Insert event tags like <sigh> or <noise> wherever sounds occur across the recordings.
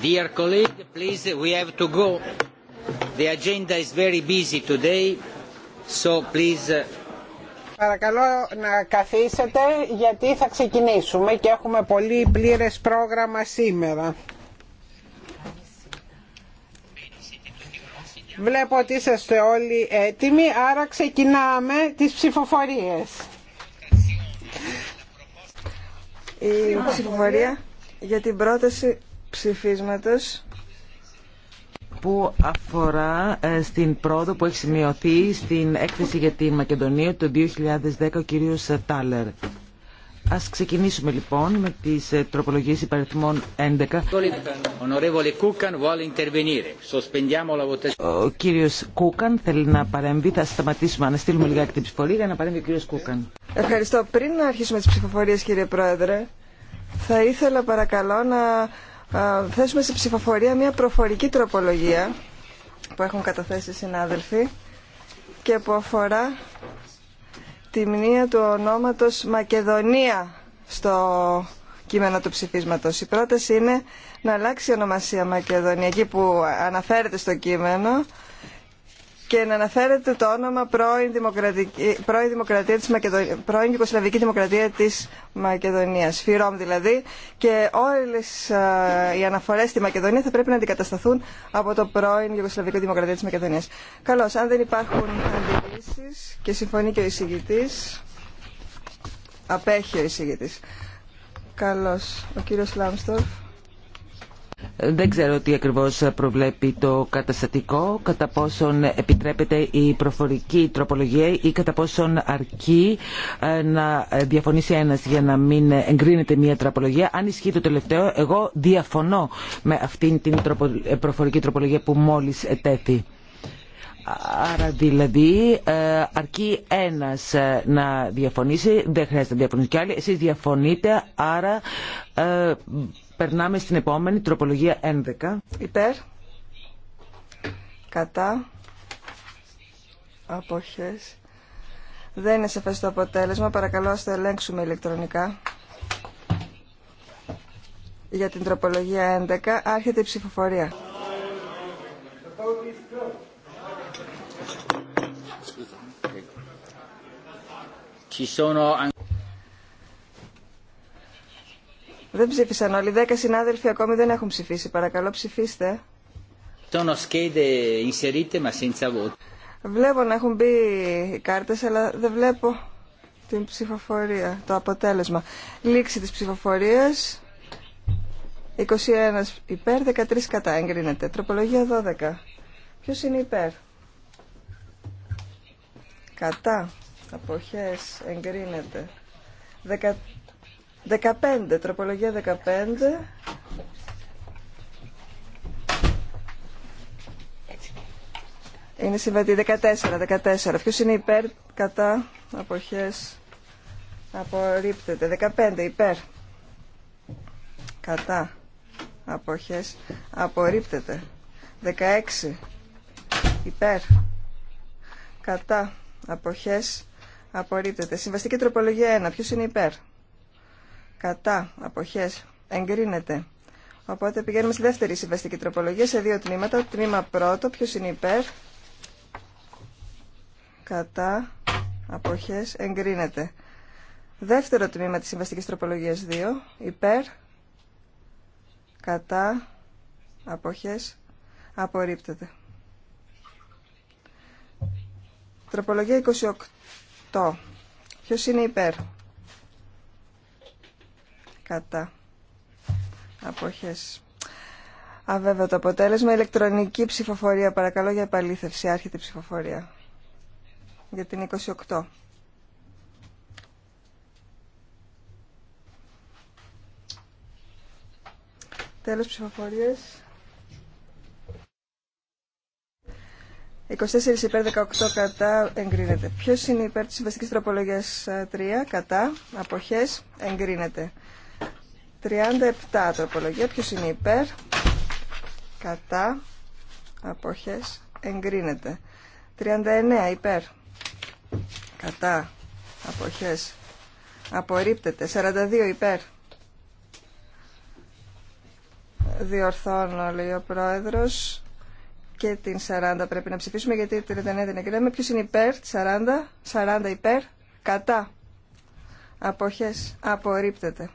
Dear colleague, please, we have to go. The agenda is very busy today, so please. Uh, Παρακαλώ να καθίσετε γιατί θα ξεκινήσουμε και έχουμε πολύ πλήρες πρόγραμμα σήμερα. Βλέπω ότι είσαστε όλοι έτοιμοι, άρα ξεκινάμε τις ψηφοφορίες η ψηφοφορία για την πρόταση ψηφίσματος που αφορά ε, στην πρόοδο που έχει σημειωθεί στην έκθεση για τη Μακεδονία το 2010 ο κύριος Τάλερ. Ας ξεκινήσουμε λοιπόν με τις ε, τροπολογίες υπαριθμών 11. Ο κύριος Κούκαν θέλει να παρέμβει. Θα σταματήσουμε να στείλουμε λιγάκι την ψηφοφορία για να παρέμβει ο κύριος Κούκαν. Ευχαριστώ. Πριν να αρχίσουμε τις ψηφοφορίες κύριε Πρόεδρε, θα ήθελα παρακαλώ να θέσουμε σε ψηφοφορία μια προφορική τροπολογία που έχουν καταθέσει οι συνάδελφοι και που αφορά τη μνήμα του ονόματος Μακεδονία στο κείμενο του ψηφίσματος. Η πρόταση είναι να αλλάξει η ονομασία Μακεδονία εκεί που αναφέρεται στο κείμενο και να αναφέρεται το όνομα πρώην, δημοκρατική, πρώην, δημοκρατία της Μακεδονία, πρώην Ιουκοσλαβική Δημοκρατία της Μακεδονίας, ΦΥΡΟΜ δηλαδή, και όλες οι αναφορές στη Μακεδονία θα πρέπει να αντικατασταθούν από το πρώην Ιουκοσλαβική Δημοκρατία της Μακεδονίας. Καλώς, αν δεν υπάρχουν και συμφωνεί και ο εισηγητής, απέχει ο εισηγητής. Καλώς, ο κύριος Λάμστορφ. Δεν ξέρω τι ακριβώς προβλέπει το καταστατικό, κατά πόσον επιτρέπεται η προφορική τροπολογία ή κατά πόσον αρκεί ε, να διαφωνήσει ένας για να μην εγκρίνεται μια τροπολογία. Αν ισχύει το τελευταίο, εγώ διαφωνώ με αυτήν την ε, προφορική τροπολογία που μόλις ετέθη. Άρα δηλαδή ε, αρκεί ένας ε, να διαφωνήσει, δεν χρειάζεται να διαφωνήσει κι άλλοι. Εσείς διαφωνείτε, άρα ε, περνάμε στην επόμενη, τροπολογία 11. Υπέρ, κατά, αποχές. Δεν είναι σαφές το αποτέλεσμα, παρακαλώ ας το ελέγξουμε ηλεκτρονικά. Για την τροπολογία 11 άρχεται η ψηφοφορία. Δεν ψήφισαν όλοι. Δέκα συνάδελφοι ακόμη δεν έχουν ψηφίσει. Παρακαλώ ψηφίστε. Βλέπω να έχουν μπει οι κάρτες, αλλά δεν βλέπω την ψηφοφορία, το αποτέλεσμα. Λήξη της ψηφοφορίας. 21 υπέρ, 13 κατά εγκρίνεται. Τροπολογία 12. Ποιος είναι υπέρ. Κατά αποχές εγκρίνεται 15 τροπολογία 15 Είναι συμβατή 14, 14. Ποιος είναι υπέρ, κατά, αποχές, απορρίπτεται. 15, υπέρ, κατά, αποχές, απορρίπτεται. 16, υπέρ, κατά, αποχές, Απορρίπτεται. Συμβαστική τροπολογία 1. Ποιο είναι υπέρ. Κατά. αποχέ. Εγκρίνεται. Οπότε πηγαίνουμε στη δεύτερη συμβαστική τροπολογία σε δύο τμήματα. Τμήμα πρώτο. Ποιο είναι υπέρ. Κατά. απόχέ, Εγκρίνεται. Δεύτερο τμήμα τη συμβαστική τροπολογία 2. Υπέρ. Κατά. απόχέ. Απορρίπτεται. Τροπολογία 28 8. Ποιος είναι υπέρ. Κατά. Αποχές. Αβέβαια το αποτέλεσμα. Ηλεκτρονική ψηφοφορία. Παρακαλώ για επαλήθευση. Άρχεται η ψηφοφορία. Για την 28. Τέλος ψηφοφορίες. 24 υπέρ 18 κατά εγκρίνεται. Ποιο είναι υπέρ τη συμβαστική ε, τροπολογία 3 κατά αποχέ εγκρίνεται. 37 τροπολογία. Ποιο είναι υπέρ κατά αποχέ εγκρίνεται. 39 υπέρ κατά αποχέ απορρίπτεται. 42 υπέρ. Διορθώνω λέει ο πρόεδρος και την 40 πρέπει να ψηφίσουμε γιατί την 39 δεν εγκρίναμε. Ποιος είναι υπέρ, 40, 40 υπέρ, κατά. Αποχές, απορρίπτεται.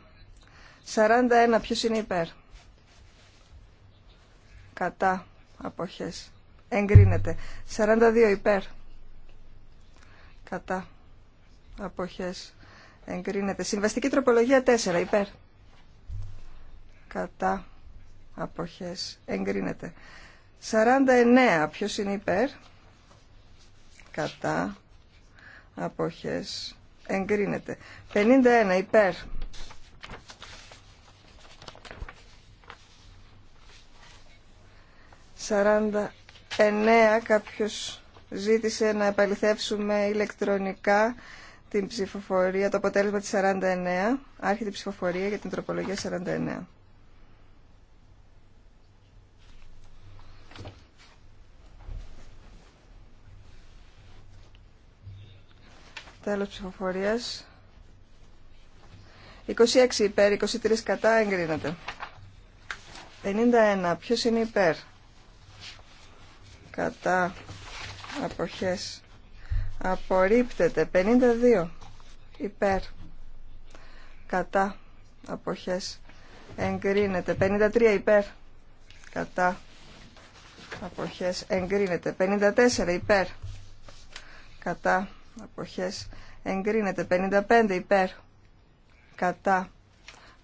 41, ποιο είναι υπέρ. Κατά, αποχές. Εγκρίνεται. 42 υπέρ. Κατά, αποχές. Εγκρίνεται. Συμβαστική τροπολογία 4 υπέρ. Κατά, αποχές. Εγκρίνεται. 49. Ποιος είναι υπέρ. Κατά. Αποχές. Εγκρίνεται. 51. Υπέρ. Σαράντα εννέα κάποιος ζήτησε να επαληθεύσουμε ηλεκτρονικά την ψηφοφορία, το αποτέλεσμα της 49. Άρχεται η ψηφοφορία για την τροπολογία 49. Τέλος ψηφοφορίας. 26 υπέρ, 23 κατά, εγκρίνεται. 51. Ποιος είναι υπέρ. Κατά. Αποχές. Απορρίπτεται. 52. Υπέρ. Κατά. Αποχές. Εγκρίνεται. 53. Υπέρ. Κατά. Αποχές. Εγκρίνεται. 54. Υπέρ. Κατά αποχές εγκρίνεται 55 υπέρ κατά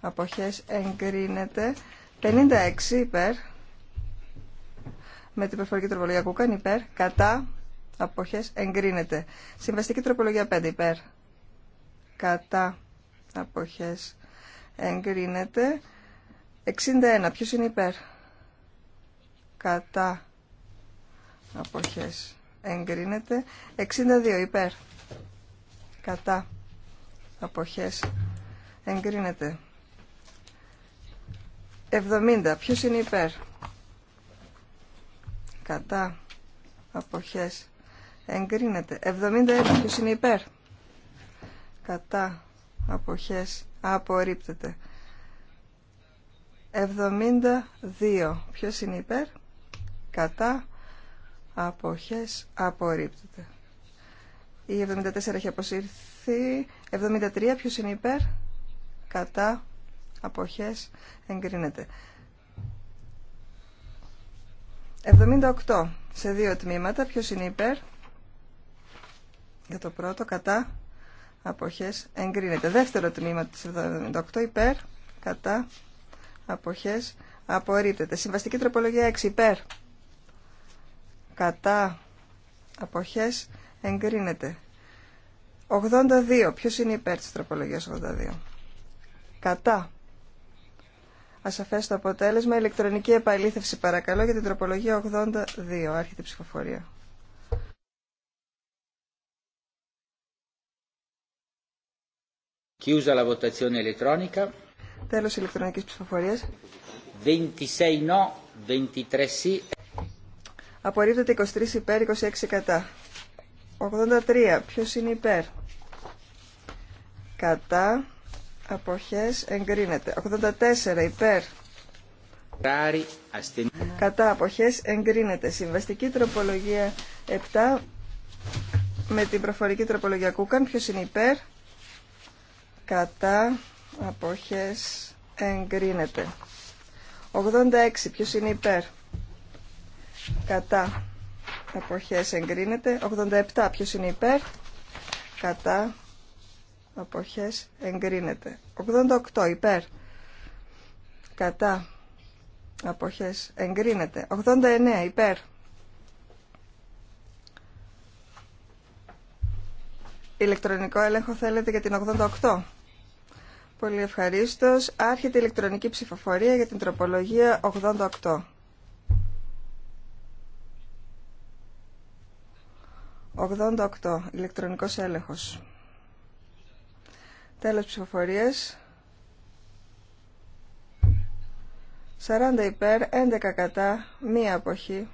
αποχές εγκρίνεται 56 υπέρ με την προφορική τροπολογία κούκαν υπέρ κατά αποχές εγκρίνεται συμβαστική τροπολογία 5 υπέρ κατά αποχές εγκρίνεται 61 ποιος είναι υπέρ κατά αποχές εγκρίνεται. 62 υπέρ. Κατά. Αποχές. Εγκρίνεται. 70. Ποιος είναι υπέρ. Κατά. Αποχές. Εγκρίνεται. 71. Ποιος είναι υπέρ. Κατά. Αποχές. Απορρίπτεται. 72. Ποιος είναι υπέρ. Κατά αποχές απορρίπτεται. Η 74 έχει αποσύρθει. 73 ποιος είναι υπέρ. Κατά αποχές εγκρίνεται. 78 σε δύο τμήματα. Ποιος είναι υπέρ. Για το πρώτο κατά αποχές εγκρίνεται. Δεύτερο τμήμα της 78 υπέρ. Κατά αποχές απορρίπτεται. Συμβαστική τροπολογία 6 υπέρ κατά αποχές εγκρίνεται 82 ποιος είναι υπέρ της τροπολογίας 82 κατά ασαφές το αποτέλεσμα ηλεκτρονική επαλήθευση παρακαλώ για την τροπολογία 82 άρχεται η ψηφοφορία Chiusa la votazione elettronica. Τέλος ηλεκτρονικής ψηφοφορίας. 26 no, 23 sì. Απορρίπτεται 23 υπέρ, 26 κατά. 83. Ποιος είναι υπέρ. Κατά. Αποχές εγκρίνεται. 84 υπέρ. Κατά αποχές εγκρίνεται. Συμβαστική τροπολογία 7 με την προφορική τροπολογία Κούκαν. Ποιος είναι υπέρ. Κατά αποχές εγκρίνεται. 86. Ποιος είναι υπέρ κατά αποχές εγκρίνεται 87 ποιος είναι υπέρ κατά αποχές εγκρίνεται 88 υπέρ κατά αποχές εγκρίνεται 89 υπέρ ηλεκτρονικό έλεγχο θέλετε για την 88 Πολύ ευχαρίστως. Άρχεται ηλεκτρονική ψηφοφορία για την τροπολογία 88. 88. Ηλεκτρονικός έλεγχος. Τέλος ψηφοφορίες. 40 υπέρ, 11 κατά, μία αποχή.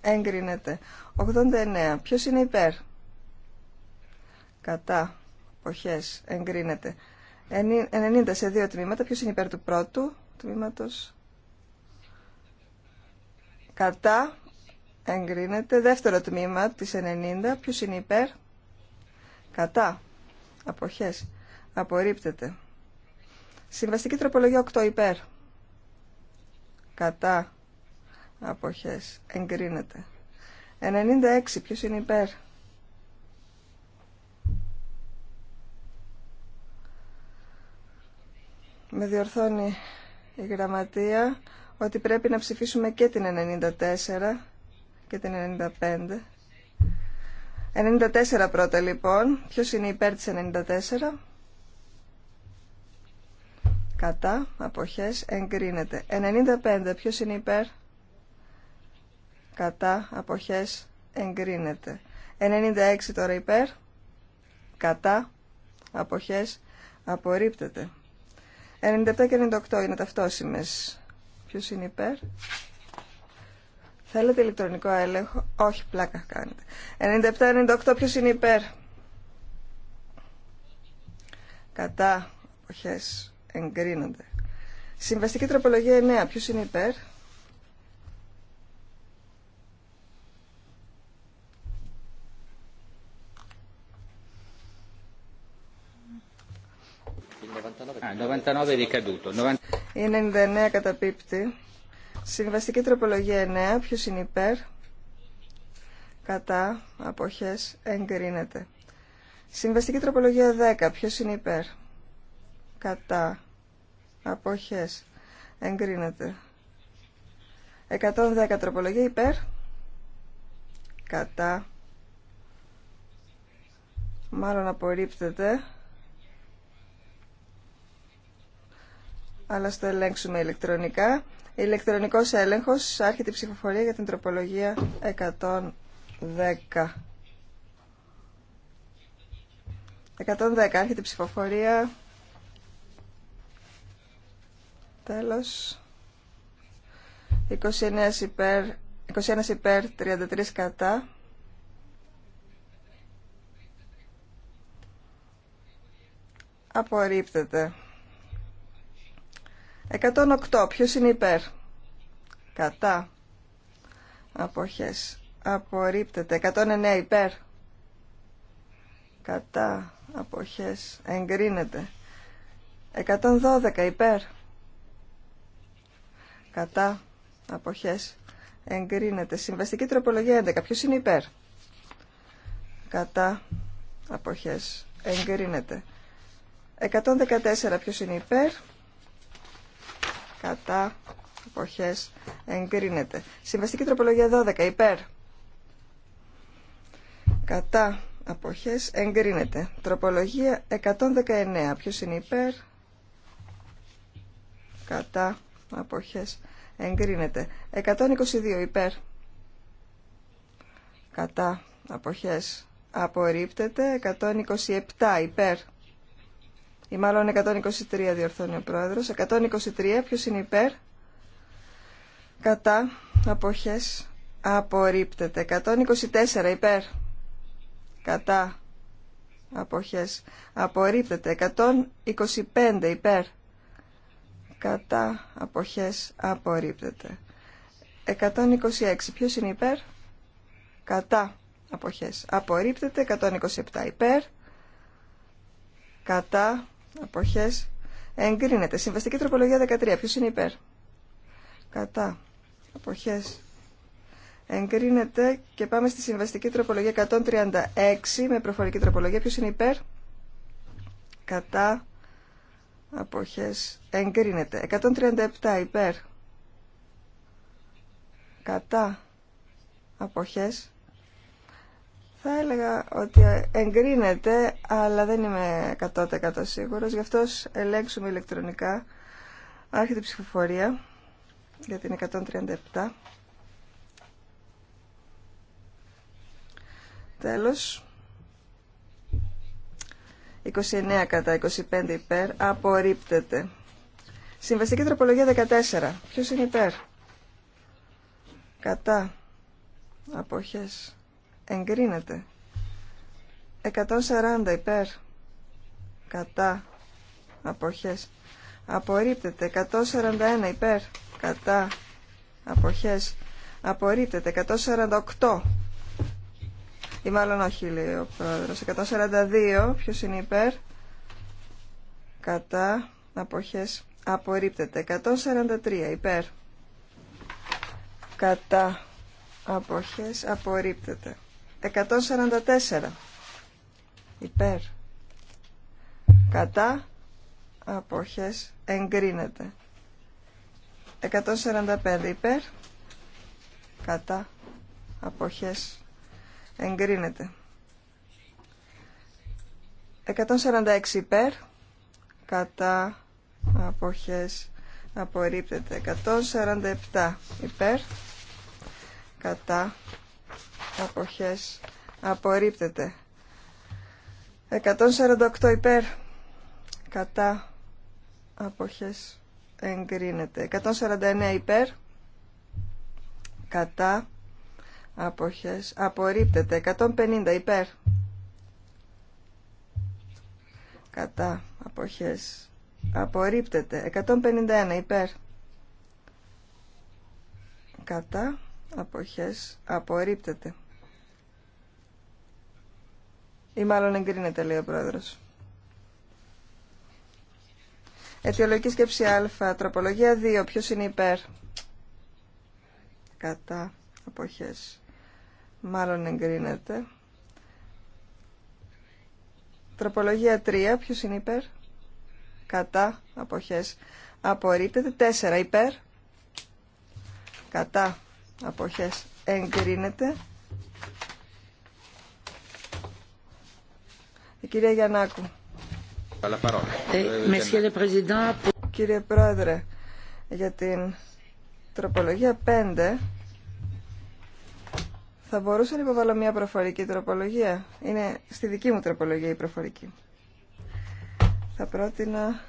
Έγκρινεται. 89. Ποιος είναι υπέρ. Κατά. Αποχές. Εγκρίνεται. 90 σε δύο τμήματα. Ποιος είναι υπέρ του πρώτου τμήματος. Κατά εγκρίνεται. Δεύτερο τμήμα της 90. Ποιος είναι υπέρ. Κατά. Αποχές. Απορρίπτεται. Συμβαστική τροπολογία 8 υπέρ. Κατά. Αποχές. Εγκρίνεται. 96. Ποιος είναι υπέρ. Με διορθώνει η γραμματεία ότι πρέπει να ψηφίσουμε και την 94 και την 95. 94 πρώτα λοιπόν. Ποιος είναι υπέρ της 94. Κατά. Αποχές. Εγκρίνεται. 95. Ποιος είναι υπέρ. Κατά. Αποχές. Εγκρίνεται. 96 τώρα υπέρ. Κατά. Αποχές. Απορρίπτεται. 97 και 98 είναι ταυτόσιμες. Ποιος είναι υπέρ. Θέλετε ηλεκτρονικό έλεγχο. Όχι, πλάκα κάνετε. 97-98 ποιος είναι υπέρ. Κατά. εποχές Εγκρίνονται. Συμβαστική τροπολογία 9. Ποιος είναι υπέρ. Ah, είναι 99 καταπίπτει. Συμβαστική τροπολογία 9. Ποιος είναι υπέρ. Κατά. Αποχές. Εγκρίνεται. Συμβαστική τροπολογία 10. Ποιος είναι υπέρ. Κατά. Αποχές. Εγκρίνεται. 110 τροπολογία υπέρ. Κατά. Μάλλον απορρίπτεται. Αλλά στο ελέγξουμε ηλεκτρονικά. Ηλεκτρονικός έλεγχος, άρχεται η ψηφοφορία για την τροπολογία 110. 110 άρχεται η ψηφοφορία. Τέλος. 29 21 υπέρ, 33 κατά. Απορρίπτεται. 108. Ποιος είναι υπέρ. Κατά. Αποχές. Απορρίπτεται. 109 υπέρ. Κατά. Αποχές. Εγκρίνεται. 112 υπέρ. Κατά. Αποχές. Εγκρίνεται. Συμβαστική τροπολογία 11. Ποιος είναι υπέρ. Κατά. Αποχές. Εγκρίνεται. 114. Ποιος είναι υπέρ κατά, αποχές, εγκρίνεται. Συμβαστική τροπολογία 12, υπέρ, κατά, αποχές, εγκρίνεται. Τροπολογία 119, ποιος είναι υπέρ, κατά, αποχές, εγκρίνεται. 122, υπέρ, κατά, αποχές, απορρίπτεται. 127, υπέρ, ή μάλλον 123 διορθώνει ο πρόεδρος. 123 ποιος είναι υπέρ, κατά, αποχές, απορρίπτεται. 124 υπέρ, κατά, αποχές, απορρίπτεται. 125 υπέρ, κατά, αποχές, απορρίπτεται. 126 ποιος είναι υπέρ, κατά, αποχές, απορρίπτεται. 127 υπέρ, κατά, αποχές εγκρίνεται. Συμβαστική τροπολογία 13. Ποιο είναι υπέρ. Κατά. Αποχές εγκρίνεται και πάμε στη συμβαστική τροπολογία 136 με προφορική τροπολογία. Ποιο είναι υπέρ. Κατά. Αποχές εγκρίνεται. 137 υπέρ. Κατά. Αποχές θα έλεγα ότι εγκρίνεται, αλλά δεν είμαι 100% σίγουρος. Γι' αυτό ελέγξουμε ηλεκτρονικά. Άρχεται η ψηφοφορία για την 137. Τέλος. 29 κατά 25 υπέρ. Απορρίπτεται. Συμβαστική τροπολογία 14. Ποιος είναι υπέρ. Κατά. Αποχές εγκρίνεται 140 υπέρ κατά αποχές απορρίπτεται 141 υπέρ κατά αποχές απορρίπτεται 148 ή μάλλον όχι λέει ο πρόεδρος 142 ποιος είναι υπέρ κατά αποχές απορρίπτεται 143 υπέρ κατά αποχές απορρίπτεται 144 υπέρ κατά αποχές εγκρίνεται 145 υπέρ κατά αποχές εγκρίνεται 146 υπέρ κατά αποχές απορρίπτεται 147 υπέρ κατά αποχές απορρίπτεται 148 υπέρ κατά αποχές εγκρίνεται 149 υπέρ κατά αποχές απορρίπτεται 150 υπέρ κατά αποχές απορρίπτεται 151 υπέρ κατά αποχές απορρίπτεται ή μάλλον εγκρίνεται, λέει ο πρόεδρο. Αιτιολογική σκέψη α. Τροπολογία 2. ποιο είναι υπέρ. Κατά. απόχέ, Μάλλον εγκρίνεται. Τροπολογία 3. ποιο είναι υπέρ. Κατά. Αποχές. Απορρίπτεται. 4. Υπέρ. Κατά. Αποχές. Εγκρίνεται. Η κυρία Γιαννάκου. Ε, ε, Κύριε Πρόεδρε, για την τροπολογία 5 θα μπορούσα να υποβάλω μια προφορική τροπολογία. Είναι στη δική μου τροπολογία η προφορική. Θα πρότεινα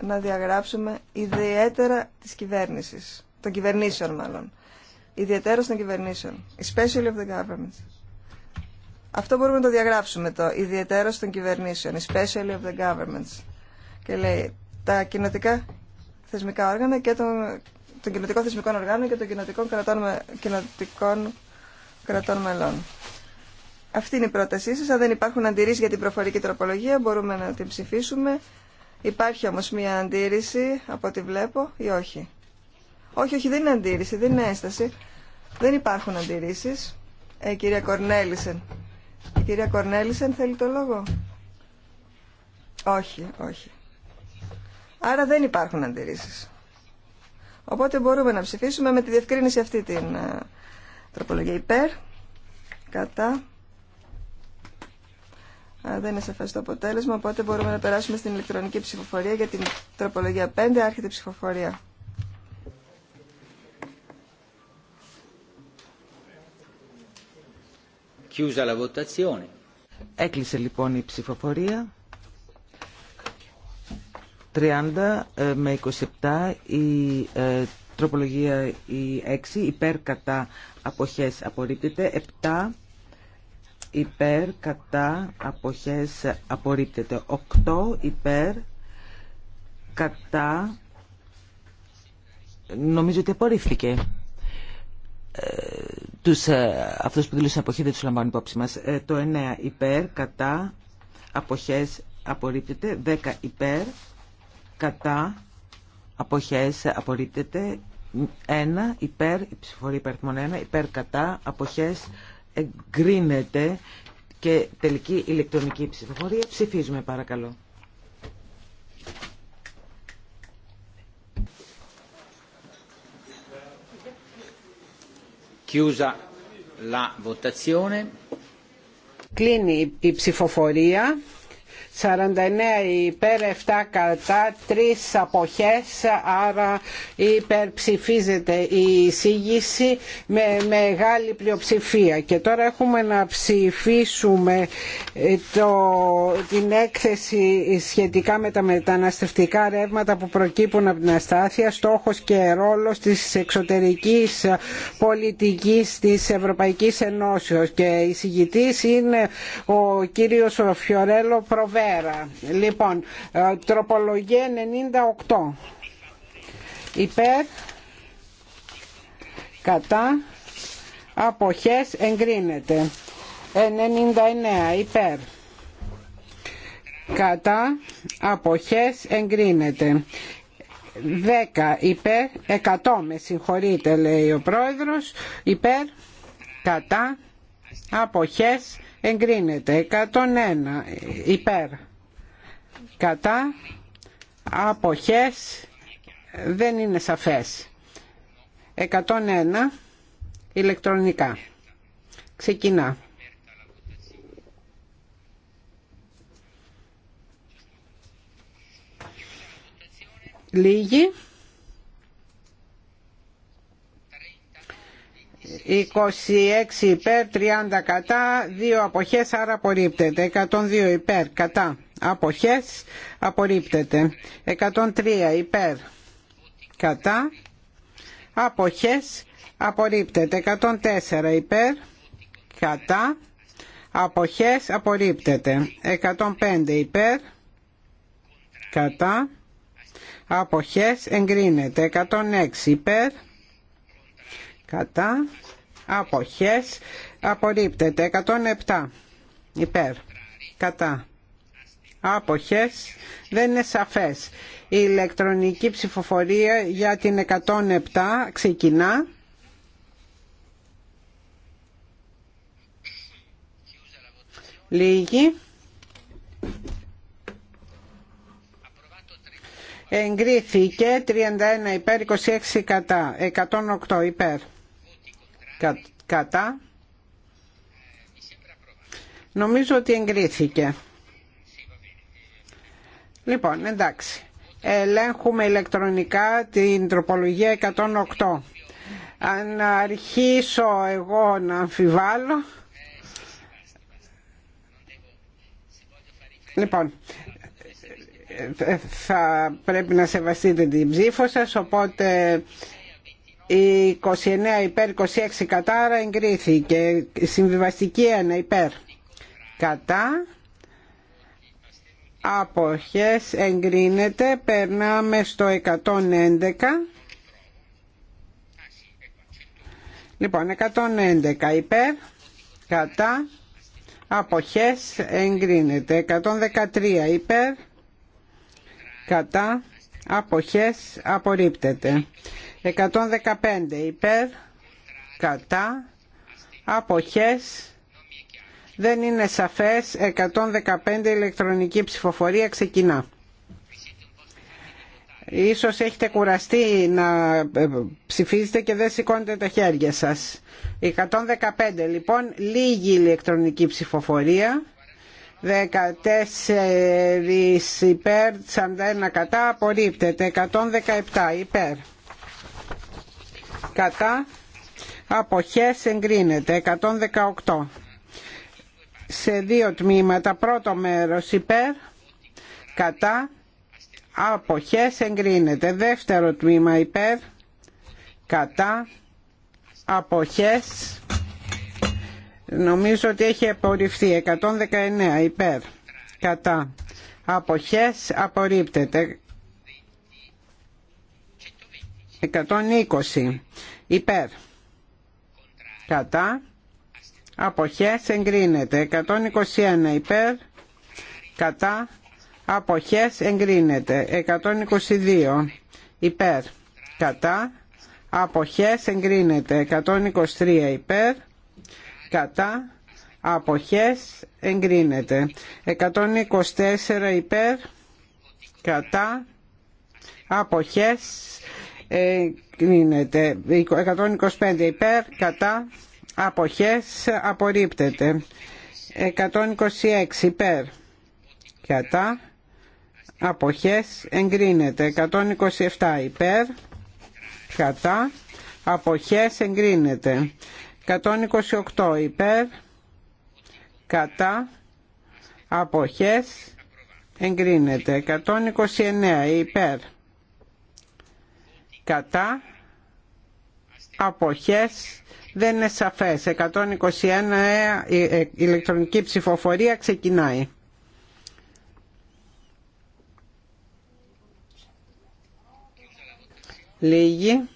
να διαγράψουμε ιδιαίτερα της κυβέρνησης, των κυβερνήσεων μάλλον. Ιδιαίτερα των κυβερνήσεων. Especially of the governments. Αυτό μπορούμε να το διαγράψουμε το ιδιαίτερο των κυβερνήσεων, especially of the governments. Και λέει τα κοινοτικά θεσμικά όργανα και των, των κοινοτικών θεσμικών οργάνων και των κοινοτικών κρατών, κοινοτικών κρατών μελών. Αυτή είναι η πρότασή σα. Αν δεν υπάρχουν αντιρρήσει για την προφορική τροπολογία μπορούμε να την ψηφίσουμε. Υπάρχει όμω μια αντίρρηση από ό,τι βλέπω ή όχι. Όχι, όχι, δεν είναι αντίρρηση, δεν είναι έσταση. Δεν υπάρχουν αντιρρησει Ε, κυρία Κορνέλισεν. Η κυρία Κορνέλησεν θέλει το λόγο. Όχι, όχι. Άρα δεν υπάρχουν αντιρρήσεις. Οπότε μπορούμε να ψηφίσουμε με τη διευκρίνηση αυτή την ε, τροπολογία υπέρ, κατά. δεν είναι σαφές το αποτέλεσμα, οπότε μπορούμε να περάσουμε στην ηλεκτρονική ψηφοφορία για την τροπολογία 5, άρχεται ψηφοφορία. Έκλεισε λοιπόν η ψηφοφορία. 30 ε, με 27 η ε, τροπολογία η 6 υπέρ κατά αποχές απορρίπτεται 7 υπέρ κατά αποχές απορρίπτεται 8 υπέρ κατά νομίζω ότι απορρίφθηκε τους, ε, αυτούς που δηλούσαν αποχή δεν τους λαμβάνουν υπόψη μας. Ε, το 9 υπέρ, κατά, αποχές απορρίπτεται. 10 υπέρ, κατά, αποχές απορρίπτεται. 1 υπέρ, η ψηφοφορία, υπέρ 1, υπέρ κατά, αποχές εγκρίνεται και τελική ηλεκτρονική ψηφοφορία. Ψηφίζουμε παρακαλώ. Chiusa la Κλείνει η ψηφοφορία. 49 υπέρ 7 κατά 3 αποχές άρα υπερψηφίζεται η εισήγηση με μεγάλη πλειοψηφία και τώρα έχουμε να ψηφίσουμε ε, το, την έκθεση σχετικά με τα μεταναστευτικά ρεύματα που προκύπτουν από την αστάθεια στόχος και ρόλος της εξωτερικής πολιτικής της Ευρωπαϊκής Ενώσεως και η είναι ο κύριος Φιωρέλο Προβέ Λοιπόν, ε, τροπολογία 98. Υπέρ, κατά, αποχές, εγκρίνεται. 99. Υπέρ, κατά, αποχές, εγκρίνεται. 10 υπέρ, 100 με συγχωρείτε λέει ο πρόεδρος, υπέρ, κατά, αποχές, εγκρίνεται 101 υπέρ κατά αποχές δεν είναι σαφές 101 ηλεκτρονικά ξεκινά λίγη 26 υπέρ, 30 κατά, 2 αποχές, άρα απορρίπτεται. 102 υπέρ, κατά, αποχές, απορρίπτεται. 103 υπέρ, κατά, αποχές, απορρίπτεται. 104 υπέρ, κατά, αποχές, απορρίπτεται. 105 υπέρ, κατά, αποχές, εγκρίνεται. 106 υπέρ, κατά αποχές απορρίπτεται 107 υπέρ κατά αποχές δεν είναι σαφές η ηλεκτρονική ψηφοφορία για την 107 ξεκινά λίγη εγκρίθηκε 31 υπέρ 26 κατά 108 υπέρ κατά. Νομίζω ότι εγκρίθηκε. Λοιπόν, εντάξει. Ελέγχουμε ηλεκτρονικά την τροπολογία 108. Αν αρχίσω εγώ να αμφιβάλλω... Λοιπόν, θα πρέπει να σεβαστείτε την ψήφο σας, οπότε 29 υπέρ 26 κατά άρα εγκρίθηκε συμβιβαστική 1 υπέρ κατά αποχές εγκρίνεται περνάμε στο 111 λοιπόν 111 υπέρ κατά αποχές εγκρίνεται 113 υπέρ κατά αποχές απορρίπτεται 115 υπέρ, κατά, αποχές, δεν είναι σαφές, 115 ηλεκτρονική ψηφοφορία ξεκινά. Ίσως έχετε κουραστεί να ε, ψηφίζετε και δεν σηκώνετε τα χέρια σας. 115 λοιπόν, λίγη ηλεκτρονική ψηφοφορία. 14 υπέρ, 41 κατά, απορρίπτεται. 117 υπέρ κατά αποχές εγκρίνεται 118 σε δύο τμήματα πρώτο μέρος υπέρ κατά αποχές εγκρίνεται δεύτερο τμήμα υπέρ κατά αποχές νομίζω ότι έχει απορριφθεί 119 υπέρ κατά αποχές απορρίπτεται 120 υπέρ κατά αποχές εγκρίνεται 121 υπέρ κατά αποχές εγκρίνεται 122 υπέρ κατά αποχές εγκρίνεται 123 υπέρ κατά αποχές εγκρίνεται 124 υπέρ κατά αποχές εγκρίνεται 125 υπέρ κατά αποχές απορρίπτεται 126 υπέρ κατά αποχές εγκρίνεται 127 υπέρ κατά αποχές εγκρίνεται 128 υπέρ κατά αποχές εγκρίνεται 129 υπέρ κατά αποχές δεν είναι σαφές 121 ε, ε, ηλεκτρονική ψηφοφορία ξεκινάει Λίγοι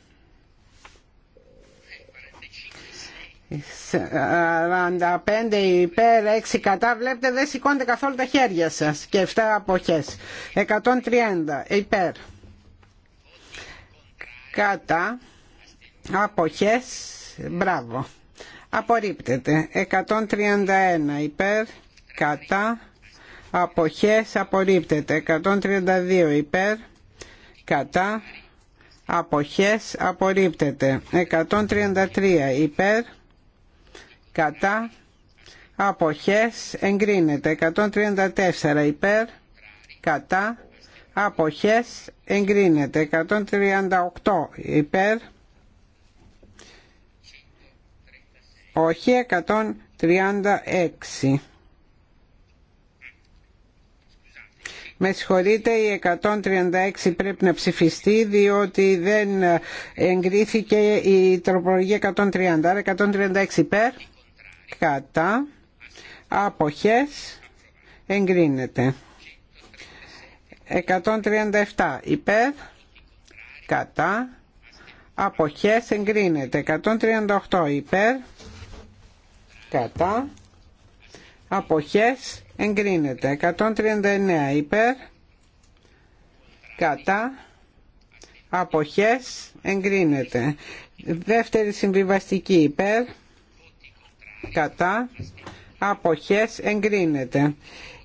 45 υπέρ 6 κατά βλέπετε δεν σηκώνετε καθόλου τα χέρια σας και 7 αποχές 130 υπέρ κατά αποχές μπράβο απορρίπτεται 131 υπέρ κατά αποχές απορρίπτεται 132 υπέρ κατά αποχές απορρίπτεται 133 υπέρ κατά αποχές εγκρίνεται 134 υπέρ κατά αποχές εγκρίνεται 138 υπέρ όχι 136 Με συγχωρείτε, η 136 πρέπει να ψηφιστεί διότι δεν εγκρίθηκε η τροπολογία 130. Άρα 136 υπέρ, κατά, αποχές, εγκρίνεται. 137 υπέρ κατά αποχές εγκρίνεται 138 υπέρ κατά αποχές εγκρίνεται 139 υπέρ κατά αποχές εγκρίνεται δεύτερη συμβιβαστική υπέρ κατά αποχές εγκρίνεται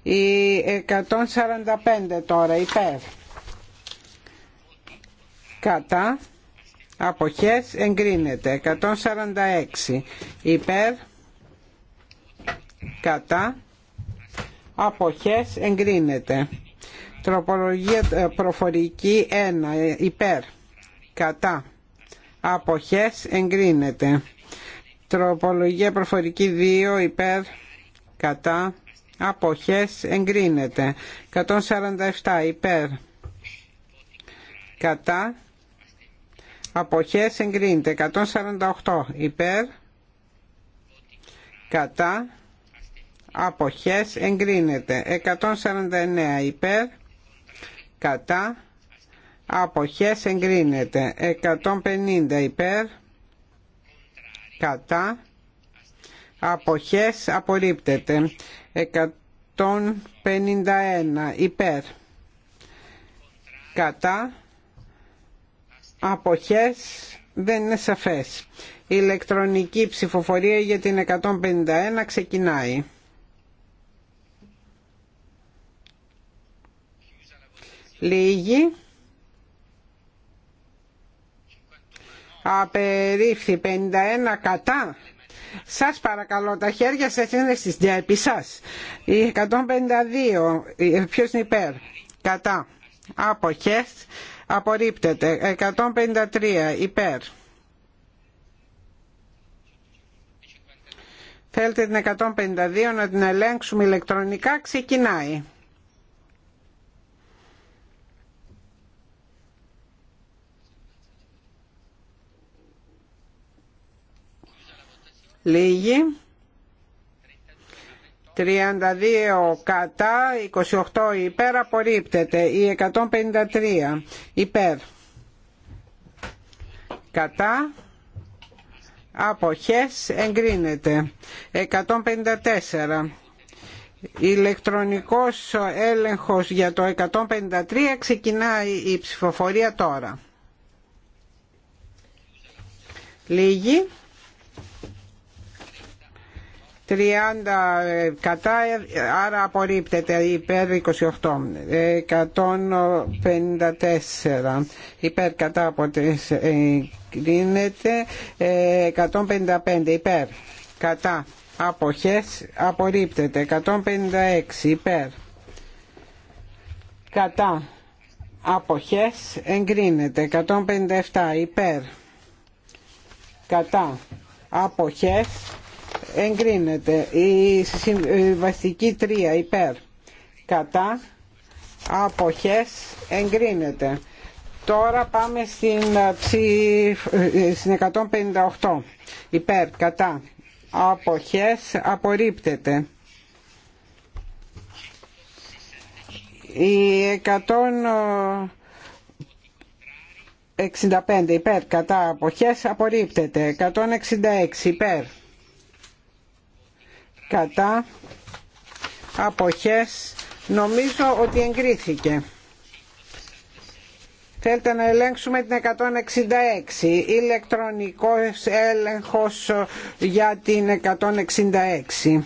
η 145 τώρα υπέρ. Κατά. Αποχές εγκρίνεται. 146 ε, υπέρ. Κατά. Αποχές εγκρίνεται. Τροπολογία προφορική 1 υπέρ. Κατά. Αποχές εγκρίνεται. Τροπολογία προφορική 2 υπέρ. Κατά αποχές εγκρίνεται 147 υπέρ κατά αποχές εγκρίνεται 148 υπέρ κατά αποχές εγκρίνεται 149 υπέρ κατά αποχές εγκρίνεται 150 υπέρ κατά αποχές απορρίπτεται 151 υπέρ κατά αποχές δεν είναι σαφές. Η ηλεκτρονική ψηφοφορία για την 151 ξεκινάει. Λίγοι. Απερίφθη 51 κατά. Σας παρακαλώ τα χέρια σας είναι στις τσέπη σας. Η 152, ποιος είναι υπέρ, κατά, άποχες, απορρίπτεται. 153 υπέρ. Θέλετε την 152 να την ελέγξουμε ηλεκτρονικά, ξεκινάει. Λίγοι. 32 κατά, 28 υπέρ, απορρίπτεται. Η 153 υπέρ. Κατά. Αποχές εγκρίνεται. 154. Ηλεκτρονικός έλεγχος για το 153 ξεκινάει η ψηφοφορία τώρα. Λίγη. 30 ε, κατά, ε, άρα απορρίπτεται υπέρ 28. 154 ε, υπέρ κατά εγκρίνεται. 155 υπέρ κατά αποχές απορρίπτεται. 156 υπέρ κατά αποχές εγκρίνεται. 157 υπέρ κατά αποχές εγκρίνεται η συμβαστική 3 υπέρ κατά αποχές εγκρίνεται τώρα πάμε στην, ε, ε, στην 158 υπέρ κατά αποχές απορρίπτεται η 165 ε, υπέρ κατά αποχές απορρίπτεται 166 υπέρ κατά αποχές νομίζω ότι εγκρίθηκε Θέλετε να ελέγξουμε την 166, ηλεκτρονικός έλεγχος για την 166.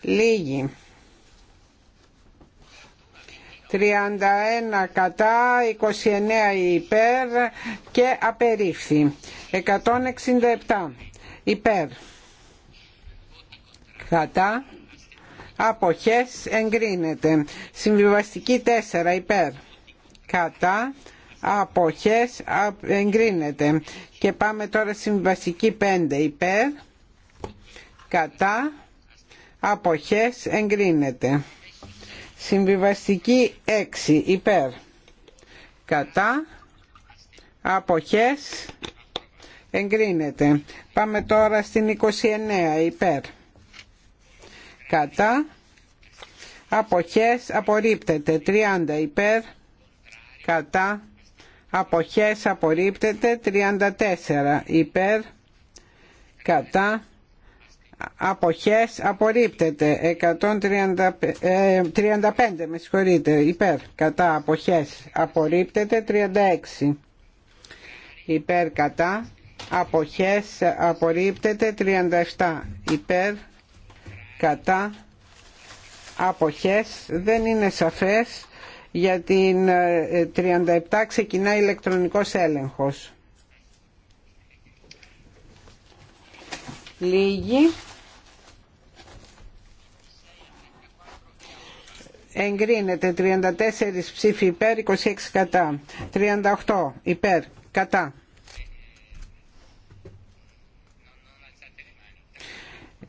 Λίγη. 31 κατά, 29 υπέρ και απερίφθη. 167 υπέρ κατά αποχές εγκρίνεται συμβιβαστική 4 υπέρ κατά αποχές εγκρίνεται και πάμε τώρα συμβιβαστική 5 υπέρ κατά αποχές εγκρίνεται συμβιβαστική 6 υπέρ κατά αποχές εγκρίνεται. Πάμε τώρα στην 29 υπέρ. Κατά. Αποχές απορρίπτεται. 30 υπέρ. Κατά. Αποχές απορρίπτεται. 34 υπέρ. Κατά. Αποχές απορρίπτεται 135, 35 ε, με συγχωρείτε, υπέρ, κατά, αποχές απορρίπτεται 36 υπέρ, κατά, αποχές απορρίπτεται 37 υπέρ κατά αποχές δεν είναι σαφές για την 37 ξεκινά ηλεκτρονικός έλεγχος λίγη εγκρίνεται 34 ψήφοι υπέρ 26 κατά 38 υπέρ κατά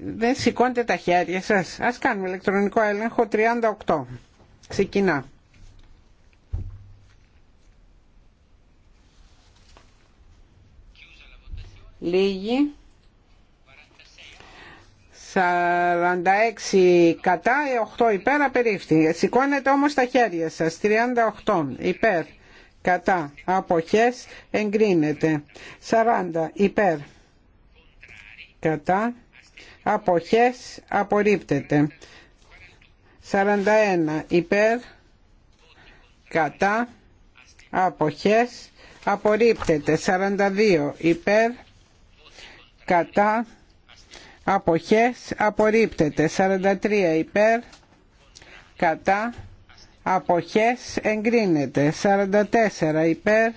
δεν σηκώνετε τα χέρια σας. Ας κάνουμε ηλεκτρονικό έλεγχο 38. Ξεκινά. Λίγοι. 46 κατά, 8 υπέρ, απερίφθη. Σηκώνετε όμως τα χέρια σας. 38 υπέρ, κατά, αποχές, εγκρίνεται. 40 υπέρ, κατά, αποχές απορρίπτεται 41 υπέρ κατά αποχές απορρίπτεται 42 υπέρ κατά αποχές απορρίπτεται 43 υπέρ κατά αποχές εγκρίνεται 44 υπέρ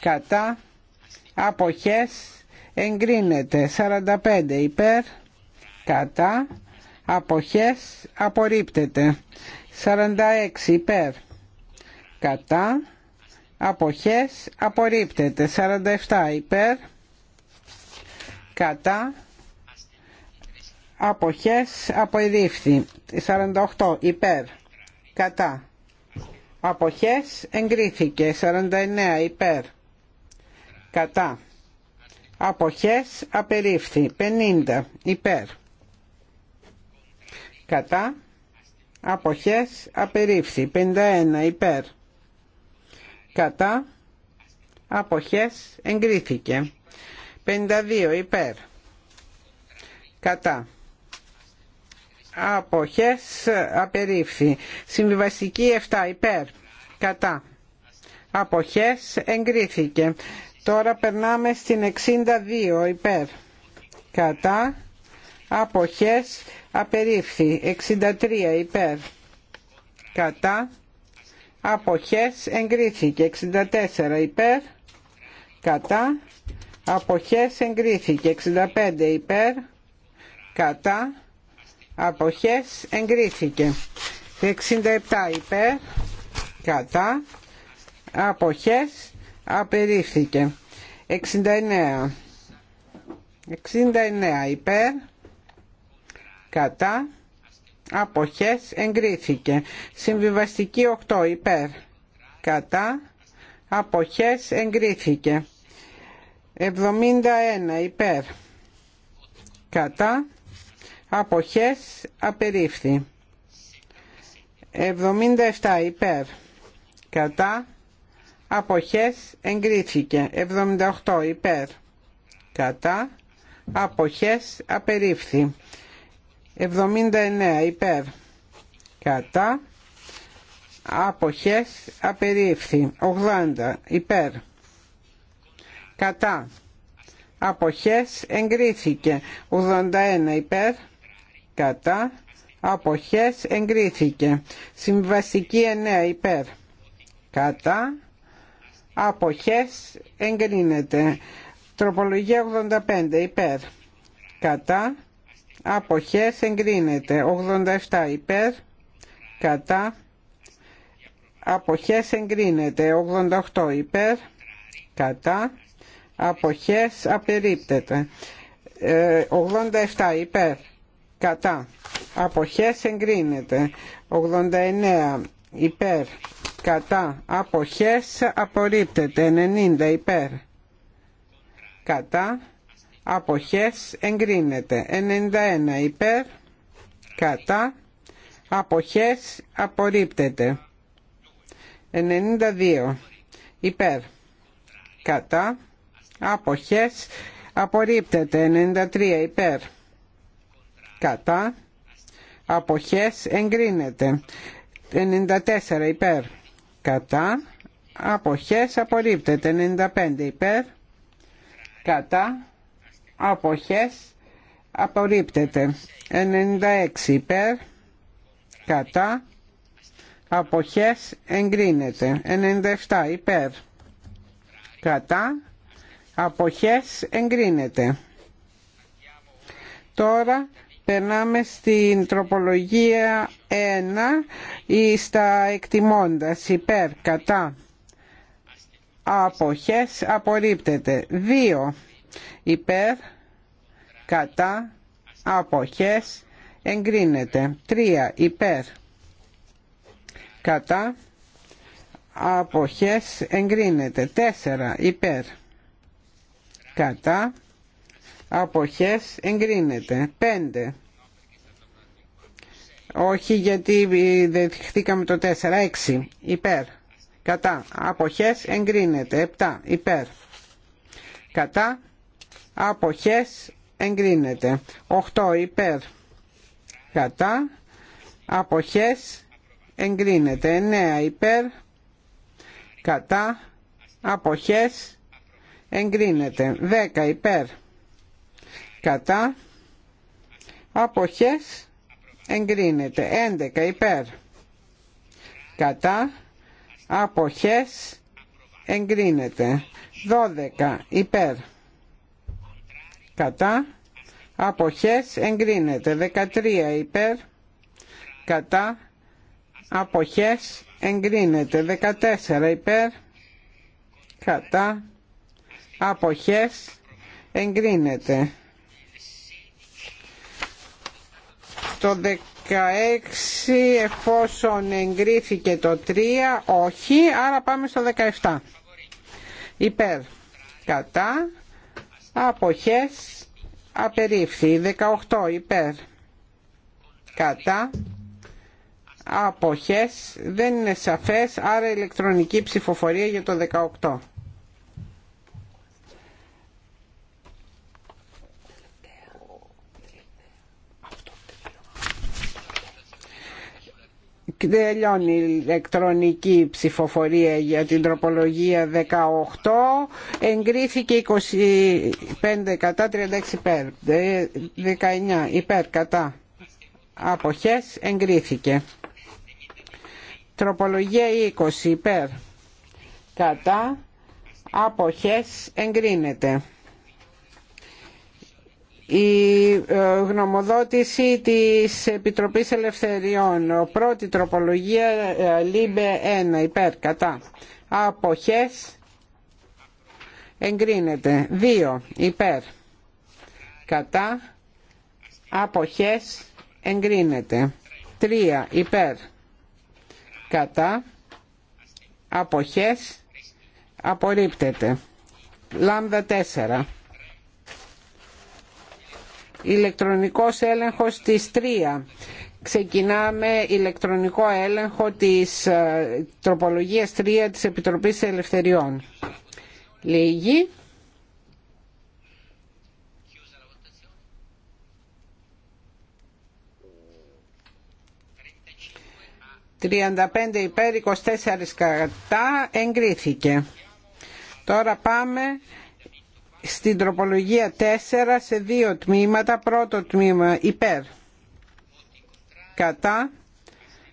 κατά αποχές εγκρίνεται 45 υπέρ κατά αποχές απορρίπτεται 46 υπέρ κατά αποχές απορρίπτεται 47 υπέρ κατά αποχές απορρίφθη 48 υπέρ κατά αποχές εγκρίθηκε 49 υπέρ κατά αποχές απερίφθη 50 υπέρ κατά αποχές απερίφθη 51 υπέρ κατά αποχές εγκρίθηκε 52 υπέρ κατά αποχές απερίφθη συμβιβαστική 7 υπέρ κατά αποχές εγκρίθηκε Τώρα περνάμε στην 62 υπέρ. Κατά. Αποχές. Απερίφθη. 63 υπέρ. Κατά. Αποχές. Εγκρίθηκε. 64 υπέρ. Κατά. Αποχές. Εγκρίθηκε. 65 υπέρ. Κατά. Αποχές. Εγκρίθηκε. 67 υπέρ. Κατά. Αποχές απερίφθηκε. 69 υπέρ κατά αποχές εγκρίθηκε συμβιβαστική 8 υπέρ κατά αποχές εγκρίθηκε 71 υπέρ κατά αποχές απερίφθη 77 υπέρ κατά αποχές εγκρίθηκε 78 υπέρ κατά αποχές απερίφθη 79 υπέρ κατά αποχές απερίφθη 80 υπέρ κατά αποχές εγκρίθηκε 81 υπέρ κατά αποχές εγκρίθηκε συμβαστική 9 υπέρ κατά αποχές εγκρίνεται. Τροπολογία 85 υπέρ. Κατά αποχές εγκρίνεται. 87 υπέρ. Κατά αποχές εγκρίνεται. 88 υπέρ. Κατά αποχές απερίπτεται. 87 ε, υπέρ. Κατά αποχές εγκρίνεται. 89 υπέρ κατά αποχές απορρίπτεται 90 υπέρ κατά αποχές εγκρίνεται 91 υπέρ κατά αποχές απορρίπτεται 92 υπέρ κατά αποχές απορρίπτεται 93 υπέρ κατά αποχές εγκρίνεται 94 υπέρ κατά αποχές απορρίπτεται 95 υπέρ κατά αποχές απορρίπτεται 96 υπέρ κατά αποχές εγκρίνεται 97 υπέρ κατά αποχές εγκρίνεται τώρα Περνάμε στην τροπολογία 1 ή στα εκτιμώντας υπέρ κατά αποχές απορρίπτεται 2 υπέρ κατά αποχές εγκρίνεται 3 υπέρ κατά αποχές εγκρίνεται 4 υπέρ κατά αποχές εγκρίνεται 5 όχι γιατί ε, δεχτήκαμε το 4 6 υπέρ κατά αποχές εγκρίνεται 7 υπέρ κατά αποχές εγκρίνεται 8 υπέρ κατά αποχές εγκρίνεται 9 υπέρ κατά αποχές εγκρίνεται 10 υπέρ κατά αποχές εγκρίνεται 11 υπέρ κατά αποχές εγκρίνεται 12 υπέρ κατά αποχές εγκρίνεται 13 υπέρ κατά αποχές εγκρίνεται 14 υπέρ κατά αποχές εγκρίνεται το 16 εφόσον εγκρίθηκε το 3 όχι άρα πάμε στο 17 υπέρ κατά αποχές απερίφθη 18 υπέρ κατά αποχές δεν είναι σαφές άρα ηλεκτρονική ψηφοφορία για το 18 τελειώνει η ηλεκτρονική ψηφοφορία για την τροπολογία 18 εγκρίθηκε 25 κατά 36 υπέρ 19 υπέρ κατά αποχές εγκρίθηκε τροπολογία 20 υπέρ κατά αποχές εγκρίνεται η ε, γνωμοδότηση της Επιτροπής Ελευθεριών. Πρώτη τροπολογία, ε, λίμπε 1, υπέρ, κατά. Αποχές, εγκρίνεται. 2, υπέρ, κατά. Αποχές, εγκρίνεται. 3, υπέρ, κατά. Αποχές, απορρίπτεται. Λάμδα 4 ηλεκτρονικός έλεγχος της 3. Ξεκινάμε ηλεκτρονικό έλεγχο της ε, τροπολογίας 3 της Επιτροπής Ελευθεριών. Λίγη. «35 υπέρ, 24 κατά, εγκρίθηκε». Τώρα πάμε στην τροπολογία 4 σε δύο τμήματα. Πρώτο τμήμα υπέρ. Κατά.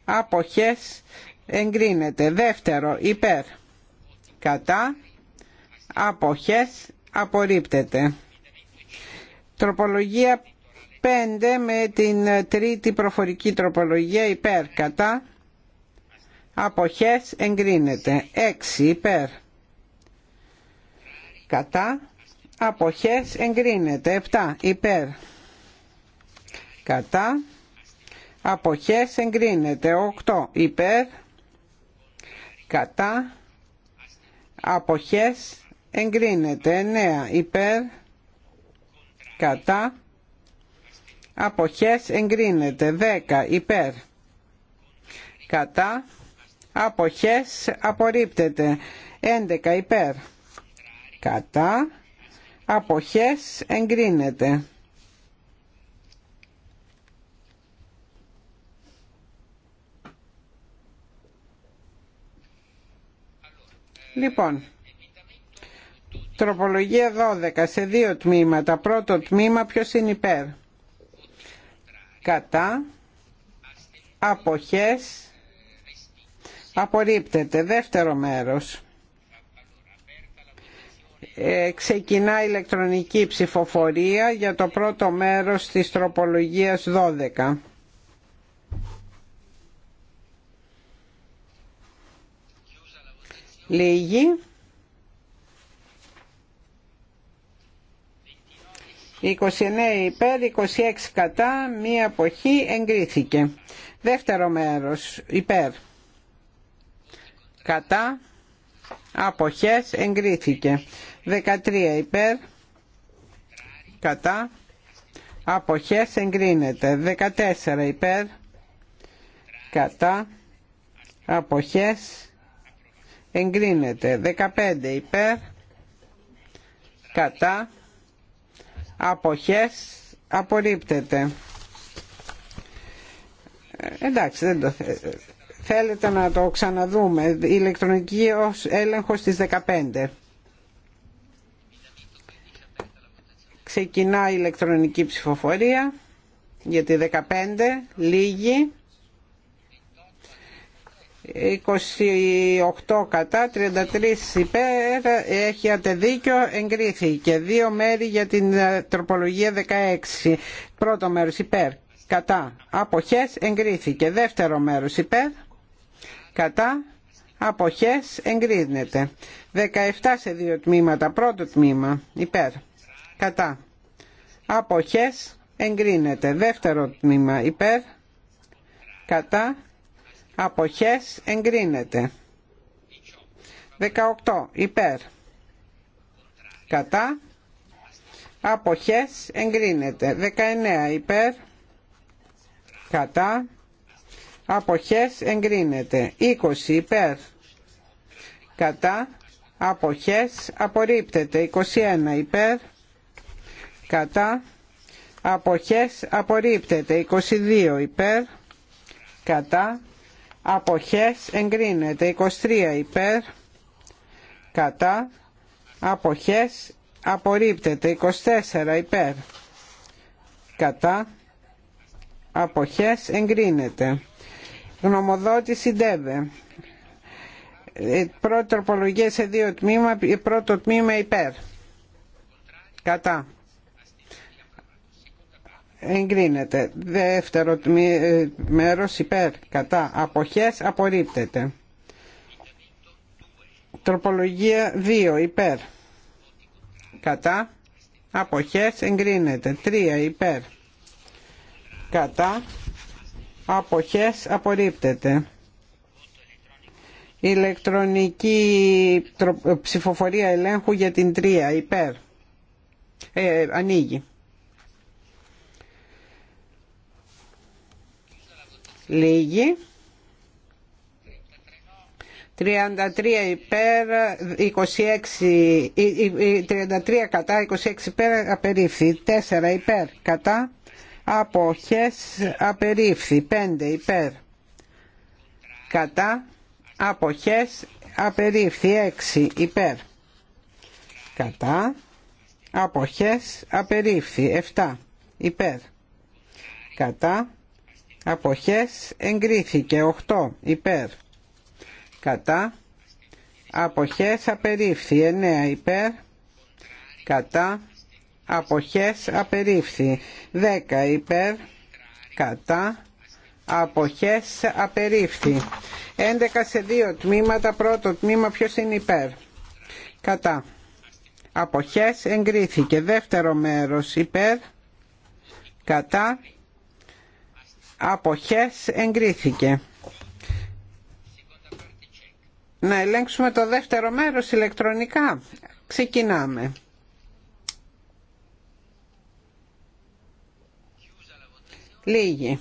Αποχές. Εγκρίνεται. Δεύτερο υπέρ. Κατά. Αποχές. Απορρίπτεται. Τροπολογία 5 με την τρίτη προφορική τροπολογία υπέρ. Κατά. Αποχές εγκρίνεται. 6 υπέρ. Κατά αποχές εγκρίνεται 7 υπέρ κατά αποχές εγκρίνεται 8 υπέρ κατά αποχές εγκρίνεται 9 υπέρ κατά αποχές εγκρίνεται 10 υπέρ κατά αποχές απορρίπτεται 11 υπέρ κατά αποχές εγκρίνεται. Λοιπόν, τροπολογία 12 σε δύο τμήματα. Πρώτο τμήμα ποιος είναι υπέρ. Κατά, αποχές, απορρίπτεται. Δεύτερο μέρος. Ε, ξεκινά ηλεκτρονική ψηφοφορία για το πρώτο μέρος της τροπολογίας 12. Λίγη. 29 υπέρ, 26 κατά, μία αποχή εγκρίθηκε. Δεύτερο μέρος υπέρ. Κατά αποχές εγκρίθηκε 13 υπέρ κατά αποχές εγκρίνεται 14 υπέρ κατά αποχές εγκρίνεται 15 υπέρ κατά αποχές απορρίπτεται ε, εντάξει δεν το θέλω Θέλετε να το ξαναδούμε. Ηλεκτρονική ως έλεγχος στις 15. Ξεκινά η ηλεκτρονική ψηφοφορία για τη 15, λίγη, 28 κατά, 33 υπέρ, έχετε δίκιο, εγκρίθηκε. Δύο μέρη για την ε, τροπολογία 16. Πρώτο μέρος υπέρ, κατά, αποχές, εγκρίθηκε. Δεύτερο μέρος υπέρ, κατά αποχές εγκρίνεται 17 σε δύο τμήματα πρώτο τμήμα υπέρ κατά αποχές εγκρίνεται δεύτερο τμήμα υπέρ κατά αποχές εγκρίνεται 18 υπέρ κατά αποχές εγκρίνεται 19 υπέρ κατά αποχές εγκρίνεται 20 υπέρ κατά αποχές απορρίπτεται 21 υπέρ κατά αποχές απορρίπτεται 22 υπέρ κατά αποχές εγκρίνεται 23 υπέρ κατά αποχές απορρίπτεται 24 υπέρ κατά αποχές εγκρίνεται Γνωμοδότηση ΔΕΒΕ. Ε, πρώτη τροπολογία σε δύο τμήμα. Πρώτο τμήμα υπέρ. Κατά. Εγκρίνεται. Δεύτερο ε, μέρος υπέρ. Κατά. Αποχές απορρίπτεται. Τροπολογία 2 υπέρ. Κατά. Αποχές εγκρίνεται. 3 υπέρ. Κατά αποχές απορρίπτεται ηλεκτρονική ψηφοφορία ελέγχου για την 3 υπέρ ε, ανοίγει λίγη 33 υπέρ 26 33 ε, ε, ε, κατά 26 υπέρ απερίφθη 4 υπέρ κατά αποχές απερίφθη 5 υπέρ κατά αποχές απερίφθη 6 υπέρ κατά αποχές απερίφθη 7 υπέρ κατά αποχές εγκρίθηκε 8 υπέρ κατά αποχές απερίφθη 9 υπέρ κατά αποχές απερίφθη 10 υπέρ κατά αποχές απερίφθη 11 σε δύο τμήματα πρώτο τμήμα ποιος είναι υπέρ κατά αποχές εγκρίθηκε δεύτερο μέρος υπέρ κατά αποχές εγκρίθηκε να ελέγξουμε το δεύτερο μέρος ηλεκτρονικά ξεκινάμε Λίγοι.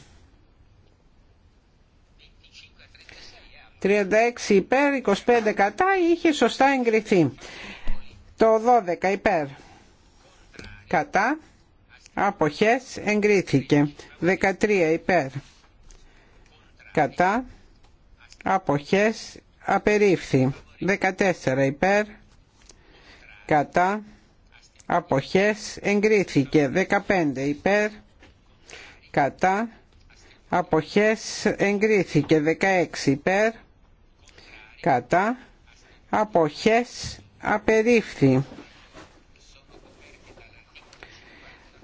36 υπέρ, 25 κατά, είχε σωστά εγκριθεί. Το 12 υπέρ, κατά, αποχές, εγκρίθηκε. 13 υπέρ, κατά, αποχές, απερίφθη. 14 υπέρ, κατά, αποχές, εγκρίθηκε. 15 υπέρ, κατά αποχές εγκρίθηκε 16 υπέρ κατά αποχές απερίφθη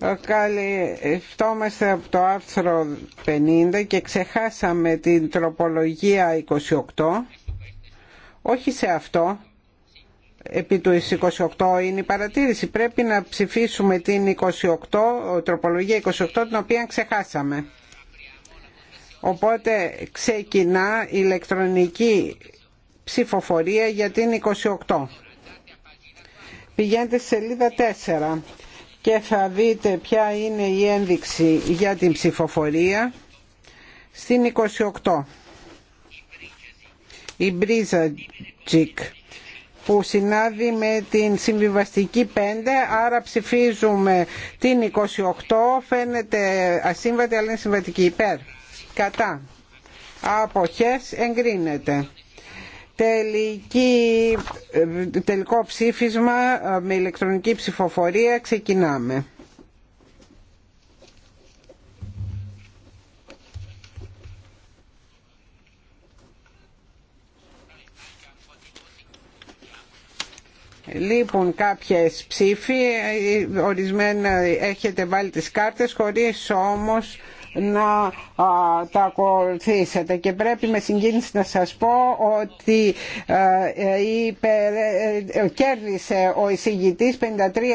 ε, Καλυφτόμαστε από το άρθρο 50 και ξεχάσαμε την τροπολογία 28 όχι σε αυτό επί του 28 είναι η παρατήρηση. Πρέπει να ψηφίσουμε την 28, τροπολογία 28, την οποία ξεχάσαμε. Οπότε ξεκινά η ηλεκτρονική ψηφοφορία για την 28. Πηγαίνετε στη σελίδα 4 και θα δείτε ποια είναι η ένδειξη για την ψηφοφορία στην 28. Η Μπρίζα Τζικ που συνάδει με την συμβιβαστική 5 άρα ψηφίζουμε την 28 φαίνεται ασύμβατη αλλά είναι συμβατική υπέρ κατά αποχές εγκρίνεται Τελική, ε, τελικό ψήφισμα ε, με ηλεκτρονική ψηφοφορία ξεκινάμε λείπουν κάποιες ψήφοι, ορισμένα έχετε βάλει τις κάρτες χωρίς όμως να τα ακολουθήσετε και πρέπει με συγκίνηση να σας πω ότι ε, κέρδισε ο εισηγητής 53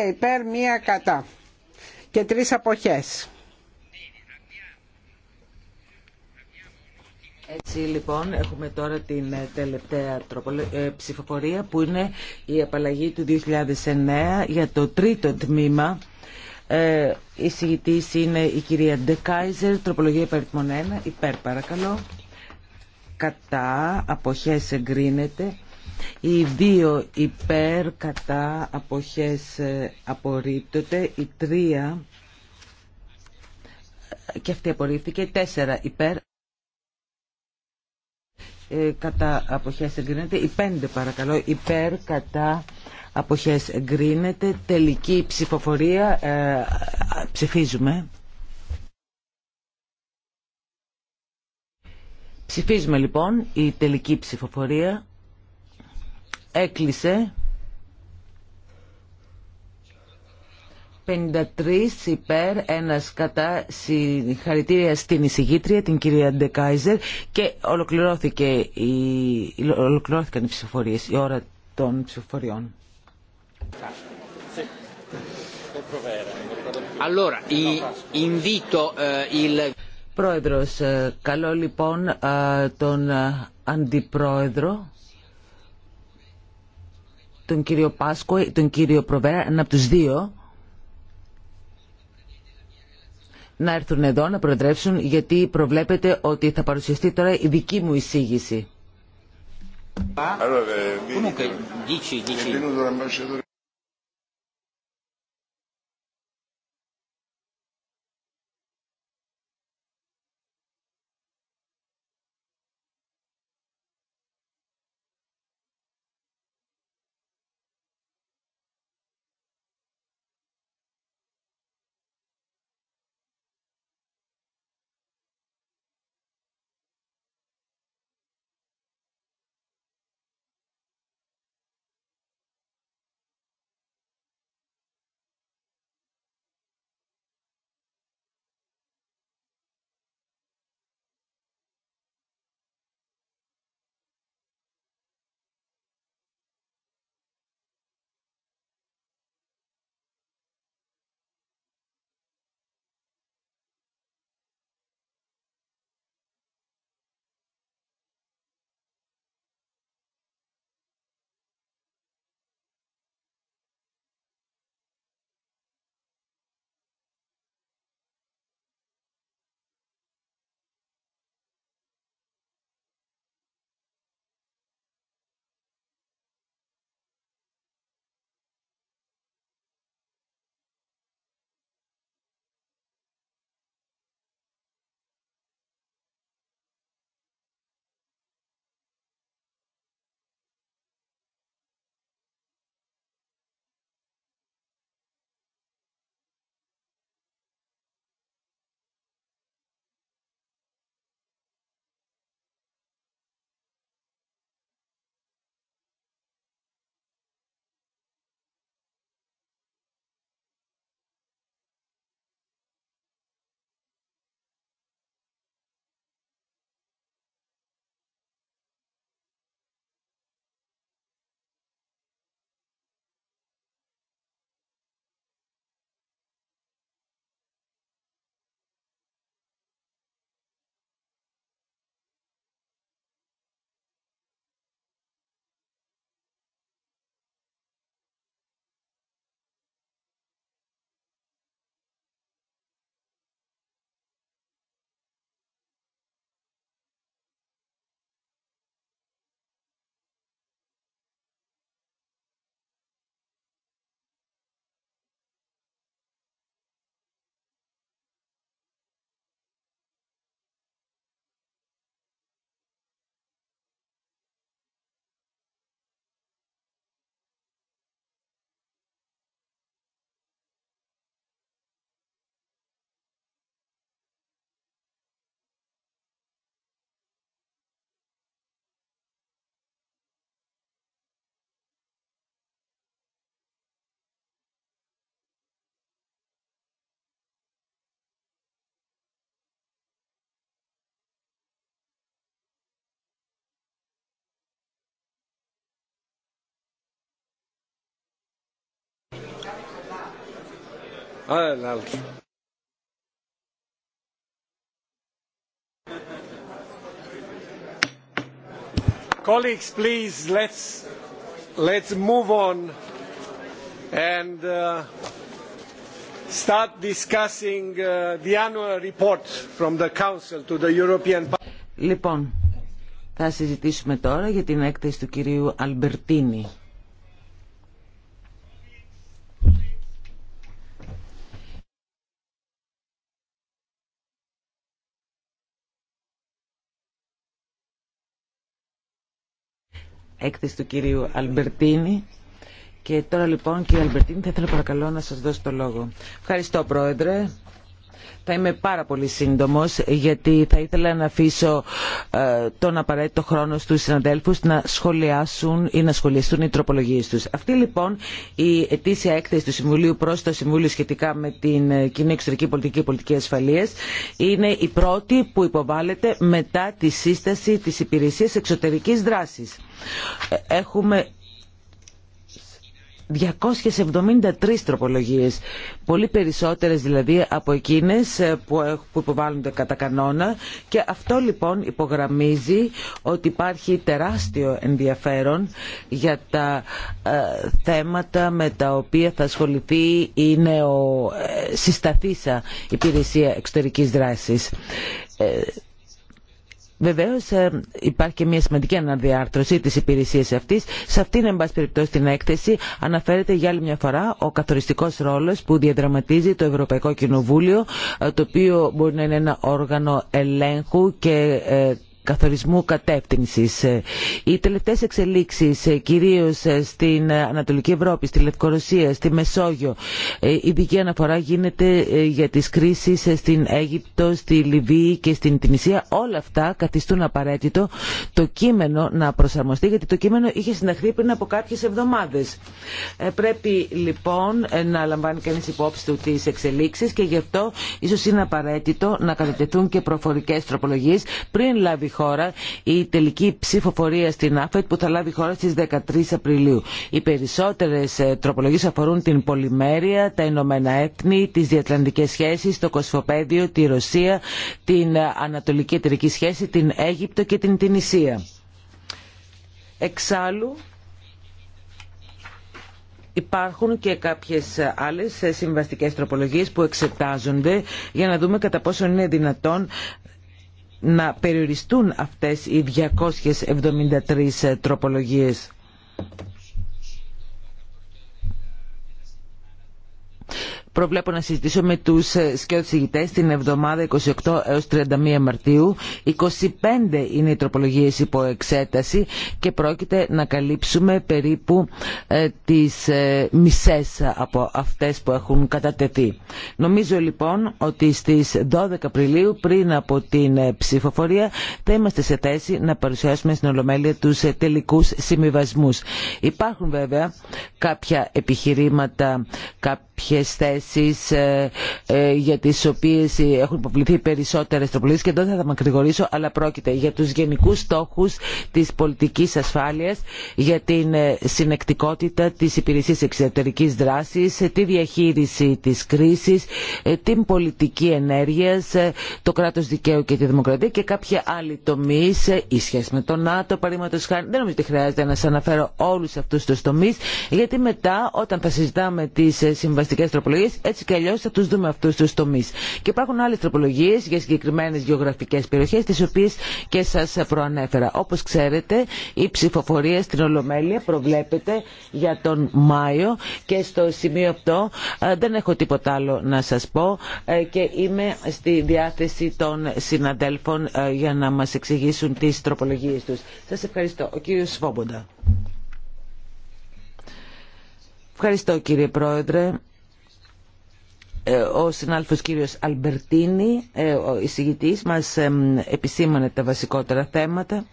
υπέρ μία κατά και τρεις αποχές. Έτσι λοιπόν έχουμε τώρα την ε, τελευταία ε, ψηφοφορία που είναι η απαλλαγή του 2009 για το τρίτο τμήμα. Ε, η συγητής είναι η κυρία Ντεκάιζερ, τροπολογία υπαριθμών 1, υπέρ παρακαλώ. Κατά, αποχές εγκρίνεται. Οι δύο υπέρ, κατά, αποχές απορρίπτονται. Οι τρία και αυτή απορρίφθηκε. Τέσσερα υπέρ, ε, κατά αποχές εγκρίνεται. Η πέντε παρακαλώ υπέρ κατά αποχές εγκρίνεται. Τελική ψηφοφορία ε, ψηφίζουμε. Ψηφίζουμε λοιπόν η τελική ψηφοφορία. Έκλεισε. 53 υπέρ, ένα κατά συγχαρητήρια στην εισηγήτρια, την κυρία Ντεκάιζερ και ολοκληρώθηκε η, ολοκληρώθηκαν οι ψηφοφορίε, η ώρα των ψηφοφοριών. Allora, invito, eh, il... Πρόεδρος, ε, καλό λοιπόν ε, τον ε, αντιπρόεδρο τον κύριο Πάσκο, τον κύριο Προβέρα, ένα από τους δύο να έρθουν εδώ να προεδρεύσουν γιατί προβλέπεται ότι θα παρουσιαστεί τώρα η δική μου εισήγηση. Eh, Ah, Colleagues, please, let's, let's move on and uh, start discussing uh, the annual report from the Council to the European Parliament. Λοιπόν, θα συζητήσουμε τώρα για την έκθεση του κυρίου Αλμπερτίνη. έκθεση του κυρίου Αλμπερτίνη. Και τώρα λοιπόν κύριε Αλμπερτίνη θα ήθελα παρακαλώ να σας δώσω το λόγο. Ευχαριστώ πρόεδρε. Θα είμαι πάρα πολύ σύντομος γιατί θα ήθελα να αφήσω ε, τον απαραίτητο χρόνο στους συναδέλφους να σχολιάσουν ή να σχολιαστούν οι τροπολογίες τους. Αυτή λοιπόν η ετήσια έκθεση του Συμβουλίου προς το Συμβούλιο σχετικά με την ε, κοινή εξωτερική πολιτική και πολιτική ασφαλείας είναι η πρώτη που υποβάλλεται μετά τη σύσταση της υπηρεσίας εξωτερικής δράσης. Ε, έχουμε 273 τροπολογίες, πολύ περισσότερες δηλαδή από εκείνες ε, που υποβάλλονται κατά κανόνα και αυτό λοιπόν υπογραμμίζει ότι υπάρχει τεράστιο ενδιαφέρον για τα ε, θέματα με τα οποία θα ασχοληθεί η νεοσυσταθήσα ε, υπηρεσία εξωτερικής δράσης. Βεβαίω ε, υπάρχει και μια σημαντική αναδιάρθρωση τη υπηρεσία αυτή. Σε αυτήν, εν πάση περιπτώσει, την έκθεση αναφέρεται για άλλη μια φορά ο καθοριστικό ρόλο που διαδραματίζει το Ευρωπαϊκό Κοινοβούλιο, ε, το οποίο μπορεί να είναι ένα όργανο ελέγχου και ε, καθορισμού κατεύθυνσης. Ε, οι τελευταίες εξελίξεις ε, κυρίως ε, στην Ανατολική Ευρώπη, στη Λευκορωσία, στη Μεσόγειο η ειδική αναφορά γίνεται για τις κρίσεις στην Αίγυπτο, στη Λιβύη και στην Τινησία. Όλα αυτά καθιστούν απαραίτητο το κείμενο να προσαρμοστεί γιατί το κείμενο είχε συναχθεί πριν από κάποιες εβδομάδες. Πρέπει λοιπόν να λαμβάνει κανείς υπόψη του τις εξελίξεις και γι' αυτό ίσως είναι απαραίτητο να κατατεθούν και προφορικές τροπολογίες πριν λάβει χώρα η τελική ψηφοφορία στην ΑΦΕΤ που θα λάβει χώρα στις 13 Απριλίου. Οι περισσότερες ε, τροπολογίες αφορούν την πολυμέρεια, τα Ηνωμένα Έθνη, τις διατλαντικές σχέσεις, το Κοσφοπέδιο, τη Ρωσία, την ε, Ανατολική Εταιρική Σχέση, την Αίγυπτο και την Τινησία. Εξάλλου, Υπάρχουν και κάποιες ε, άλλες συμβαστικές τροπολογίες που εξετάζονται για να δούμε κατά πόσο είναι δυνατόν να περιοριστούν αυτές οι 273 ε, τροπολογίες προβλέπω να συζητήσω με τους ε, σκιώδης την εβδομάδα 28 έως 31 Μαρτίου. 25 είναι οι τροπολογίε υπό εξέταση και πρόκειται να καλύψουμε περίπου ε, τις ε, μισές από αυτές που έχουν κατατεθεί. Νομίζω λοιπόν ότι στις 12 Απριλίου πριν από την ψηφοφορία θα είμαστε σε θέση να παρουσιάσουμε στην Ολομέλεια τους τελικού συμβιβασμού. Υπάρχουν βέβαια κάποια επιχειρήματα, κάποια ποιες θέσεις ε, ε, για τις οποίες έχουν υποβληθεί περισσότερες τροπολίες και δεν θα τα μακρηγορήσω αλλά πρόκειται για τους γενικούς στόχους της πολιτικής ασφάλειας για την ε, συνεκτικότητα της υπηρεσίας εξωτερικής δράσης τη διαχείριση της κρίσης την πολιτική ενέργειας το κράτος δικαίου και τη δημοκρατία και κάποια άλλη ε, η σχέση με τον ΝΑΤΟ παρήματος χάρη δεν νομίζω ότι χρειάζεται να σα αναφέρω όλους αυτούς τους τομείς γιατί μετά όταν θα συζητάμε τις συμβασίες τροπολογίε, έτσι και αλλιώ θα του δούμε αυτού του τομεί. Και υπάρχουν άλλε τροπολογίε για συγκεκριμένε γεωγραφικέ περιοχέ, τι οποίε και σα προανέφερα. Όπω ξέρετε, η ψηφοφορία στην Ολομέλεια προβλέπεται για τον Μάιο και στο σημείο αυτό ε, δεν έχω τίποτα άλλο να σα πω ε, και είμαι στη διάθεση των συναντέλφων ε, για να μα εξηγήσουν τι τροπολογίε του. Σα ευχαριστώ. Ο κύριο Σβόμποντα. Ευχαριστώ κύριε Πρόεδρε. Ε, ο συνάλφος κύριος Αλμπερτίνη, ε, ο εισηγητής, μας επισήμανε τα βασικότερα θέματα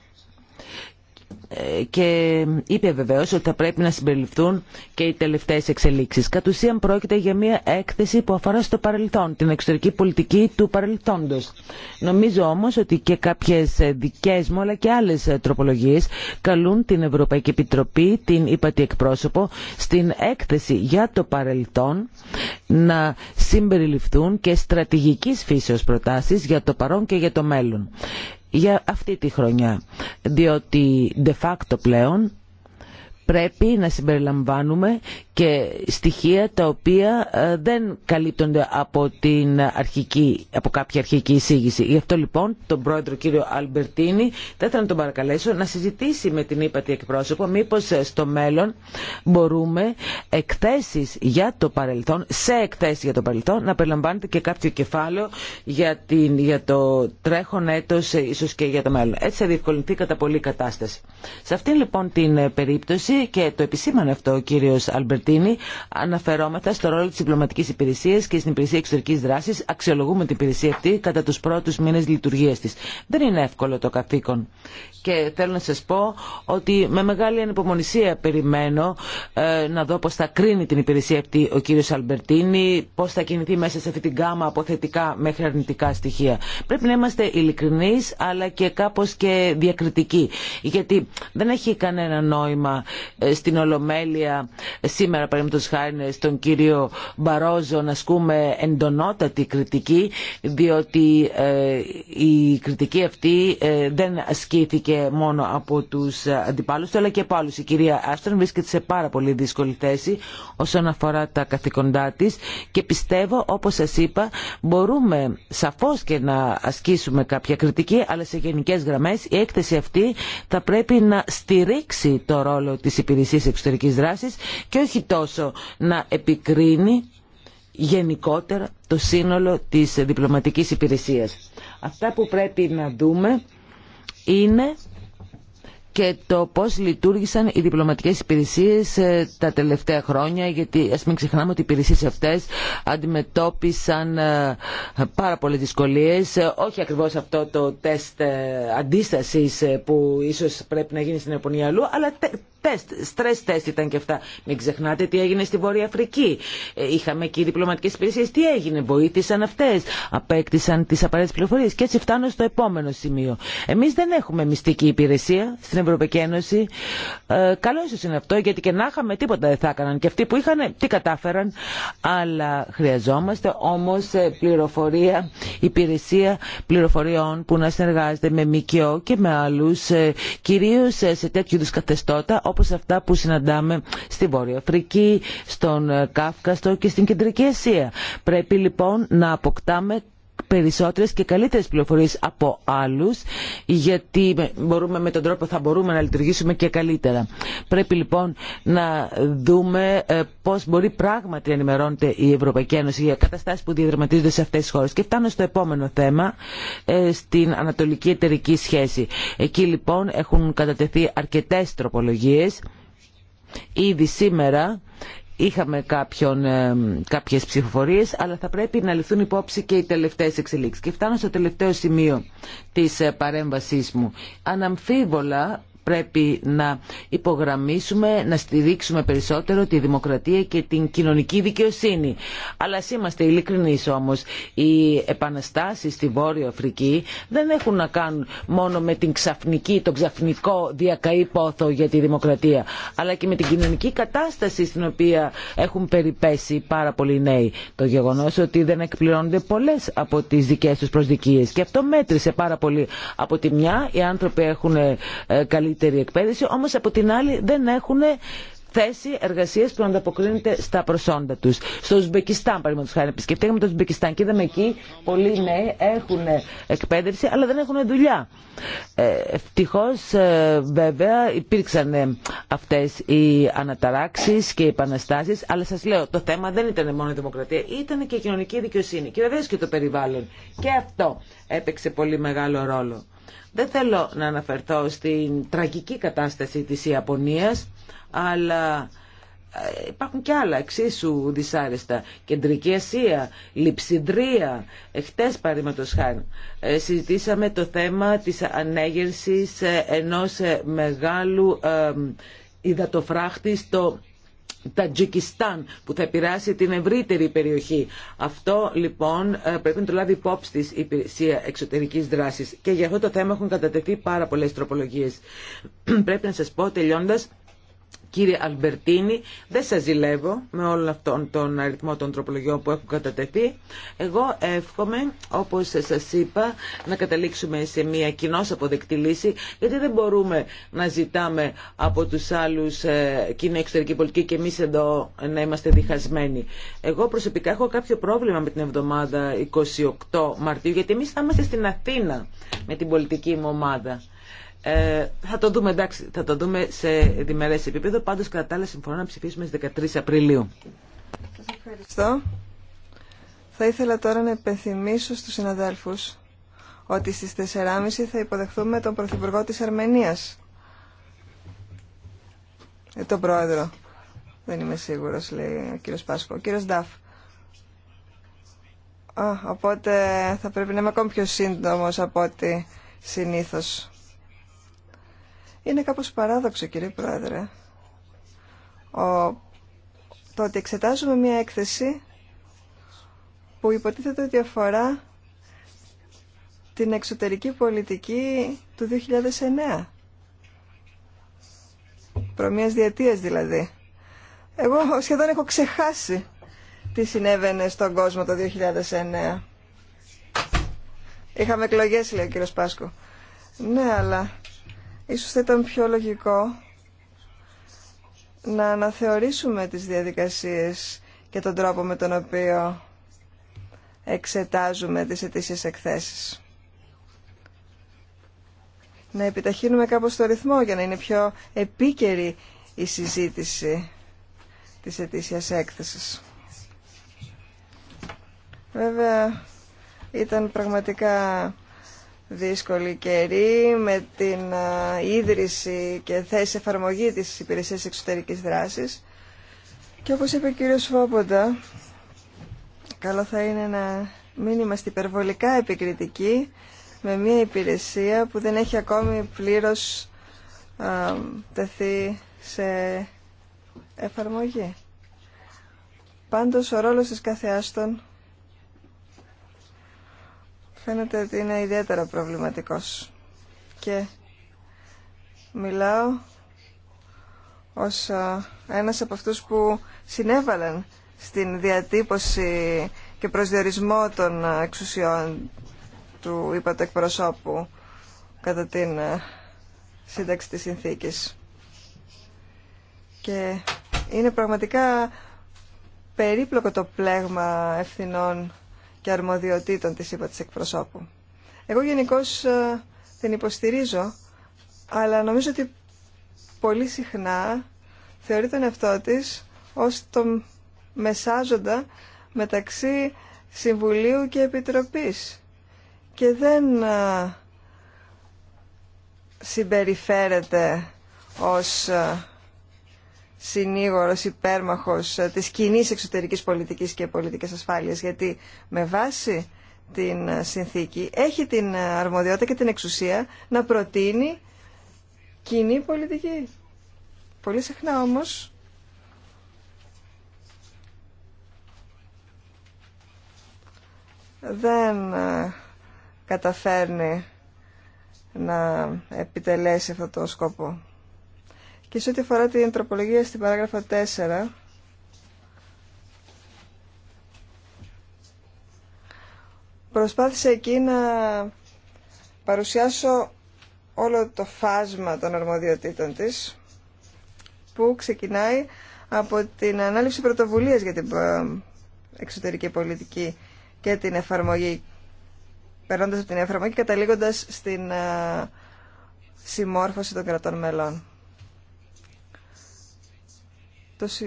και είπε βεβαίως ότι θα πρέπει να συμπεριληφθούν και οι τελευταίες εξελίξεις. Κατ' ουσίαν πρόκειται για μια έκθεση που αφορά στο παρελθόν, την εξωτερική πολιτική του παρελθόντος. Νομίζω όμως ότι και κάποιες δικές μου αλλά και άλλες τροπολογίες καλούν την Ευρωπαϊκή Επιτροπή, την ΥΠΑΤΗ εκπρόσωπο, στην έκθεση για το παρελθόν να συμπεριληφθούν και στρατηγικής φύσεως προτάσεις για το παρόν και για το μέλλον για αυτή τη χρονιά. Διότι de facto πλέον πρέπει να συμπεριλαμβάνουμε και στοιχεία τα οποία ε, δεν καλύπτονται από, την αρχική, από κάποια αρχική εισήγηση. Γι' αυτό λοιπόν τον πρόεδρο κύριο Αλμπερτίνη θα ήθελα να τον παρακαλέσω να συζητήσει με την ύπατη εκπρόσωπο μήπως ε, στο μέλλον μπορούμε εκθέσεις για το παρελθόν, σε εκθέσεις για το παρελθόν να περιλαμβάνεται και κάποιο κεφάλαιο για, την, για το τρέχον έτος ε, ίσως και για το μέλλον. Έτσι θα διευκολυνθεί κατά πολύ κατάσταση. Σε αυτήν λοιπόν την περίπτωση και το επισήμανε αυτό ο κύριος Αλμπερτίνη αναφερόμεθα στο ρόλο της διπλωματικής υπηρεσίας και στην υπηρεσία εξωτερικής δράσης αξιολογούμε την υπηρεσία αυτή κατά τους πρώτους μήνες λειτουργίας της. Δεν είναι εύκολο το καθήκον και θέλω να σας πω ότι με μεγάλη ανυπομονησία περιμένω ε, να δω πώς θα κρίνει την υπηρεσία αυτή ο κύριος Αλμπερτίνη, πώς θα κινηθεί μέσα σε αυτή την γάμα από θετικά μέχρι αρνητικά στοιχεία. Πρέπει να είμαστε ειλικρινεί αλλά και κάπω και διακριτικοί γιατί δεν έχει κανένα νόημα ε, στην Ολομέλεια σήμερα παραδείγματος χάρη στον κύριο Μπαρόζο να ασκούμε εντονότατη κριτική διότι ε, η κριτική αυτή ε, δεν ασκήθηκε μόνο από τους αντιπάλους αλλά και από άλλους. Η κυρία Άστρον βρίσκεται σε πάρα πολύ δύσκολη θέση όσον αφορά τα καθηκοντά της και πιστεύω όπως σας είπα μπορούμε σαφώς και να ασκήσουμε κάποια κριτική αλλά σε γενικές γραμμές η έκθεση αυτή θα πρέπει να στηρίξει το ρόλο της της υπηρεσίας εξωτερικής δράσης και όχι τόσο να επικρίνει γενικότερα το σύνολο της διπλωματικής υπηρεσίας. Αυτά που πρέπει να δούμε είναι και το πώς λειτουργήσαν οι διπλωματικές υπηρεσίες ε, τα τελευταία χρόνια, γιατί ας μην ξεχνάμε ότι οι υπηρεσίες αυτές αντιμετώπισαν ε, πάρα πολλές δυσκολίες, ε, όχι ακριβώς αυτό το τεστ αντίστασης που ίσως πρέπει να γίνει στην Ιαπωνία αλλού, αλλά τεστ, στρες τεστ ήταν και αυτά. Μην ξεχνάτε τι έγινε στη Βόρεια Αφρική. Ε, είχαμε εκεί διπλωματικέ υπηρεσίε. Τι έγινε, βοήθησαν αυτέ. Απέκτησαν τι απαραίτητε πληροφορίε. Και έτσι φτάνω στο επόμενο σημείο. Εμεί δεν έχουμε μυστική υπηρεσία στην Ευρωπαϊκή Ένωση. Ε, καλό ίσω είναι αυτό, γιατί και να είχαμε τίποτα δεν θα έκαναν. Και αυτοί που είχαν, ε, τι κατάφεραν. Αλλά χρειαζόμαστε όμω ε, πληροφορία, υπηρεσία πληροφοριών που να συνεργάζεται με ΜΚΟ και με άλλου, κυρίω σε τέτοιου είδου καθεστώτα όπως αυτά που συναντάμε στη Βόρεια Αφρική, στον Κάφκαστο και στην Κεντρική Ασία. Πρέπει λοιπόν να αποκτάμε περισσότερες και καλύτερες πληροφορίες από άλλους γιατί μπορούμε, με τον τρόπο θα μπορούμε να λειτουργήσουμε και καλύτερα. Πρέπει λοιπόν να δούμε ε, πώς μπορεί πράγματι να ενημερώνεται η Ευρωπαϊκή Ένωση για καταστάσεις που διαδραματίζονται σε αυτές τις χώρες. Και φτάνω στο επόμενο θέμα, ε, στην ανατολική εταιρική σχέση. Εκεί λοιπόν έχουν κατατεθεί αρκετές τροπολογίες. Ήδη σήμερα είχαμε κάποιον, ε, κάποιες ψηφοφορίες, αλλά θα πρέπει να ληφθούν υπόψη και οι τελευταίες εξελίξεις. Και φτάνω στο τελευταίο σημείο της ε, παρέμβασής μου. Αναμφίβολα πρέπει να υπογραμμίσουμε, να στηρίξουμε περισσότερο τη δημοκρατία και την κοινωνική δικαιοσύνη. Αλλά ας είμαστε ειλικρινεί όμως, οι επαναστάσεις στη Βόρεια Αφρική δεν έχουν να κάνουν μόνο με την ξαφνική, τον ξαφνικό διακαή πόθο για τη δημοκρατία, αλλά και με την κοινωνική κατάσταση στην οποία έχουν περιπέσει πάρα πολλοί νέοι. Το γεγονός ότι δεν εκπληρώνονται πολλές από τις δικές τους προσδικίες και αυτό μέτρησε πάρα πολύ. Από τη μια οι άνθρωποι έχουν ε, καλή καλύτερη εκπαίδευση, όμως από την άλλη δεν έχουν θέση εργασία που ανταποκρίνεται στα προσόντα τους. Στο Ουσμπεκιστάν, παραδείγματο χάρη, επισκεφτήκαμε το Ουσμπεκιστάν και είδαμε εκεί πολλοί νέοι έχουν εκπαίδευση, αλλά δεν έχουν δουλειά. Ε, Ευτυχώ, ε, βέβαια, υπήρξαν ε, αυτέ οι αναταράξει και οι επαναστάσει, αλλά σα λέω, το θέμα δεν ήταν μόνο η δημοκρατία, ήταν και η κοινωνική δικαιοσύνη και βεβαίω και το περιβάλλον. Και αυτό έπαιξε πολύ μεγάλο ρόλο. Δεν θέλω να αναφερθώ στην τραγική κατάσταση της Ιαπωνίας, αλλά ε, υπάρχουν και άλλα εξίσου δυσάρεστα. Κεντρική Ασία, Λιψιδρία, εχθές παραδείγματος χάρη. Ε, συζητήσαμε το θέμα της ανέγερσης ε, ενός μεγάλου υδατοφράχτη στο Τατζικιστάν που θα επηρεάσει την ευρύτερη περιοχή. Αυτό λοιπόν ε, πρέπει να το λάβει υπόψη τη υπηρεσία εξωτερική δράση. και για αυτό το θέμα έχουν κατατεθεί πάρα πολλέ τροπολογίε. <clears throat> πρέπει να σα πω τελειώντας Κύριε Αλμπερτίνη, δεν σας ζηλεύω με όλο αυτόν τον αριθμό των τροπολογιών που έχουν κατατεθεί. Εγώ εύχομαι, όπως σας είπα, να καταλήξουμε σε μια κοινώ αποδεκτή λύση, γιατί δεν μπορούμε να ζητάμε από τους άλλους ε, κοινή εξωτερική πολιτική και εμείς εδώ να είμαστε διχασμένοι. Εγώ προσωπικά έχω κάποιο πρόβλημα με την εβδομάδα 28 Μαρτίου, γιατί εμείς θα είμαστε στην Αθήνα με την πολιτική μου ομάδα. Ε, θα το δούμε, εντάξει, θα το δούμε σε διμερές επίπεδο. Πάντως, κατά τα άλλα, συμφωνώ να ψηφίσουμε στις 13 Απριλίου. Σα ευχαριστώ. Θα ήθελα τώρα να επενθυμίσω στου συναδέλφου ότι στις 4.30 θα υποδεχθούμε τον Πρωθυπουργό της Αρμενίας. Ε, τον Πρόεδρο. Δεν είμαι σίγουρος, λέει ο κύριος Πάσκο. Ο κύριος Νταφ. Α, οπότε θα πρέπει να είμαι ακόμη πιο σύντομος από ό,τι συνήθως. Είναι κάπως παράδοξο, κύριε Πρόεδρε, το ότι εξετάζουμε μια έκθεση που υποτίθεται ότι αφορά την εξωτερική πολιτική του 2009. Προμίας διετίας δηλαδή. Εγώ σχεδόν έχω ξεχάσει τι συνέβαινε στον κόσμο το 2009. Είχαμε εκλογέ, λέει ο κύριος Πάσκο. Ναι, αλλά Ίσως θα ήταν πιο λογικό να αναθεωρήσουμε τις διαδικασίες και τον τρόπο με τον οποίο εξετάζουμε τις αιτήσεις εκθέσεις. Να επιταχύνουμε κάπως το ρυθμό για να είναι πιο επίκαιρη η συζήτηση της αιτήσιας έκθεσης. Βέβαια, ήταν πραγματικά δύσκολη καιρή με την ίδρυση και θέση εφαρμογή της υπηρεσίας εξωτερικής δράσης. Και όπως είπε ο κύριος Φόποντα, καλό θα είναι να μην είμαστε υπερβολικά επικριτικοί με μια υπηρεσία που δεν έχει ακόμη πλήρως τεθεί σε εφαρμογή. Πάντως ο ρόλος της κάθε φαίνεται ότι είναι ιδιαίτερα προβληματικός. Και μιλάω ως ένας από αυτούς που συνέβαλαν στην διατύπωση και προσδιορισμό των εξουσιών του είπατε εκπροσώπου κατά την σύνταξη της συνθήκης. Και είναι πραγματικά περίπλοκο το πλέγμα ευθυνών και αρμοδιοτήτων της είπα της εκπροσώπου. Εγώ γενικώ ε, την υποστηρίζω, αλλά νομίζω ότι πολύ συχνά θεωρεί τον εαυτό της ως το μεσάζοντα μεταξύ Συμβουλίου και Επιτροπής και δεν ε, συμπεριφέρεται ως ε, συνήγορος υπέρμαχος ε, της κοινή εξωτερικής πολιτικής και πολιτικής ασφάλειας γιατί με βάση την ε, συνθήκη έχει την ε, αρμοδιότητα και την εξουσία να προτείνει κοινή πολιτική. Πολύ συχνά όμως δεν καταφέρνει να επιτελέσει αυτό το σκόπο. Και σε ό,τι αφορά την τροπολογία στην παράγραφο 4, προσπάθησα εκεί να παρουσιάσω όλο το φάσμα των αρμοδιοτήτων της που ξεκινάει από την ανάληψη πρωτοβουλίας για την ε, εξωτερική πολιτική και την εφαρμογή περνώντας από την εφαρμογή και καταλήγοντας στην ε, συμμόρφωση των κρατών μελών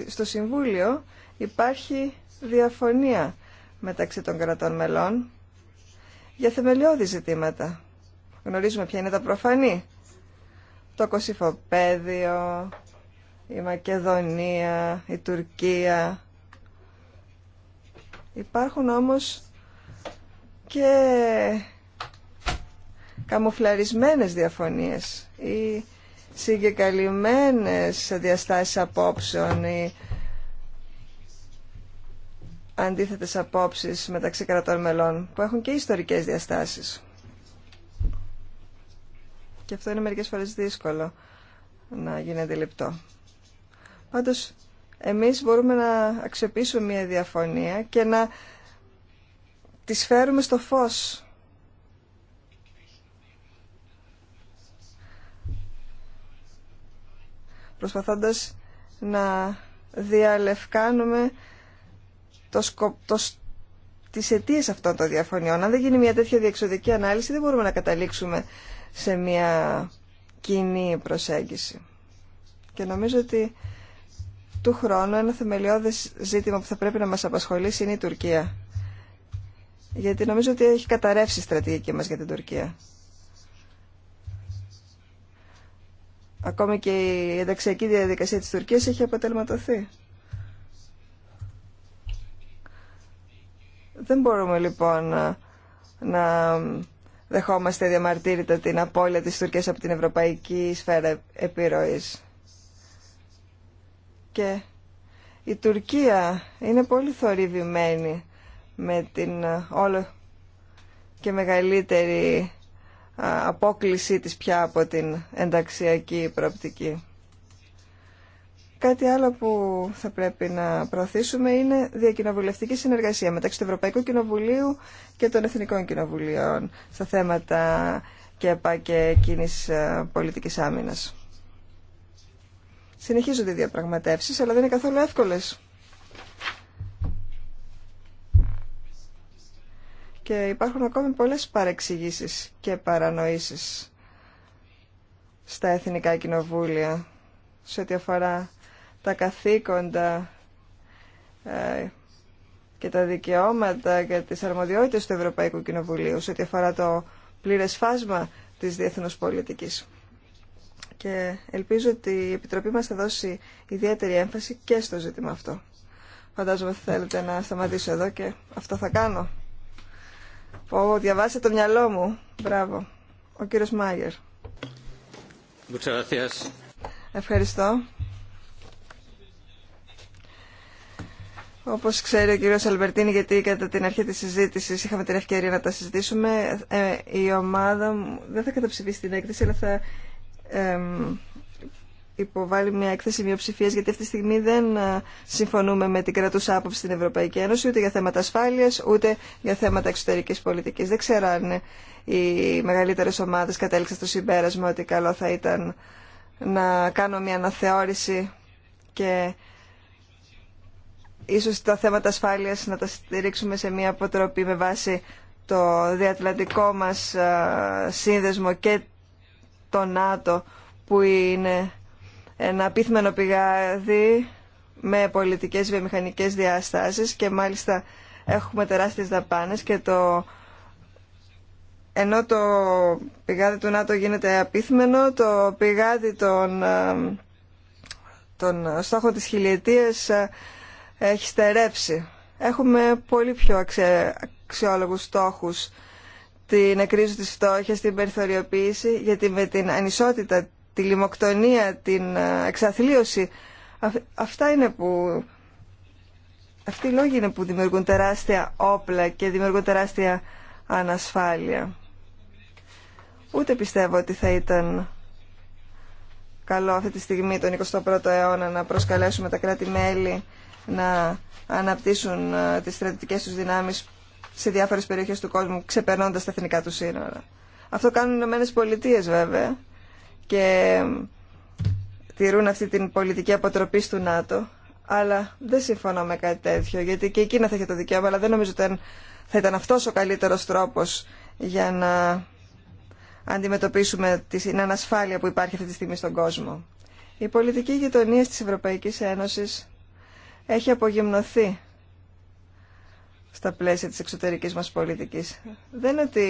στο Συμβούλιο υπάρχει διαφωνία μεταξύ των κρατών μελών για θεμελιώδη ζητήματα. Γνωρίζουμε ποια είναι τα προφανή. Το Κωσυφοπαίδιο, η Μακεδονία, η Τουρκία. Υπάρχουν όμως και καμουφλαρισμένες διαφωνίες ή συγκεκαλυμμένες διαστάσεις απόψεων ή αντίθετες απόψεις μεταξύ κρατών μελών που έχουν και ιστορικές διαστάσεις. Και αυτό είναι μερικές φορές δύσκολο να γίνει λεπτό. Πάντως, εμείς μπορούμε να αξιοποιήσουμε μια διαφωνία και να τις φέρουμε στο φως προσπαθώντας να διαλευκάνουμε το σκο... τις αιτίε αυτών των διαφωνιών. Αν δεν γίνει μια τέτοια διεξοδική ανάλυση δεν μπορούμε να καταλήξουμε σε μια κοινή προσέγγιση. Και νομίζω ότι του χρόνου ένα θεμελιώδες ζήτημα που θα πρέπει να μας απασχολήσει είναι η Τουρκία. Γιατί νομίζω ότι έχει καταρρεύσει η στρατηγική μας για την Τουρκία. Ακόμη και η ενταξιακή διαδικασία της Τουρκίας έχει αποτελματωθεί. Δεν μπορούμε λοιπόν να, δεχόμαστε διαμαρτύρητα την απώλεια της Τουρκίας από την ευρωπαϊκή σφαίρα επιρροής. Και η Τουρκία είναι πολύ θορυβημένη με την όλο και μεγαλύτερη απόκλησή της πια από την ενταξιακή προοπτική. Κάτι άλλο που θα πρέπει να προωθήσουμε είναι διακοινοβουλευτική συνεργασία μεταξύ του Ευρωπαϊκού Κοινοβουλίου και των Εθνικών Κοινοβουλίων στα θέματα ΚΕΠΑ και κοινή πολιτικής άμυνας. Συνεχίζονται οι διαπραγματεύσεις, αλλά δεν είναι καθόλου εύκολες. και υπάρχουν ακόμη πολλές παρεξηγήσεις και παρανοήσεις στα εθνικά κοινοβούλια σε ό,τι αφορά τα καθήκοντα ε, και τα δικαιώματα και τις αρμοδιότητες του Ευρωπαϊκού Κοινοβουλίου σε ό,τι αφορά το πλήρες φάσμα της διεθνούς πολιτικής. Και ελπίζω ότι η Επιτροπή μας θα δώσει ιδιαίτερη έμφαση και στο ζήτημα αυτό. Φαντάζομαι θέλετε να σταματήσω εδώ και αυτό θα κάνω. Πω, διαβάσε το μυαλό μου. Μπράβο. Ο κύριος Μάγερ. Ευχαριστώ. Όπως ξέρει ο κύριος Αλμπερτίνη, γιατί κατά την αρχή της συζήτησης είχαμε την ευκαιρία να τα συζητήσουμε, ε, η ομάδα μου δεν θα καταψηφίσει την έκθεση, αλλά θα υποβάλει μια έκθεση μειοψηφία, γιατί αυτή τη στιγμή δεν ε, συμφωνούμε με την κρατούσα άποψη στην Ευρωπαϊκή Ένωση, ούτε για θέματα ασφάλεια, ούτε για θέματα εξωτερική πολιτική. Δεν ξέρω ε, οι μεγαλύτερε ομάδε κατέληξαν στο συμπέρασμα ότι καλό θα ήταν να κάνω μια αναθεώρηση και ίσως τα θέματα ασφάλειας να τα στηρίξουμε σε μια αποτροπή με βάση το διατλαντικό μας ε, σύνδεσμο και το ΝΑΤΟ που είναι ένα πείθμενο πηγάδι με πολιτικές βιομηχανικές διαστάσεις και μάλιστα έχουμε τεράστιες δαπάνες και το ενώ το πηγάδι του ΝΑΤΟ γίνεται απίθμενο, το πηγάδι των, ε, των στόχων της χιλιετίας ε, έχει στερέψει. Έχουμε πολύ πιο αξι... αξιόλογους στόχους την εκρίζωση της φτώχειας, την περιθωριοποίηση, γιατί με την ανισότητα τη λιμοκτονία, την ε, εξαθλίωση. Αυτά είναι που... Αυτοί οι λόγοι είναι που δημιουργούν τεράστια όπλα και δημιουργούν τεράστια ανασφάλεια. Ούτε πιστεύω ότι θα ήταν καλό αυτή τη στιγμή τον 21ο αιώνα να προσκαλέσουμε τα κράτη-μέλη να αναπτύσσουν ε, τις στρατιωτικές τους δυνάμεις σε διάφορες περιοχές του κόσμου ξεπερνώντας τα εθνικά του σύνορα. Αυτό κάνουν οι Ηνωμένε Πολιτείε βέβαια και τηρούν αυτή την πολιτική αποτροπή του ΝΑΤΟ. Αλλά δεν συμφωνώ με κάτι τέτοιο, γιατί και εκείνα θα είχε το δικαίωμα, αλλά δεν νομίζω ότι θα ήταν αυτός ο καλύτερος τρόπος για να αντιμετωπίσουμε την ανασφάλεια που υπάρχει αυτή τη στιγμή στον κόσμο. Η πολιτική γειτονία της Ευρωπαϊκής Ένωσης έχει απογυμνωθεί στα πλαίσια της εξωτερικής μας πολιτικής. Δεν είναι ότι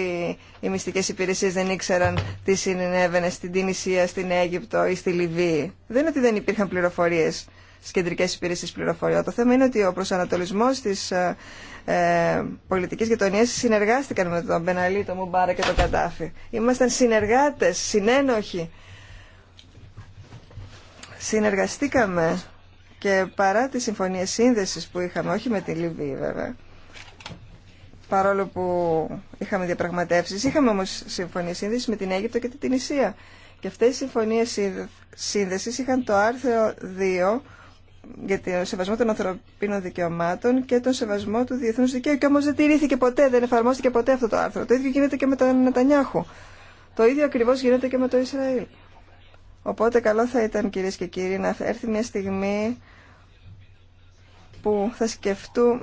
οι μυστικές υπηρεσίες δεν ήξεραν τι συνέβαινε στην Τινησία, στην Αίγυπτο ή στη Λιβύη. Δεν είναι ότι δεν υπήρχαν πληροφορίες στις κεντρικές υπηρεσίες πληροφοριών. Το θέμα είναι ότι ο προσανατολισμός της ε, ε πολιτικής γειτονίας συνεργάστηκαν με τον Μπεναλή, τον Μουμπάρα και τον Καντάφη. Ήμασταν συνεργάτες, συνένοχοι. Συνεργαστήκαμε και παρά τις συμφωνίες σύνδεσης που είχαμε, όχι με τη Λιβύη βέβαια, παρόλο που είχαμε διαπραγματεύσεις. Είχαμε όμως συμφωνίες σύνδεση με την Αίγυπτο και την Ισία. Και αυτές οι συμφωνίες σύνδεσης είχαν το άρθρο 2 για τον σεβασμό των ανθρωπίνων δικαιωμάτων και τον σεβασμό του διεθνούς δικαίου. Και όμως δεν τηρήθηκε ποτέ, δεν εφαρμόστηκε ποτέ αυτό το άρθρο. Το ίδιο γίνεται και με τον Νατανιάχου. Το ίδιο ακριβώς γίνεται και με το Ισραήλ. Οπότε καλό θα ήταν κυρίες και κύριοι να έρθει μια στιγμή που θα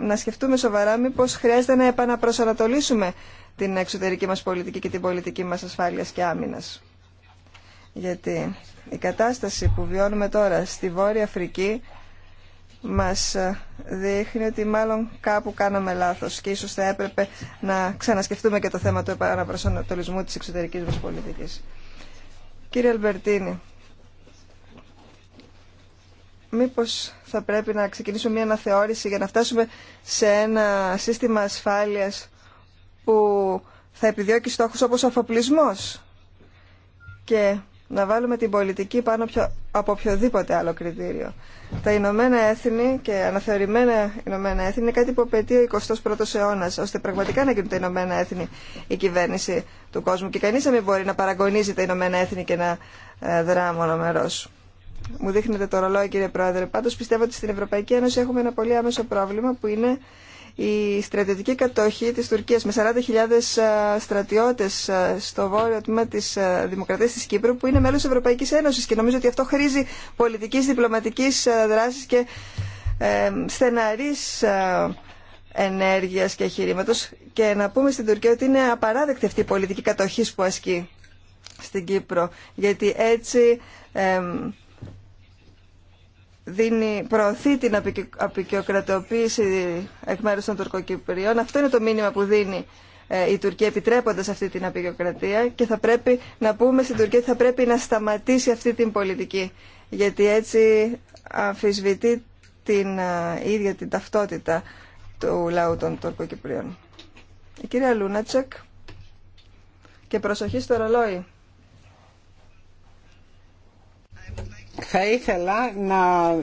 να σκεφτούμε σοβαρά μήπως χρειάζεται να επαναπροσανατολίσουμε την εξωτερική μας πολιτική και την πολιτική μας ασφάλειας και άμυνας. Γιατί η κατάσταση που βιώνουμε τώρα στη Βόρεια Αφρική μας ε, δείχνει ότι μάλλον κάπου κάναμε λάθος και ίσως θα έπρεπε να ξανασκεφτούμε και το θέμα του επαναπροσανατολισμού της εξωτερικής μας πολιτικής. Κύριε Αλμπερτίνη, μήπως θα πρέπει να ξεκινήσουμε μια αναθεώρηση για να φτάσουμε σε ένα σύστημα ασφάλειας που θα επιδιώκει στόχους όπως ο αφοπλισμός και να βάλουμε την πολιτική πάνω από οποιοδήποτε άλλο κριτήριο. Τα Ηνωμένα Έθνη και αναθεωρημένα Ηνωμένα Έθνη είναι κάτι που απαιτεί ο 21 ο αιώνα, ώστε πραγματικά να γίνουν τα Ηνωμένα Έθνη η κυβέρνηση του κόσμου και κανείς δεν μπορεί να παραγωνίζει τα Ηνωμένα Έθνη και να ε, δρά μέρο. Μου δείχνετε το ρολόι κύριε Πρόεδρε. Πάντω πιστεύω ότι στην Ευρωπαϊκή Ένωση έχουμε ένα πολύ άμεσο πρόβλημα που είναι η στρατιωτική κατοχή τη Τουρκία με 40.000 ε, στρατιώτε ε, στο βόρειο τμήμα τη ε, δημοκρατία τη Κύπρου που είναι μέλο της Ευρωπαϊκής Ένωσης και νομίζω ότι αυτό χρήζει πολιτική, διπλωματική δράση και ε, στεναρής ενέργειας και εγχειρήματο και να πούμε στην Τουρκία ότι είναι απαράδεκτη αυτή η πολιτική κατοχή που ασκεί στην Κύπρο γιατί έτσι... Ε, δίνει, προωθεί την απεικιοκρατοποίηση εκ μέρου των τουρκοκυπρίων. Αυτό είναι το μήνυμα που δίνει ε, η Τουρκία επιτρέποντας αυτή την απεικιοκρατία και θα πρέπει να πούμε στην Τουρκία ότι θα πρέπει να σταματήσει αυτή την πολιτική γιατί έτσι αμφισβητεί την ε, ίδια την ταυτότητα του λαού των τουρκοκυπρίων. Η κυρία Λούνατσεκ και προσοχή στο ρολόι. θα ήθελα να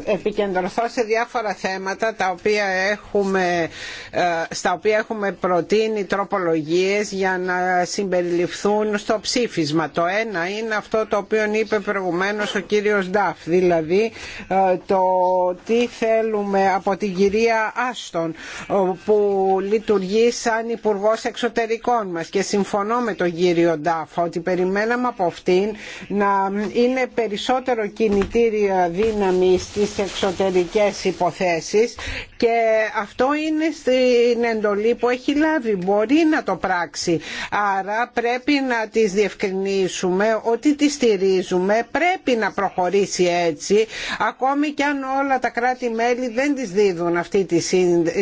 επικεντρωθώ σε διάφορα θέματα τα οποία έχουμε, ε, στα οποία έχουμε προτείνει τροπολογίες για να συμπεριληφθούν στο ψήφισμα. Το ένα είναι αυτό το οποίο είπε προηγουμένως ο κύριος Νταφ, δηλαδή ε, το τι θέλουμε από την κυρία Άστον που λειτουργεί σαν υπουργό Εξωτερικών μας και συμφωνώ με τον κύριο Νταφ ότι περιμέναμε από αυτήν να είναι περισσότερο κινητή κινητήρια δύναμη στις εξωτερικές υποθέσεις και αυτό είναι στην εντολή που έχει λάβει. Μπορεί να το πράξει. Άρα πρέπει να τις διευκρινίσουμε ότι τη στηρίζουμε. Πρέπει να προχωρήσει έτσι ακόμη και αν όλα τα κράτη-μέλη δεν τις δίδουν αυτή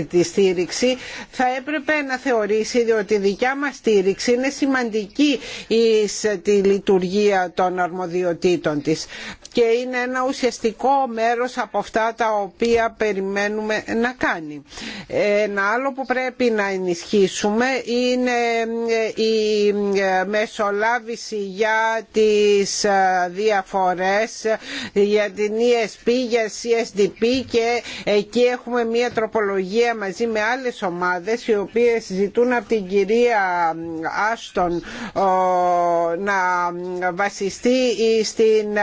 τη στήριξη θα έπρεπε να θεωρήσει ότι η δικιά μας στήριξη είναι σημαντική εις τη λειτουργία των αρμοδιοτήτων της και είναι είναι ένα ουσιαστικό μέρος από αυτά τα οποία περιμένουμε να κάνει. Ένα άλλο που πρέπει να ενισχύσουμε είναι ε, η ε, μεσολάβηση για τις ε, διαφορές για την ESP, για CSDP και εκεί έχουμε μια τροπολογία μαζί με άλλες ομάδες οι οποίες ζητούν από την κυρία Άστον να βασιστεί στην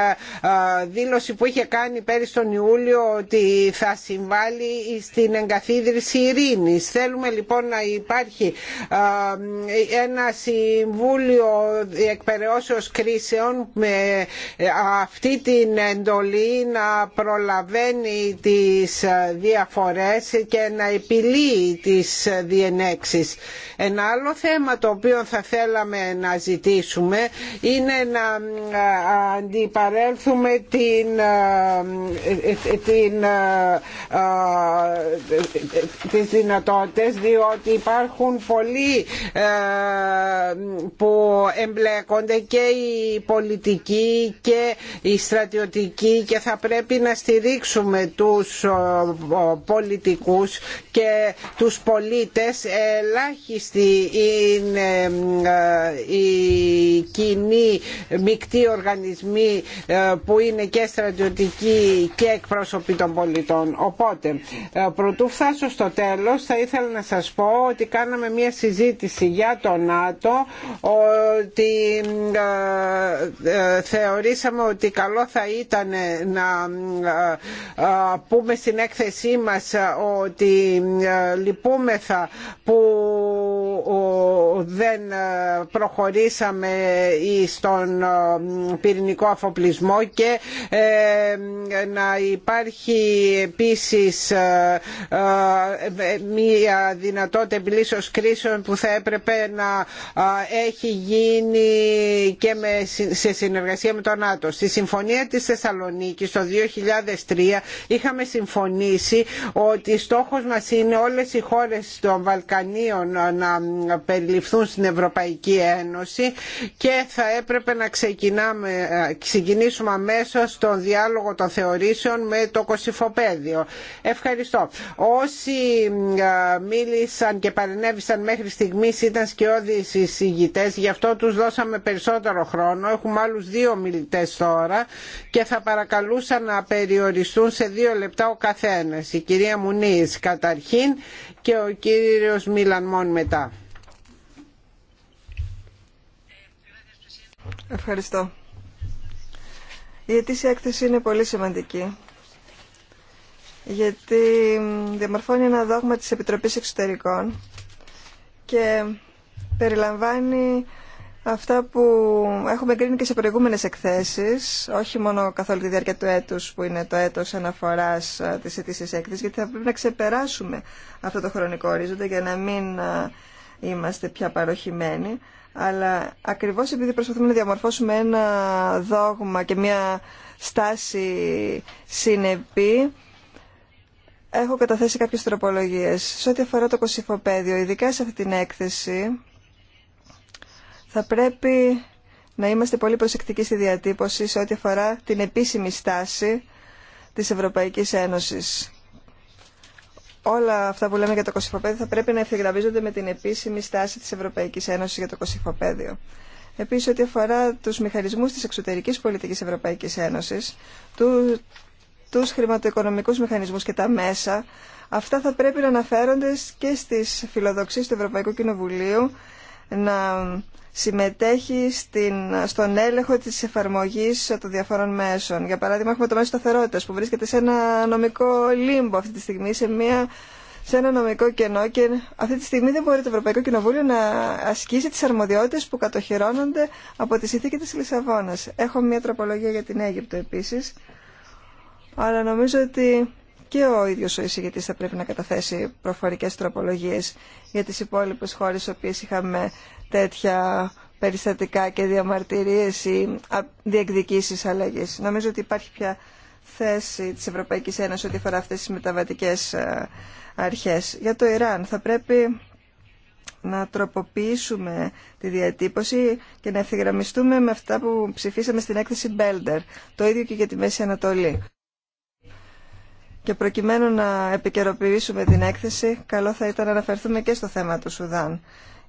δήλωση που είχε κάνει πέρυσι τον Ιούλιο ότι θα συμβάλλει στην εγκαθίδρυση Ειρήνη. Θέλουμε λοιπόν να υπάρχει ένα Συμβούλιο εκπαιρεώσεως Κρίσεων με ε, αυτή την εντολή να προλαβαίνει τις ε, διαφορές και να επιλύει τις ε, διενέξεις. Ένα άλλο θέμα το οποίο θα θέλαμε να ζητήσουμε είναι να αντιπαρέλθουμε τη την, ε, ε, ε, την, τις δυνατότητες διότι υπάρχουν πολλοί που εμπλέκονται και οι πολιτικοί και οι στρατιωτικοί και θα πρέπει να στηρίξουμε τους πολιτικούς και τους πολίτες ελάχιστη είναι η κοινή μικτή οργανισμοί που είναι και και στρατιωτικοί και εκπρόσωποι των πολιτών. Οπότε, ε, πρωτού φτάσω στο τέλος, θα ήθελα να σας πω ότι κάναμε μια συζήτηση για το ΝΑΤΟ, ότι ε, ε, θεωρήσαμε ότι καλό θα ήταν να πούμε στην έκθεσή μας ότι λυπούμεθα που δεν προχωρήσαμε στον πυρηνικό αφοπλισμό και ε, να υπάρχει επίσης ε, ε, μια δυνατότητα επιλύσεως κρίσεων που θα έπρεπε να έχει γίνει και με, σε συνεργασία με τον ΝΑΤΟ. Στη Συμφωνία της Θεσσαλονίκης το 2003 είχαμε συμφωνήσει ότι στόχος μας είναι όλες οι χώρες των Βαλκανίων να περιληφθούν στην Ευρωπαϊκή Ένωση και θα έπρεπε να ξεκινάμε, ξεκινήσουμε αμέσως στον διάλογο των θεωρήσεων με το κοσυφοπαίδιο. Ευχαριστώ. Όσοι μίλησαν και παρενέβησαν μέχρι στιγμής ήταν σκιώδεις εισηγητές, γι' αυτό τους δώσαμε περισσότερο χρόνο. Έχουμε άλλους δύο μιλητές τώρα και θα παρακαλούσα να περιοριστούν σε δύο λεπτά ο καθένας. Η κυρία Μουνής καταρχήν και ο κύριος Μιλανμόν μετά. Ευχαριστώ. Η ετήσια έκθεση είναι πολύ σημαντική γιατί διαμορφώνει ένα δόγμα της Επιτροπής Εξωτερικών και περιλαμβάνει αυτά που έχουμε εγκρίνει και σε προηγούμενες εκθέσεις, όχι μόνο καθ' όλη τη διάρκεια του έτους που είναι το έτος αναφοράς της ετήσιας έκθεσης, γιατί θα πρέπει να ξεπεράσουμε αυτό το χρονικό ορίζοντα για να μην είμαστε πια παροχημένοι, αλλά ακριβώς επειδή προσπαθούμε να διαμορφώσουμε ένα δόγμα και μια στάση συνεπή, έχω καταθέσει κάποιες τροπολογίες. Σε ό,τι αφορά το κοσυφοπαίδιο, ειδικά σε αυτή την έκθεση, θα πρέπει να είμαστε πολύ προσεκτικοί στη διατύπωση σε ό,τι αφορά την επίσημη στάση της Ευρωπαϊκής Ένωσης όλα αυτά που λέμε για το κοσυφοπαίδιο θα πρέπει να ευθυγραμμίζονται με την επίσημη στάση της Ευρωπαϊκής Ένωσης για το κοσυφοπαίδιο. Επίσης, ό,τι αφορά τους μηχανισμούς της εξωτερικής πολιτικής Ευρωπαϊκής Ένωσης, του, τους χρηματοοικονομικούς μηχανισμούς και τα μέσα, αυτά θα πρέπει να αναφέρονται και στις φιλοδοξίες του Ευρωπαϊκού Κοινοβουλίου να συμμετέχει στην, στον έλεγχο της εφαρμογής των διαφόρων μέσων. Για παράδειγμα, έχουμε το μέσο σταθερότητας που βρίσκεται σε ένα νομικό λίμπο αυτή τη στιγμή, σε μια σε ένα νομικό κενό και αυτή τη στιγμή δεν μπορεί το Ευρωπαϊκό Κοινοβούλιο να ασκήσει τις αρμοδιότητες που κατοχυρώνονται από τη συνθήκη της Λισαβόνας. Έχω μια τροπολογία για την Αίγυπτο επίσης, αλλά νομίζω ότι και ο ίδιος ο εισηγητής θα πρέπει να καταθέσει προφορικές τροπολογίες για τις υπόλοιπες χώρες στις οποίες είχαμε τέτοια περιστατικά και διαμαρτυρίες ή διεκδικήσεις αλλαγής. Νομίζω ότι υπάρχει πια θέση της Ευρωπαϊκής Ένωσης ό,τι αφορά αυτές τις μεταβατικές ε, αρχές. Για το Ιράν θα πρέπει να τροποποιήσουμε τη διατύπωση και να ευθυγραμμιστούμε με αυτά που ψηφίσαμε στην έκθεση Μπέλντερ. Το ίδιο και για τη Μέση Ανατολή. Και προκειμένου να επικαιροποιήσουμε την έκθεση, καλό θα ήταν να αναφερθούμε και στο θέμα του Σουδάν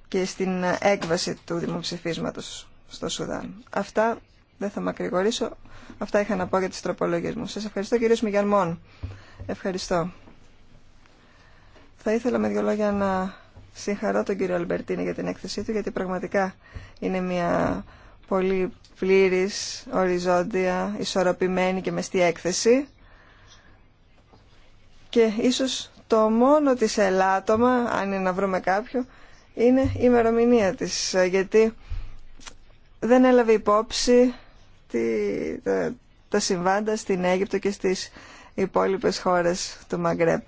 και στην έκβαση του δημοψηφίσματος στο Σουδάν. Αυτά δεν θα μακρηγορήσω. Αυτά είχα να πω για τις τροπολογίες μου. Σας ευχαριστώ κύριε Σμιγιαρμόν. Ευχαριστώ. Θα ήθελα με δυο λόγια να συγχαρώ τον κύριο Αλμπερτίνη για την έκθεσή του, γιατί πραγματικά είναι μια πολύ πλήρης, οριζόντια, ισορροπημένη και μεστή έκθεση και ίσως το μόνο της ελάττωμα, αν είναι να βρούμε κάποιο, είναι η ημερομηνία της, γιατί δεν έλαβε υπόψη τη, τα, συμβάντα στην Αίγυπτο και στις υπόλοιπες χώρες του Μαγκρέπ.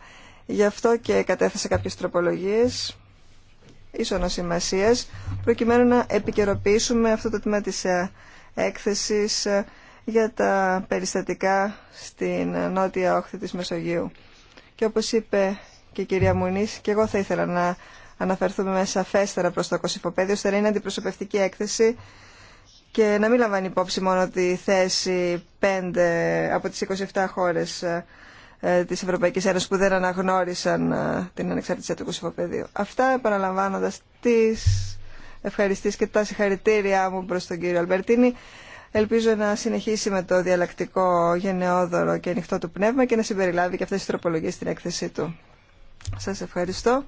Γι' αυτό και κατέθεσα κάποιες τροπολογίες ίσονο σημασία, προκειμένου να επικαιροποιήσουμε αυτό το τμήμα της ε, έκθεσης ε, για τα περιστατικά στην νότια όχθη της Μεσογείου. Και όπως είπε και η κυρία Μουνής, και εγώ θα ήθελα να αναφερθούμε αφέστερα προς το κοσυφοπέδιο, ώστε να είναι αντιπροσωπευτική έκθεση και να μην λαμβάνει υπόψη μόνο τη θέση 5 από τις 27 χώρες ε, ε, της Ευρωπαϊκής Ένωσης που δεν αναγνώρισαν ε, την ανεξαρτησία του κοσυφοπεδίου. Αυτά επαναλαμβάνοντας τις ευχαριστήσεις και τα συγχαρητήριά μου προς τον κύριο Αλμπερτίνη. Ελπίζω να συνεχίσει με το διαλλακτικό, γενναιόδωρο και ανοιχτό του πνεύμα και να συμπεριλάβει και αυτές τις τροπολογίες στην έκθεσή του. Σας ευχαριστώ.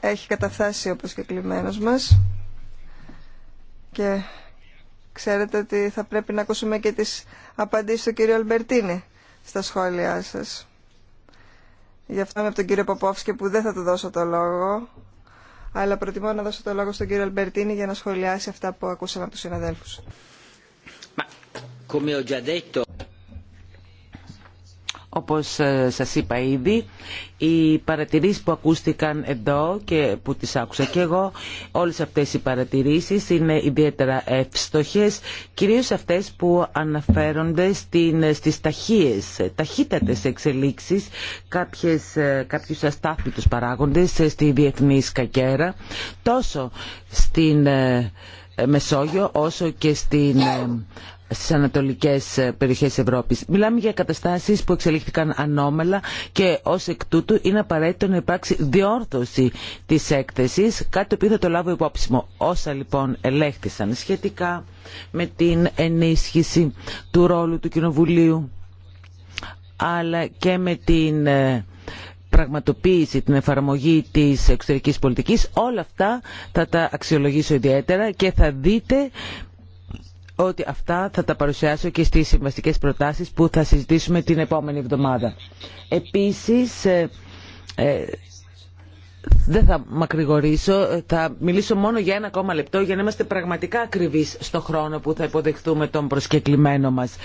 Έχει καταφτάσει όπως και κλειμένος μας και ξέρετε ότι θα πρέπει να ακούσουμε και τις απαντήσεις του κύριου Αλμπερτίνη στα σχόλιά σας. Γι' αυτό είμαι από τον κύριο Παπόφσκι που δεν θα του δώσω το λόγο, αλλά προτιμώ να δώσω το λόγο στον κύριο Αλμπερτίνη για να σχολιάσει αυτά που ακούσαμε από τους συναδέλφους. Όπως ε, σας είπα ήδη, οι παρατηρήσεις που ακούστηκαν εδώ και που τις άκουσα και εγώ, όλες αυτές οι παρατηρήσεις είναι ιδιαίτερα εύστοχες, κυρίως αυτές που αναφέρονται στην, στις ταχύες, ταχύτατες εξελίξεις, κάποιες, ε, κάποιους αστάθμιτους παράγοντες στη διεθνή σκακέρα, τόσο στην ε, Μεσόγειο όσο και στην στις ανατολικές ε, περιοχές Ευρώπης. Μιλάμε για καταστάσεις που εξελίχθηκαν ανώμαλα και ως εκ τούτου είναι απαραίτητο να υπάρξει διόρθωση της έκθεσης, κάτι το οποίο θα το λάβω υπόψη μου. Όσα λοιπόν ελέγχθησαν σχετικά με την ενίσχυση του ρόλου του Κοινοβουλίου, αλλά και με την ε, πραγματοποίηση, την εφαρμογή της εξωτερικής πολιτικής, όλα αυτά θα τα αξιολογήσω ιδιαίτερα και θα δείτε ότι αυτά θα τα παρουσιάσω και στις συμβαστικές προτάσεις που θα συζητήσουμε την επόμενη εβδομάδα. Επίσης, ε, ε, δεν θα μακρηγορήσω, θα μιλήσω μόνο για ένα ακόμα λεπτό για να είμαστε πραγματικά ακριβείς στο χρόνο που θα υποδεχθούμε τον προσκεκλημένο μας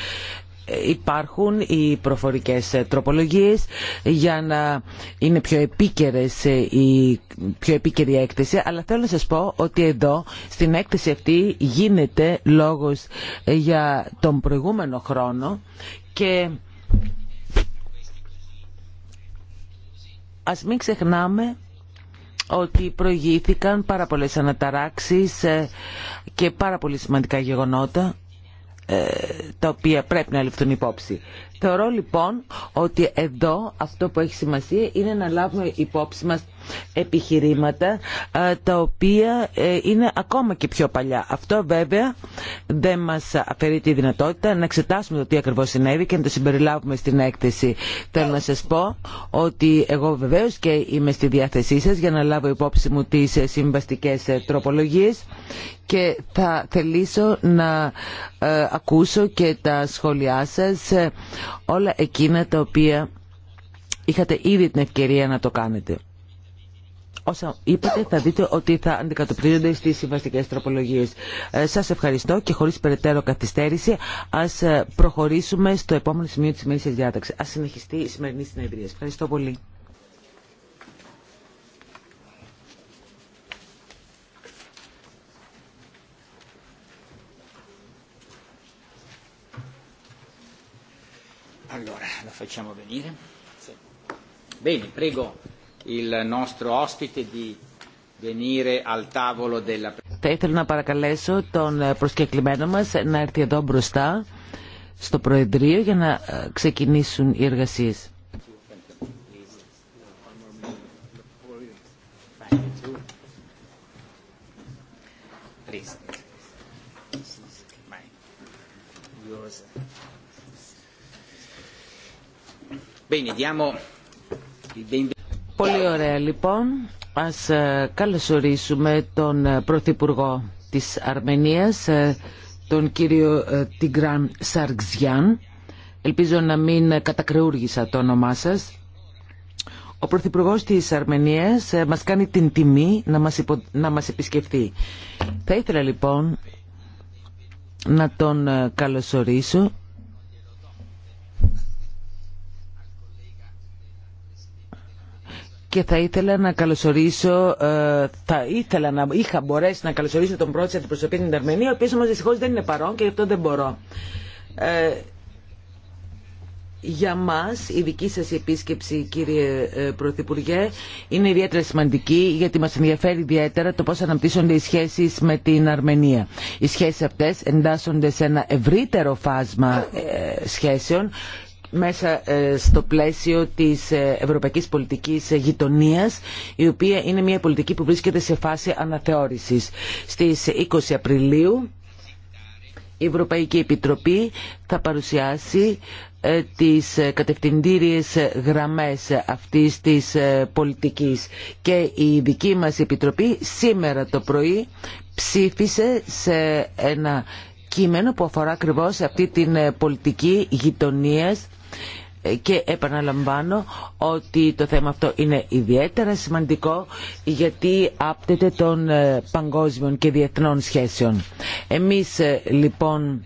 υπάρχουν οι προφορικές τροπολογίες για να είναι πιο, επίκαιρες, ε, η, πιο επίκαιρη έκθεση αλλά θέλω να σας πω ότι εδώ στην έκθεση αυτή γίνεται λόγος ε, για τον προηγούμενο χρόνο και ας μην ξεχνάμε ότι προηγήθηκαν πάρα πολλές αναταράξεις ε, και πάρα πολύ σημαντικά γεγονότα ε, τα οποία πρέπει να ληφθούν υπόψη. Θεωρώ λοιπόν ότι εδώ αυτό που έχει σημασία είναι να λάβουμε υπόψη μας επιχειρήματα ε, τα οποία ε, είναι ακόμα και πιο παλιά. Αυτό βέβαια δεν μας αφαιρεί τη δυνατότητα να εξετάσουμε το τι ακριβώς συνέβη και να το συμπεριλάβουμε στην έκθεση. Θέλω να σας πω ότι εγώ βεβαίως και είμαι στη διάθεσή σας για να λάβω υπόψη μου τις συμβαστικές τροπολογίες και θα θελήσω να ε, ακούσω και τα σχόλιά σας όλα εκείνα τα οποία είχατε ήδη την ευκαιρία να το κάνετε. Όσα είπατε θα δείτε ότι θα αντικατοπτρίζονται στις συμβαστικές τροπολογίες. Ε, σας ευχαριστώ και χωρίς περαιτέρω καθυστέρηση ας ε, προχωρήσουμε στο επόμενο σημείο της σημερινής διάταξης. Ας συνεχιστεί η σημερινή συνεδρία. Ευχαριστώ πολύ. Θα ήθελα να παρακαλέσω τον ε, προσκεκλημένο μας να έρθει εδώ μπροστά στο Προεδρείο για να ε, ξεκινήσουν οι εργασίες. Πολύ ωραία λοιπόν. Ας ε, καλωσορίσουμε τον ε, Πρωθυπουργό της Αρμενίας, ε, τον κύριο Τιγκράν Σαργζιάν. Ελπίζω να μην κατακρεούργησα το όνομά σας. Ο Πρωθυπουργό της Αρμενίας μας κάνει την τιμή να μας, επισκεφθεί. Θα ήθελα λοιπόν να τον καλωσορίσω και θα ήθελα να καλωσορίσω, ε, θα ήθελα να είχα μπορέσει να καλωσορίσω τον πρώτο αντιπροσωπή στην Αρμενία, ο οποίος όμως δυστυχώς δεν είναι παρόν και γι' αυτό δεν μπορώ. Ε, για μας η δική σας επίσκεψη κύριε ε, Πρωθυπουργέ είναι ιδιαίτερα σημαντική γιατί μας ενδιαφέρει ιδιαίτερα το πώς αναπτύσσονται οι σχέσεις με την Αρμενία. Οι σχέσεις αυτές εντάσσονται σε ένα ευρύτερο φάσμα σχέσεων μέσα ε, στο πλαίσιο της ε, ευρωπαϊκής πολιτικής ε, γειτονίας, η οποία είναι μια πολιτική που βρίσκεται σε φάση αναθεώρησης. Στις 20 Απριλίου η Ευρωπαϊκή Επιτροπή θα παρουσιάσει τις κατευθυντήριες γραμμές αυτής της πολιτικής και η δική μας Επιτροπή σήμερα το πρωί ψήφισε σε ένα κείμενο που αφορά ακριβώς αυτή την πολιτική γειτονίας και επαναλαμβάνω ότι το θέμα αυτό είναι ιδιαίτερα σημαντικό γιατί άπτεται των ε, παγκόσμιων και διεθνών σχέσεων. Εμείς ε, λοιπόν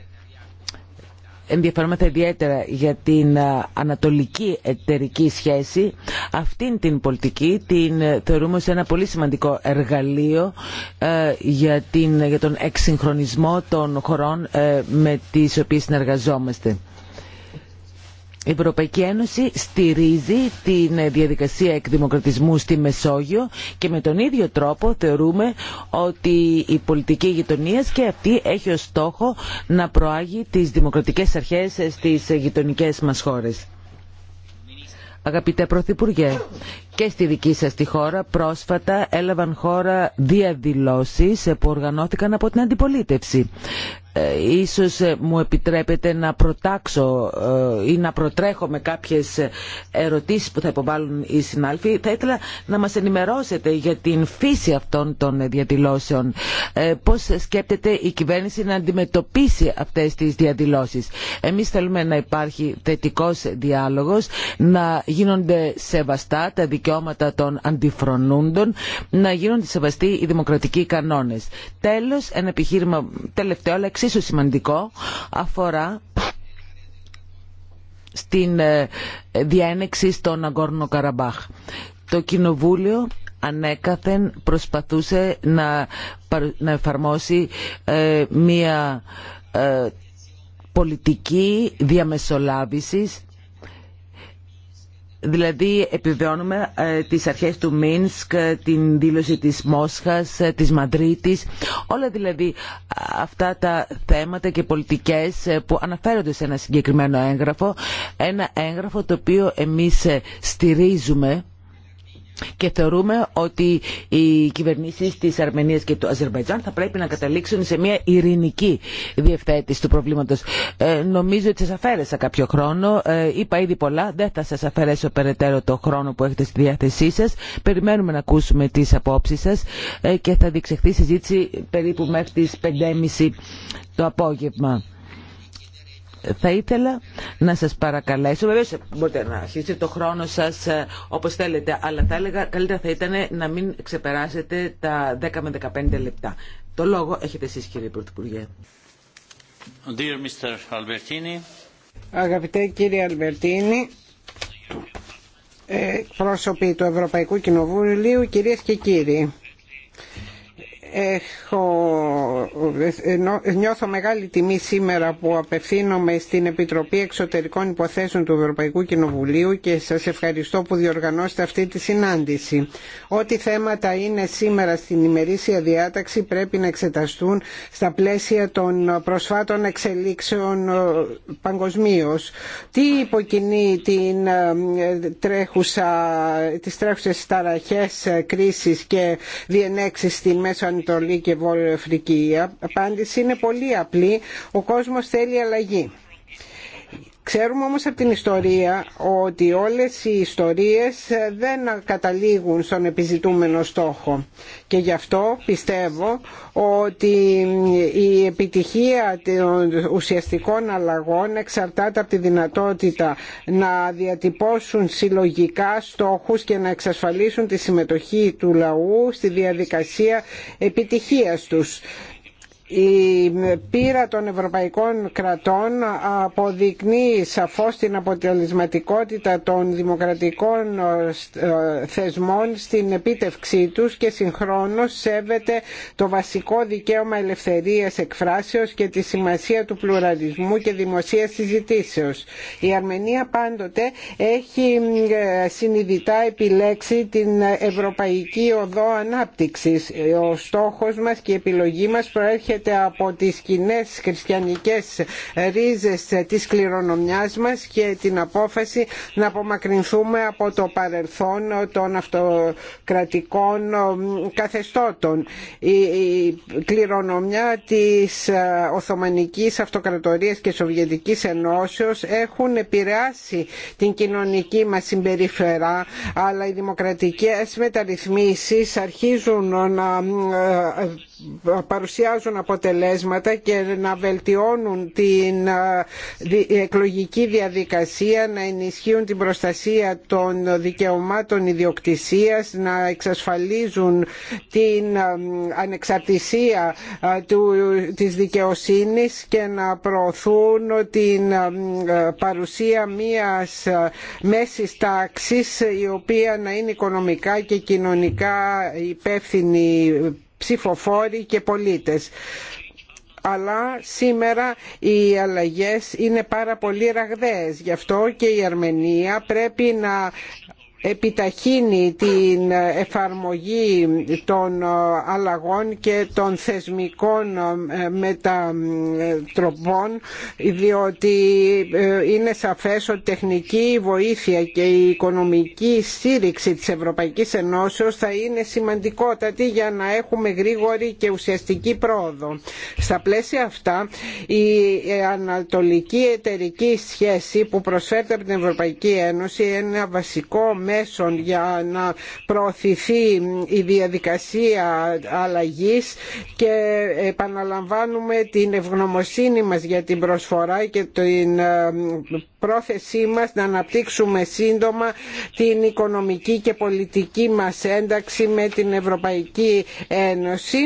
ενδιαφερόμαστε ιδιαίτερα για την ε, ανατολική εταιρική σχέση. Αυτήν την πολιτική την θεωρούμε ως ένα πολύ σημαντικό εργαλείο για, την, για τον εξυγχρονισμό των χωρών με τις οποίες συνεργαζόμαστε. Η Ευρωπαϊκή Ένωση στηρίζει την διαδικασία εκδημοκρατισμού στη Μεσόγειο και με τον ίδιο τρόπο θεωρούμε ότι η πολιτική γειτονία και αυτή έχει ως στόχο να προάγει τις δημοκρατικές αρχές στις γειτονικέ μας χώρες. Αγαπητέ Πρωθυπουργέ, και στη δική σας τη χώρα πρόσφατα έλαβαν χώρα διαδηλώσεις που οργανώθηκαν από την αντιπολίτευση. Ε, ίσως ε, μου επιτρέπετε να προτάξω ε, ή να προτρέχω με κάποιες ερωτήσεις που θα υποβάλουν οι συνάλφοι. Θα ήθελα να μας ενημερώσετε για την φύση αυτών των διαδηλώσεων. Πώς σκέπτεται η κυβέρνηση να αντιμετωπίσει αυτές τις διαδηλώσεις. Εμείς θέλουμε να υπάρχει θετικός διάλογος, να γίνονται σεβαστά τα δικαιώματα των αντιφρονούντων, να γίνονται σεβαστοί οι δημοκρατικοί κανόνες. Τέλος, ένα επιχείρημα τελευταίο, εξίσου σημαντικό αφορά στην ε, διένεξη στον Αγκόρνο Καραμπάχ. Το Κοινοβούλιο ανέκαθεν προσπαθούσε να, να εφαρμόσει ε, μία ε, πολιτική διαμεσολάβησης Δηλαδή επιβεβαιώνουμε ε, τις αρχές του Μίνσκ, την δήλωση της Μόσχας, ε, της Μαδρίτης, όλα δηλαδή ε, αυτά τα θέματα και πολιτικές που αναφέρονται σε ένα συγκεκριμένο έγγραφο, ένα έγγραφο το οποίο εμείς στηρίζουμε και θεωρούμε ότι οι κυβερνήσει τη Αρμενία και του Αζερβαϊτζάν θα πρέπει να καταλήξουν σε μια ειρηνική διευθέτηση του προβλήματο. Ε, νομίζω ότι σα αφαίρεσα κάποιο χρόνο. Ε, είπα ήδη πολλά. Δεν θα σα αφαιρέσω περαιτέρω το χρόνο που έχετε στη διάθεσή σα. Περιμένουμε να ακούσουμε τι απόψει σα ε, και θα διεξεχθεί συζήτηση περίπου μέχρι τι 5.30 το απόγευμα. Θα ήθελα να σας παρακαλέσω, βέβαια μπορείτε να αρχίσετε το χρόνο σας ε, όπως θέλετε, αλλά θα έλεγα καλύτερα θα ήταν να μην ξεπεράσετε τα 10 με 15 λεπτά. Το λόγο έχετε εσείς κύριε Πρωθυπουργέ. Dear Mr. Albertini. Αγαπητέ κύριε Αλβερτίνη, ε, πρόσωποι του Ευρωπαϊκού Κοινοβουλίου, κυρίες και κύριοι. Έχω, νιώθω μεγάλη τιμή σήμερα που απευθύνομαι στην Επιτροπή Εξωτερικών Υποθέσεων του Ευρωπαϊκού Κοινοβουλίου και σας ευχαριστώ που διοργανώσετε αυτή τη συνάντηση. Ό,τι θέματα είναι σήμερα στην ημερήσια διάταξη πρέπει να εξεταστούν στα πλαίσια των προσφάτων εξελίξεων ε, παγκοσμίω. Τι υποκινεί την ε, τρέχουσα, τις τρέχουσες ταραχές ε, κρίσης και διενέξεις στη Μέσο Ανατολή και Βόρειο Αφρική. Η απάντηση είναι πολύ απλή. Ο κόσμος θέλει αλλαγή. Ξέρουμε όμως από την ιστορία ότι όλες οι ιστορίες δεν καταλήγουν στον επιζητούμενο στόχο και γι' αυτό πιστεύω ότι η επιτυχία των ουσιαστικών αλλαγών εξαρτάται από τη δυνατότητα να διατυπώσουν συλλογικά στόχους και να εξασφαλίσουν τη συμμετοχή του λαού στη διαδικασία επιτυχίας τους η πείρα των ευρωπαϊκών κρατών αποδεικνύει σαφώς την αποτελεσματικότητα των δημοκρατικών ε, θεσμών στην επίτευξή τους και συγχρόνως σέβεται το βασικό δικαίωμα ελευθερίας εκφράσεως και τη σημασία του πλουραλισμού και δημοσίας συζητήσεως. Η Αρμενία πάντοτε έχει ε, συνειδητά επιλέξει την ευρωπαϊκή οδό ανάπτυξης. Ο στόχος μας και η επιλογή μας προέρχεται από τις κοινέ χριστιανικές ρίζες της κληρονομιάς μας και την απόφαση να απομακρυνθούμε από το παρελθόν των αυτοκρατικών καθεστώτων. Η κληρονομιά της ε, Οθωμανικής Αυτοκρατορίας και Σοβιετικής Ενώσεως έχουν επηρεάσει την κοινωνική μας συμπεριφορά αλλά οι δημοκρατικές μεταρρυθμίσεις αρχίζουν να ε, παρουσιάζουν αποτελέσματα και να βελτιώνουν την ε, εκλογική διαδικασία, να ενισχύουν την προστασία των δικαιωμάτων ιδιοκτησίας, να εξασφαλίζουν την ε, ανεξαρτησία ε, της δικαιοσύνης και να προωθούν την παρουσία μίας μέσης τάξης η οποία να είναι οικονομικά και κοινωνικά υπεύθυνη ψηφοφόροι και πολίτες αλλά σήμερα οι αλλαγές είναι πάρα πολύ ραγδαίες. Γι' αυτό και η Αρμενία πρέπει να επιταχύνει την εφαρμογή των αλλαγών και των θεσμικών μετατροπών διότι ε, είναι σαφές ότι τεχνική βοήθεια και η οικονομική στήριξη της Ευρωπαϊκής Ενώσεως θα είναι σημαντικότατη για να έχουμε γρήγορη και ουσιαστική πρόοδο. Στα πλαίσια αυτά η ανατολική εταιρική σχέση που προσφέρεται από την Ευρωπαϊκή Ένωση είναι ένα βασικό μέσων για να προωθηθεί η διαδικασία αλλαγής και επαναλαμβάνουμε την ευγνωμοσύνη μας για την προσφορά και την ε, πρόθεσή μας να αναπτύξουμε σύντομα την οικονομική και πολιτική μας ένταξη με την Ευρωπαϊκή Ένωση.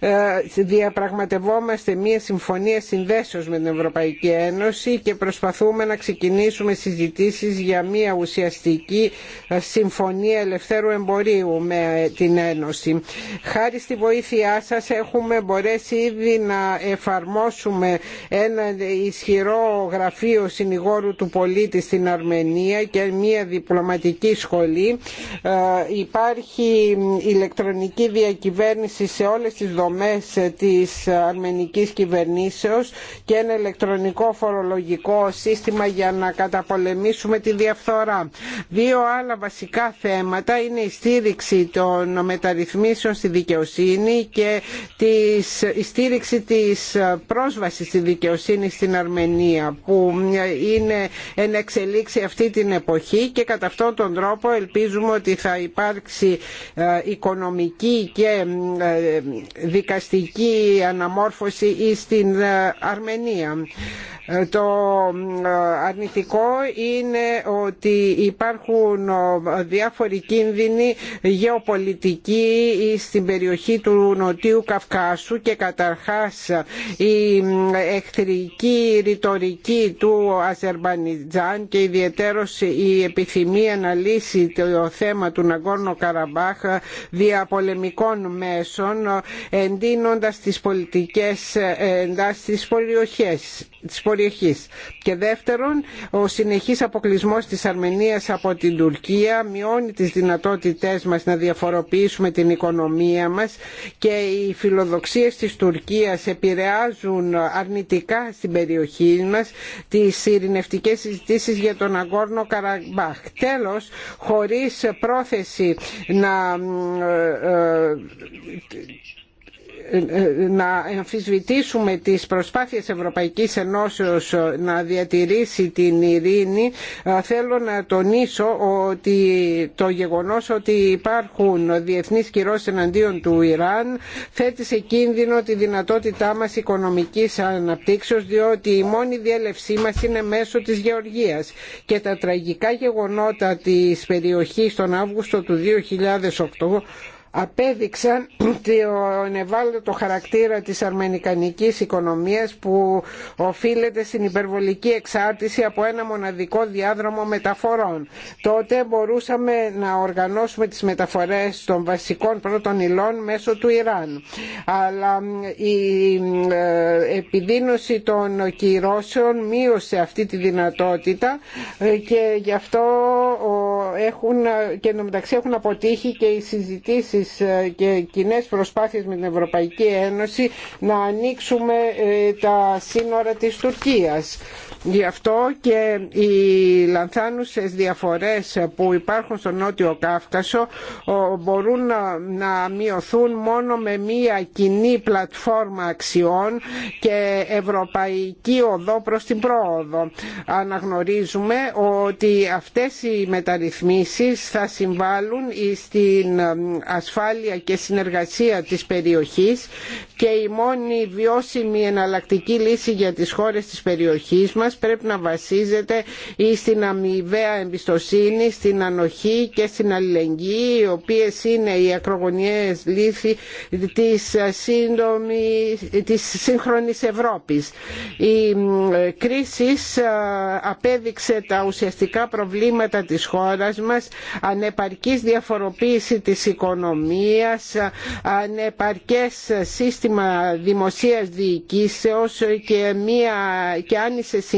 Ε, διαπραγματευόμαστε μία συμφωνία συνδέσεως με την Ευρωπαϊκή Ένωση και προσπαθούμε να ξεκινήσουμε συζητήσεις για μία ουσιαστική συμφωνία ελευθέρου εμπορίου με την Ένωση. Χάρη στη βοήθειά σας έχουμε μπορέσει ήδη να εφαρμόσουμε ένα ισχυρό γραφείο συνηγόρου του του πολίτη στην Αρμενία και μια διπλωματική σχολή. Ε, υπάρχει ηλεκτρονική διακυβέρνηση σε όλες τις δομές της αρμενικής κυβερνήσεως και ένα ηλεκτρονικό φορολογικό σύστημα για να καταπολεμήσουμε τη διαφθορά. Δύο άλλα βασικά θέματα είναι η στήριξη των μεταρρυθμίσεων στη δικαιοσύνη και η στήριξη της πρόσβασης στη δικαιοσύνη στην Αρμενία που είναι εν εξελίξει αυτή την εποχή και κατά αυτόν τον τρόπο ελπίζουμε ότι θα υπάρξει ε, οικονομική και ε, δικαστική αναμόρφωση στην ε, Αρμενία. Το ε, αρνητικό είναι ότι υπάρχουν ε, διάφοροι κίνδυνοι γεωπολιτικοί στην περιοχή του Νοτιού Καυκάσου και καταρχάς η ε, εχθρική ρητορική του Αζερμπανιτζάν και ιδιαίτερος η επιθυμία να λύσει το θέμα του Ναγκόρνο Καραμπάχ πολεμικών μέσων εντείνοντας τις πολιτικές εντάσεις της περιοχής και δεύτερον, ο συνεχής αποκλεισμός της Αρμενίας από την Τουρκία μειώνει τις δυνατότητές μας να διαφοροποιήσουμε την οικονομία μας και οι φιλοδοξίες της Τουρκίας επηρεάζουν αρνητικά στην περιοχή μας τις ειρηνευτικές συζητήσεις για τον Αγκόρνο Καραμπάχ. Τέλος, χωρίς πρόθεση να ε, ε, να αμφισβητήσουμε τις προσπάθειες Ευρωπαϊκής Ενώσεως να διατηρήσει την ειρήνη θέλω να τονίσω ότι το γεγονός ότι υπάρχουν διεθνείς κυρώσεις εναντίον του Ιράν θέτει σε κίνδυνο τη δυνατότητά μας οικονομικής αναπτύξεως διότι η μόνη διέλευσή μας είναι μέσω της γεωργίας και τα τραγικά γεγονότα της περιοχής τον Αύγουστο του 2008 απέδειξαν <clears throat> τον ευάλωτο χαρακτήρα της αρμενικανικής οικονομίας που οφείλεται στην υπερβολική εξάρτηση από ένα μοναδικό διάδρομο μεταφορών. Τότε μπορούσαμε να οργανώσουμε τις μεταφορές των βασικών πρώτων υλών μέσω του Ιράν. Αλλά η ε, επιδίνωση των κυρώσεων μείωσε αυτή τη δυνατότητα ε, και γι' αυτό έχουν, ε, και μεταξύ έχουν αποτύχει και οι συζητήσεις ε, και κοινές προσπάθειες με την Ευρωπαϊκή Ένωση να ανοίξουμε ε, τα σύνορα της Τουρκίας. Γι' αυτό και οι λανθάνουσες διαφορές που υπάρχουν στον Νότιο Κάφκασο μπορούν να μειωθούν μόνο με μία κοινή πλατφόρμα αξιών και ευρωπαϊκή οδό προς την πρόοδο. Αναγνωρίζουμε ότι αυτές οι μεταρρυθμίσεις θα συμβάλλουν στην ασφάλεια και συνεργασία της περιοχής και η μόνη βιώσιμη εναλλακτική λύση για τις χώρες της περιοχής μας πρέπει να βασίζεται στην αμοιβαία εμπιστοσύνη, στην ανοχή και στην αλληλεγγύη οι οποίες είναι οι ακρογωνιές λύθη της, σύντομη, της σύγχρονης Ευρώπης. Η κρίση απέδειξε τα ουσιαστικά προβλήματα της χώρας μας, ανεπαρκής διαφοροποίηση της οικονομίας, ανεπαρκές σύστημα δημοσίας διοικήσεως και, μία, και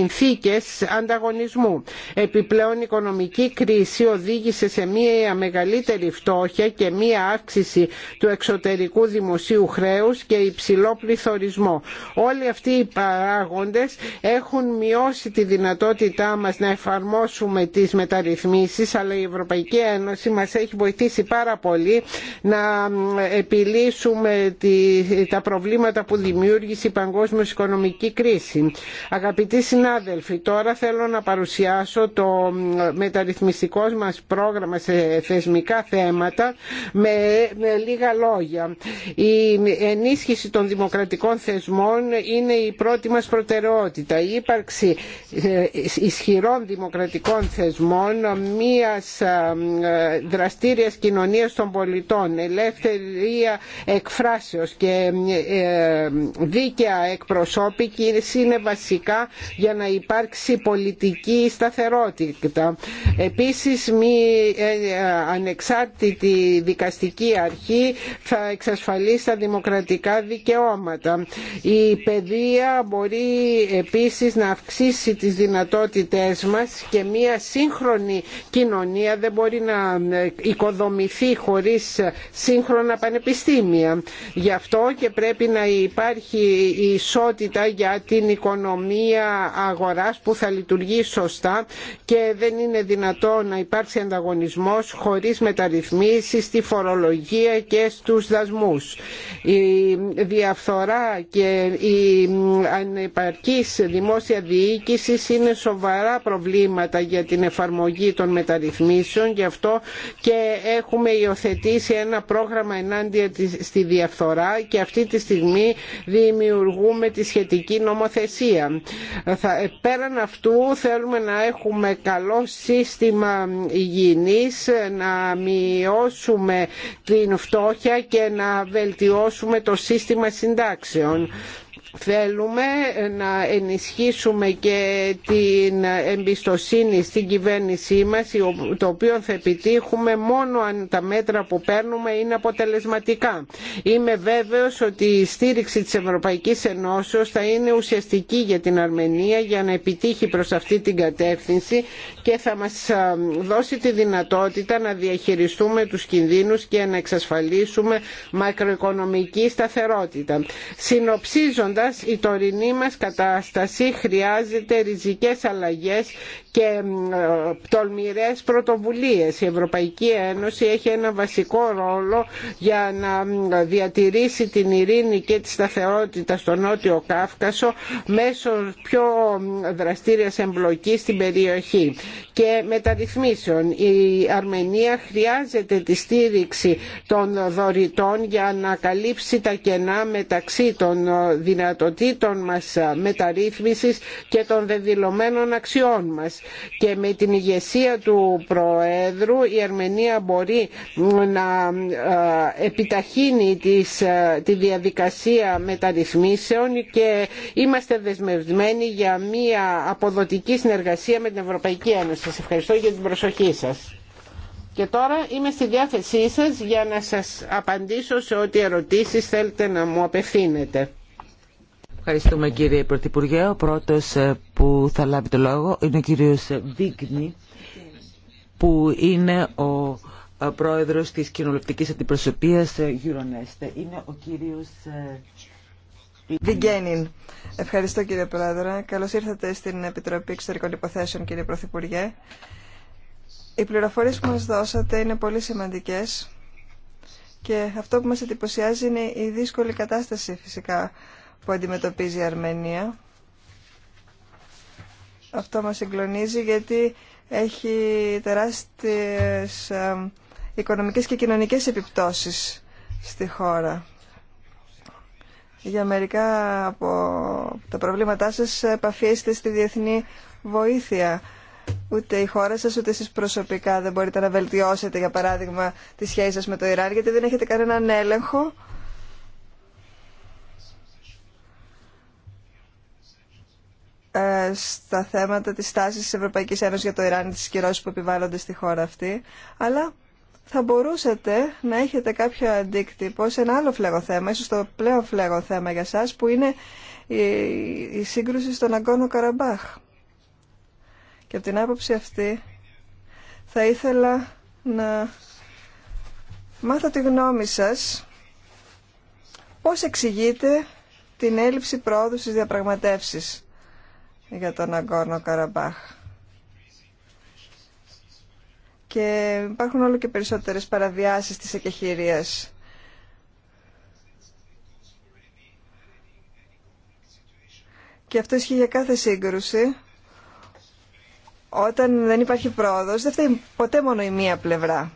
συνθήκες ανταγωνισμού. Επιπλέον η οικονομική κρίση οδήγησε σε μια μεγαλύτερη φτώχεια και μια αύξηση του εξωτερικού δημοσίου χρέους και υψηλό πληθωρισμό. Όλοι αυτοί οι παράγοντες έχουν μειώσει τη δυνατότητά μας να εφαρμόσουμε τις μεταρρυθμίσεις αλλά η Ευρωπαϊκή Ένωση μας έχει βοηθήσει πάρα πολύ να επιλύσουμε τα προβλήματα που δημιούργησε η παγκόσμια οικονομική κρίση. Συνάδελφοι, τώρα θέλω να παρουσιάσω το μεταρρυθμιστικό μας πρόγραμμα σε θεσμικά θέματα με, λίγα λόγια. Η ενίσχυση των δημοκρατικών θεσμών είναι η πρώτη μας προτεραιότητα. Η ύπαρξη ε, ισχυρών δημοκρατικών θεσμών, μιας ε, δραστήριας κοινωνίας των πολιτών, ελεύθερια εκφράσεως και ε, δίκαια εκπροσώπηση είναι βασικά για να να υπάρξει πολιτική σταθερότητα. Επίσης μη ε, ανεξάρτητη δικαστική αρχή θα εξασφαλίσει τα δημοκρατικά δικαιώματα. Η παιδεία μπορεί επίσης να αυξήσει τις δυνατότητές μας και μία σύγχρονη κοινωνία δεν μπορεί να οικοδομηθεί χωρίς σύγχρονα πανεπιστήμια. Γι' αυτό και πρέπει να υπάρχει ισότητα για την οικονομία αγοράς που θα λειτουργεί σωστά και δεν είναι δυνατό να υπάρξει ανταγωνισμός χωρίς μεταρρυθμίσεις στη φορολογία και στους δασμούς. Η διαφθορά και η ανεπαρκής δημόσια διοίκηση είναι σοβαρά προβλήματα για την εφαρμογή των μεταρρυθμίσεων γι' αυτό και έχουμε υιοθετήσει ένα πρόγραμμα ενάντια στη διαφθορά και αυτή τη στιγμή δημιουργούμε τη σχετική νομοθεσία πέραν αυτού θέλουμε να έχουμε καλό σύστημα υγιεινής, να μειώσουμε την φτώχεια και να βελτιώσουμε το σύστημα συντάξεων. Θέλουμε να ενισχύσουμε και την εμπιστοσύνη στην κυβέρνησή μας, το οποίο θα επιτύχουμε μόνο αν τα μέτρα που παίρνουμε είναι αποτελεσματικά. Είμαι βέβαιος ότι η στήριξη της Ευρωπαϊκής Ενώσεως θα είναι ουσιαστική για την Αρμενία για να επιτύχει προς αυτή την κατεύθυνση και θα μας δώσει τη δυνατότητα να διαχειριστούμε τους κινδύνους και να εξασφαλίσουμε μακροοικονομική σταθερότητα. Συνοψίζοντας η τωρινή μας κατάσταση χρειάζεται ριζικές αλλαγές και ε, τολμηρές πρωτοβουλίες. Η Ευρωπαϊκή Ένωση έχει ένα βασικό ρόλο για να διατηρήσει την ειρήνη και τη σταθερότητα στο Νότιο Κάφκασο μέσω πιο δραστήριας εμπλοκής στην περιοχή και μεταρρυθμίσεων. Η Αρμενία χρειάζεται τη στήριξη των δωρητών για να καλύψει τα κενά μεταξύ των ε, δυνατοτήτων μας μεταρρύθμισης και των δεδηλωμένων αξιών μας και με την ηγεσία του Προέδρου η Αρμενία μπορεί να ε, επιταχύνει τις, ε, τη διαδικασία μεταρρυθμίσεων και είμαστε δεσμευμένοι για μια αποδοτική συνεργασία με την Ευρωπαϊκή Ένωση. Σας ευχαριστώ για την προσοχή σας. Και τώρα είμαι στη διάθεσή σας για να σας απαντήσω σε ό,τι ερωτήσεις θέλετε να μου απευθύνετε. Ευχαριστούμε κύριε Πρωθυπουργέ. Ο πρώτος ε, που θα λάβει το λόγο είναι ο κύριος Βίγνη που είναι ο ε, πρόεδρος της κοινοβουλευτικής αντιπροσωπείας ε, Euronest. Είναι ο κύριος Βιγγένιν. Ευχαριστώ κύριε Πρόεδρε. Καλώς ήρθατε στην Επιτροπή Εξωτερικών Υποθέσεων κύριε Πρωθυπουργέ. Οι πληροφορίες που μας δώσατε είναι πολύ σημαντικές και αυτό που μας εντυπωσιάζει είναι η δύσκολη κατάσταση φυσικά που αντιμετωπίζει η Αρμενία. Αυτό μας συγκλονίζει γιατί έχει τεράστιες οικονομικές και κοινωνικές επιπτώσεις στη χώρα. Για μερικά από τα προβλήματά σας ε, επαφίεστε στη διεθνή βοήθεια. Ούτε η χώρα σας ούτε εσείς προσωπικά δεν μπορείτε να βελτιώσετε για παράδειγμα τη σχέση σας με το Ιράν γιατί δεν έχετε κανέναν έλεγχο Ε, στα θέματα της στάσης της Ευρωπαϊκής Ένωσης για το Ιράν τις κυρώσεις που επιβάλλονται στη χώρα αυτή, αλλά θα μπορούσατε να έχετε κάποιο αντίκτυπο σε ένα άλλο φλέγο θέμα, ίσως το πλέον φλέγο θέμα για σας, που είναι η, η σύγκρουση στον Αγκόνο Καραμπάχ. Και από την άποψη αυτή θα ήθελα να μάθω τη γνώμη σας πώς εξηγείτε την έλλειψη πρόοδου στις διαπραγματεύσεις για τον Αγκόρνο Καραμπάχ. Και υπάρχουν όλο και περισσότερες παραβιάσεις της εκεχηρίας. Και αυτό ισχύει για κάθε σύγκρουση. Όταν δεν υπάρχει πρόοδος, δεν φταίει ποτέ μόνο η μία πλευρά.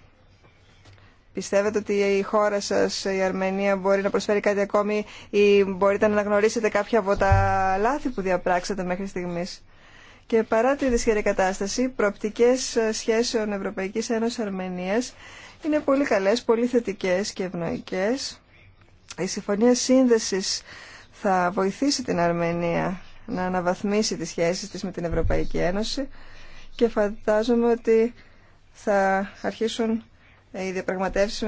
Πιστεύετε ότι η χώρα σας, η Αρμενία, μπορεί να προσφέρει κάτι ακόμη ή μπορείτε να αναγνωρίσετε κάποια από τα λάθη που διαπράξατε μέχρι στιγμής. Και παρά τη δυσχερή κατάσταση, προοπτικές σχέσεων Ευρωπαϊκής Ένωσης Αρμενίας είναι πολύ καλές, πολύ θετικές και ευνοϊκές. Η Συμφωνία Σύνδεσης θα βοηθήσει την Αρμενία να αναβαθμίσει τις σχέσεις της με την Ευρωπαϊκή Ένωση και φαντάζομαι ότι θα αρχίσουν ή ε, διαπραγματεύσει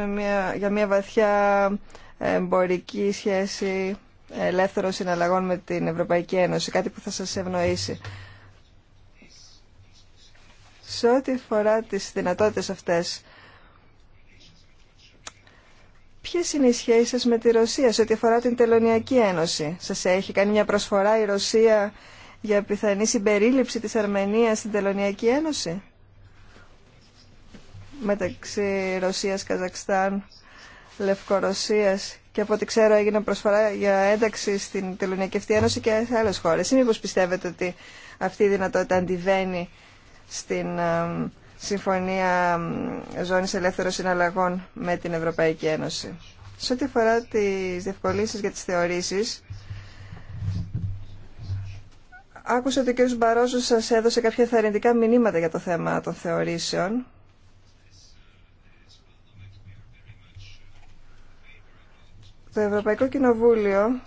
για μια βαθιά εμπορική σχέση ελεύθερων συναλλαγών με την Ευρωπαϊκή Ένωση, κάτι που θα σας ευνοήσει. Σε ό,τι αφορά τις δυνατότητες αυτές, ποιες είναι οι σχέσεις σας με τη Ρωσία σε ό,τι αφορά την Τελωνιακή Ένωση. Σας έχει κάνει μια προσφορά η Ρωσία για πιθανή συμπερίληψη της Αρμενίας στην Τελωνιακή Ένωση μεταξύ Ρωσίας, Καζακστάν, Λευκορωσίας και από ό,τι ξέρω έγινε προσφορά για ένταξη στην Τελωνιακή Ένωση και σε άλλες χώρες. Ή μήπως πιστεύετε ότι αυτή η δυνατότητα αντιβαίνει στην ε, Συμφωνία ε, Ζώνης Ελεύθερων Συναλλαγών με την Ευρωπαϊκή Ένωση. Σε ό,τι αφορά τις διευκολύνσεις για τις θεωρήσεις, άκουσα ότι ο κ. Μπαρόζος σας έδωσε κάποια θαρρυντικά μηνύματα για το θέμα των θεωρήσεων Το Ευρωπαϊκό Κοινοβούλιο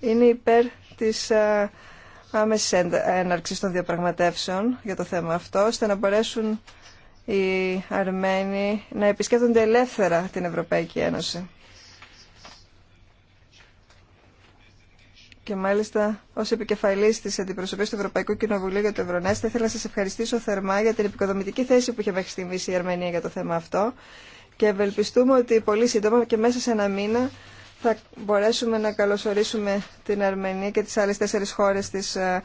είναι υπέρ της ε, άμεσης έναρξης των διαπραγματεύσεων για το θέμα αυτό, ώστε να μπορέσουν οι Αρμένοι να επισκέπτονται ελεύθερα την Ευρωπαϊκή Ένωση. Και μάλιστα ως επικεφαλής της αντιπροσωπής του Ευρωπαϊκού Κοινοβουλίου για το Ευρωνές θα ήθελα να σας ευχαριστήσω θερμά για την επικοδομητική θέση που είχε μέχρι στιγμής η Αρμενία για το θέμα αυτό και ευελπιστούμε ότι πολύ σύντομα και μέσα σε ένα μήνα θα μπορέσουμε να καλωσορίσουμε την Αρμενία και τις άλλες τέσσερις χώρες της ε,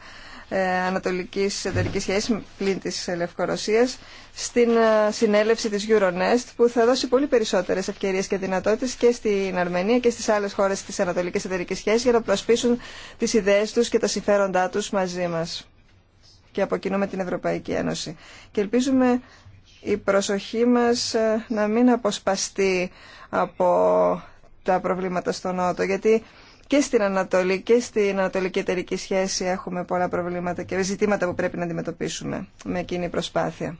ε, Ανατολικής Εταιρικής Σχέσης πλην της Λευκορωσίας στην ε, συνέλευση της Euronest που θα δώσει πολύ περισσότερες ευκαιρίες και δυνατότητες και στην Αρμενία και στις άλλες χώρες της Ανατολικής Εταιρικής Σχέσης για να προσπίσουν τις ιδέες τους και τα συμφέροντά τους μαζί μας και από κοινού με την Ευρωπαϊκή Ένωση. Και ελπίζουμε η προσοχή μας ε, να μην αποσπαστεί από τα προβλήματα στο Νότο, γιατί και στην Ανατολή και στην Ανατολική εταιρική σχέση έχουμε πολλά προβλήματα και ζητήματα που πρέπει να αντιμετωπίσουμε με εκείνη η προσπάθεια.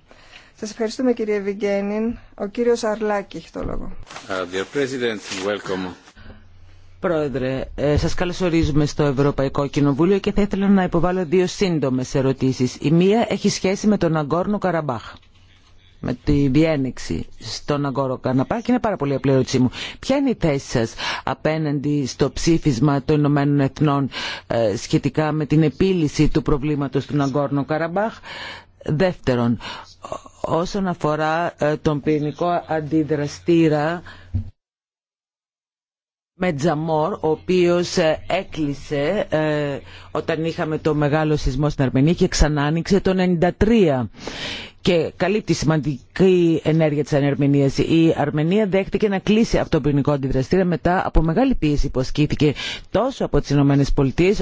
Σας ευχαριστούμε κύριε Βιγγένιν. Ο κύριος Αρλάκη έχει το λόγο. Uh, Πρόεδρε, ε, σας καλωσορίζουμε στο Ευρωπαϊκό Κοινοβούλιο και θα ήθελα να υποβάλω δύο σύντομες ερωτήσεις. Η μία έχει σχέση με τον Αγκόρνο Καραμπάχ με τη διένεξη στον Αγκόρο Καναπά και είναι πάρα πολύ απλή ερώτησή μου. Ποια είναι η θέση σας απέναντι στο ψήφισμα των Ηνωμένων Εθνών ε, σχετικά με την επίλυση του προβλήματος του Αγκόρνο Καραμπάχ. Δεύτερον, όσον αφορά ε, τον ποινικό αντιδραστήρα Τζαμόρ, ο οποίος ε, έκλεισε όταν είχαμε το μεγάλο σεισμό στην Αρμενία και ξανά άνοιξε το 1993 και καλύπτει σημαντική ενέργεια της Αρμενίας. Η Αρμενία δέχτηκε να κλείσει αυτό το ποινικό αντιδραστήρα μετά από μεγάλη πίεση που ασκήθηκε τόσο από τις ΗΠΑ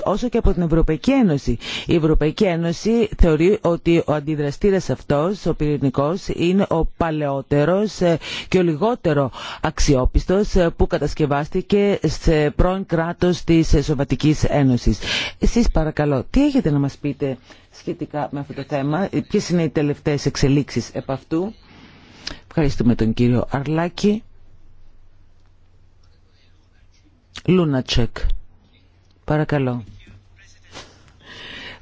όσο και από την Ευρωπαϊκή Ένωση. Η Ευρωπαϊκή Ένωση θεωρεί ότι ο αντιδραστήρας αυτός, ο πυρηνικός, είναι ο παλαιότερος ε, και ο λιγότερο αξιόπιστος ε, που κατασκευάστηκε σε πρώην κράτος της Σοβατικής Ένωσης. Εσείς παρακαλώ, τι έχετε να μας πείτε σχετικά με αυτό το θέμα. Ε, Ποιε είναι οι τελευταίε εξελίξει επ' αυτού. Ευχαριστούμε τον κύριο Αρλάκη. Λούνατσεκ. Παρακαλώ.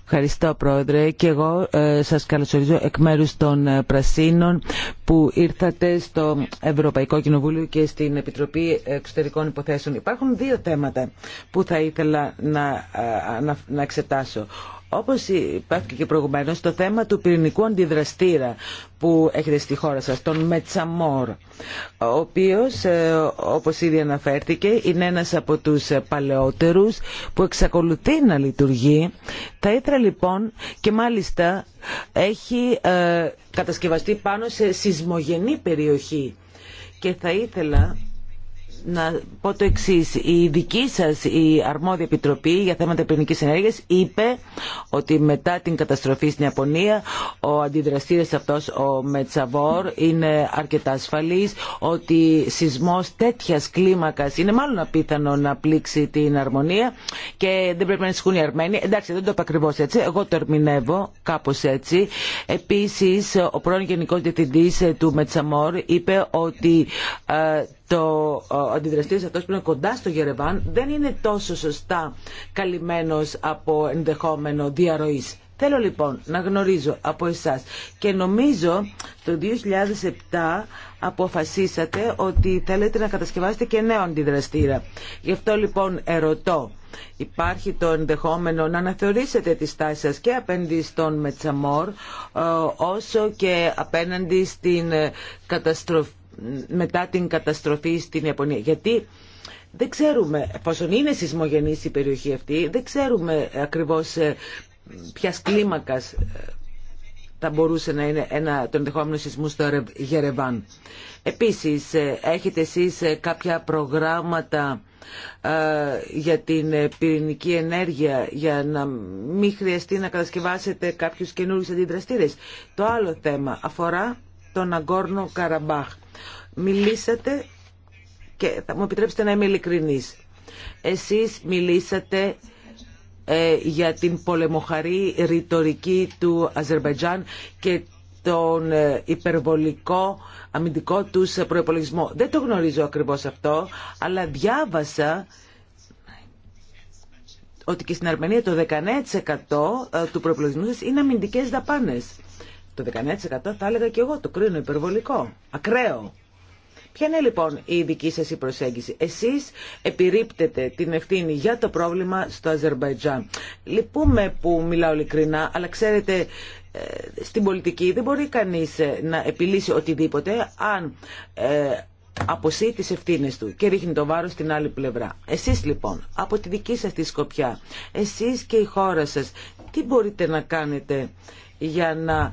Ευχαριστώ Πρόεδρε και εγώ ε, σας καλωσορίζω εκ μέρους των ε, Πρασίνων που ήρθατε στο Ευρωπαϊκό Κοινοβούλιο και στην Επιτροπή Εξωτερικών Υποθέσεων. Υπάρχουν δύο θέματα που θα ήθελα να, να, να εξετάσω. Όπως υπάρχει και προηγουμένως το θέμα του πυρηνικού αντιδραστήρα που έχετε στη χώρα σας, τον Μετσαμόρ, ο οποίος, ε, όπως ήδη αναφέρθηκε, είναι ένας από τους παλαιότερους που εξακολουθεί να λειτουργεί. Θα ήθελα λοιπόν και μάλιστα έχει ε, κατασκευαστεί πάνω σε σεισμογενή περιοχή και θα ήθελα να πω το εξή. Η δική σα η αρμόδια επιτροπή για θέματα πυρηνική ενέργεια είπε ότι μετά την καταστροφή στην Ιαπωνία ο αντιδραστήρα αυτό, ο Μετσαβόρ, είναι αρκετά ασφαλή, ότι σεισμό τέτοια κλίμακα είναι μάλλον απίθανο να πλήξει την αρμονία και δεν πρέπει να ανησυχούν οι Αρμένοι. Εντάξει, δεν το είπα ακριβώ έτσι. Εγώ το ερμηνεύω κάπω έτσι. Επίση, ο πρώην Γενικό Διευθυντή του Μετσαμόρ είπε ότι ε, το, αντιδραστήρα αυτό που είναι κοντά στο Γερεβάν δεν είναι τόσο σωστά καλυμμένος από ενδεχόμενο διαρροή. Θέλω λοιπόν να γνωρίζω από εσάς και νομίζω το 2007 αποφασίσατε ότι θέλετε να κατασκευάσετε και νέο αντιδραστήρα. Γι' αυτό λοιπόν ερωτώ. Υπάρχει το ενδεχόμενο να αναθεωρήσετε τη στάση σας και απέναντι στον Μετσαμόρ ε, όσο και απέναντι στην ε, καταστροφή μετά την καταστροφή στην Ιαπωνία. Γιατί δεν ξέρουμε, εφόσον είναι σεισμογενής η περιοχή αυτή, δεν ξέρουμε ακριβώς ε, ποια κλίμακας ε, θα μπορούσε να είναι ένα, το ενδεχόμενο σεισμού στο Γερεβάν. Επίσης, ε, έχετε εσείς κάποια προγράμματα για την πυρηνική ενέργεια για να μην χρειαστεί να κατασκευάσετε κάποιους καινούριους αντιδραστήρες. Το άλλο θέμα αφορά τον Αγκόρνο Καραμπάχ μιλήσατε και θα μου επιτρέψετε να είμαι ειλικρινής. Εσείς μιλήσατε ε, για την πολεμοχαρή ρητορική του Αζερβαϊτζάν και τον ε, υπερβολικό αμυντικό τους προπολογισμό. Δεν το γνωρίζω ακριβώς αυτό, αλλά διάβασα ότι και στην Αρμενία το 19% ε, του προπολογισμού σας είναι αμυντικές δαπάνες. Το 19% θα έλεγα και εγώ, το κρίνω υπερβολικό, ακραίο. Ποια είναι λοιπόν η δική σας η προσέγγιση. Εσείς επιρρύπτετε την ευθύνη για το πρόβλημα στο Αζερμπαϊτζάν. Λυπούμε που μιλάω ειλικρινά, αλλά ξέρετε ε, στην πολιτική δεν μπορεί κανείς ε, να επιλύσει οτιδήποτε αν ε, αποσύει τις ευθύνες του και ρίχνει το βάρος στην άλλη πλευρά. Εσείς λοιπόν, από τη δική σας τη σκοπιά, εσείς και η χώρα σας, τι μπορείτε να κάνετε για να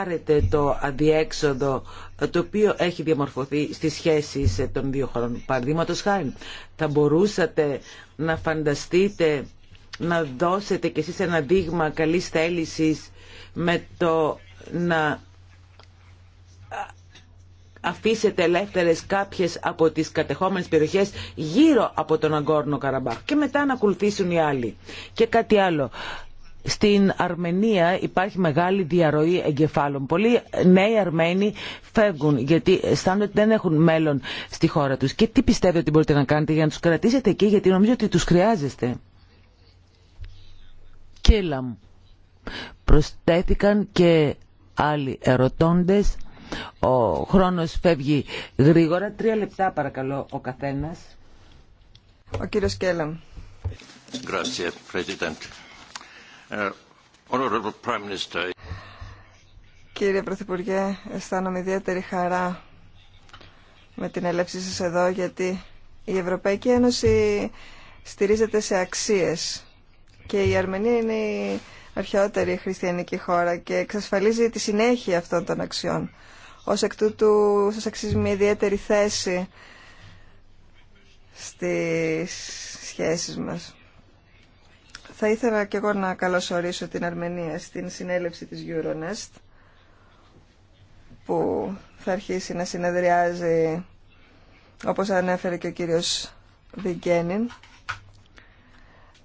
άρετε το αδιέξοδο το οποίο έχει διαμορφωθεί στις σχέσεις των δύο χωρών. Παραδείγματο χάρη, θα μπορούσατε να φανταστείτε να δώσετε κι εσείς ένα δείγμα καλής θέλησης με το να αφήσετε ελεύθερες κάποιες από τις κατεχόμενες περιοχές γύρω από τον Αγκόρνο Καραμπάχ και μετά να ακολουθήσουν οι άλλοι. Και κάτι άλλο, στην Αρμενία υπάρχει μεγάλη διαρροή εγκεφάλων. Πολλοί νέοι Αρμένοι φεύγουν γιατί αισθάνονται ότι δεν έχουν μέλλον στη χώρα τους. Και τι πιστεύετε ότι μπορείτε να κάνετε για να τους κρατήσετε εκεί γιατί νομίζω ότι τους χρειάζεστε. μου. Προσθέθηκαν και άλλοι ερωτώντες. Ο χρόνος φεύγει γρήγορα. Τρία λεπτά παρακαλώ ο καθένας. Ο κύριος Κέλαμ. Uh, Κύριε Πρωθυπουργέ, αισθάνομαι ιδιαίτερη χαρά με την έλευση σας εδώ γιατί η Ευρωπαϊκή Ένωση στηρίζεται σε αξίες και η Αρμενία είναι η αρχαιότερη χριστιανική χώρα και εξασφαλίζει τη συνέχεια αυτών των αξιών. Ως εκ τούτου σας αξίζει μια ιδιαίτερη θέση στις σχέσεις μας. Θα ήθελα και εγώ να καλωσορίσω την Αρμενία στην συνέλευση της Euronest που θα αρχίσει να συνεδριάζει όπως ανέφερε και ο κύριος Βιγκένιν.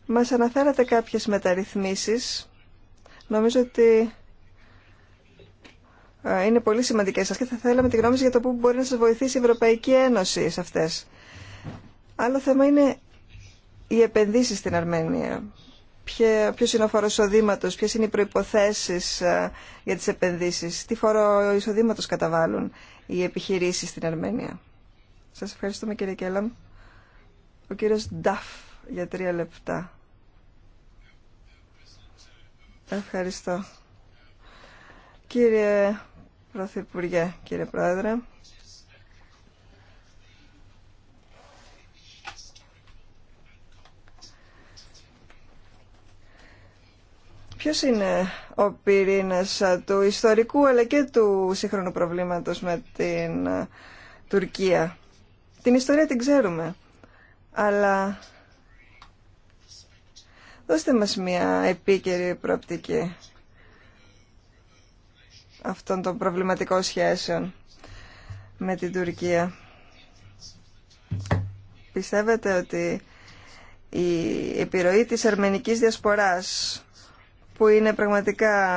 Μας αναφέρατε κάποιες μεταρρυθμίσεις. Νομίζω ότι ε, είναι πολύ σημαντικές σας και θα θέλαμε τη γνώμη για το πού μπορεί να σας βοηθήσει η Ευρωπαϊκή Ένωση σε αυτές. Άλλο θέμα είναι οι επενδύσεις στην Αρμένια ποιο είναι ο φόρο εισοδήματο, ποιε είναι οι προποθέσει ε, για τι επενδύσει, τι φόρο εισοδήματο καταβάλουν οι επιχειρήσει στην Αρμενία. Σα ευχαριστούμε κύριε Κέλαμ. Ο κύριο Νταφ για τρία λεπτά. Ευχαριστώ. Κύριε Πρωθυπουργέ, κύριε Πρόεδρε. Ποιος είναι ο πυρήνας του ιστορικού αλλά και του σύγχρονου προβλήματος με την ε, Τουρκία. Την ιστορία την ξέρουμε, αλλά δώστε μας μια επίκαιρη προοπτική αυτών των προβληματικών σχέσεων με την Τουρκία. Πιστεύετε ότι η επιρροή της αρμενικής διασποράς που είναι πραγματικά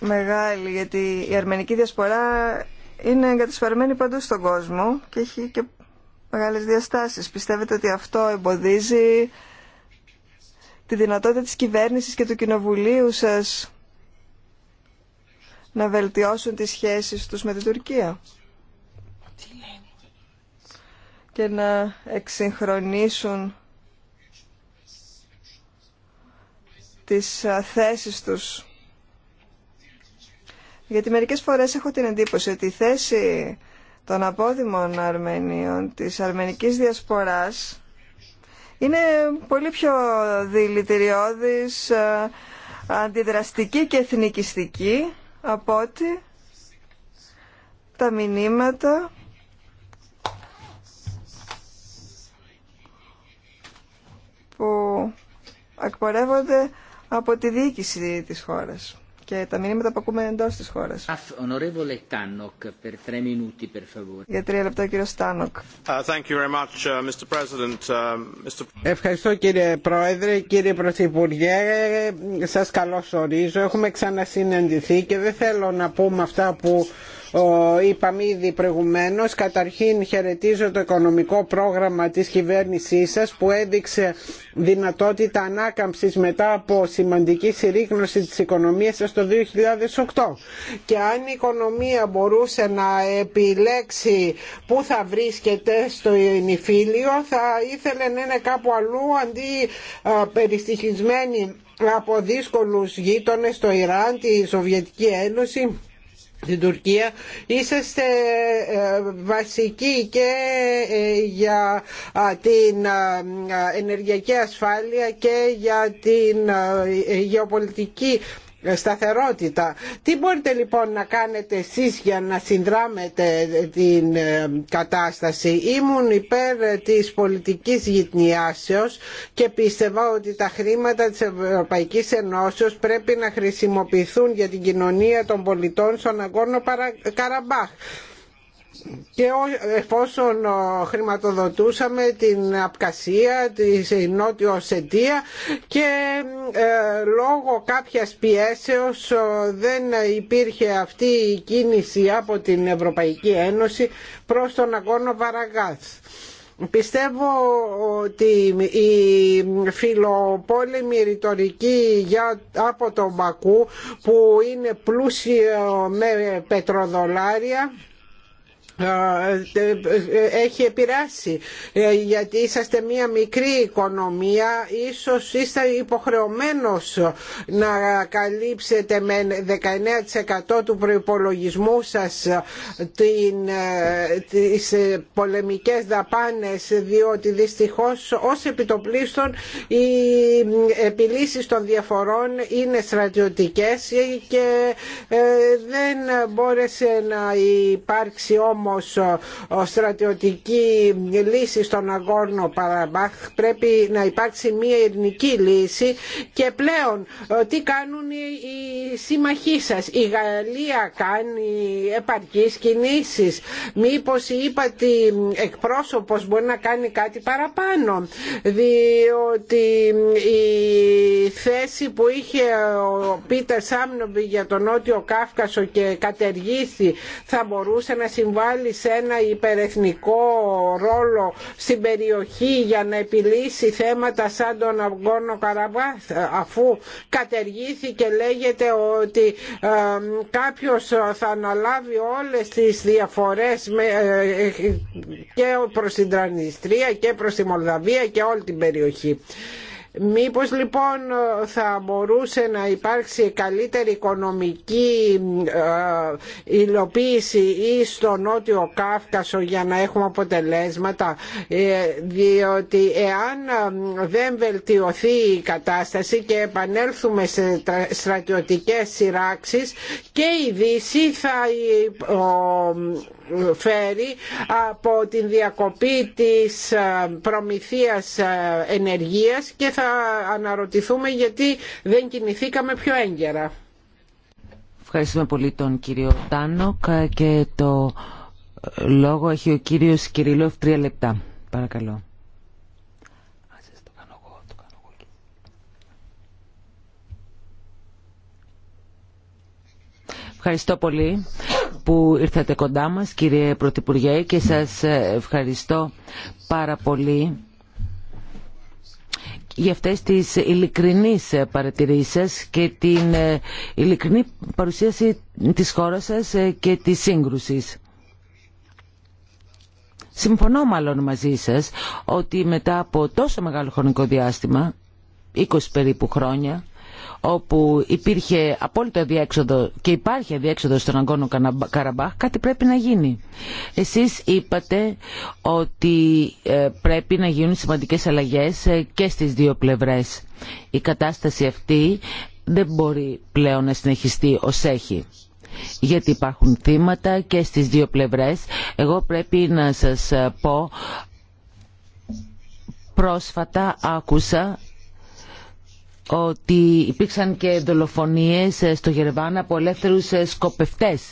μεγάλη, γιατί η αρμενική διασπορά είναι εγκατασπαρμένη παντού στον κόσμο και έχει και μεγάλες διαστάσεις. Πιστεύετε ότι αυτό εμποδίζει τη δυνατότητα της κυβέρνησης και του κοινοβουλίου σας να βελτιώσουν τις σχέσεις τους με την Τουρκία και να εξυγχρονίσουν τις ε, θέσεις τους. Γιατί μερικές φορές έχω την εντύπωση ότι η θέση των απόδημων Αρμενίων της αρμενικής διασποράς είναι πολύ πιο δηλητηριώδης, ε, αντιδραστική και εθνικιστική από ότι τα μηνύματα που εκπορεύονται από τη διοίκηση της χώρας και τα μηνύματα που ακούμε εντό τη χώρα. Για τρία λεπτά, κύριο Τάνοκ. Uh, uh, uh, Ευχαριστώ κύριε Πρόεδρε, κύριε Πρωθυπουργέ. Σα καλώ ορίζω Έχουμε ξανασυναντηθεί και δεν θέλω να πούμε αυτά που είπαμε ήδη προηγουμένως καταρχήν χαιρετίζω το οικονομικό πρόγραμμα της κυβέρνησής σας που έδειξε δυνατότητα ανάκαμψης μετά από σημαντική συρρήγνωση της οικονομίας σας το 2008 και αν η οικονομία μπορούσε να επιλέξει πού θα βρίσκεται στο ενηφίλιο, θα ήθελε να είναι κάπου αλλού αντί περιστοιχισμένη από δύσκολους γείτονες στο Ιράν, τη Σοβιετική Ένωση στην Τουρκία είσαστε ε, βασικοί και ε, για την ενεργειακή ασφάλεια και για την γεωπολιτική σταθερότητα. Τι μπορείτε λοιπόν να κάνετε εσείς για να συνδράμετε την ε, κατάσταση. Ήμουν υπέρ της πολιτικής γυτνιάσεως και πίστευα ότι τα χρήματα της Ευρωπαϊκής Ενώσεως πρέπει να χρησιμοποιηθούν για την κοινωνία των πολιτών στον παρα Καραμπάχ και εφόσον ε, χρηματοδοτούσαμε την Απκασία, τη Νότιο σετία και ε, λόγω κάποιας πιέσεως ε, δεν υπήρχε αυτή η κίνηση από την Ευρωπαϊκή Ένωση προς τον αγώνο Βαραγκάς. Πιστεύω ότι η φιλοπόλεμη ρητορική για, από τον Μπακού που είναι πλούσιο με πετροδολάρια ε, ε, ε, έχει επηρεάσει γιατί είσαστε μια μικρή οικονομία ίσως είστε υποχρεωμένος να καλύψετε με 19% του προϋπολογισμού σας την, τις πολεμικές δαπάνες διότι δυστυχώς ως επιτοπλίστων οι επιλύσεις των διαφορών είναι στρατιωτικές και δεν μπόρεσε να υπάρξει όμως όμως στρατιωτική λύση στον αγόρνο Παραμπάχ πρέπει να υπάρξει μια ειρηνική λύση και πλέον τι κάνουν οι σύμμαχοί σας η Γαλλία κάνει επαρκείς κινήσεις μήπως η ύπατη εκπρόσωπος μπορεί να κάνει κάτι παραπάνω διότι η θέση που είχε ο Πίτερ Σάμνομπι για τον Νότιο Κάφκασο και κατεργήθη θα μπορούσε να συμβάλλει Υπάρχει ένα υπερεθνικό ρόλο στην περιοχή για να επιλύσει θέματα σαν τον Αυγόνο Καραμπάθ αφού κατεργήθηκε λέγεται ότι κάποιος θα αναλάβει όλες τις διαφορές ε, και προς την Τρανιστρία και προς τη Μολδαβία και όλη την περιοχή. Μήπως λοιπόν θα μπορούσε να υπάρξει καλύτερη οικονομική ε, υλοποίηση ή στο Νότιο Κάφκασο για να έχουμε αποτελέσματα ε, διότι εάν ε, δεν βελτιωθεί η κατάσταση και επανέλθουμε σε στρατιωτικές σειράξεις και η Δύση θα φέρει από την διακοπή της ε, προμηθείας ε, ενεργείας και θα αναρωτηθούμε γιατί δεν κινηθήκαμε πιο έγκαιρα. Ευχαριστούμε πολύ τον κύριο Τάνοκ και το ε, λόγο έχει ο κύριος Κυρίλοφ τρία λεπτά. Παρακαλώ. Ευχαριστώ πολύ που ήρθατε κοντά μας κύριε Πρωθυπουργέ και σας ευχαριστώ πάρα πολύ για αυτές τις ειλικρινείς παρατηρήσεις και την ειλικρινή παρουσίαση της χώρας σας και της σύγκρουσης. Συμφωνώ μάλλον μαζί σας ότι μετά από τόσο μεγάλο χρονικό διάστημα, 20 περίπου χρόνια, όπου υπήρχε απόλυτο αδιέξοδο και υπάρχει αδιέξοδο στον Αγκόνο Καραμπάχ, κάτι πρέπει να γίνει. Εσείς είπατε ότι ε, πρέπει να γίνουν σημαντικές αλλαγές ε, και στις δύο πλευρές. Η κατάσταση αυτή δεν μπορεί πλέον να συνεχιστεί ως έχει γιατί υπάρχουν θύματα και στις δύο πλευρές. Εγώ πρέπει να σας ε, πω πρόσφατα άκουσα ότι υπήρξαν και δολοφονίες ε, στο Γερβάν από ελεύθερους ε, σκοπευτές.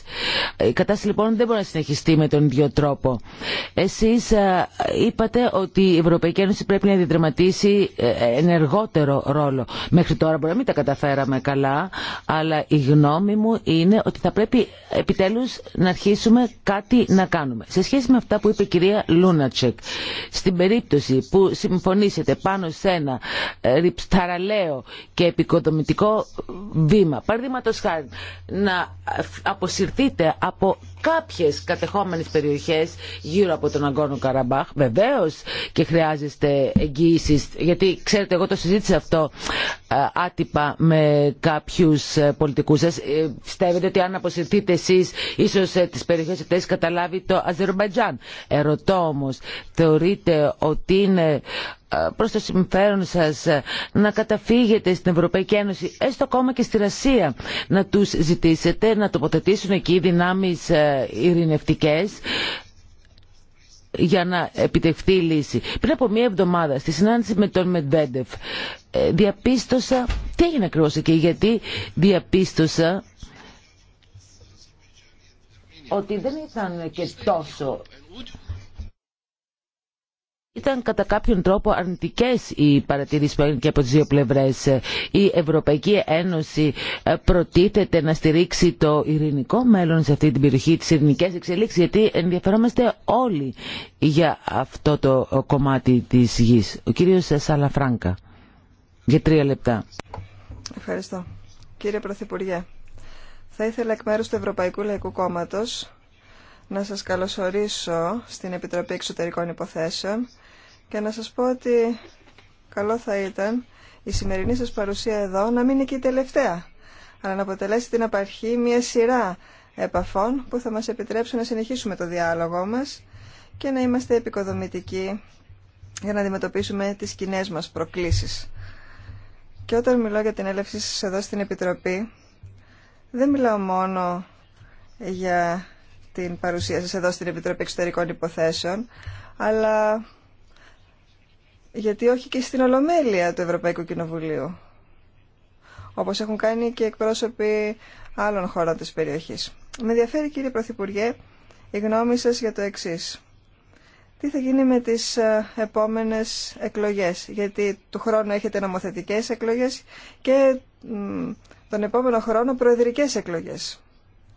Ε, η κατάσταση λοιπόν δεν μπορεί να συνεχιστεί με τον ίδιο τρόπο. Εσείς είπατε ότι η Ευρωπαϊκή Ένωση πρέπει να διαδραματίσει ενεργότερο ρόλο. Μέχρι τώρα μπορεί να μην τα καταφέραμε καλά, αλλά η γνώμη μου είναι ότι θα πρέπει επιτέλους να αρχίσουμε κάτι να κάνουμε. Σε σχέση με αυτά που είπε η κυρία Λούνατσεκ, στην περίπτωση που συμφωνήσετε πάνω σε ένα ρηψταραλέο και επικοδομητικό βήμα. Παραδείγματο χάρη, να αποσυρθείτε από κάποιες κατεχόμενες περιοχές γύρω από τον Αγκόνο Καραμπάχ. Βεβαίως και χρειάζεστε εγγύησει, γιατί ξέρετε εγώ το συζήτησα αυτό ε, άτυπα με κάποιους ε, πολιτικούς σας. Ε, πιστεύετε ότι αν αποσυρθείτε εσείς ίσως τις περιοχές αυτές καταλάβει το Αζερμπαϊτζάν. Ερωτώ όμως, θεωρείτε ότι είναι προς το συμφέρον σας να καταφύγετε στην Ευρωπαϊκή Ένωση, έστω ακόμα και στη Ρασία, να τους ζητήσετε να τοποθετήσουν εκεί δυνάμεις ειρηνευτικές για να επιτευχθεί η λύση. Πριν από μία εβδομάδα στη συνάντηση με τον Μετβέντεφ ε, διαπίστωσα τι έγινε ακριβώ εκεί γιατί διαπίστωσα ότι δεν ήταν και τόσο ήταν κατά κάποιον τρόπο αρνητικές οι παρατηρήσεις που έγιναν και από τις δύο πλευρές. Η Ευρωπαϊκή Ένωση ε, προτίθεται να στηρίξει το ειρηνικό μέλλον σε αυτή την περιοχή, τις ειρηνικές εξελίξεις, γιατί ενδιαφερόμαστε όλοι για αυτό το κομμάτι της γης. Ο κύριος Σαλαφράγκα, για τρία λεπτά. Ευχαριστώ. Κύριε Πρωθυπουργέ, θα ήθελα εκ μέρους του Ευρωπαϊκού Λαϊκού Κόμματος να σας καλωσορίσω στην Επιτροπή Εξωτερικών Υποθέσεων και να σας πω ότι καλό θα ήταν η σημερινή σας παρουσία εδώ να μην είναι και η τελευταία, αλλά να αποτελέσει την απαρχή μια σειρά επαφών που θα μας επιτρέψουν να συνεχίσουμε το διάλογό μας και να είμαστε επικοδομητικοί για να αντιμετωπίσουμε τις κοινέ μας προκλήσεις. Και όταν μιλώ για την έλευση σας εδώ στην Επιτροπή, δεν μιλάω μόνο για την παρουσία σας εδώ στην Επιτροπή Εξωτερικών Υποθέσεων, αλλά γιατί όχι και στην Ολομέλεια του Ευρωπαϊκού Κοινοβουλίου, όπως έχουν κάνει και εκπρόσωποι άλλων χωρών της περιοχής. Με ενδιαφέρει κύριε Πρωθυπουργέ η γνώμη σας για το εξής. Τι θα γίνει με τις ε, επόμενες εκλογές, γιατί του χρόνου έχετε νομοθετικές εκλογές και τον επόμενο χρόνο προεδρικές εκλογές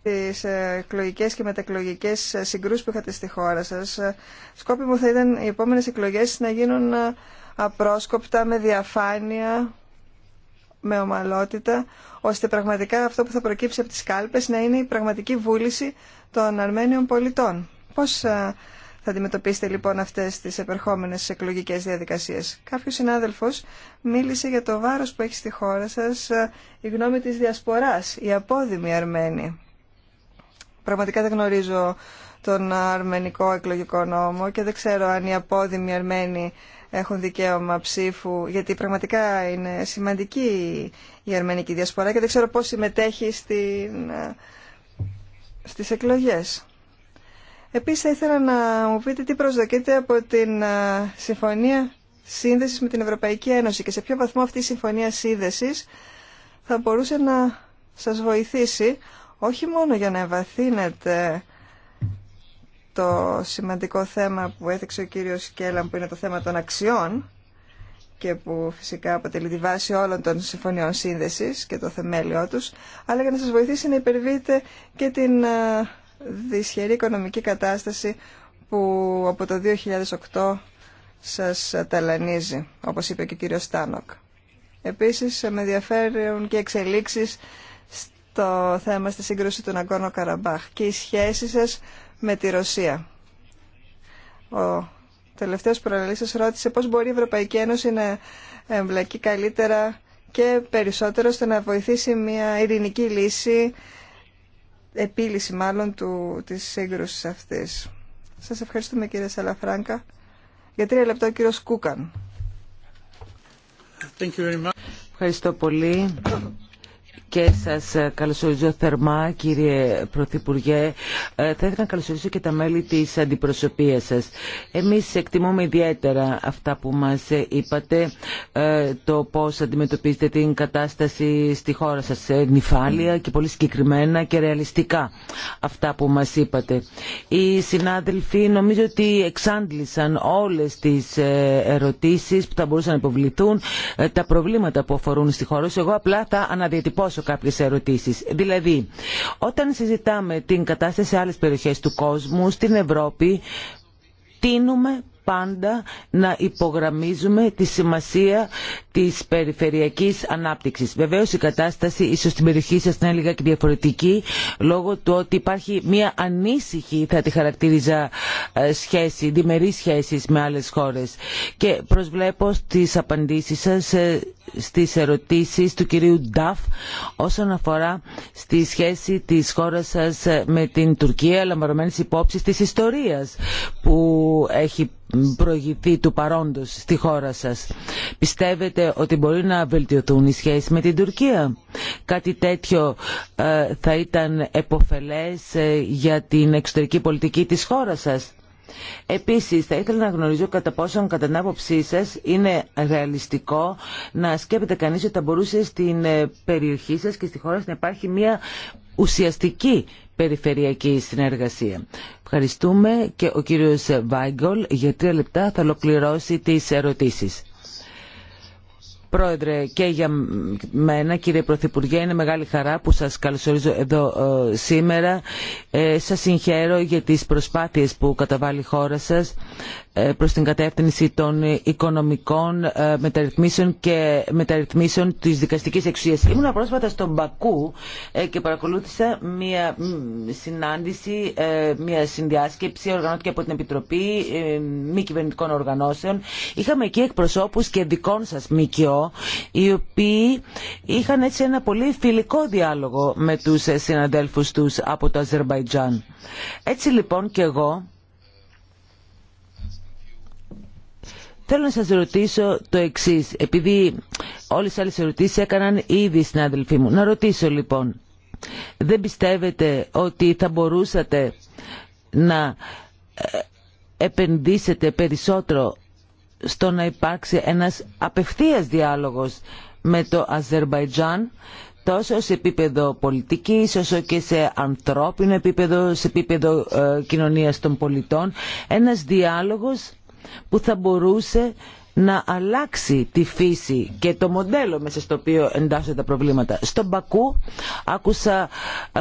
τις ε, εκλογικές και μετακλογικές ε, συγκρούσεις που είχατε στη χώρα σας, ε, σκόπι μου θα ήταν οι επόμενες εκλογές να γίνουν απρόσκοπτα, με διαφάνεια, με ομαλότητα, ώστε πραγματικά αυτό που θα προκύψει από τις κάλπες να είναι η πραγματική βούληση των Αρμένιων πολιτών. Πώς θα αντιμετωπίσετε λοιπόν αυτές τις επερχόμενες εκλογικές διαδικασίες. Κάποιος συνάδελφος μίλησε για το βάρος που έχει στη χώρα σας η γνώμη της διασποράς, η απόδημη Αρμένη πραγματικά δεν γνωρίζω τον αρμενικό εκλογικό νόμο και δεν ξέρω αν οι απόδημοι Αρμένοι έχουν δικαίωμα ψήφου, γιατί πραγματικά είναι σημαντική η αρμενική διασπορά και δεν ξέρω πώς συμμετέχει στην, ε, στις εκλογές. Επίσης θα ήθελα να μου πείτε τι προσδοκείτε από την ε, Συμφωνία Σύνδεσης με την Ευρωπαϊκή Ένωση και σε ποιο βαθμό αυτή η Συμφωνία Σύνδεσης θα μπορούσε να σας βοηθήσει όχι μόνο για να ευαθύνεται το σημαντικό θέμα που έθεξε ο κύριος Κέλλαμ που είναι το θέμα των αξιών και που φυσικά αποτελεί τη βάση όλων των συμφωνιών σύνδεσης και το θεμέλιό τους, αλλά για να σας βοηθήσει να υπερβείτε και την ε, δυσχερή οικονομική κατάσταση που από το 2008 σας ταλανίζει, όπως είπε και ο κύριος Στάνοκ. Επίσης, με ενδιαφέρουν και εξελίξεις το θέμα στη σύγκρουση του Ναγκόρνο Καραμπάχ και οι σχέσεις σας με τη Ρωσία. Ο τελευταίος προελής ρώτησε πώς μπορεί η Ευρωπαϊκή Ένωση να εμπλακεί καλύτερα και περισσότερο ώστε να βοηθήσει μια ειρηνική λύση, επίλυση μάλλον του, της σύγκρουσης αυτής. Σας ευχαριστούμε κύριε Σαλαφράγκα. Για τρία λεπτά ο κύριος Κούκαν. Thank you very much. Ευχαριστώ πολύ και σας καλωσορίζω θερμά κύριε Πρωθυπουργέ. Ε, θα ήθελα να καλωσορίσω και τα μέλη της αντιπροσωπείας σας. Εμείς εκτιμούμε ιδιαίτερα αυτά που μας είπατε, ε, το πώς αντιμετωπίζετε την κατάσταση στη χώρα σας σε νυφάλια και πολύ συγκεκριμένα και ρεαλιστικά αυτά που μας είπατε. Οι συνάδελφοι νομίζω ότι εξάντλησαν όλες τις ε, ερωτήσεις που θα μπορούσαν να υποβληθούν, τα προβλήματα που αφορούν στη χώρα σας. Εγώ απλά θα αναδιατυπώσω Κάποιε ερωτήσει. Δηλαδή, όταν συζητάμε την κατάσταση σε άλλε περιοχέ του κόσμου, στην Ευρώπη, τίνουμε πάντα να υπογραμμίζουμε τη σημασία της περιφερειακής ανάπτυξης. Βεβαίως η κατάσταση ίσως στην περιοχή σα είναι λίγα και διαφορετική λόγω του ότι υπάρχει μια ανήσυχη θα τη χαρακτήριζα ε, σχέση, διμερή σχέση με άλλες χώρες και προσβλέπω στις απαντήσει σα. Ε, στις ερωτήσεις του κυρίου Νταφ όσον αφορά στη σχέση της χώρας σας με την Τουρκία λαμβανομένης υπόψης της ιστορίας που έχει προηγηθεί του παρόντος στη χώρα σας. Πιστεύετε ότι μπορεί να βελτιωθούν οι σχέσεις με την Τουρκία. Κάτι τέτοιο ε, θα ήταν εποφελές ε, για την εξωτερική πολιτική της χώρας σας. Επίση, θα ήθελα να γνωρίζω κατά πόσον κατά την άποψή σα είναι ρεαλιστικό να σκέπτεται κανείς ότι θα μπορούσε στην ε, περιοχή σα και στη χώρα σας να υπάρχει μια ουσιαστική περιφερειακή συνεργασία. Ευχαριστούμε και ο κύριος Βάγκολ για τρία λεπτά θα ολοκληρώσει τις ερωτήσεις. Πρόεδρε, και για μένα, κύριε Πρωθυπουργέ, είναι μεγάλη χαρά που σας καλωσορίζω εδώ ε, σήμερα. Ε, σας συγχαίρω για τις προσπάθειες που καταβάλει η χώρα σας ε, προς την κατεύθυνση των οικονομικών ε, μεταρρυθμίσεων και μεταρρυθμίσεων της δικαστικής εξουσίας. Ήμουν πρόσφατα στον Μπακού ε, και παρακολούθησα μια συνάντηση, μια συνδιάσκεψη οργανώθηκε από την Επιτροπή μη κυβερνητικών οργανώσεων. Είχαμε εκεί εκπροσώπους και δικών σας ΜΚΟ, οι οποίοι είχαν έτσι ένα πολύ φιλικό διάλογο με τους συναδέλφους τους από το Αζερβαϊτζάν. Έτσι λοιπόν και εγώ Θέλω να σας ρωτήσω το εξής, επειδή όλες οι άλλες ερωτήσεις έκαναν ήδη στην συνάδελφοί μου. Να ρωτήσω λοιπόν, δεν πιστεύετε ότι θα μπορούσατε να ε, επενδύσετε περισσότερο στο να υπάρξει ένας απευθείας διάλογος με το Αζερβαϊτζάν τόσο σε επίπεδο πολιτικής όσο και σε ανθρώπινο επίπεδο, σε επίπεδο ε, κοινωνίας των πολιτών. Ένας διάλογος που θα μπορούσε να αλλάξει τη φύση και το μοντέλο μέσα στο οποίο εντάσσονται τα προβλήματα. Στον Πακού άκουσα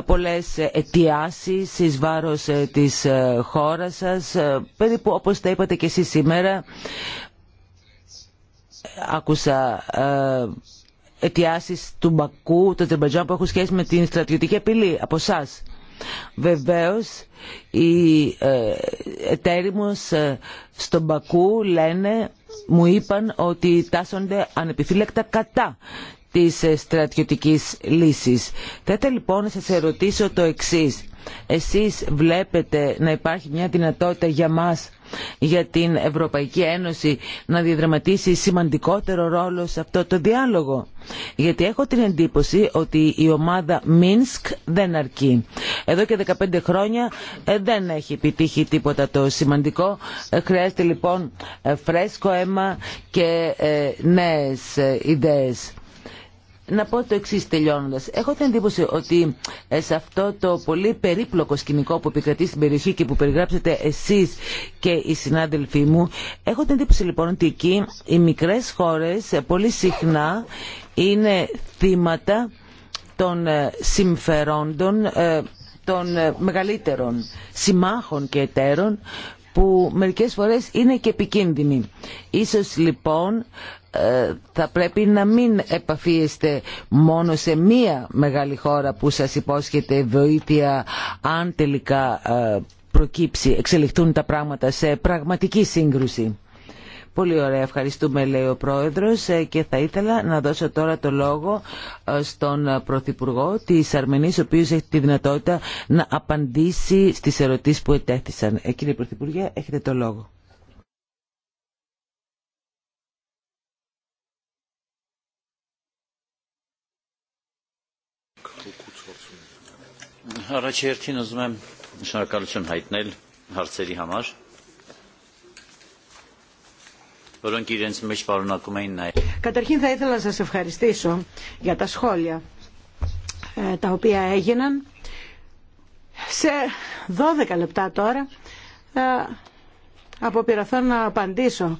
πολλές αιτιάσεις εις βάρος ε, της ε, χώρας σας, ε, περίπου όπως τα είπατε και εσείς σήμερα. Άκουσα αιτιάσεις του Μπακού, του Τερμπατζάν που έχουν σχέση με την στρατιωτική απειλή από εσά. Βεβαίως οι ε, εταίροι μου ε, στον Πακού λένε, μου είπαν ότι τάσσονται ανεπιφύλακτα κατά της ε, στρατιωτικής λύσης. Θα λοιπόν να σας ερωτήσω το εξής εσείς βλέπετε να υπάρχει μια δυνατότητα για μας, για την Ευρωπαϊκή Ένωση, να διαδραματίσει σημαντικότερο ρόλο σε αυτό το διάλογο. Γιατί έχω την εντύπωση ότι η ομάδα Μίνσκ δεν αρκεί. Εδώ και 15 χρόνια ε, δεν έχει επιτύχει τίποτα το σημαντικό. Ε, χρειάζεται λοιπόν ε, φρέσκο αίμα και νέες ιδέες να πω το εξή τελειώνοντα. Έχω την εντύπωση ότι ε, σε αυτό το πολύ περίπλοκο σκηνικό που επικρατεί στην περιοχή και που περιγράψετε εσεί και οι συνάδελφοί μου, έχω την εντύπωση λοιπόν ότι εκεί οι μικρέ χώρε ε, πολύ συχνά είναι θύματα των ε, συμφερόντων των μεγαλύτερων συμμάχων και εταίρων που μερικές φορές είναι και επικίνδυνη. Ίσως λοιπόν ε, θα πρέπει να μην επαφίεστε μόνο σε μία μεγάλη χώρα που σας υπόσχεται βοήθεια αν τελικά ε, προκύψει, εξελιχθούν τα πράγματα σε πραγματική σύγκρουση. Πολύ ωραία, ευχαριστούμε λέει ο Πρόεδρος ε, και θα ήθελα να δώσω τώρα το λόγο ε, στον Πρωθυπουργό της Αρμενίας, ο οποίος έχει τη δυνατότητα να απαντήσει στις ερωτήσεις που ετέθησαν. Ε, κύριε Πρωθυπουργέ, έχετε το λόγο. հարցերի համար Καταρχήν θα ήθελα να σας ευχαριστήσω για τα σχόλια ε, τα οποία έγιναν. Σε 12 λεπτά τώρα θα ε, αποπειραθώ να απαντήσω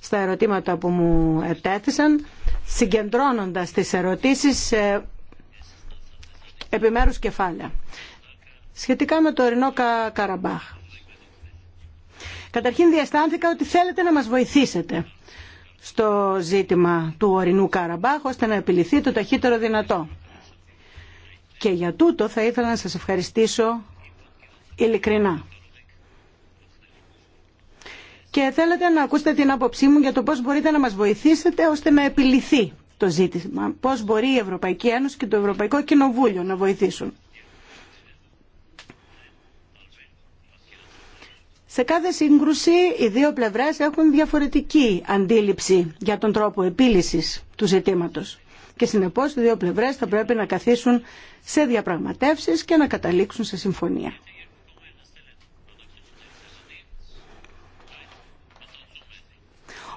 στα ερωτήματα που μου ετέθησαν συγκεντρώνοντας τις ερωτήσεις σε επιμέρους κεφάλαια. Σχετικά με το ορεινό Καραμπάχ. Καταρχήν διαστάνθηκα ότι θέλετε να μας βοηθήσετε στο ζήτημα του ορεινού Καραμπάχ ώστε να επιληθεί το ταχύτερο δυνατό. Και για τούτο θα ήθελα να σας ευχαριστήσω ειλικρινά. Και θέλετε να ακούσετε την άποψή μου για το πώς μπορείτε να μας βοηθήσετε ώστε να επιληθεί το ζήτημα. Πώς μπορεί η Ευρωπαϊκή Ένωση και το Ευρωπαϊκό Κοινοβούλιο να βοηθήσουν. Σε κάθε σύγκρουση οι δύο πλευρές έχουν διαφορετική αντίληψη για τον τρόπο επίλυσης του ζητήματος. Και συνεπώς οι δύο πλευρές θα πρέπει να καθίσουν σε διαπραγματεύσεις και να καταλήξουν σε συμφωνία.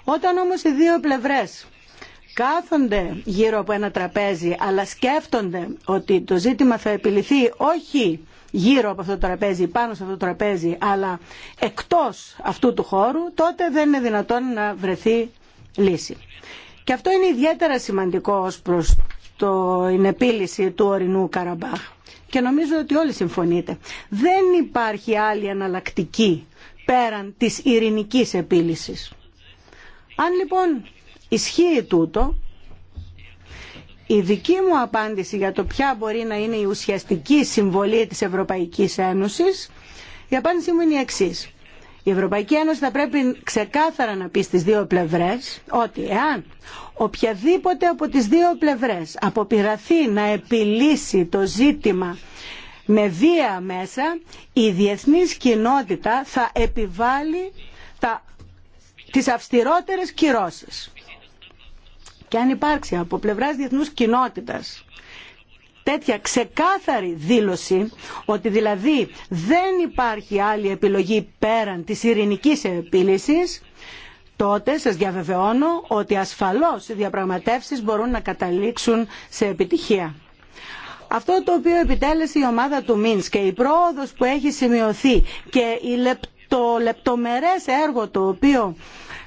Όταν όμως οι δύο πλευρές κάθονται γύρω από ένα τραπέζι αλλά σκέφτονται ότι το ζήτημα θα επιληθεί όχι γύρω από αυτό το τραπέζι, πάνω σε αυτό το τραπέζι, αλλά εκτός αυτού του χώρου, τότε δεν είναι δυνατόν να βρεθεί λύση. Και αυτό είναι ιδιαίτερα σημαντικό ως προς την επίλυση του ορεινού Καραμπάχ. Και νομίζω ότι όλοι συμφωνείτε. Δεν υπάρχει άλλη αναλλακτική πέραν της ειρηνικής επίλυσης. Αν λοιπόν ισχύει τούτο, η δική μου απάντηση για το ποια μπορεί να είναι η ουσιαστική συμβολή της Ευρωπαϊκής Ένωσης, η απάντησή μου είναι η εξής. Η Ευρωπαϊκή Ένωση θα πρέπει ξεκάθαρα να πει στις δύο πλευρές ότι εάν οποιαδήποτε από τις δύο πλευρές αποπειραθεί να επιλύσει το ζήτημα με βία μέσα, η διεθνής κοινότητα θα επιβάλλει τα, τις αυστηρότερες κυρώσεις και αν υπάρξει από πλευράς διεθνούς κοινότητας τέτοια ξεκάθαρη δήλωση ότι δηλαδή δεν υπάρχει άλλη επιλογή πέραν της ειρηνικής επίλυσης τότε σας διαβεβαιώνω ότι ασφαλώς οι διαπραγματεύσεις μπορούν να καταλήξουν σε επιτυχία. Αυτό το οποίο επιτέλεσε η ομάδα του Μίνς και η πρόοδος που έχει σημειωθεί και το λεπτο, έργο το οποίο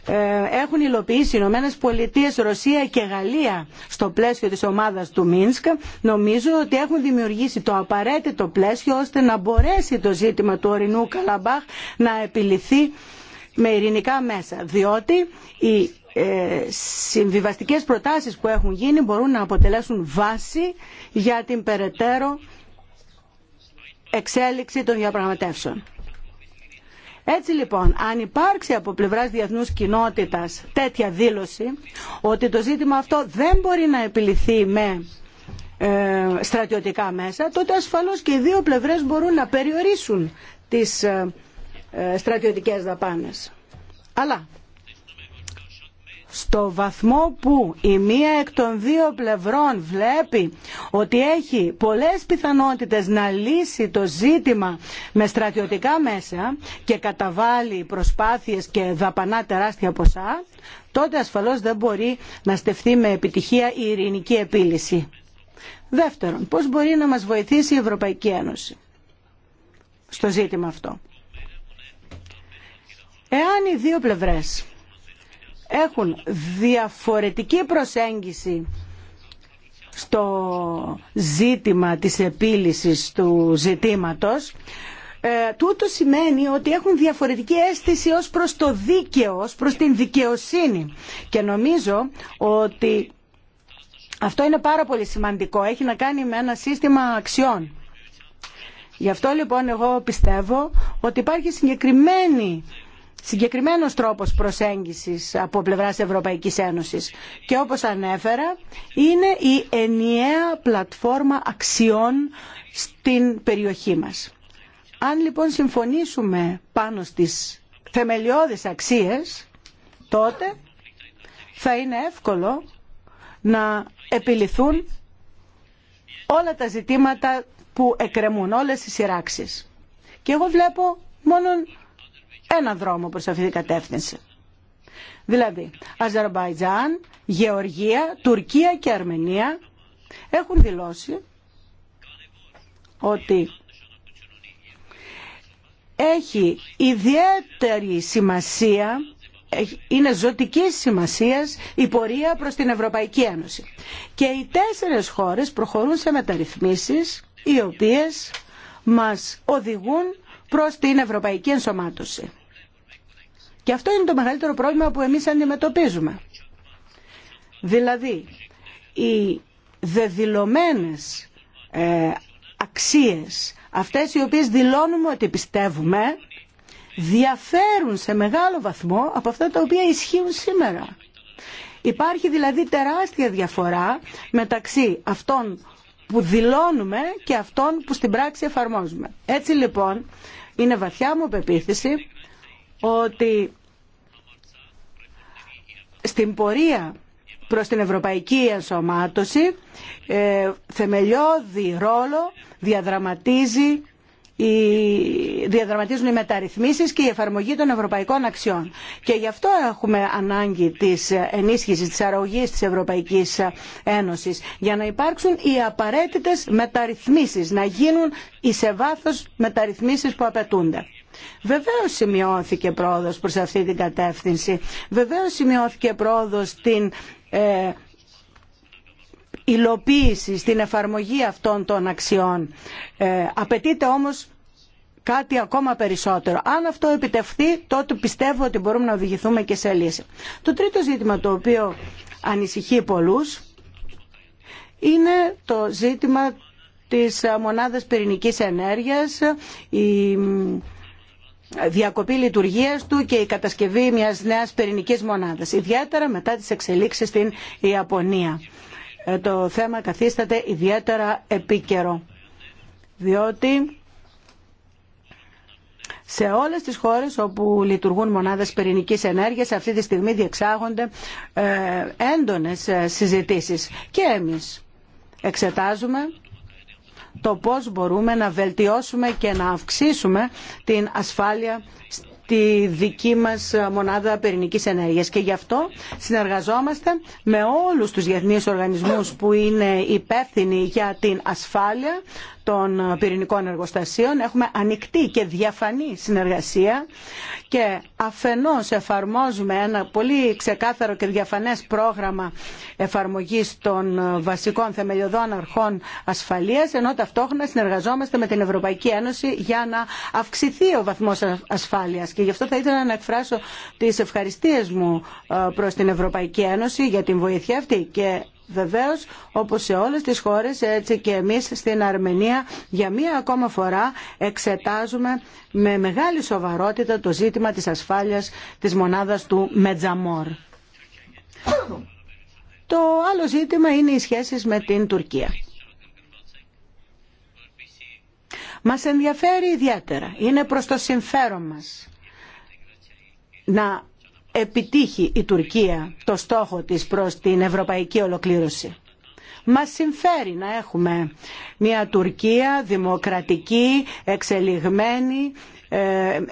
ε, έχουν υλοποιήσει οι Ηνωμένε Πολιτείε, Ρωσία και Γαλλία στο πλαίσιο της ομάδας του Μίνσκ νομίζω ότι έχουν δημιουργήσει το απαραίτητο πλαίσιο ώστε να μπορέσει το ζήτημα του ορεινού Καλαμπάχ να επιληθεί με ειρηνικά μέσα διότι οι ε, συμβιβαστικές προτάσεις που έχουν γίνει μπορούν να αποτελέσουν βάση για την περαιτέρω εξέλιξη των διαπραγματεύσεων. Έτσι λοιπόν, αν υπάρξει από πλευράς διεθνούς κοινότητας τέτοια δήλωση ότι το ζήτημα αυτό δεν μπορεί να επιληθεί με ε, στρατιωτικά μέσα, τότε ασφαλώς και οι δύο πλευρές μπορούν να περιορίσουν τις ε, ε, στρατιωτικές δαπάνες. Αλλά στο βαθμό που η μία εκ των δύο πλευρών βλέπει ότι έχει πολλές πιθανότητες να λύσει το ζήτημα με στρατιωτικά μέσα και καταβάλει προσπάθειες και δαπανά τεράστια ποσά, τότε ασφαλώς δεν μπορεί να στεφθεί με επιτυχία η ειρηνική επίλυση. Δεύτερον, πώς μπορεί να μας βοηθήσει η Ευρωπαϊκή Ένωση στο ζήτημα αυτό. Εάν οι δύο πλευρές έχουν διαφορετική προσέγγιση στο ζήτημα της επίλυσης του ζητήματος ε, τούτο σημαίνει ότι έχουν διαφορετική αίσθηση ως προς το δίκαιο, ως προς την δικαιοσύνη. Και νομίζω ότι αυτό είναι πάρα πολύ σημαντικό. Έχει να κάνει με ένα σύστημα αξιών. Γι' αυτό λοιπόν εγώ πιστεύω ότι υπάρχει συγκεκριμένη συγκεκριμένος τρόπος προσέγγισης από πλευράς Ευρωπαϊκής Ένωσης. Και όπως ανέφερα, είναι η ενιαία πλατφόρμα αξιών στην περιοχή μας. Αν λοιπόν συμφωνήσουμε πάνω στις θεμελιώδεις αξίες, τότε θα είναι εύκολο να επιληθούν όλα τα ζητήματα που εκκρεμούν, όλες οι σειράξεις. Και εγώ βλέπω μόνον ένα δρόμο προς αυτή την κατεύθυνση. Δηλαδή, Αζερμπαϊτζάν, Γεωργία, Τουρκία και Αρμενία έχουν δηλώσει ότι έχει ιδιαίτερη σημασία, είναι ζωτική σημασία η πορεία προς την Ευρωπαϊκή Ένωση. Και οι τέσσερες χώρες προχωρούν σε μεταρρυθμίσεις οι οποίες μας οδηγούν προς την ευρωπαϊκή ενσωμάτωση. Και αυτό είναι το μεγαλύτερο πρόβλημα που εμείς αντιμετωπίζουμε. Δηλαδή, οι δεδηλωμένες ε, αξίες, αυτές οι οποίες δηλώνουμε ότι πιστεύουμε, διαφέρουν σε μεγάλο βαθμό από αυτά τα οποία ισχύουν σήμερα. Υπάρχει δηλαδή τεράστια διαφορά μεταξύ αυτών που δηλώνουμε και αυτόν που στην πράξη εφαρμόζουμε. Έτσι λοιπόν είναι βαθιά μου πεποίθηση ότι στην πορεία προς την ευρωπαϊκή ενσωμάτωση ε, θεμελιώδη ρόλο διαδραματίζει διαδραματίζουν οι μεταρρυθμίσεις και η εφαρμογή των ευρωπαϊκών αξιών. Και γι' αυτό έχουμε ανάγκη της ενίσχυσης, της αρρωγής της Ευρωπαϊκής Ένωσης για να υπάρξουν οι απαραίτητες μεταρρυθμίσεις, να γίνουν οι σε βάθος μεταρρυθμίσεις που απαιτούνται. Βεβαίως σημειώθηκε πρόοδος προς αυτή την κατεύθυνση. Βεβαίως σημειώθηκε πρόοδος στην ε, υλοποίηση, στην εφαρμογή αυτών των αξιών. Ε, απαιτείται όμως κάτι ακόμα περισσότερο. Αν αυτό επιτευχθεί, τότε πιστεύω ότι μπορούμε να οδηγηθούμε και σε λύση. Το τρίτο ζήτημα το οποίο ανησυχεί πολλούς είναι το ζήτημα της μονάδας πυρηνικής ενέργειας, η διακοπή λειτουργίας του και η κατασκευή μιας νέας πυρηνικής μονάδας, ιδιαίτερα μετά τις εξελίξεις στην Ιαπωνία το θέμα καθίσταται ιδιαίτερα επίκαιρο. Διότι σε όλες τις χώρες όπου λειτουργούν μονάδες πυρηνικής ενέργειας αυτή τη στιγμή διεξάγονται ε, έντονες ε, συζητήσεις. Και εμείς εξετάζουμε το πώς μπορούμε να βελτιώσουμε και να αυξήσουμε την ασφάλεια τη δική μας μονάδα πυρηνικής ενέργειας και γι' αυτό συνεργαζόμαστε με όλους τους διεθνείς οργανισμούς που είναι υπεύθυνοι για την ασφάλεια των πυρηνικών εργοστασίων. Έχουμε ανοιχτή και διαφανή συνεργασία και αφενός εφαρμόζουμε ένα πολύ ξεκάθαρο και διαφανές πρόγραμμα εφαρμογής των βασικών θεμελιωδών αρχών ασφαλείας, ενώ ταυτόχρονα συνεργαζόμαστε με την Ευρωπαϊκή Ένωση για να αυξηθεί ο βαθμός ασφάλειας. Και γι' αυτό θα ήθελα να εκφράσω τις ευχαριστίες μου ε, προς την Ευρωπαϊκή Ένωση για την βοήθεια αυτή και Βεβαίω, όπως σε όλες τις χώρες, έτσι και εμείς στην Αρμενία, για μία ακόμα φορά εξετάζουμε με μεγάλη σοβαρότητα το ζήτημα της ασφάλειας της μονάδας του Μετζαμόρ. Το άλλο ζήτημα είναι οι σχέσεις με την Τουρκία. Μας ενδιαφέρει ιδιαίτερα, είναι προς το συμφέρον μας να επιτύχει η Τουρκία το στόχο της προς την ευρωπαϊκή ολοκλήρωση. Μας συμφέρει να έχουμε μια Τουρκία δημοκρατική, εξελιγμένη, ε, ε,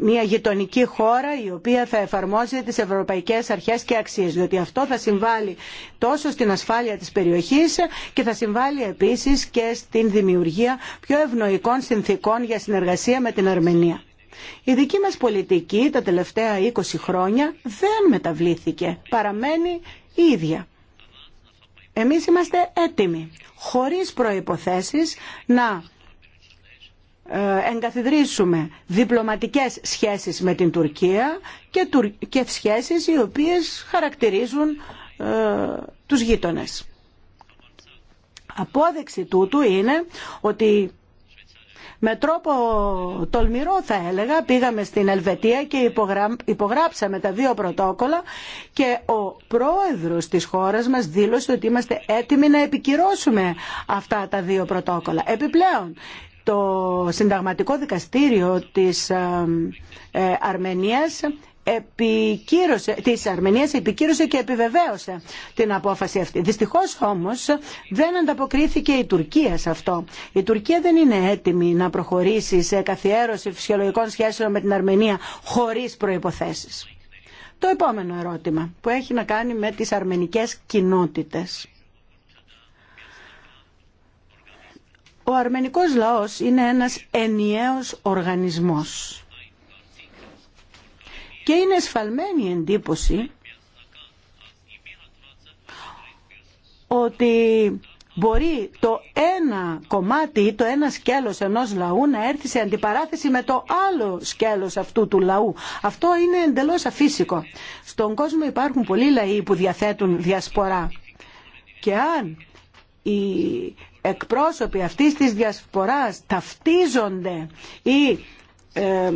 μια γειτονική χώρα η οποία θα εφαρμόζει τις ευρωπαϊκές αρχές και αξίες διότι αυτό θα συμβάλλει τόσο στην ασφάλεια της περιοχής και θα συμβάλλει επίσης και στην δημιουργία πιο ευνοϊκών συνθήκων για συνεργασία με την Αρμενία. Η δική μας πολιτική τα τελευταία 20 χρόνια δεν μεταβλήθηκε, παραμένει η ίδια. Εμείς είμαστε έτοιμοι, χωρίς προϋποθέσεις, να ε, εγκαθιδρύσουμε διπλωματικές σχέσεις με την Τουρκία και, τουρ... σχέσεις οι οποίες χαρακτηρίζουν ε, τους γείτονες. Απόδειξη τούτου είναι ότι με τρόπο τολμηρό θα έλεγα πήγαμε στην Ελβετία και υπογράψαμε τα δύο πρωτόκολλα και ο πρόεδρος της χώρας μας δήλωσε ότι είμαστε έτοιμοι να επικυρώσουμε αυτά τα δύο πρωτόκολλα. Επιπλέον το συνταγματικό δικαστήριο της ε, ε, Αρμενίας επικύρωσε, της Αρμενίας επικύρωσε και επιβεβαίωσε την απόφαση αυτή. Δυστυχώς όμως δεν ανταποκρίθηκε η Τουρκία σε αυτό. Η Τουρκία δεν είναι έτοιμη να προχωρήσει σε καθιέρωση φυσιολογικών σχέσεων με την Αρμενία χωρίς προϋποθέσεις. Το επόμενο ερώτημα που έχει να κάνει με τις αρμενικές κοινότητες. Ο αρμενικός λαός είναι ένας ενιαίος οργανισμός και είναι σφαλμένη η εντύπωση ότι μπορεί το ένα κομμάτι, ή το ένα σκέλος ενός λαού να έρθει σε αντιπαράθεση με το άλλο σκέλος αυτού του λαού. Αυτό είναι εντελώς αφύσικο. Στον κόσμο υπάρχουν πολλοί λαοί που διαθέτουν διασπορά. Και αν οι εκπρόσωποι αυτής της διασποράς ταυτίζονται ή ε,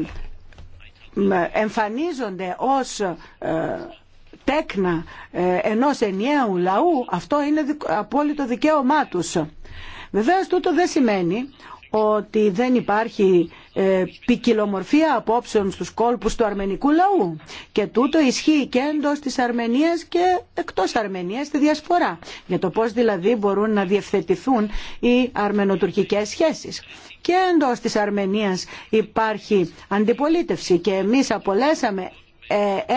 εμφανίζονται ως ε, τέκνα ε, ενός ενιαίου λαού, αυτό είναι απόλυτο δικαίωμά τους. Βεβαίως τούτο δεν σημαίνει ότι δεν υπάρχει ε, ποικιλομορφία απόψεων στους κόλπους του αρμενικού λαού. Και τούτο ισχύει και εντός της Αρμενίας και εκτός Αρμενίας στη διασπορά. Για το πώς δηλαδή μπορούν να διευθετηθούν οι αρμενοτουρκικές σχέσεις και εντός της Αρμενίας υπάρχει αντιπολίτευση και εμείς απολέσαμε ε,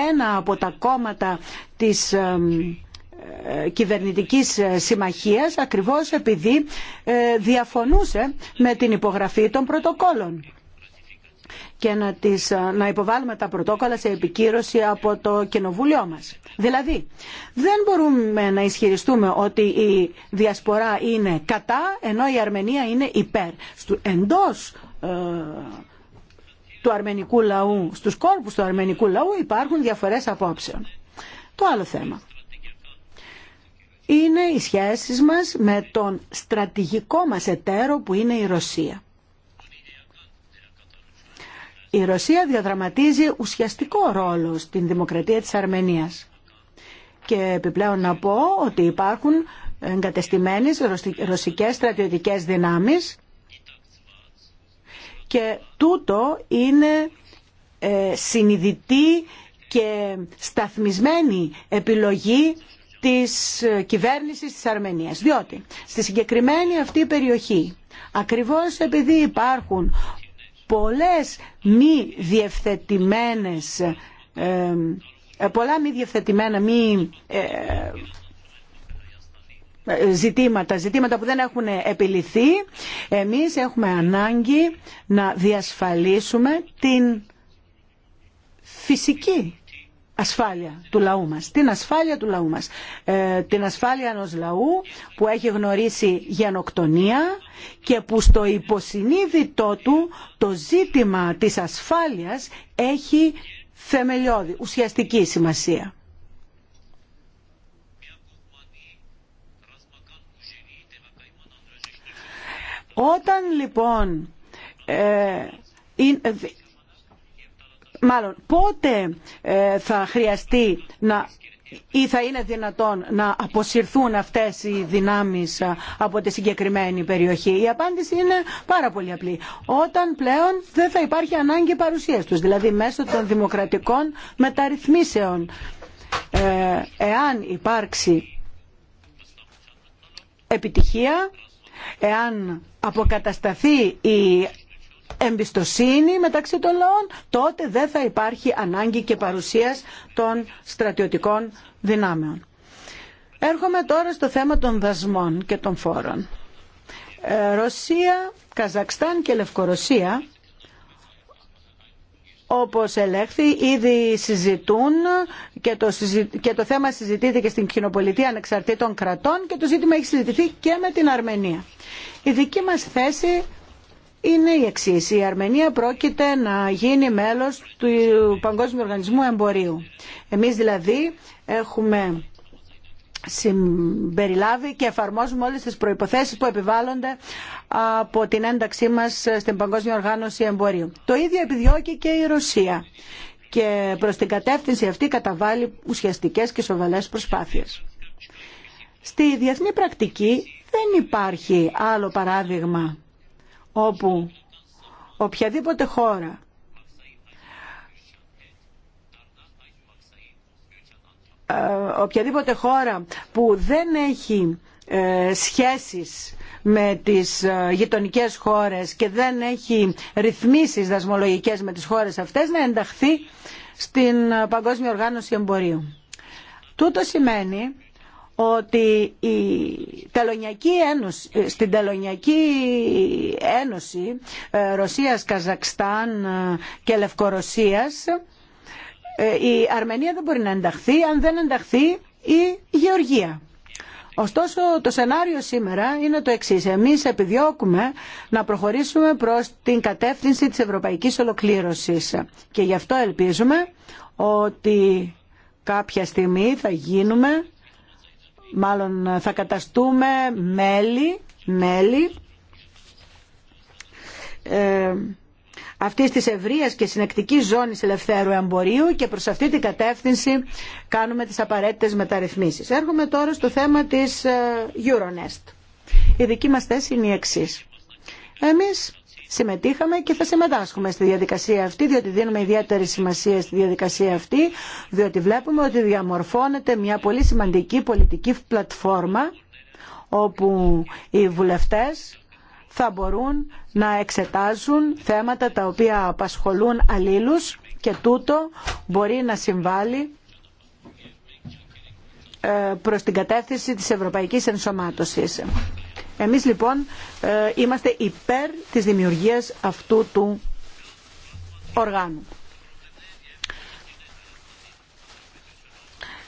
ένα από τα κόμματα της ε, ε, κυβερνητικής συμμαχίας ακριβώς επειδή διαφωνούσε με την υπογραφή των πρωτοκόλων και να, υποβάλουμε τα πρωτόκολλα σε επικύρωση από το κοινοβούλιο μας. Δηλαδή, δεν μπορούμε να ισχυριστούμε ότι η διασπορά είναι κατά, ενώ η Αρμενία είναι υπέρ. Εντός ε, του αρμενικού λαού, στους κόρπους του αρμενικού λαού υπάρχουν διαφορές απόψεων. Το άλλο θέμα είναι οι σχέσεις μας με τον στρατηγικό μας εταίρο που είναι η Ρωσία. Η Ρωσία διαδραματίζει ουσιαστικό ρόλο στην δημοκρατία της Αρμενίας. Και επιπλέον να πω ότι υπάρχουν εγκατεστημένες ρωσικές στρατιωτικές δυνάμεις και τούτο είναι ε, συνειδητή και σταθμισμένη επιλογή της ε, κυβέρνησης της Αρμενίας. Διότι στη συγκεκριμένη αυτή περιοχή, ακριβώς επειδή υπάρχουν πολλές μη διευθετημένες πολλά μη διευθετημένα μη ε, ε, ζητήματα, ζητήματα που δεν έχουν επιληθεί, εμείς έχουμε ανάγκη να διασφαλίσουμε την φυσική ασφάλεια του λαού μας. Την ασφάλεια του λαού μας. Ε, την ασφάλεια ενός λαού που έχει γνωρίσει γενοκτονία και που στο υποσυνείδητό του το ζήτημα της ασφάλειας έχει θεμελιώδη, ουσιαστική σημασία. Όταν λοιπόν ε, ε μάλλον πότε ε, θα χρειαστεί να ή θα είναι δυνατόν να αποσυρθούν αυτές οι δυνάμεις ε, από τη συγκεκριμένη περιοχή. Η απάντηση είναι πάρα πολύ απλή. Όταν πλέον δεν θα υπάρχει ανάγκη παρουσίας τους, δηλαδή μέσω των δημοκρατικών μεταρρυθμίσεων. Ε, εάν υπάρξει επιτυχία, εάν αποκατασταθεί η εμπιστοσύνη μεταξύ των λαών, τότε δεν θα υπάρχει ανάγκη και παρουσίας των στρατιωτικών δυνάμεων. Έρχομαι τώρα στο θέμα των δασμών και των φόρων. Ε, Ρωσία, Καζακστάν και Λευκορωσία όπως ελέγχθη, ήδη συζητούν και το, και το θέμα συζητείται και στην κοινοπολιτεία ανεξαρτήτων κρατών και το ζήτημα έχει συζητηθεί και με την Αρμενία. Η δική μας θέση είναι η εξή. Η Αρμενία πρόκειται να γίνει μέλος του Παγκόσμιου Οργανισμού Εμπορίου. Εμείς δηλαδή έχουμε συμπεριλάβει και εφαρμόζουμε όλες τις προϋποθέσεις που επιβάλλονται από την ένταξή μας στην Παγκόσμια Οργάνωση Εμπορίου. Το ίδιο επιδιώκει και η Ρωσία και προς την κατεύθυνση αυτή καταβάλει ουσιαστικές και σοβαλές προσπάθειες. Στη διεθνή πρακτική δεν υπάρχει άλλο παράδειγμα όπου οποιαδήποτε χώρα ε, οποιαδήποτε χώρα που δεν έχει ε, σχέσεις με τις ε, γειτονικές χώρες και δεν έχει ρυθμίσεις δασμολογικές με τις χώρες αυτές να ενταχθεί στην Παγκόσμια Οργάνωση Εμπορίου. Τούτο σημαίνει ότι η Τελωνιακή Ένωση, ε, στην Τελωνιακή Ένωση ε, Ρωσίας, Καζακστάν ε, και Λευκορωσίας η Αρμενία δεν μπορεί να ενταχθεί αν δεν ενταχθεί η Γεωργία. Ωστόσο το σενάριο σήμερα είναι το εξής. Εμείς επιδιώκουμε να προχωρήσουμε προς την κατεύθυνση της ευρωπαϊκής ολοκλήρωσης και γι' αυτό ελπίζουμε ότι κάποια στιγμή θα γίνουμε μάλλον θα καταστούμε μέλη, μέλη ε, αυτή τη ευρεία και συνεκτική ζώνη ελευθέρου εμπορίου και προς αυτή την κατεύθυνση κάνουμε τις απαραίτητες μεταρρυθμίσεις. Έρχομαι τώρα στο θέμα τη ε, Euronest. Η δική μας θέση είναι η εξή. Εμείς συμμετείχαμε και θα συμμετάσχουμε στη διαδικασία αυτή, διότι δίνουμε ιδιαίτερη σημασία στη διαδικασία αυτή, διότι βλέπουμε ότι διαμορφώνεται μια πολύ σημαντική πολιτική πλατφόρμα όπου οι βουλευτές θα μπορούν να εξετάζουν θέματα τα οποία απασχολούν αλλήλους και τούτο μπορεί να συμβάλλει ε, προς την κατεύθυνση της ευρωπαϊκής ενσωμάτωσης. Εμείς λοιπόν ε, είμαστε υπέρ της δημιουργίας αυτού του οργάνου.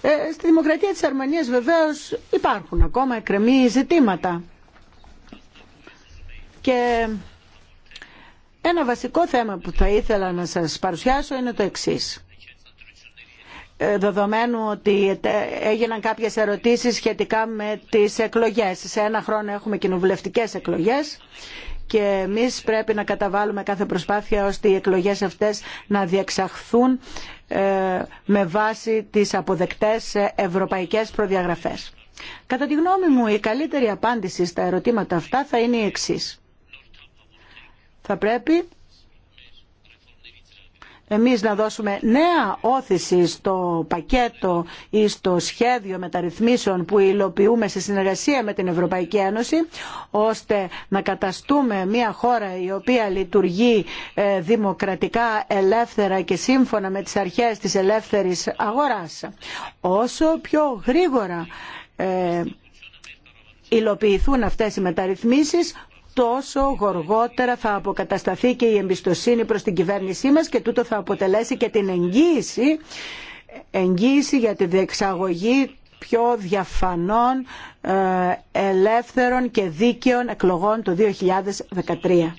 Ε, στη δημοκρατία της Αρμανίας βεβαίως υπάρχουν ακόμα εκκρεμή ζητήματα. Και ένα βασικό θέμα που θα ήθελα να σας παρουσιάσω είναι το εξής. Ε, δεδομένου ότι έγιναν κάποιες ερωτήσεις σχετικά με τις εκλογές. Σε ένα χρόνο έχουμε κοινοβουλευτικές εκλογές και εμείς πρέπει να καταβάλουμε κάθε προσπάθεια ώστε οι εκλογές αυτές να διεξαχθούν ε, με βάση τις αποδεκτές ευρωπαϊκές προδιαγραφές. Κατά τη γνώμη μου η καλύτερη απάντηση στα ερωτήματα αυτά θα είναι η εξής. Θα πρέπει εμείς να δώσουμε νέα όθηση στο πακέτο ή στο σχέδιο μεταρρυθμίσεων που υλοποιούμε σε συνεργασία με την Ευρωπαϊκή Ένωση ώστε να καταστούμε μια χώρα η οποία λειτουργεί ε, δημοκρατικά, ελεύθερα και σύμφωνα με τις αρχές της ελεύθερης αγοράς. Όσο πιο γρήγορα ε, υλοποιηθούν αυτές οι μεταρρυθμίσεις τόσο γοργότερα θα αποκατασταθεί και η εμπιστοσύνη προς την κυβέρνησή μας και τούτο θα αποτελέσει και την εγγύηση, εγγύηση για τη διεξαγωγή πιο διαφανών, ε, ελεύθερων και δίκαιων εκλογών το 2013.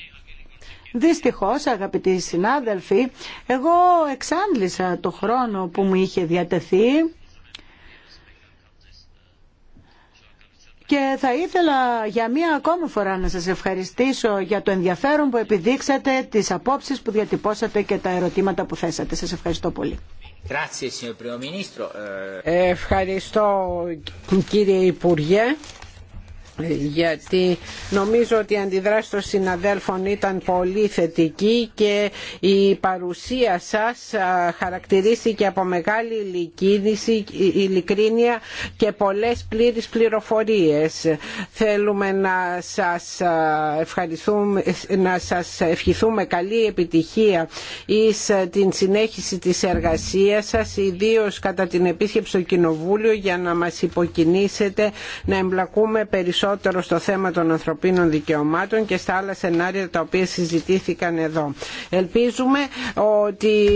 Δυστυχώς αγαπητοί συνάδελφοι, εγώ εξάντλησα το χρόνο που μου είχε διατεθεί Και θα ήθελα για μία ακόμη φορά να σας ευχαριστήσω για το ενδιαφέρον που επιδείξατε, τις απόψεις που διατυπώσατε και τα ερωτήματα που θέσατε. Σας ευχαριστώ πολύ. Ε, ευχαριστώ κύριε Υπουργέ γιατί νομίζω ότι η αντιδράση των συναδέλφων ήταν πολύ θετική και η παρουσία σας χαρακτηρίστηκε από μεγάλη ειλικρίνεια και πολλές πλήρεις πληροφορίες. Θέλουμε να σας, ευχαριστούμε, να σας ευχηθούμε καλή επιτυχία εις την συνέχιση της εργασίας σας, ιδίως κατά την επίσκεψη στο Κοινοβούλιο για να μας υποκινήσετε να εμπλακούμε περισσότερο περισσότερο στο θέμα των ανθρωπίνων δικαιωμάτων και στα άλλα σενάρια τα οποία συζητήθηκαν εδώ. Ελπίζουμε ότι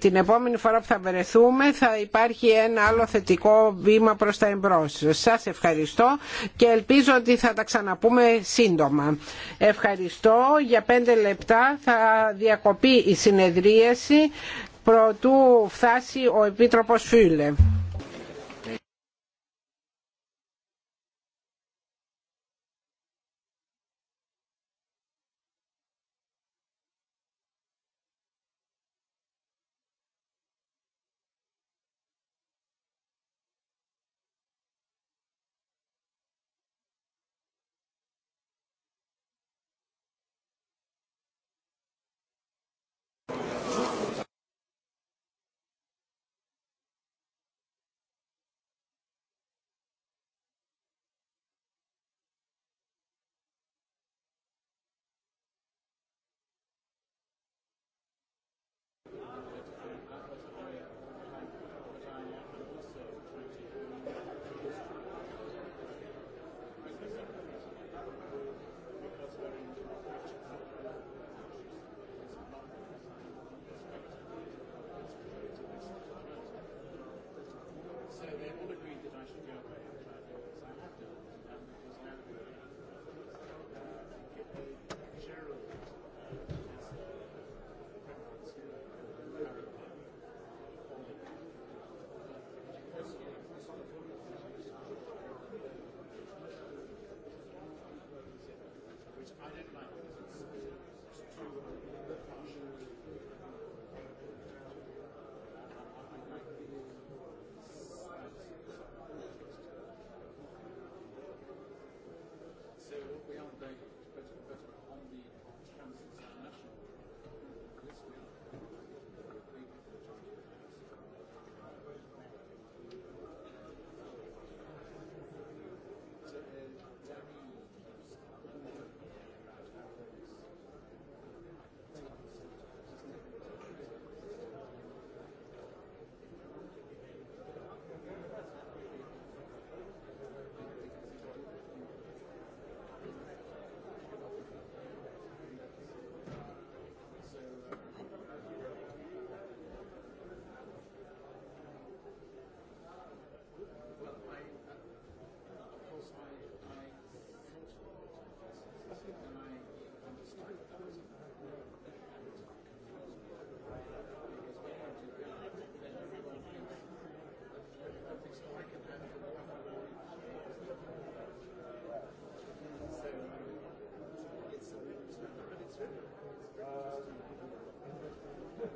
την επόμενη φορά που θα βρεθούμε θα υπάρχει ένα άλλο θετικό βήμα προς τα εμπρός. Σας ευχαριστώ και ελπίζω ότι θα τα ξαναπούμε σύντομα. Ευχαριστώ. Για πέντε λεπτά θα διακοπεί η συνεδρίαση προτού φτάσει ο Επίτροπος Φίλε.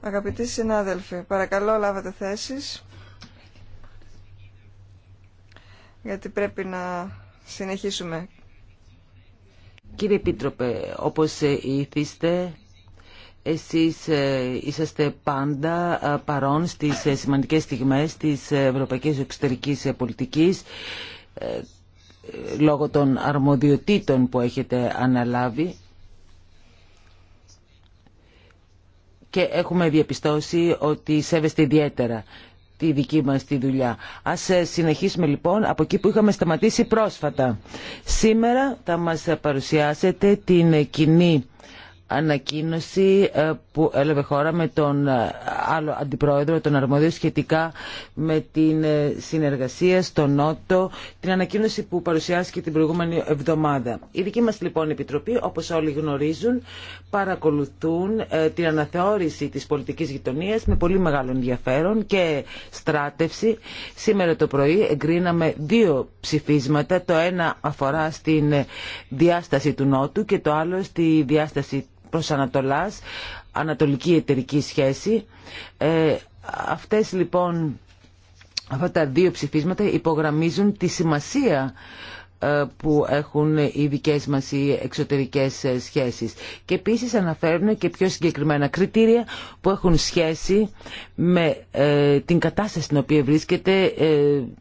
Αγαπητοί συνάδελφοι, παρακαλώ λάβατε θέσεις γιατί πρέπει να συνεχίσουμε. Κύριε Επίτροπε, όπως ε, ήθιστε, εσείς ε, είσαστε πάντα ε, παρόν στις σημαντικές στιγμές της ευρωπαϊκής εξωτερικής πολιτικής λόγω των αρμοδιοτήτων που έχετε αναλάβει και έχουμε διαπιστώσει ότι σέβεστε ιδιαίτερα τη δική μας τη δουλειά. Ας ε, συνεχίσουμε λοιπόν από εκεί που είχαμε σταματήσει πρόσφατα. Σήμερα θα μας παρουσιάσετε την κοινή ανακοίνωση ε, που έλαβε χώρα με τον ε, άλλο αντιπρόεδρο, τον Αρμόδιο, σχετικά με την ε, συνεργασία στο Νότο, την ανακοίνωση που παρουσιάστηκε την προηγούμενη εβδομάδα. Η δική μας λοιπόν Επιτροπή, όπως όλοι γνωρίζουν, παρακολουθούν την αναθεώρηση της πολιτικής γειτονίας με πολύ μεγάλο ενδιαφέρον και στράτευση. Σήμερα το πρωί εγκρίναμε δύο ψηφίσματα, το ένα αφορά στην διάσταση του Νότου και το άλλο στη διάσταση προς Ανατολάς, ανατολική εταιρική σχέση. Ε, αυτές λοιπόν, αυτά τα δύο ψηφίσματα υπογραμμίζουν τη σημασία ε, που έχουν οι δικέ μας οι εξωτερικές ε, σχέσεις. Και επίσης αναφέρουν και πιο συγκεκριμένα κριτήρια που έχουν σχέση με ε, την κατάσταση στην οποία βρίσκεται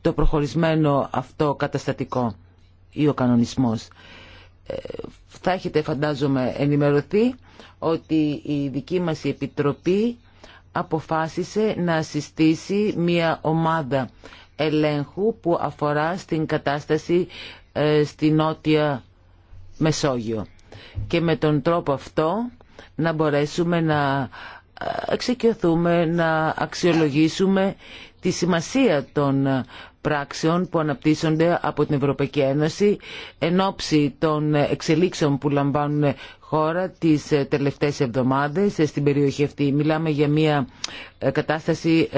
το προχωρισμένο αυτό καταστατικό ή ο κανονισμός. Θα έχετε φαντάζομαι ενημερωθεί ότι η δική μας Επιτροπή αποφάσισε να συστήσει μια ομάδα ελέγχου που αφορά στην κατάσταση ε, στη Νότια Μεσόγειο. Και με τον τρόπο αυτό να μπορέσουμε να ε, εξοικειωθούμε, να αξιολογήσουμε τη σημασία των πράξεων που αναπτύσσονται από την Ευρωπαϊκή Ένωση εν ώψη των εξελίξεων που λαμβάνουν χώρα τις ε, τελευταίες εβδομάδες ε, στην περιοχή αυτή. Μιλάμε για μια ε, κατάσταση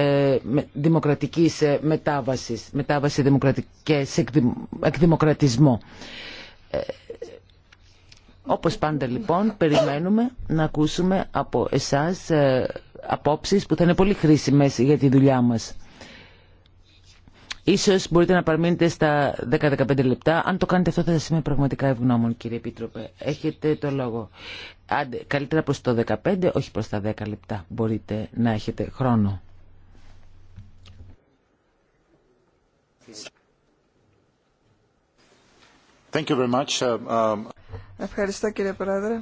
δημοκρατικής μετάβασης, μετάβαση δημοκρατικής, εκδημοκρατισμό. Όπως πάντα λοιπόν περιμένουμε να ακούσουμε από εσάς απόψεις που θα είναι πολύ χρήσιμες για τη δουλειά μας. Ίσως μπορείτε να παραμείνετε στα 10-15 λεπτά. Αν το κάνετε αυτό θα σας είμαι πραγματικά ευγνώμων κύριε Επίτροπε. Έχετε το λόγο. Άντε, καλύτερα προς το 15, όχι προς τα 10 λεπτά. Μπορείτε να έχετε χρόνο. Thank you very much. Uh, um, Ευχαριστώ κύριε Πρόεδρε.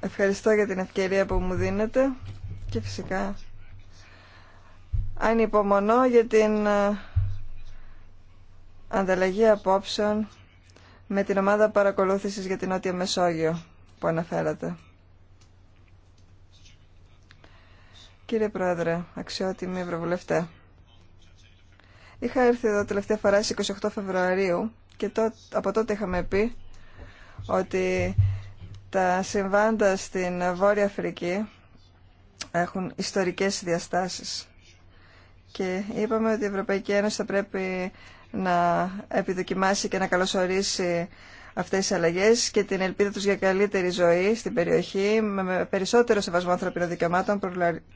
Ευχαριστώ για την ευκαιρία που μου δίνετε και φυσικά ανυπομονώ για την ε, ανταλλαγή απόψεων με την ομάδα παρακολούθησης για την Νότια Μεσόγειο που αναφέρατε. Κύριε Πρόεδρε, αξιότιμοι Ευρωβουλευτέ, είχα έρθει εδώ τελευταία φορά στις 28 Φεβρουαρίου και τότε, από τότε είχαμε πει ότι τα συμβάντα στην Βόρεια Αφρική έχουν ιστορικές διαστάσεις. Και είπαμε ότι η Ευρωπαϊκή Ένωση θα πρέπει να επιδοκιμάσει και να καλωσορίσει αυτές τις αλλαγές και την ελπίδα τους για καλύτερη ζωή στην περιοχή με περισσότερο σεβασμό ανθρωπίνων δικαιωμάτων,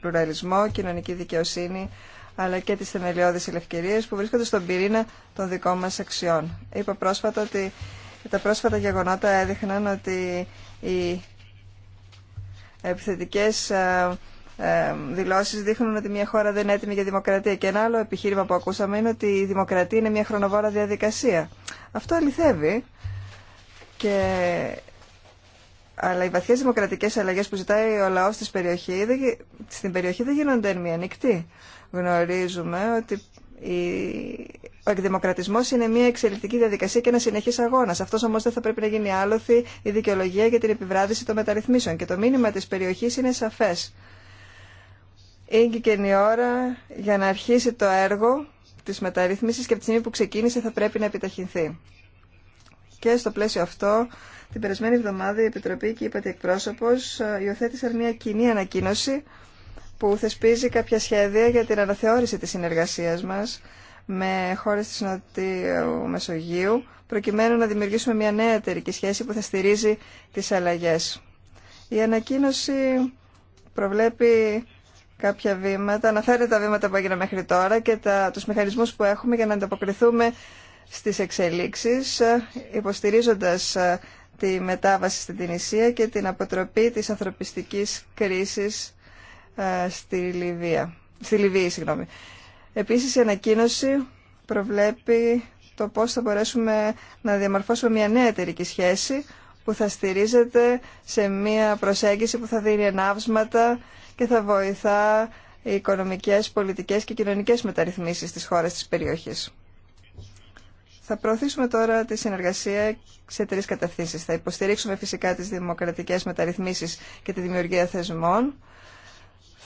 πλουραλισμό, κοινωνική δικαιοσύνη αλλά και τις θεμελιώδεις ελευκαιρίες που βρίσκονται στον πυρήνα των δικών μας αξιών. Είπα πρόσφατα ότι τα πρόσφατα γεγονότα έδειχναν ότι οι επιθετικές ε, ε, δηλώσεις δείχνουν ότι μια χώρα δεν είναι έτοιμη για δημοκρατία. Και ένα άλλο επιχείρημα που ακούσαμε είναι ότι η δημοκρατία είναι μια χρονοβόρα διαδικασία. Αυτό αληθεύει. Και... Αλλά οι βαθιές δημοκρατικές αλλαγές που ζητάει ο λαός της περιοχή, στην περιοχή δεν γίνονται εν μία νυχτή. Γνωρίζουμε ότι ο εκδημοκρατισμό είναι μια εξελικτική διαδικασία και ένα συνεχής αγώνας Αυτό όμως δεν θα πρέπει να γίνει άλοθη η δικαιολογία για την επιβράδυση των μεταρρυθμίσεων. Και το μήνυμα τη περιοχή είναι σαφέ. Ήγηκε η ώρα για να αρχίσει το έργο της μεταρρύθμισης και από τη στιγμή που ξεκίνησε θα πρέπει να επιταχυνθεί. Και στο πλαίσιο αυτό, την περασμένη εβδομάδα η Επιτροπή και είπατε Εκπρόσωπος ε, υιοθέτησαν μια κοινή ανακοίνωση που θεσπίζει κάποια σχέδια για την αναθεώρηση της συνεργασίας μας με χώρες της Νοτιού Μεσογείου προκειμένου να δημιουργήσουμε μια νέα εταιρική σχέση που θα στηρίζει τις αλλαγές. Η ανακοίνωση προβλέπει κάποια βήματα, φέρετε τα βήματα που έγιναν μέχρι τώρα και τα, τους μηχανισμούς που έχουμε για να ανταποκριθούμε στις εξελίξεις, ε, υποστηρίζοντας ε, τη μετάβαση στην Τινησία και την αποτροπή της ανθρωπιστικής κρίσης ε, στη, Λιβύη. στη Λιβύη. Συγγνώμη. Επίσης η ανακοίνωση προβλέπει το πώς θα μπορέσουμε να διαμορφώσουμε μια νέα εταιρική σχέση που θα στηρίζεται σε μια προσέγγιση που θα δίνει ενάυσματα και θα βοηθά οι οικονομικές, πολιτικές και κοινωνικές μεταρρυθμίσεις της χώρας της περιοχής. Θα προωθήσουμε τώρα τη συνεργασία σε τρεις κατευθύνσεις. Θα υποστηρίξουμε φυσικά τις δημοκρατικές μεταρρυθμίσεις και τη δημιουργία θεσμών.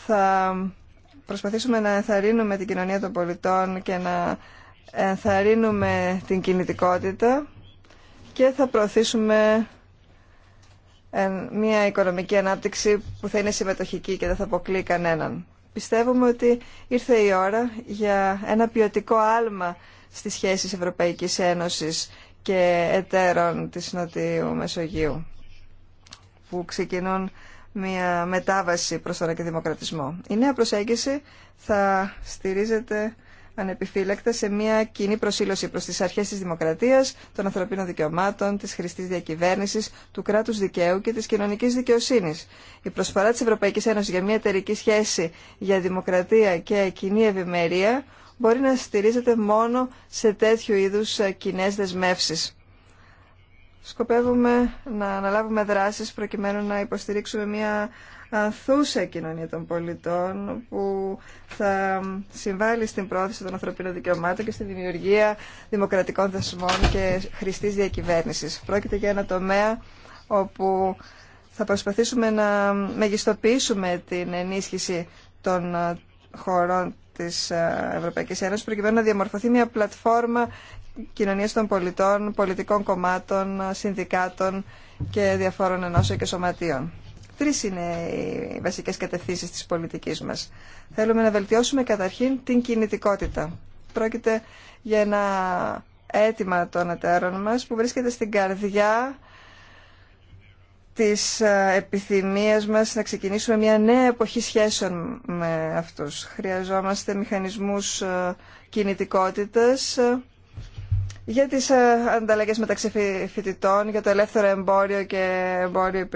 Θα προσπαθήσουμε να ενθαρρύνουμε την κοινωνία των πολιτών και να ενθαρρύνουμε την κινητικότητα και θα προωθήσουμε μια οικονομική ανάπτυξη που θα είναι συμμετοχική και δεν θα αποκλεί κανέναν. Πιστεύουμε ότι ήρθε η ώρα για ένα ποιοτικό άλμα στις σχέσεις Ευρωπαϊκής Ένωσης και εταίρων της Νοτιού Μεσογείου που ξεκινούν μια μετάβαση προς τον δημοκρατισμό. Η νέα προσέγγιση θα στηρίζεται ανεπιφύλακτα σε μια κοινή προσήλωση προς τις αρχές της δημοκρατίας, των ανθρωπίνων δικαιωμάτων, της χρηστής διακυβέρνησης, του κράτους δικαίου και της κοινωνικής δικαιοσύνης. Η προσφορά της Ευρωπαϊκής Ένωσης για μια εταιρική σχέση για δημοκρατία και κοινή ευημερία μπορεί να στηρίζεται μόνο σε τέτοιου είδους ε, κοινέ δεσμεύσεις. Σκοπεύουμε να αναλάβουμε δράσεις προκειμένου να υποστηρίξουμε μια ανθούσα κοινωνία των πολιτών που θα συμβάλλει στην πρόθεση των ανθρωπίνων δικαιωμάτων και στη δημιουργία δημοκρατικών δεσμών και χρηστής διακυβέρνησης. Πρόκειται για ένα τομέα όπου θα προσπαθήσουμε να μεγιστοποιήσουμε την ενίσχυση των χωρών της ε, Ευρωπαϊκής Ένωσης προκειμένου να διαμορφωθεί μια πλατφόρμα κοινωνίας των πολιτών, πολιτικών κομμάτων, συνδικάτων και διαφόρων ενώσεων και σωματείων. Τρει είναι οι βασικές κατευθύνσεις της πολιτικής μας. Θέλουμε να βελτιώσουμε καταρχήν την κινητικότητα. Πρόκειται για ένα αίτημα των εταίρων μα που βρίσκεται στην καρδιά της ε, επιθυμίας μας να ξεκινήσουμε μια νέα εποχή σχέσεων με αυτούς. Χρειαζόμαστε μηχανισμούς ε, κινητικότητας ε, για τις ε, ανταλλαγέ μεταξύ φοιτητών, για το ελεύθερο εμπόριο και, εμπόριο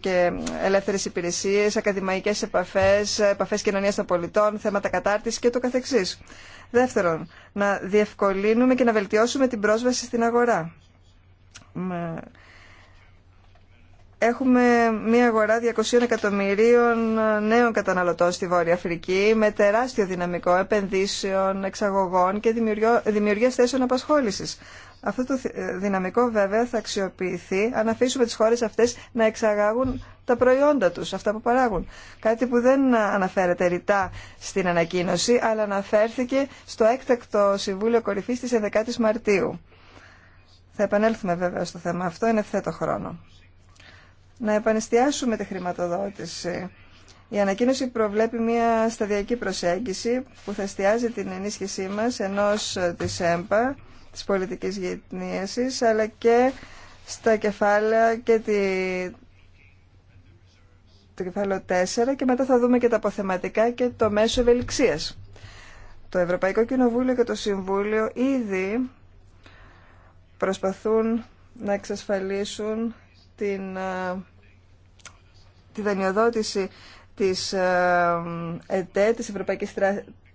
και ελεύθερες υπηρεσίες, ακαδημαϊκές επαφές, επαφές κοινωνίας των πολιτών, θέματα κατάρτισης και το καθεξής. Δεύτερον, να διευκολύνουμε και να βελτιώσουμε την πρόσβαση στην αγορά. Έχουμε μια αγορά 200 εκατομμυρίων νέων καταναλωτών στη Βόρεια Αφρική με τεράστιο δυναμικό επενδύσεων, εξαγωγών και δημιουργία θέσεων απασχόλησης. Αυτό το δυναμικό βέβαια θα αξιοποιηθεί αν αφήσουμε τις χώρες αυτές να εξαγάγουν τα προϊόντα τους, αυτά που παράγουν. Κάτι που δεν αναφέρεται ρητά στην ανακοίνωση, αλλά αναφέρθηκε στο έκτακτο Συμβούλιο Κορυφής της 11 Μαρτίου. Θα επανέλθουμε βέβαια στο θέμα αυτό, είναι θέτο χρόνο να επανεστιάσουμε τη χρηματοδότηση. Η ανακοίνωση προβλέπει μια σταδιακή προσέγγιση που θα εστιάζει την ενίσχυσή μας ενός ε, της ΕΜΠΑ, της πολιτικής γειτνίασης, αλλά και στα κεφάλαια και τη... το κεφάλαιο 4 και μετά θα δούμε και τα αποθεματικά και το μέσο ευελιξίας. Το Ευρωπαϊκό Κοινοβούλιο και το Συμβούλιο ήδη προσπαθούν να εξασφαλίσουν την, ε, τη δανειοδότηση της ε, ΕΤΕ, της Ευρωπαϊκής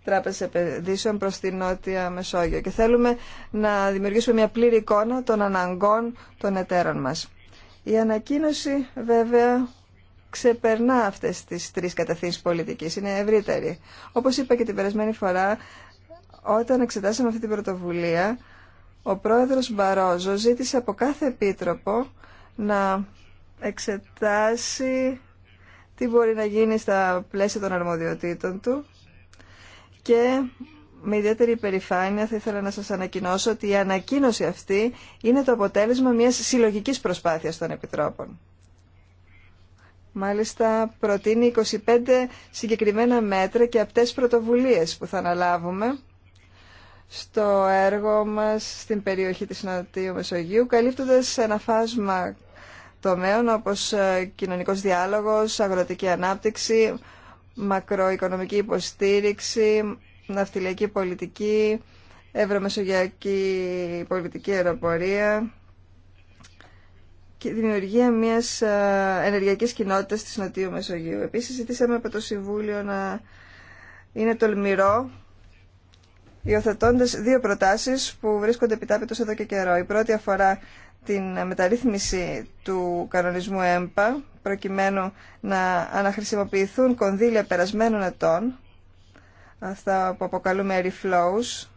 Τράπεζας Επενδύσεων προς τη Νότια Μεσόγειο και θέλουμε να δημιουργήσουμε μια πλήρη εικόνα των αναγκών των εταίρων μας. Η ανακοίνωση βέβαια ξεπερνά αυτές τις τρεις κατευθύνσεις πολιτικής, είναι ευρύτερη. Όπως είπα και την περασμένη φορά, όταν εξετάσαμε αυτή την πρωτοβουλία, ο πρόεδρος Μπαρόζο ζήτησε από κάθε επίτροπο να εξετάσει τι μπορεί να γίνει στα πλαίσια των αρμοδιοτήτων του και με ιδιαίτερη υπερηφάνεια θα ήθελα να σας ανακοινώσω ότι η ανακοίνωση αυτή είναι το αποτέλεσμα μιας συλλογικής προσπάθειας των Επιτρόπων. Μάλιστα προτείνει 25 συγκεκριμένα μέτρα και απτές πρωτοβουλίες που θα αναλάβουμε στο έργο μας στην περιοχή της Νοτιού Μεσογείου, καλύπτοντας ένα φάσμα τομέων όπως ε, κοινωνικός διάλογος, αγροτική ανάπτυξη, μακροοικονομική υποστήριξη, ναυτιλιακή πολιτική, ευρωμεσογειακή πολιτική αεροπορία και δημιουργία μιας ε, ενεργειακής κοινότητας της Νοτιού Μεσογείου. Επίσης, ζητήσαμε από το Συμβούλιο να είναι τολμηρό υιοθετώντα δύο προτάσει που βρίσκονται επιτάπητο εδώ και καιρό. Η πρώτη αφορά την μεταρρύθμιση του κανονισμού ΕΜΠΑ, προκειμένου να αναχρησιμοποιηθούν κονδύλια περασμένων ετών, αυτά που αποκαλούμε reflows,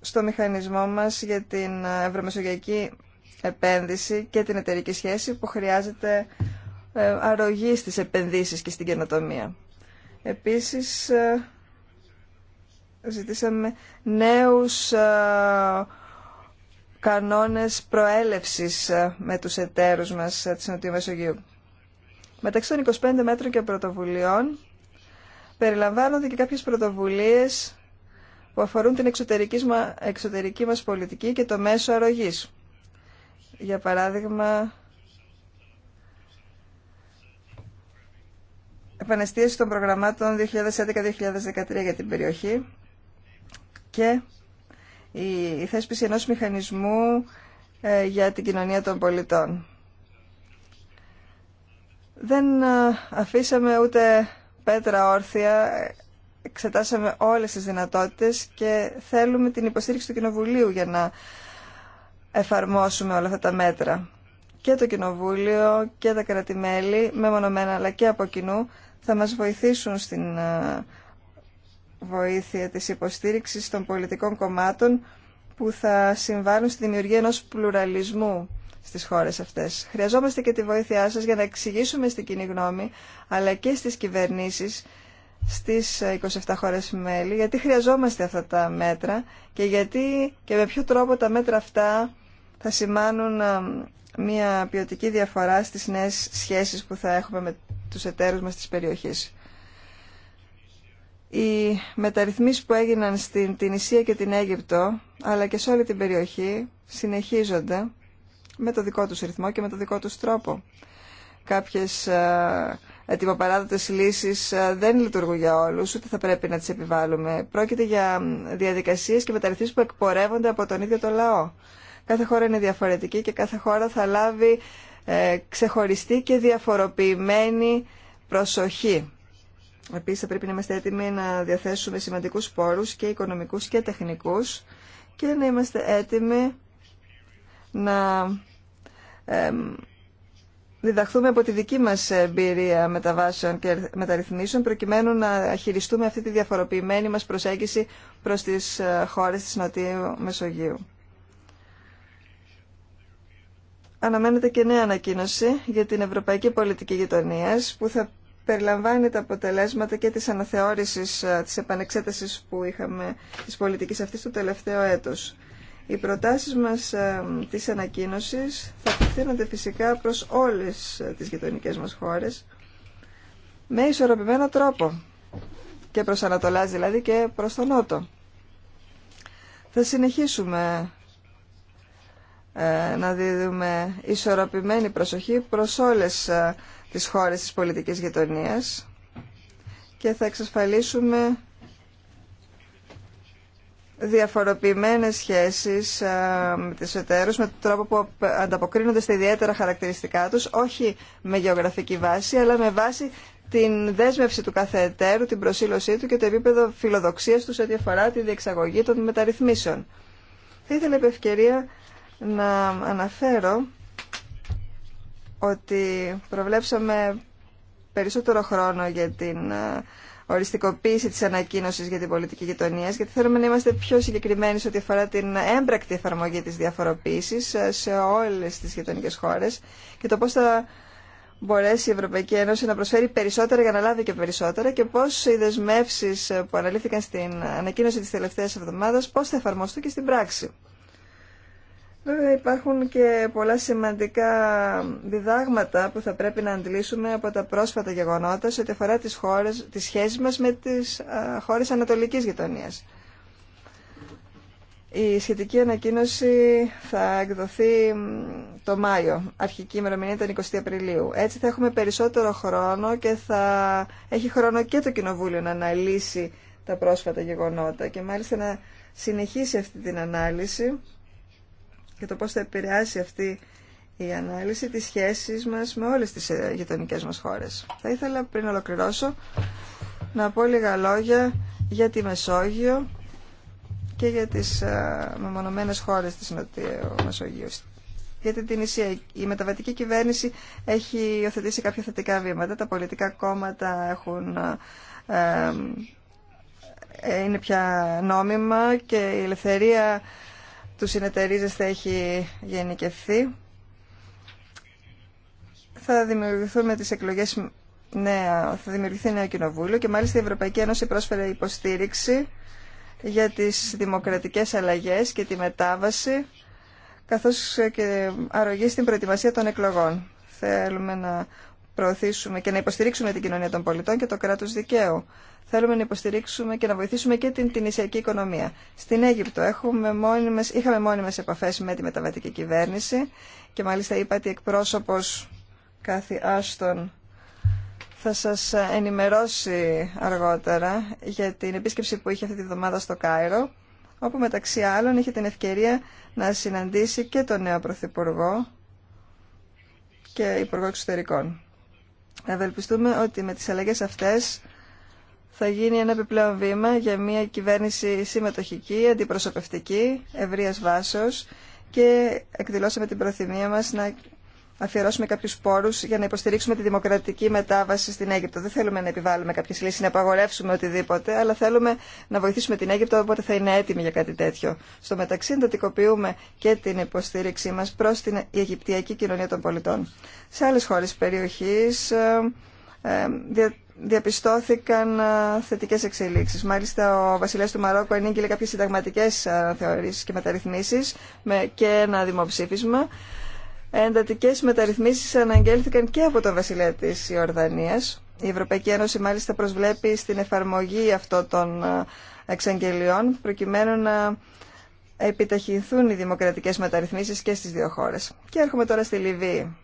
στο μηχανισμό μας για την ευρωμεσογειακή επένδυση και την εταιρική σχέση που χρειάζεται ε, αρρωγή στις επενδύσεις και στην καινοτομία. Επίσης, ε, ζητήσαμε νέους ε, κανόνες προέλευσης ε, με τους εταίρους μας ε, της Νοτιού Μεσογείου. Μεταξύ των 25 μέτρων και πρωτοβουλειών περιλαμβάνονται και κάποιες πρωτοβουλίες που αφορούν την εξωτερική, εξωτερική μας πολιτική και το μέσο αρρωγής. Για παράδειγμα, επανεστίαση των προγραμμάτων 2011-2013 για την περιοχή και η θέσπιση ενός μηχανισμού ε, για την κοινωνία των πολιτών. Δεν ε, αφήσαμε ούτε πέτρα όρθια, εξετάσαμε όλες τις δυνατότητες και θέλουμε την υποστήριξη του Κοινοβουλίου για να εφαρμόσουμε όλα αυτά τα μέτρα. Και το Κοινοβούλιο και τα κρατημέλη, μεμονωμένα αλλά και από κοινού, θα μας βοηθήσουν στην ε, βοήθεια της υποστήριξης των πολιτικών κομμάτων που θα συμβάλλουν στη δημιουργία ενός πλουραλισμού στις χώρες αυτές. Χρειαζόμαστε και τη βοήθειά σας για να εξηγήσουμε στην κοινή γνώμη αλλά και στις κυβερνήσεις στις 27 χώρες μέλη γιατί χρειαζόμαστε αυτά τα μέτρα και γιατί και με ποιο τρόπο τα μέτρα αυτά θα σημάνουν ε, μια ποιοτική διαφορά στις νέες σχέσεις που θα έχουμε με τους εταίρους μας της περιοχής. Οι μεταρρυθμίσεις που έγιναν στην Ισία και την Αίγυπτο, αλλά και σε όλη την περιοχή, συνεχίζονται με το δικό τους ρυθμό και με το δικό τους τρόπο. Κάποιες ε, ετοιμοπαράδοτες λύσεις ε, δεν λειτουργούν για όλους, ούτε θα πρέπει να τις επιβάλλουμε. Πρόκειται για διαδικασίες και μεταρρυθμίσεις που εκπορεύονται από τον ίδιο το λαό. Κάθε χώρα είναι διαφορετική και κάθε χώρα θα λάβει ε, ξεχωριστή και διαφοροποιημένη προσοχή Επίσης θα πρέπει να είμαστε έτοιμοι να διαθέσουμε σημαντικούς πόρους και οικονομικούς και τεχνικούς και να είμαστε έτοιμοι να διδαχθούμε από τη δική μας εμπειρία μεταβάσεων και μεταρρυθμίσεων προκειμένου να χειριστούμε αυτή τη διαφοροποιημένη μας προσέγγιση προς τις ε, χώρες της Νοτιού Μεσογείου. Αναμένεται και νέα ανακοίνωση για την Ευρωπαϊκή Πολιτική Γειτονία που θα περιλαμβάνει τα αποτελέσματα και της αναθεώρησης, ε, της επανεξέτασης που είχαμε της πολιτικής αυτής το τελευταίο έτος. Οι προτάσεις μας ε, της ανακοίνωσης θα απευθύνονται φυσικά προς όλες ε, τις γειτονικές μας χώρες με ισορροπημένο τρόπο και προς Ανατολάς δηλαδή και προς τον Νότο. Θα συνεχίσουμε να δίδουμε ισορροπημένη προσοχή προς όλες τις χώρες της πολιτικής γειτονίας και θα εξασφαλίσουμε διαφοροποιημένες σχέσεις με τις εταίρους με τον τρόπο που ανταποκρίνονται στα ιδιαίτερα χαρακτηριστικά τους, όχι με γεωγραφική βάση, αλλά με βάση την δέσμευση του κάθε εταίρου, την προσήλωσή του και το επίπεδο φιλοδοξίας του σε ό,τι αφορά τη διεξαγωγή των μεταρρυθμίσεων. Θα ήθελα επ' ευκαιρία να αναφέρω ότι προβλέψαμε περισσότερο χρόνο για την ε, οριστικοποίηση της ανακοίνωσης για την πολιτική γειτονία, γιατί θέλουμε να είμαστε πιο συγκεκριμένοι σε ό,τι αφορά την έμπρακτη εφαρμογή της διαφοροποίησης ε, σε όλες τις γειτονικές χώρες και το πώς θα μπορέσει η Ευρωπαϊκή Ένωση να προσφέρει περισσότερα για να λάβει και περισσότερα και πώς οι δεσμεύσεις που αναλύθηκαν στην ανακοίνωση της τελευταίας εβδομάδας πώς θα εφαρμοστούν και στην πράξη. Βέβαια υπάρχουν και πολλά σημαντικά διδάγματα που θα πρέπει να αντλήσουμε από τα πρόσφατα γεγονότα σε ό,τι αφορά τις, χώρες, τις σχέσεις μας με τις χώρες ανατολικής γειτονίας. Η σχετική ανακοίνωση θα εκδοθεί το Μάιο. Αρχική ημερομηνία ήταν 20 Απριλίου. Έτσι θα έχουμε περισσότερο χρόνο και θα έχει χρόνο και το Κοινοβούλιο να αναλύσει τα πρόσφατα γεγονότα και μάλιστα να συνεχίσει αυτή την ανάλυση για το πώς θα επηρεάσει αυτή η ανάλυση της σχέσης μας με όλες τις ε, γειτονικέ μας χώρες. Θα ήθελα πριν ολοκληρώσω να πω λίγα λόγια για τη Μεσόγειο και για τις ε, μεμονωμένες χώρες της Νοτιού Μεσογείου. Γιατί την Ισία, η μεταβατική κυβέρνηση έχει υιοθετήσει κάποια θετικά βήματα, τα πολιτικά κόμματα έχουν, ε, είναι πια νόμιμα και η ελευθερία του συνεταιρίζεστε έχει γενικευθεί. Θα δημιουργηθούν με τις εκλογές νέα, θα δημιουργηθεί νέο κοινοβούλιο και μάλιστα η Ευρωπαϊκή Ένωση πρόσφερε υποστήριξη για τις δημοκρατικές αλλαγές και τη μετάβαση καθώς και αρρωγή στην προετοιμασία των εκλογών. Θέλουμε να προωθήσουμε και να υποστηρίξουμε την κοινωνία των πολιτών και το κράτο δικαίου. Θέλουμε να υποστηρίξουμε και να βοηθήσουμε και την τινησιακή οικονομία. Στην Αίγυπτο έχουμε μόνιμες, είχαμε μόνιμες επαφές με τη μεταβατική κυβέρνηση και μάλιστα είπα ότι εκπρόσωπος κάθε Άστον θα σας ενημερώσει αργότερα για την επίσκεψη που είχε αυτή τη βδομάδα στο Κάιρο όπου μεταξύ άλλων είχε την ευκαιρία να συναντήσει και τον νέο Πρωθυπουργό και Υπουργό Εξωτερικών. Ευελπιστούμε ότι με τις αλλαγές αυτές θα γίνει ένα επιπλέον βήμα για μια κυβέρνηση συμμετοχική, αντιπροσωπευτική, ευρείας βάσεως και εκδηλώσαμε την προθυμία μας να αφιερώσουμε κάποιου πόρου για να υποστηρίξουμε τη δημοκρατική μετάβαση στην Αίγυπτο. Δεν θέλουμε να επιβάλλουμε κάποιε λύσει, να απαγορεύσουμε οτιδήποτε, αλλά θέλουμε να βοηθήσουμε την Αίγυπτο όποτε θα είναι έτοιμη για κάτι τέτοιο. Στο μεταξύ, εντατικοποιούμε και την υποστήριξή μα προ την Αιγυπτιακή κοινωνία των πολιτών. Σε άλλε χώρε περιοχή ε, ε, διαπιστώθηκαν ε, θετικέ εξελίξει. Μάλιστα, ο βασιλιά του Μαρόκου ενήγγειλε κάποιε συνταγματικέ θεωρήσει και μεταρρυθμίσει και ένα δημοψήφισμα. Εντατικέ μεταρρυθμίσει αναγγέλθηκαν και από τον βασιλέα της Ιορδανίας. Η Ευρωπαϊκή Ένωση μάλιστα προσβλέπει στην εφαρμογή αυτών των ε, εξαγγελιών προκειμένου να επιταχυνθούν οι δημοκρατικές μεταρρυθμίσεις και στις δύο χώρες. Και έρχομαι τώρα στη Λιβύη.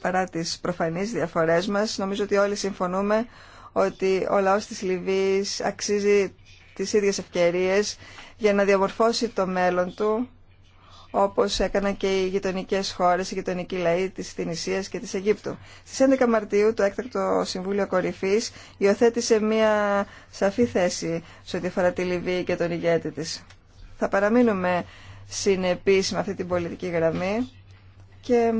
Παρά τις προφανείς διαφορές μας, νομίζω ότι όλοι συμφωνούμε ότι ο λαός της Λιβύης αξίζει τις ίδιες ευκαιρίες για να διαμορφώσει το μέλλον του όπως έκαναν και οι γειτονικέ χώρες, οι γειτονικοί λαοί της Τινησίας και της Αιγύπτου. Στις 11 Μαρτίου το έκτακτο Συμβούλιο Κορυφής υιοθέτησε μια σαφή θέση σε ό,τι αφορά τη Λιβύη και τον ηγέτη της. Θα παραμείνουμε συνεπείς με αυτή την πολιτική γραμμή και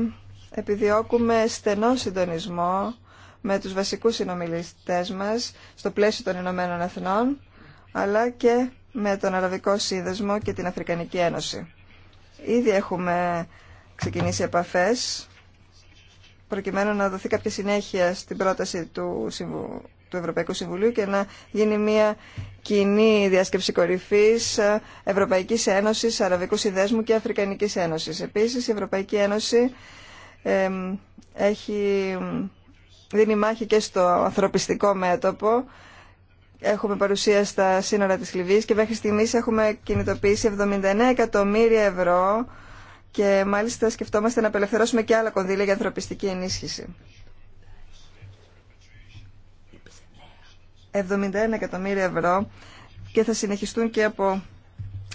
επιδιώκουμε στενό συντονισμό με τους βασικούς συνομιλητές μας στο πλαίσιο των Ηνωμένων Εθνών αλλά και με τον Αραβικό Σύνδεσμο και την Αφρικανική Ένωση. Ήδη έχουμε ξεκινήσει επαφές προκειμένου να δοθεί κάποια συνέχεια στην πρόταση του, του Ευρωπαϊκού Συμβουλίου και να γίνει μια κοινή διάσκεψη κορυφής ε, Ευρωπαϊκής Ένωσης, Αραβικού Συνδέσμου και Αφρικανικής Ένωσης. Επίσης, η Ευρωπαϊκή Ένωση έχει δίνει μάχη και στο ανθρωπιστικό μέτωπο έχουμε παρουσία στα σύνορα της Λιβύης και μέχρι στιγμής έχουμε κινητοποιήσει 79 εκατομμύρια ευρώ και μάλιστα σκεφτόμαστε να απελευθερώσουμε και άλλα κονδύλια για ανθρωπιστική ενίσχυση. 71 εκατομμύρια ευρώ και θα συνεχιστούν και από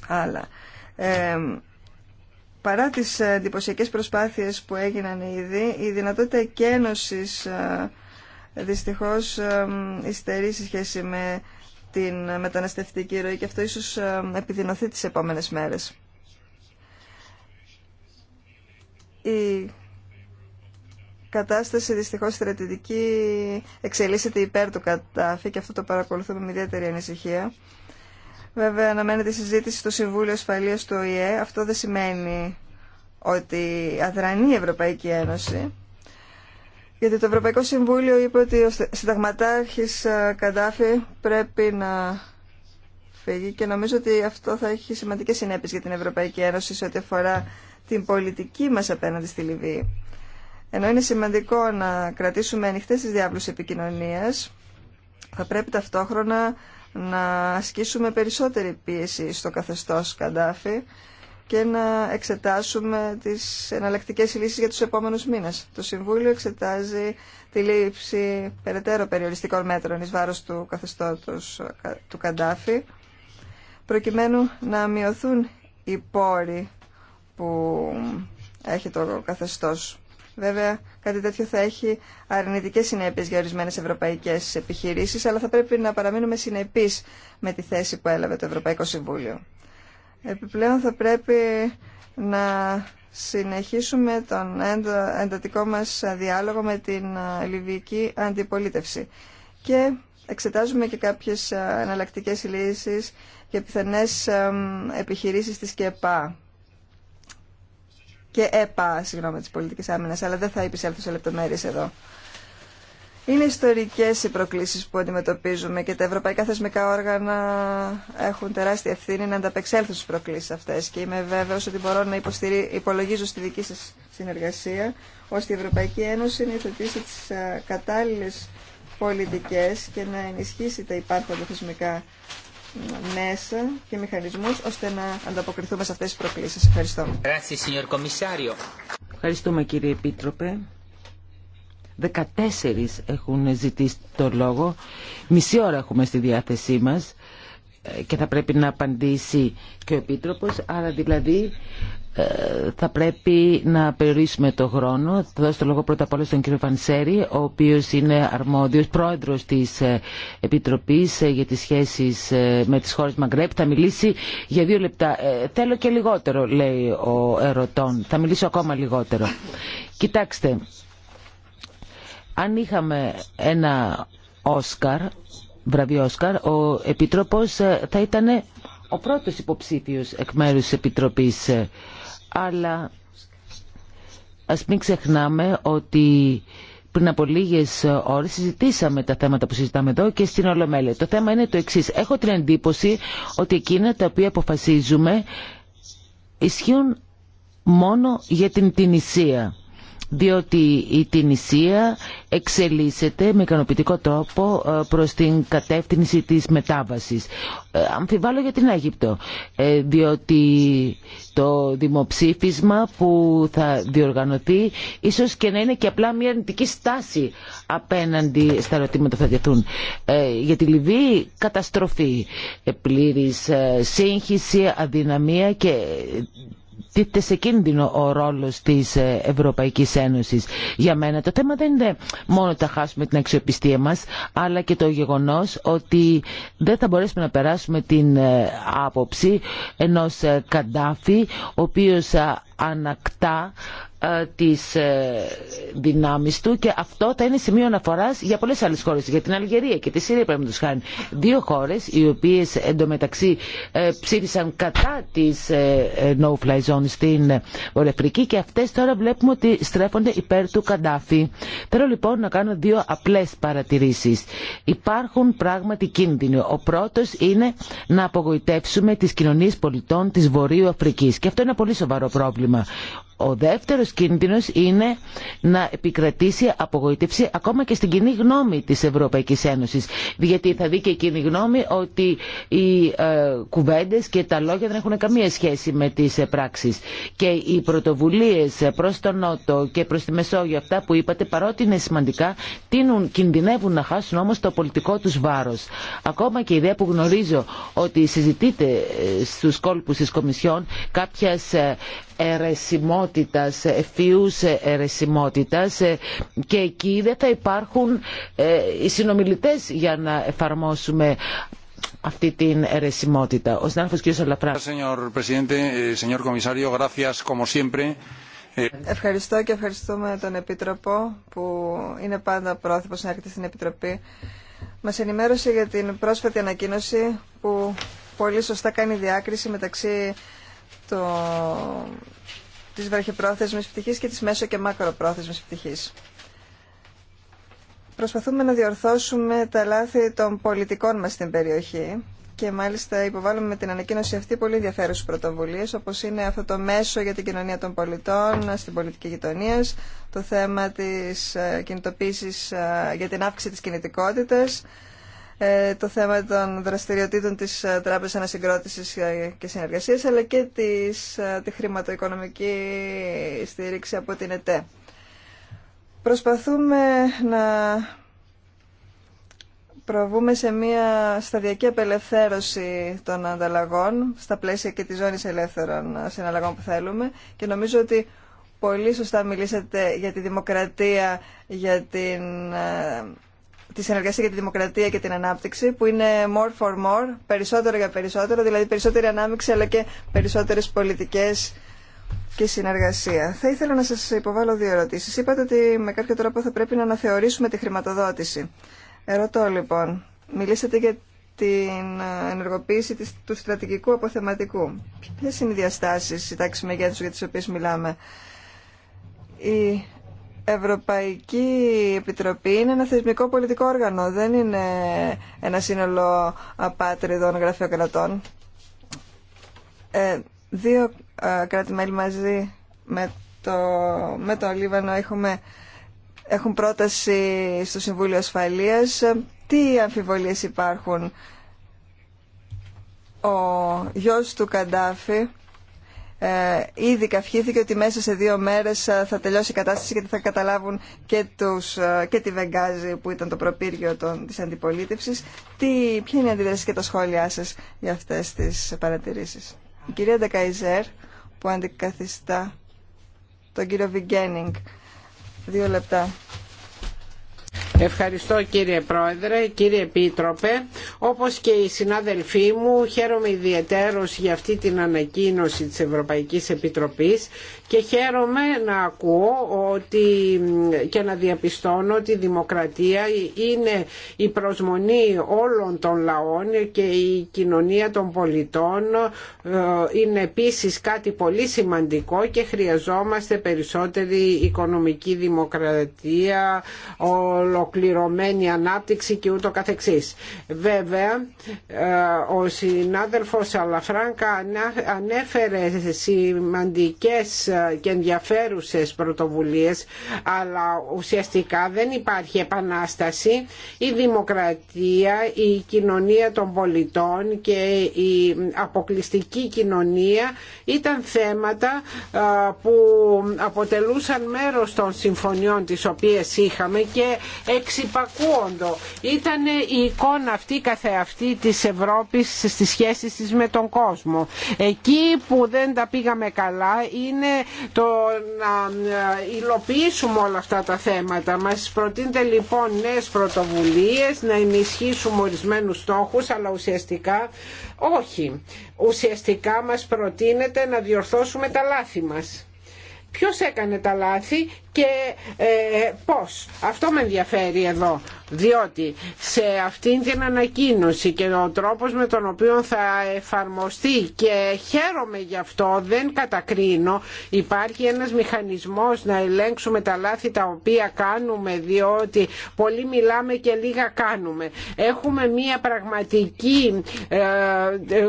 άλλα. Ε, παρά τις εντυπωσιακέ προσπάθειες που έγιναν ήδη, η δυνατότητα εκένωσης ε, δυστυχώς υστερεί σε σχέση με την μεταναστευτική ροή και αυτό ίσως επιδεινωθεί τις επόμενες μέρες. Η κατάσταση δυστυχώς στρατητική εξελίσσεται υπέρ του Κατάφη και αυτό το παρακολουθούμε με ιδιαίτερη ανησυχία. Βέβαια, αναμένεται η συζήτηση στο Συμβούλιο Ασφαλείας του ΟΗΕ. Αυτό δεν σημαίνει ότι αδρανεί η Ευρωπαϊκή Ένωση. Γιατί το Ευρωπαϊκό Συμβούλιο είπε ότι ο συνταγματάρχης ε, Καντάφη πρέπει να φύγει και νομίζω ότι αυτό θα έχει σημαντικές συνέπειες για την Ευρωπαϊκή Ένωση σε ό,τι αφορά την πολιτική μας απέναντι στη Λιβύη. Ενώ είναι σημαντικό να κρατήσουμε ανοιχτές τις διάβλους επικοινωνίας, θα πρέπει ταυτόχρονα να ασκήσουμε περισσότερη πίεση στο καθεστώς Καντάφη και να εξετάσουμε τις εναλλακτικέ λύσεις για τους επόμενους μήνες. Το Συμβούλιο εξετάζει τη λήψη περαιτέρω περιοριστικών μέτρων εις βάρος του καθεστώτος ε, του Καντάφη, προκειμένου να μειωθούν οι πόροι που έχει το καθεστώς. Βέβαια, κάτι τέτοιο θα έχει αρνητικές συνέπειες για ορισμένες ευρωπαϊκές επιχειρήσεις, αλλά θα πρέπει να παραμείνουμε συνεπείς με τη θέση που έλαβε το Ευρωπαϊκό Συμβούλιο. Επιπλέον θα πρέπει να συνεχίσουμε τον εντατικό μας διάλογο με την Λιβυική Αντιπολίτευση. Και εξετάζουμε και κάποιες εναλλακτικές λύσεις και πιθανές επιχειρήσεις της ΚΕΠΑ και ΕΠΑ, συγγνώμη, της πολιτικής άμυνας, αλλά δεν θα επισέλθω σε λεπτομέρειες εδώ. Είναι ιστορικές οι προκλήσει που αντιμετωπίζουμε και τα ευρωπαϊκά θεσμικά όργανα έχουν τεράστια ευθύνη να ανταπεξέλθουν στις προκλήσεις αυτές και είμαι βέβαιο ότι μπορώ να υπολογίζω στη δική σα συνεργασία ώστε η Ευρωπαϊκή Ένωση να υιοθετήσει τις κατάλληλε πολιτικές και να ενισχύσει τα υπάρχοντα θεσμικά μέσα και μηχανισμούς ώστε να ανταποκριθούμε σε αυτές τις προκλήσεις. Ευχαριστώ. Ευχαριστούμε κύριε Επίτροπε. 14 έχουν ζητήσει το λόγο. Μισή ώρα έχουμε στη διάθεσή μας ε, και θα πρέπει να απαντήσει και ο Επίτροπος. Άρα δηλαδή ε, θα πρέπει να περιορίσουμε το χρόνο. Θα δώσω το λόγο πρώτα απ' όλα στον κύριο Φανσέρη, ο οποίος είναι αρμόδιος πρόεδρος της ε, Επιτροπής για τις σχέσεις με τις χώρες Μαγκρέπ. Θα μιλήσει για δύο λεπτά. Θέλω και λιγότερο, λέει ο ερωτών. Θα μιλήσω ακόμα λιγότερο. Κοιτάξτε, αν είχαμε ένα Όσκαρ, βραβείο Όσκαρ, ο Επίτροπος ε, θα ήταν ο πρώτος υποψήφιος εκ μέρους της Επιτροπής. Ε, αλλά ας μην ξεχνάμε ότι πριν από λίγε ώρε συζητήσαμε τα θέματα που συζητάμε εδώ και στην Ολομέλεια. Το θέμα είναι το εξή. Έχω την εντύπωση ότι εκείνα τα οποία αποφασίζουμε ισχύουν μόνο για την Τινησία διότι η Τινησία εξελίσσεται με ικανοποιητικό τρόπο ε, προς την κατεύθυνση της μετάβασης. Ε, αμφιβάλλω για την Αίγυπτο, ε, διότι το δημοψήφισμα που θα διοργανωθεί ίσως και να είναι και απλά μια αρνητική στάση απέναντι στα ερωτήματα που θα διαθούν. Για τη Λιβύη καταστροφή, πλήρης σύγχυση, αδυναμία και τίθεται σε κίνδυνο ο ρόλος της ε, Ευρωπαϊκής Ένωσης. Για μένα το θέμα δεν είναι μόνο ότι θα χάσουμε την αξιοπιστία μας, αλλά και το γεγονός ότι δεν θα μπορέσουμε να περάσουμε την ε, άποψη ενός ε, Καντάφη, ο οποίος ανακτά ε, τις ε, δυνάμεις του και αυτό θα είναι σημείο αναφοράς για πολλές άλλες χώρες, για την Αλγερία και τη Συρία πρέπει να τους χάνει. Δύο χώρες οι οποίες εντωμεταξύ ε, ψήφισαν κατά της no-fly zone στην Βορειοαφρική και αυτές τώρα βλέπουμε ότι στρέφονται υπέρ του Καντάφη. Θέλω λοιπόν να κάνω δύο απλές παρατηρήσεις. Υπάρχουν πράγματι κίνδυνοι. Ο πρώτος είναι να απογοητεύσουμε τις κοινωνίες πολιτών της Βορείου και αυτό είναι ένα πολύ σοβαρό πρόβλημα. Ο δεύτερος κίνδυνος είναι να επικρατήσει απογοήτευση ακόμα και στην κοινή γνώμη της Ευρωπαϊκής Ένωσης. Γιατί θα δει και η κοινή γνώμη ότι οι ε, κουβέντες και τα λόγια δεν έχουν καμία σχέση με τις ε, πράξεις. Και οι πρωτοβουλίες προς τον Νότο και προς τη Μεσόγειο, αυτά που είπατε, παρότι είναι σημαντικά, τίνουν, κινδυνεύουν να χάσουν όμως το πολιτικό τους βάρος. Ακόμα και η ιδέα που γνωρίζω ότι συζητείται ε, στους κόλπους της Κομισιόν κάποιας ε, αιρεσιμότητας, ευφύους αιρεσιμότητας και εκεί δεν θα υπάρχουν ε, οι συνομιλητές για να εφαρμόσουμε αυτή την αιρεσιμότητα. Ο συνάδελφος κ. Σαλαφρά. Eh, ε, ευχαριστώ και ευχαριστούμε τον Επίτροπο που είναι πάντα πρόθυμος να έρχεται στην Επιτροπή. Μας ενημέρωσε για την πρόσφατη ανακοίνωση που πολύ σωστά κάνει διάκριση μεταξύ το, της βραχυπρόθεσμης πτυχής και της μέσο και μακροπρόθεσμης πτυχής. Προσπαθούμε να διορθώσουμε τα λάθη των πολιτικών μας στην περιοχή και μάλιστα υποβάλλουμε την ανακοίνωση αυτή πολύ ενδιαφέρουσες πρωτοβουλίες όπως είναι αυτό το μέσο για την κοινωνία των πολιτών στην πολιτική γειτονία, το θέμα της ε, κινητοποίησης ε, για την αύξηση της κινητικότητας, ε, το θέμα των δραστηριοτήτων της ε, Τράπεζας Ανασυγκρότησης ε, και Συνεργασίας αλλά και της, τη χρηματοοικονομική στήριξη από την ΕΤΕ. Προσπαθούμε να προβούμε σε μια σταδιακή απελευθέρωση των ανταλλαγών στα πλαίσια και της ζώνης ελεύθερων συναλλαγών που θέλουμε και νομίζω ότι πολύ σωστά μιλήσατε για τη δημοκρατία, για την τη συνεργασία για τη δημοκρατία και την ανάπτυξη, που είναι more for more, περισσότερο για περισσότερο, δηλαδή περισσότερη ανάμειξη αλλά και περισσότερε πολιτικέ και συνεργασία. Θα ήθελα να σα υποβάλω δύο ερωτήσει. Είπατε ότι με κάποιο τρόπο θα πρέπει να αναθεωρήσουμε τη χρηματοδότηση. Ερωτώ λοιπόν, μιλήσατε για την ενεργοποίηση του στρατηγικού αποθεματικού. Ποιε είναι οι διαστάσει, οι τάξει μεγέθου για τι οποίε μιλάμε. Η Ευρωπαϊκή Επιτροπή είναι ένα θεσμικό πολιτικό όργανο, δεν είναι ένα σύνολο απάτριδων γραφειοκρατών. Ε, δύο ε, κράτη-μέλη μαζί με το, με Λίβανο έχουμε, έχουν πρόταση στο Συμβούλιο Ασφαλείας. Τι αμφιβολίες υπάρχουν. Ο γιος του Καντάφη ε, ήδη καυχήθηκε ότι μέσα σε δύο μέρες ε, θα τελειώσει η κατάσταση γιατί θα καταλάβουν και, τους, ε, και τη Βεγγάζη που ήταν το προπύργιο των, της αντιπολίτευσης. Τι, ποια είναι η αντίδραση και τα σχόλιά σας για αυτές τις παρατηρήσεις. Η κυρία Ντεκαϊζέρ που αντικαθιστά τον κύριο Βιγκένινγκ. Δύο λεπτά. Ευχαριστώ κύριε Πρόεδρε, κύριε Επίτροπε. Όπως και οι συνάδελφοί μου χαίρομαι ιδιαίτερος για αυτή την ανακοίνωση της Ευρωπαϊκής Επιτροπής και χαίρομαι να ακούω ότι, και να διαπιστώνω ότι η δημοκρατία είναι η προσμονή όλων των λαών και η κοινωνία των πολιτών ε, είναι επίσης κάτι πολύ σημαντικό και χρειαζόμαστε περισσότερη οικονομική δημοκρατία, ολοκληρωμένη ανάπτυξη και ούτω καθεξής. Βέβαια, ε, ο συνάδελφος Αλαφράγκα ανέφερε σημαντικές και ενδιαφέρουσες πρωτοβουλίες, αλλά ουσιαστικά δεν υπάρχει επανάσταση. Η δημοκρατία, η κοινωνία των πολιτών και η αποκλειστική κοινωνία ήταν θέματα ε, που αποτελούσαν μέρος των συμφωνιών τις οποίες είχαμε και εξυπακούοντο. Ήταν η εικόνα αυτή καθεαυτή της Ευρώπης στις σχέσεις της με τον κόσμο. Εκεί που δεν τα πήγαμε καλά είναι το να ε, υλοποιήσουμε όλα αυτά τα θέματα. Μας προτείνεται λοιπόν νέες πρωτοβουλίες, να ενισχύσουμε ορισμένους στόχους, αλλά ουσιαστικά όχι. Ουσιαστικά μας προτείνεται να διορθώσουμε τα λάθη μας ποιος έκανε τα λάθη και ε, πώς. Αυτό με ενδιαφέρει εδώ διότι σε αυτήν την ανακοίνωση και ο τρόπος με τον οποίο θα εφαρμοστεί και χαίρομαι γι' αυτό δεν κατακρίνω υπάρχει ένας μηχανισμός να ελέγξουμε τα λάθη τα οποία κάνουμε διότι πολύ μιλάμε και λίγα κάνουμε έχουμε μια πραγματική ε,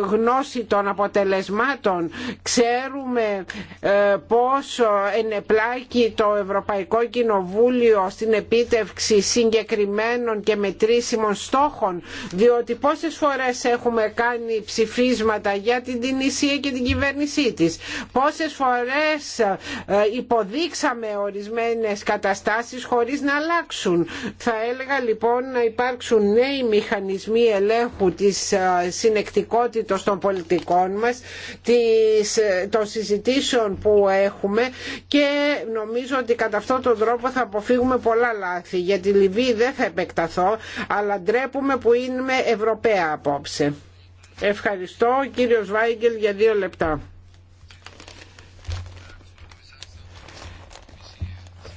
γνώση των αποτελεσμάτων ξέρουμε ε, πόσο ενεπλάκει το Ευρωπαϊκό Κοινοβούλιο στην επίτευξη συγκεκριμένων συγκεκριμένων και μετρήσιμων στόχων διότι πόσες φορές έχουμε κάνει ψηφίσματα για την Τινησία και την κυβέρνησή της πόσες φορές ε, υποδείξαμε ορισμένες καταστάσεις χωρίς να αλλάξουν θα έλεγα λοιπόν να υπάρξουν νέοι μηχανισμοί ελέγχου της ε, συνεκτικότητας των πολιτικών μας ε, των συζητήσεων που έχουμε και νομίζω ότι κατά αυτόν τον τρόπο θα αποφύγουμε πολλά λάθη. γιατί η Λιβύη δεν θα επεκταθώ, αλλά ντρέπουμε που είμαι Ευρωπαία απόψε. Ευχαριστώ κύριος Βάγκελ για δύο λεπτά.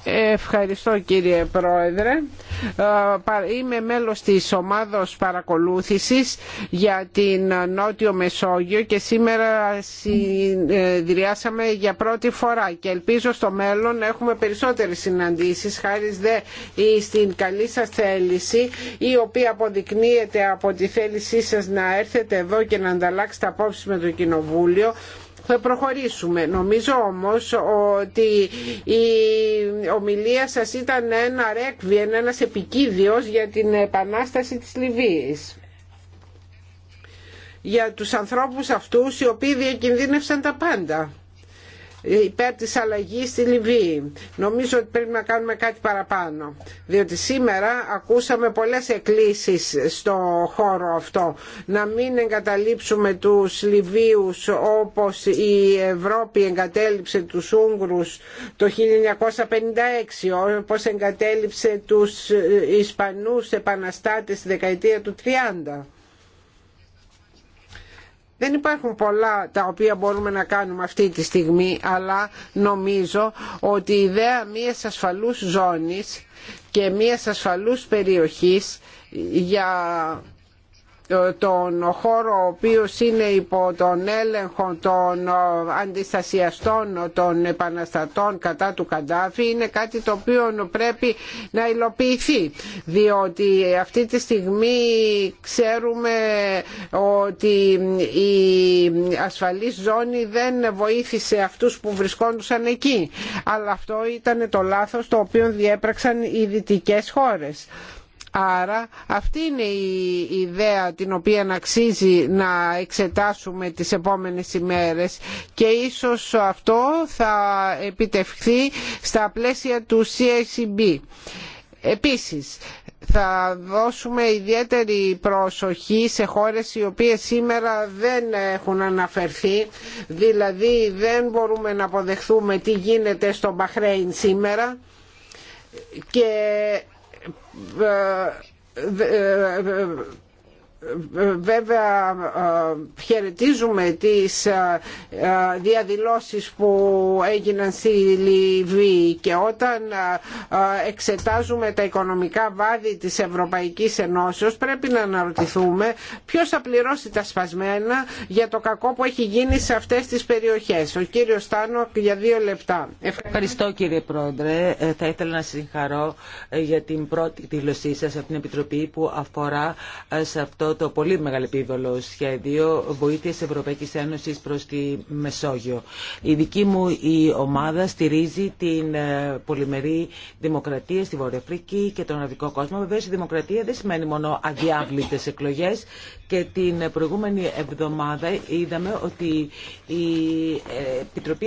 Ευχαριστώ κύριε Πρόεδρε. Ε, είμαι μέλος της ομάδος παρακολούθησης για την Νότιο Μεσόγειο και σήμερα συνδυάσαμε για πρώτη φορά και ελπίζω στο μέλλον να έχουμε περισσότερες συναντήσεις χάρη δε στην καλή σας θέληση η οποία αποδεικνύεται από τη θέλησή σας να έρθετε εδώ και να ανταλλάξετε απόψεις με το Κοινοβούλιο θα προχωρήσουμε. Νομίζω όμως ότι η ομιλία σας ήταν ένα ρέκβιεν, ένας επικίδιος για την επανάσταση της Λιβύης για τους ανθρώπους αυτούς οι οποίοι διακινδύνευσαν τα πάντα υπέρ της αλλαγής στη Λιβύη. Νομίζω ότι πρέπει να κάνουμε κάτι παραπάνω. Διότι σήμερα ακούσαμε πολλές εκκλήσεις στο χώρο αυτό. Να μην εγκαταλείψουμε τους Λιβύους όπως η Ευρώπη εγκατέλειψε τους Ούγγρους το 1956, όπως εγκατέλειψε τους Ισπανούς επαναστάτες στη δεκαετία του 30. Δεν υπάρχουν πολλά τα οποία μπορούμε να κάνουμε αυτή τη στιγμή, αλλά νομίζω ότι η ιδέα μιας ασφαλούς ζώνης και μιας ασφαλούς περιοχής για τον χώρο ο οποίος είναι υπό τον έλεγχο των ε, αντιστασιαστών των επαναστατών κατά του Καντάφη είναι κάτι το οποίο πρέπει να υλοποιηθεί διότι αυτή τη στιγμή ξέρουμε ότι η ασφαλής ζώνη δεν βοήθησε αυτούς που βρισκόντουσαν εκεί αλλά αυτό ήταν το λάθος το οποίο διέπραξαν οι δυτικές χώρες. Άρα αυτή είναι η ιδέα την οποία αξίζει να εξετάσουμε τις επόμενες ημέρες και ίσως αυτό θα επιτευχθεί στα πλαίσια του CACB. Επίσης, θα δώσουμε ιδιαίτερη προσοχή σε χώρες οι οποίες σήμερα δεν έχουν αναφερθεί δηλαδή δεν μπορούμε να αποδεχθούμε τι γίνεται στο Μπαχρέιν σήμερα και β ε, ε, ε, Βέβαια ε, χαιρετίζουμε τις ε, ε, διαδηλώσεις που έγιναν στη Λιβύη και όταν εξετάζουμε τα οικονομικά βάδη της Ευρωπαϊκής Ενώσεως πρέπει να αναρωτηθούμε ποιος θα πληρώσει τα σπασμένα για το κακό που έχει γίνει σε αυτές τις περιοχές. Ο κύριος Στάνο για δύο λεπτά. Ευχαριστώ κύριε Πρόεδρε. Θα ήθελα να συγχαρώ για την πρώτη δήλωσή σας από την Επιτροπή που αφορά σε αυτό το πολύ μεγαλεπίβολο σχέδιο βοήθεια Ευρωπαϊκή Ένωση προς τη Μεσόγειο. Η δική μου η ομάδα στηρίζει την ε, πολυμερή δημοκρατία στη Βόρεια Αφρική και τον Αραβικό κόσμο. Βεβαίω, η δημοκρατία δεν σημαίνει μόνο αδιάβλητες εκλογές και την προηγούμενη εβδομάδα είδαμε ότι η ε, Επιτροπή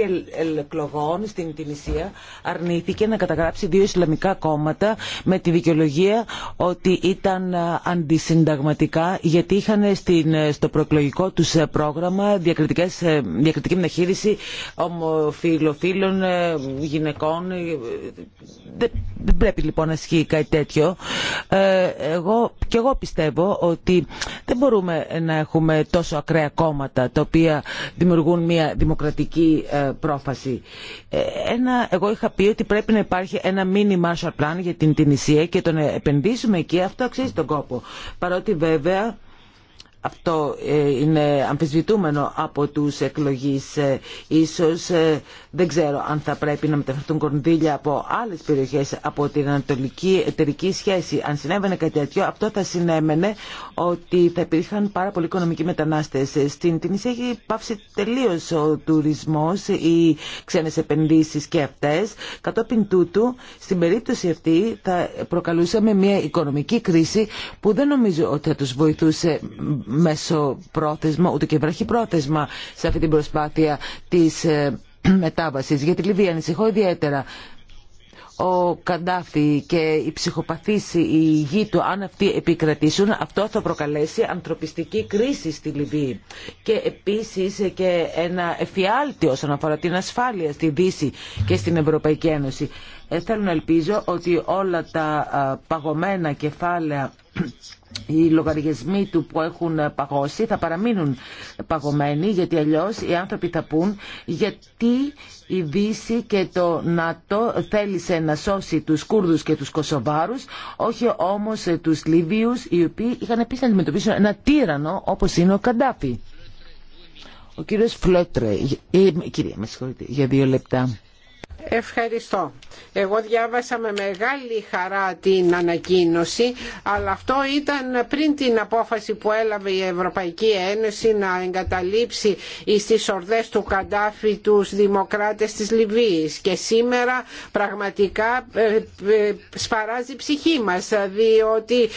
Εκλογών στην Τινησία αρνήθηκε να καταγράψει δύο Ισλαμικά κόμματα με τη δικαιολογία ότι ήταν ε, αντισυνταγματικά γιατί είχαν στην, στο προεκλογικό του ε, πρόγραμμα ε, διακριτική μεταχείριση ομοφιλοφίλων ε, γυναικών. Δεν πρέπει λοιπόν να ισχύει κάτι τέτοιο. Εγώ, και εγώ πιστεύω ότι δεν μπορούμε να έχουμε τόσο ακραία κόμματα τα οποία δημιουργούν μια δημοκρατική πρόφαση. Ένα, εγώ είχα πει ότι πρέπει να υπάρχει ένα mini Marshall Plan για την Τινησία και τον επενδύσουμε εκεί. Αυτό αξίζει τον κόπο. Παρότι βέβαια αυτό ε, είναι αμφισβητούμενο από τους εκλογείς ε, ίσως ε, δεν ξέρω αν θα πρέπει να μεταφερθούν κονδύλια από άλλες περιοχές από την ανατολική εταιρική σχέση αν συνέβαινε κάτι τέτοιο αυτό θα συνέμενε ότι θα υπήρχαν πάρα πολλοί οικονομικοί μετανάστες στην Τινησία έχει πάυσει τελείως ο τουρισμός οι ξένες επενδύσεις και αυτές κατόπιν τούτου στην περίπτωση αυτή θα προκαλούσαμε μια οικονομική κρίση που δεν νομίζω ότι θα τους βοηθούσε πρόθεσμα, ούτε και βραχυπρόθεσμα σε αυτή την προσπάθεια της ε, <clears throat> μετάβασης. Για τη Λιβύη ανησυχώ ιδιαίτερα ο Καντάφη και η ψυχοπαθήση, η γη του αν αυτοί επικρατήσουν αυτό θα προκαλέσει ανθρωπιστική κρίση στη Λιβύη και επίσης και ένα εφιάλτη όσον αφορά την ασφάλεια στη Δύση και στην Ευρωπαϊκή Ένωση. Ε, θέλω να ελπίζω ότι όλα τα παγωμένα κεφάλαια οι λογαριασμοί του που έχουν παγώσει θα παραμείνουν παγωμένοι γιατί αλλιώς οι άνθρωποι θα πούν γιατί η Δύση και το ΝΑΤΟ θέλησε να σώσει τους Κούρδους και τους Κωσοβάρους, όχι όμως τους Λίβιους, οι οποίοι είχαν επίσης να αντιμετωπίσουν ένα τύρανο όπως είναι ο Καντάφη. Ο κύριος Φλότρε, ε, ε κυρία με συγχωρείτε, για δύο λεπτά. Ευχαριστώ. Εγώ διάβασα με μεγάλη χαρά την ανακοίνωση, αλλά αυτό ήταν πριν την απόφαση που έλαβε η Ευρωπαϊκή Ένωση να εγκαταλείψει στις ορδές του Καντάφη τους δημοκράτες της Λιβύης. Και σήμερα πραγματικά ε, ε, σπαράζει η ψυχή μας, διότι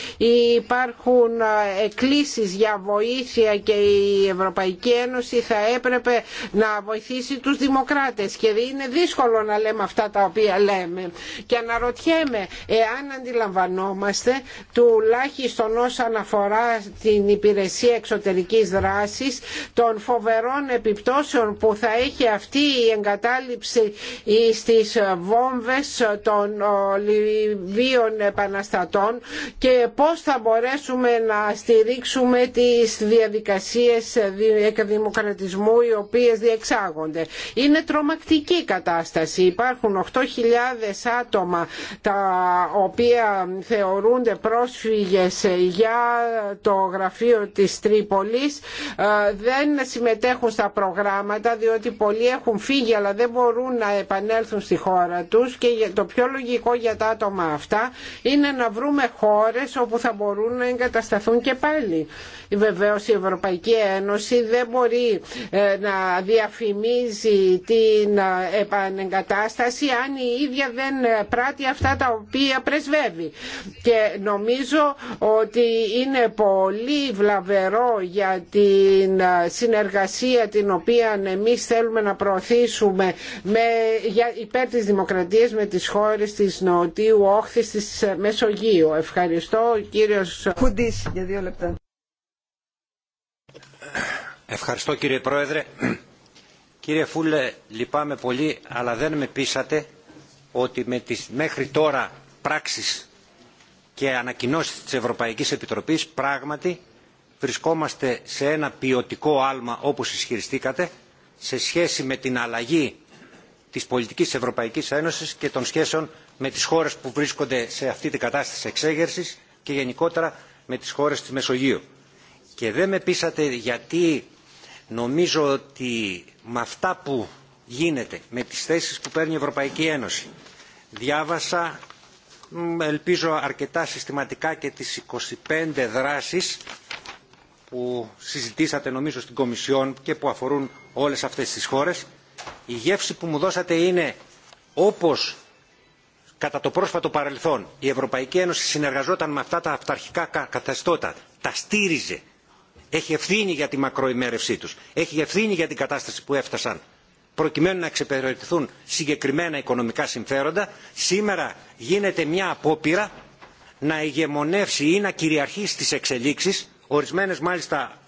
υπάρχουν ε, εκκλήσεις για βοήθεια και η Ευρωπαϊκή Ένωση θα έπρεπε να βοηθήσει τους δημοκράτες. Και είναι δύσκολο να λέμε αυτά τα οποία λέμε. Και αναρωτιέμαι εάν αντιλαμβανόμαστε τουλάχιστον όσον αφορά την υπηρεσία εξωτερικής δράσης των φοβερών επιπτώσεων που θα έχει αυτή η εγκατάλειψη στις βόμβες των Λιβύων επαναστατών και πώς θα μπορέσουμε να στηρίξουμε τις διαδικασίες εκδημοκρατισμού οι οποίες διεξάγονται. Είναι τρομακτική κατάσταση Υπάρχουν 8.000 άτομα τα οποία θεωρούνται πρόσφυγες για το γραφείο της Τρίπολης. Ε, δεν συμμετέχουν στα προγράμματα διότι πολλοί έχουν φύγει αλλά δεν μπορούν να επανέλθουν στη χώρα τους και το πιο λογικό για τα άτομα αυτά είναι να βρούμε χώρες όπου θα μπορούν να εγκατασταθούν και πάλι. Βεβαίως η Ευρωπαϊκή Ένωση δεν μπορεί ε, να διαφημίζει την ε, επανεγκατάσταση αν η ίδια δεν πράττει αυτά τα οποία πρεσβεύει. Και νομίζω ότι είναι πολύ βλαβερό για την ε, συνεργασία την οποία εμείς θέλουμε να προωθήσουμε με, για, υπέρ της δημοκρατίας με τις χώρες της Νοτιού Όχθης της Μεσογείου. Ευχαριστώ κύριος Χουντής για δύο λεπτά. Ευχαριστώ κύριε Πρόεδρε. Κύριε Φούλε, λυπάμαι πολύ, αλλά δεν με πείσατε ότι με τις μέχρι τώρα πράξεις και ανακοινώσεις της Ευρωπαϊκής Επιτροπής πράγματι βρισκόμαστε σε ένα ποιοτικό άλμα όπως ισχυριστήκατε σε σχέση με την αλλαγή της πολιτικής της Ευρωπαϊκής Ένωσης και των σχέσεων με τις χώρες που βρίσκονται σε αυτή την κατάσταση εξέγερσης και γενικότερα με τις χώρες της Μεσογείου. Και δεν με πείσατε γιατί Νομίζω ότι με αυτά που γίνεται, με τις θέσεις που παίρνει η Ευρωπαϊκή Ένωση, διάβασα, ελπίζω αρκετά συστηματικά και τις 25 δράσεις που συζητήσατε νομίζω στην Κομισιόν και που αφορούν όλες αυτές τις χώρες. Η γεύση που μου δώσατε είναι όπως κατά το πρόσφατο παρελθόν η Ευρωπαϊκή Ένωση συνεργαζόταν με αυτά τα αυταρχικά καθεστώτα, τα στήριζε, έχει ευθύνη για τη μακροημέρευσή τους, έχει ευθύνη για την κατάσταση που έφτασαν προκειμένου να εξυπηρετηθούν συγκεκριμένα οικονομικά συμφέροντα, σήμερα γίνεται μια απόπειρα να ηγεμονεύσει ή να κυριαρχεί στις εξελίξεις, ορισμένες μάλιστα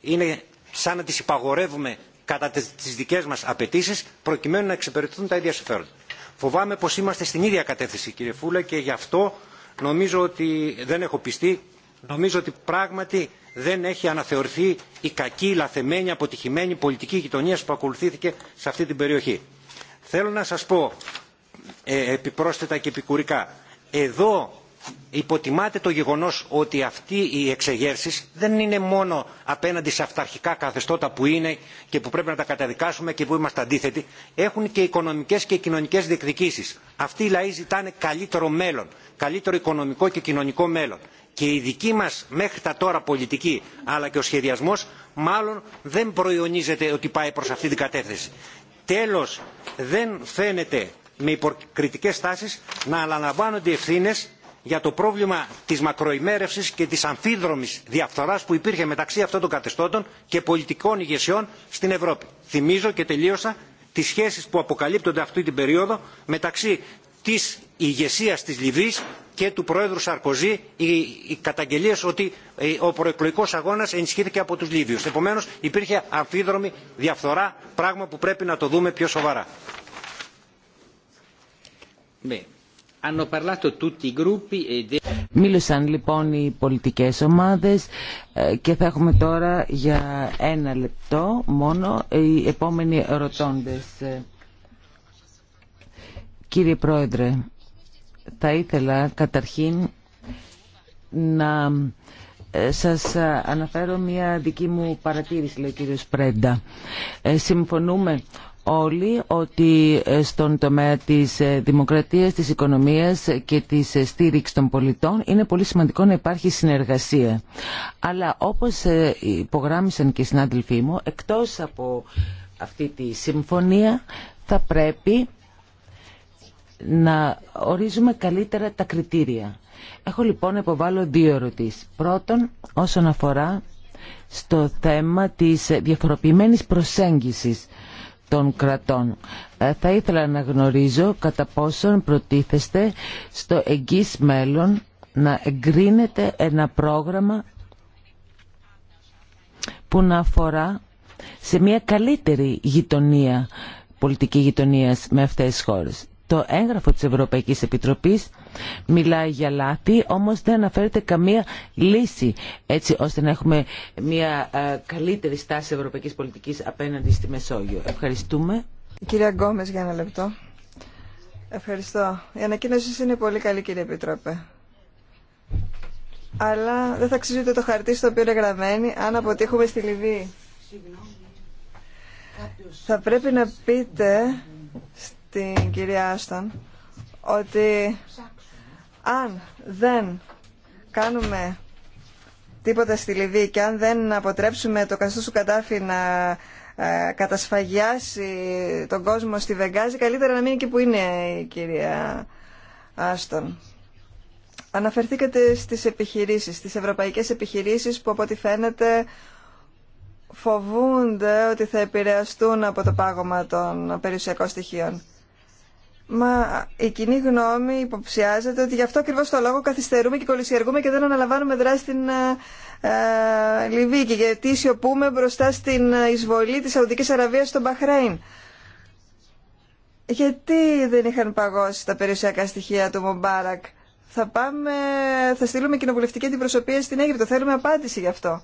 είναι σαν να τις υπαγορεύουμε κατά τις δικές μας απαιτήσεις, προκειμένου να εξυπηρετηθούν τα ίδια συμφέροντα. Φοβάμαι πως είμαστε στην ίδια κατεύθυνση κύριε Φούλα και γι' αυτό νομίζω ότι δεν έχω πιστεί νομίζω ότι πράγματι δεν έχει αναθεωρηθεί η κακή, λαθεμένη, αποτυχημένη πολιτική γειτονία που ακολουθήθηκε σε αυτή την περιοχή. Θέλω να σας πω ε, επιπρόσθετα και επικουρικά. Εδώ υποτιμάται το γεγονός ότι αυτοί οι εξεγέρσεις δεν είναι μόνο απέναντι σε αυταρχικά καθεστώτα που είναι και που πρέπει να τα καταδικάσουμε και που είμαστε αντίθετοι έχουν και οικονομικές και κοινωνικές διεκδικήσεις. αυτοί οι λαοί ζητάνε καλύτερο μέλλον καλύτερο οικονομικό και κοινωνικό μέλλον και η δική μας μέχρι τα τώρα πολιτική αλλά και ο σχεδιασμός μάλλον δεν προϊονίζεται ότι πάει προς αυτή την κατεύθυνση. Τέλος, δεν φαίνεται με υποκριτικές τάσεις να αναλαμβάνονται ευθύνε για το πρόβλημα της μακροημέρευσης και της αμφίδρομης διαφθοράς που υπήρχε μεταξύ αυτών των κατεστώτων και πολιτικών ηγεσιών στην Ευρώπη. Θυμίζω και τελείωσα τις σχέσεις που αποκαλύπτονται αυτή την περίοδο μεταξύ της ηγεσίας της Λιβύης και του Προέδρου Σαρκοζή οι καταγγελίες ότι ε, ο προεκλογικός αγώνας ενισχύθηκε από τους Λίβιους. Επομένως υπήρχε αμφίδρομη διαφθορά, πράγμα που πρέπει να το δούμε πιο σοβαρά. E Μίλησαν λοιπόν οι πολιτικές ομάδες ε, και θα έχουμε τώρα για ένα λεπτό μόνο οι επόμενοι ρωτώντε. Κύριε Πρόεδρε, θα ήθελα καταρχήν να ε, σας αναφέρω μια δική μου παρατήρηση, λέει ο κύριος Πρέντα. Ε, συμφωνούμε όλοι ότι ε, στον τομέα της δημοκρατίας, της οικονομίας και της στήριξης των πολιτών είναι πολύ σημαντικό να υπάρχει συνεργασία. Αλλά όπως υπογράμμισαν και οι συνάδελφοί μου, εκτός από αυτή τη συμφωνία θα πρέπει να ορίζουμε καλύτερα τα κριτήρια. Έχω λοιπόν να υποβάλω δύο ερωτήσεις. Πρώτον, όσον αφορά στο θέμα της διαφοροποιημένης προσέγγισης των κρατών. Ε, θα ήθελα να γνωρίζω κατά πόσον προτίθεστε στο εγγύς μέλλον να εγκρίνετε ένα πρόγραμμα που να αφορά σε μια καλύτερη γειτονία, πολιτική γειτονία με αυτές τις χώρες το έγγραφο της Ευρωπαϊκής Επιτροπής μιλάει για λάθη, όμως δεν αναφέρεται καμία λύση, έτσι ώστε να έχουμε μια ε, καλύτερη στάση ευρωπαϊκής πολιτικής απέναντι στη Μεσόγειο. Ευχαριστούμε. Κυρία Γκόμες, για ένα λεπτό. Ευχαριστώ. Η ανακοίνωση είναι πολύ καλή, κύριε Επιτρόπε. Αλλά δεν θα αξίζει το χαρτί στο οποίο είναι γραμμένοι, αν αποτύχουμε στη Λιβύη. Θα πρέπει να πείτε την κυρία Άστον ότι αν δεν κάνουμε τίποτα στη Λιβύη και αν δεν αποτρέψουμε το καθεστώς του κατάφη να ε, κατασφαγιάσει τον κόσμο στη Βεγγάζη, καλύτερα να μείνει και που είναι η κυρία Άστον. Αναφερθήκατε στις επιχειρήσεις, στις ευρωπαϊκές επιχειρήσεις που από ό,τι φαίνεται φοβούνται ότι θα επηρεαστούν από το πάγωμα των περιουσιακών στοιχείων. Μα η κοινή γνώμη υποψιάζεται ότι γι' αυτό ακριβώ το λόγο καθυστερούμε και κολυσιεργούμε και δεν αναλαμβάνουμε δράση στην ε, ε Λιβύη γιατί σιωπούμε μπροστά στην εισβολή της Σαουδικής Αραβίας στο Μπαχρέιν. Γιατί δεν είχαν παγώσει τα περιουσιακά στοιχεία του Μομπάρακ. Θα πάμε, θα στείλουμε κοινοβουλευτική αντιπροσωπεία στην Αίγυπτο. Θέλουμε απάντηση γι' αυτό.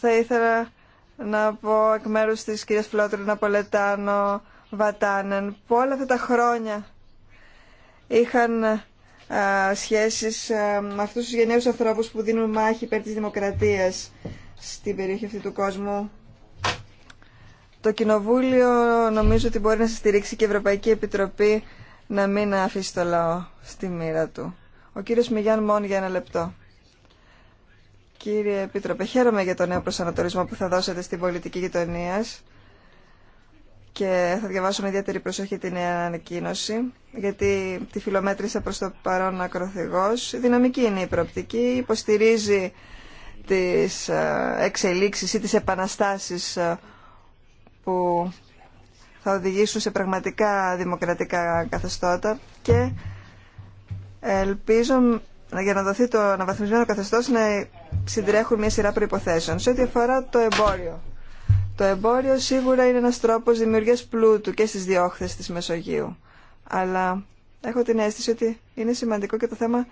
Θα ήθελα να πω εκ μέρους της κυρίας Φλότρου να Βατάνεν που όλα αυτά τα χρόνια είχαν α, ε, σχέσεις ε, με αυτούς τους γενναίους ανθρώπους που δίνουν μάχη υπέρ της δημοκρατίας στην περιοχή αυτή του κόσμου. Το Κοινοβούλιο νομίζω ότι μπορεί να στηρίξει και η Ευρωπαϊκή Επιτροπή να μην αφήσει το λαό στη μοίρα του. Ο κύριος Μιγιάν Μόν για ένα λεπτό. Κύριε Επίτροπε, χαίρομαι για το νέο προσανατολισμό που θα δώσετε στην πολιτική γειτονία και θα διαβάσω με ιδιαίτερη προσοχή την νέα ανακοίνωση, γιατί τη φιλομέτρησα προς το παρόν ακροθυγός. Δυναμική είναι η προοπτική, υποστηρίζει τις ε, εξελίξεις ή τις επαναστάσεις ε, που θα οδηγήσουν σε πραγματικά δημοκρατικά καθεστώτα και ελπίζω για να δοθεί το αναβαθμισμένο καθεστώς να συντρέχουν μια σειρά προϋποθέσεων. Σε ό,τι αφορά το εμπόριο. Το εμπόριο σίγουρα είναι ένας τρόπος δημιουργίας πλούτου και στις διόχθες της Μεσογείου. Αλλά έχω την αίσθηση ότι είναι σημαντικό και το θέμα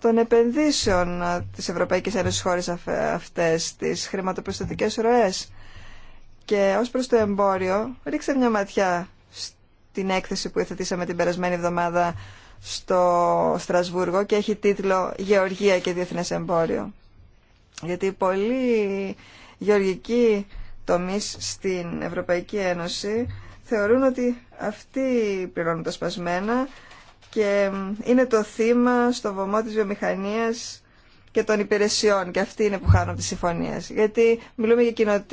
των επενδύσεων της Ευρωπαϊκής Ένωσης χώρες αυτές, τις χρηματοπιστωτικές ροές. Και ως προς το εμπόριο, ρίξτε μια ματιά στην έκθεση που υιοθετήσαμε την περασμένη εβδομάδα στο Στρασβούργο και έχει τίτλο «Γεωργία και Διεθνές Εμπόριο». Γιατί πολλοί γεωργικοί τομείς στην Ευρωπαϊκή Ένωση θεωρούν ότι αυτοί πληρώνουν τα σπασμένα και είναι το θύμα στο βωμό της βιομηχανίας και των υπηρεσιών και αυτοί είναι που χάνουν τις συμφωνίες. Γιατί μιλούμε για,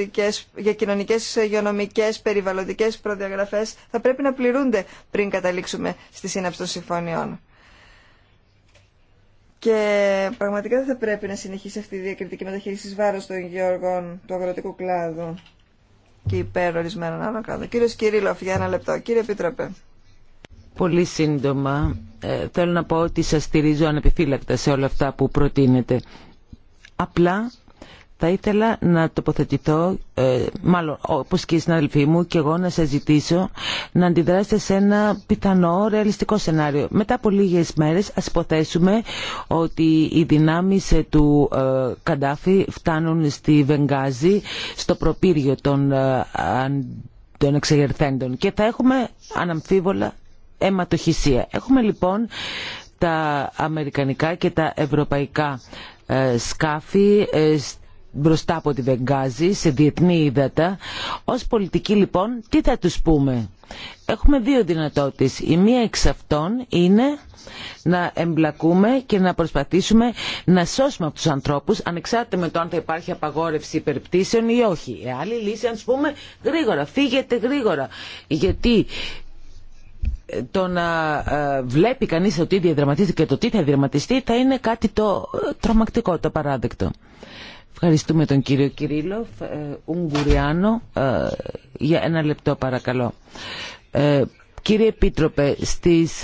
για κοινωνικές, υγειονομικές, περιβαλλοντικές προδιαγραφές θα πρέπει να πληρούνται πριν καταλήξουμε στη σύναψη των συμφωνιών. Και πραγματικά δεν θα πρέπει να συνεχίσει αυτή η διακριτική μεταχείριση βάρο των γεωργών του αγροτικού κλάδου και υπέρ ορισμένων άλλων κλάδων. Κύριο Κυρίλοφ, για ένα λεπτό. Κύριε Επίτροπε. Πολύ σύντομα. Ε, θέλω να πω ότι σας στηρίζω ανεπιφύλακτα σε όλα αυτά που προτείνετε. Απλά θα ήθελα να τοποθετηθώ, ε, μάλλον όπως και η συναδελφοί μου και εγώ να σας ζητήσω να αντιδράσετε σε ένα πιθανό ρεαλιστικό σενάριο. Μετά από λίγες μέρες ας υποθέσουμε ότι οι δυνάμεις ε, του ε, Καντάφη φτάνουν στη Βενγάζη, στο προπύργιο των, ε, των εξεγερθέντων και θα έχουμε αναμφίβολα αιματοχυσία. Έχουμε λοιπόν τα αμερικανικά και τα ευρωπαϊκά σκάφη μπροστά από τη Βεγγάζη σε διεθνή ύδατα. Ως πολιτική λοιπόν τι θα του πούμε. Έχουμε δύο δυνατότητες. Η μία εξ αυτών είναι να εμπλακούμε και να προσπαθήσουμε να σώσουμε από τους ανθρώπους ανεξάρτητα με το αν θα υπάρχει απαγόρευση υπερπτήσεων ή όχι. Η άλλη λύση αν πούμε γρήγορα, φύγετε γρήγορα. Γιατί ε, το να ε, βλέπει κανείς ότι διαδραματίζεται και το τι θα διαδραματιστεί θα είναι κάτι το ε, τρομακτικό, το παράδεκτο. Ευχαριστούμε τον κύριο Κυρίλοφ, ε, Ουγγουριάνο, ε, για ένα λεπτό παρακαλώ. Ε, κύριε Επίτροπε, στις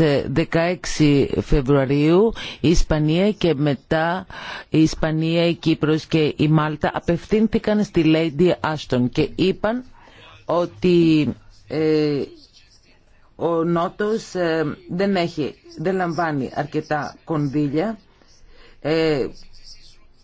16 Φεβρουαρίου η Ισπανία και μετά η Ισπανία, η Κύπρος και η Μάλτα απευθύνθηκαν στη Lady Άστον και είπαν ότι ο Νότος δεν, έχει, δεν λαμβάνει αρκετά κονδύλια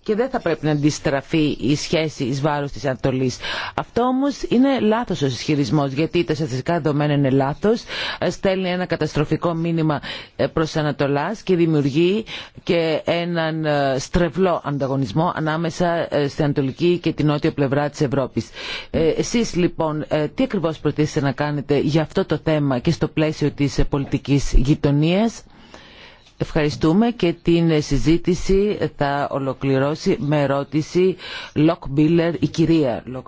και δεν θα πρέπει να αντιστραφεί η σχέση εις βάρος της Ανατολής. Αυτό όμως είναι λάθος ο ισχυρισμό, γιατί τα στατιστικά δεδομένα είναι λάθος, στέλνει ένα καταστροφικό μήνυμα ε, προς Ανατολάς και δημιουργεί και έναν ε, στρεβλό ανταγωνισμό ανάμεσα ε, στην Ανατολική και την νότια πλευρά της Ευρώπης. Εσείς λοιπόν τι ακριβώς προτίθεστε να κάνετε για αυτό το θέμα και στο πλαίσιο της πολιτικής γειτονίας. Ευχαριστούμε και την συζήτηση θα ολοκληρώσει με ερώτηση η κυρία Λοκ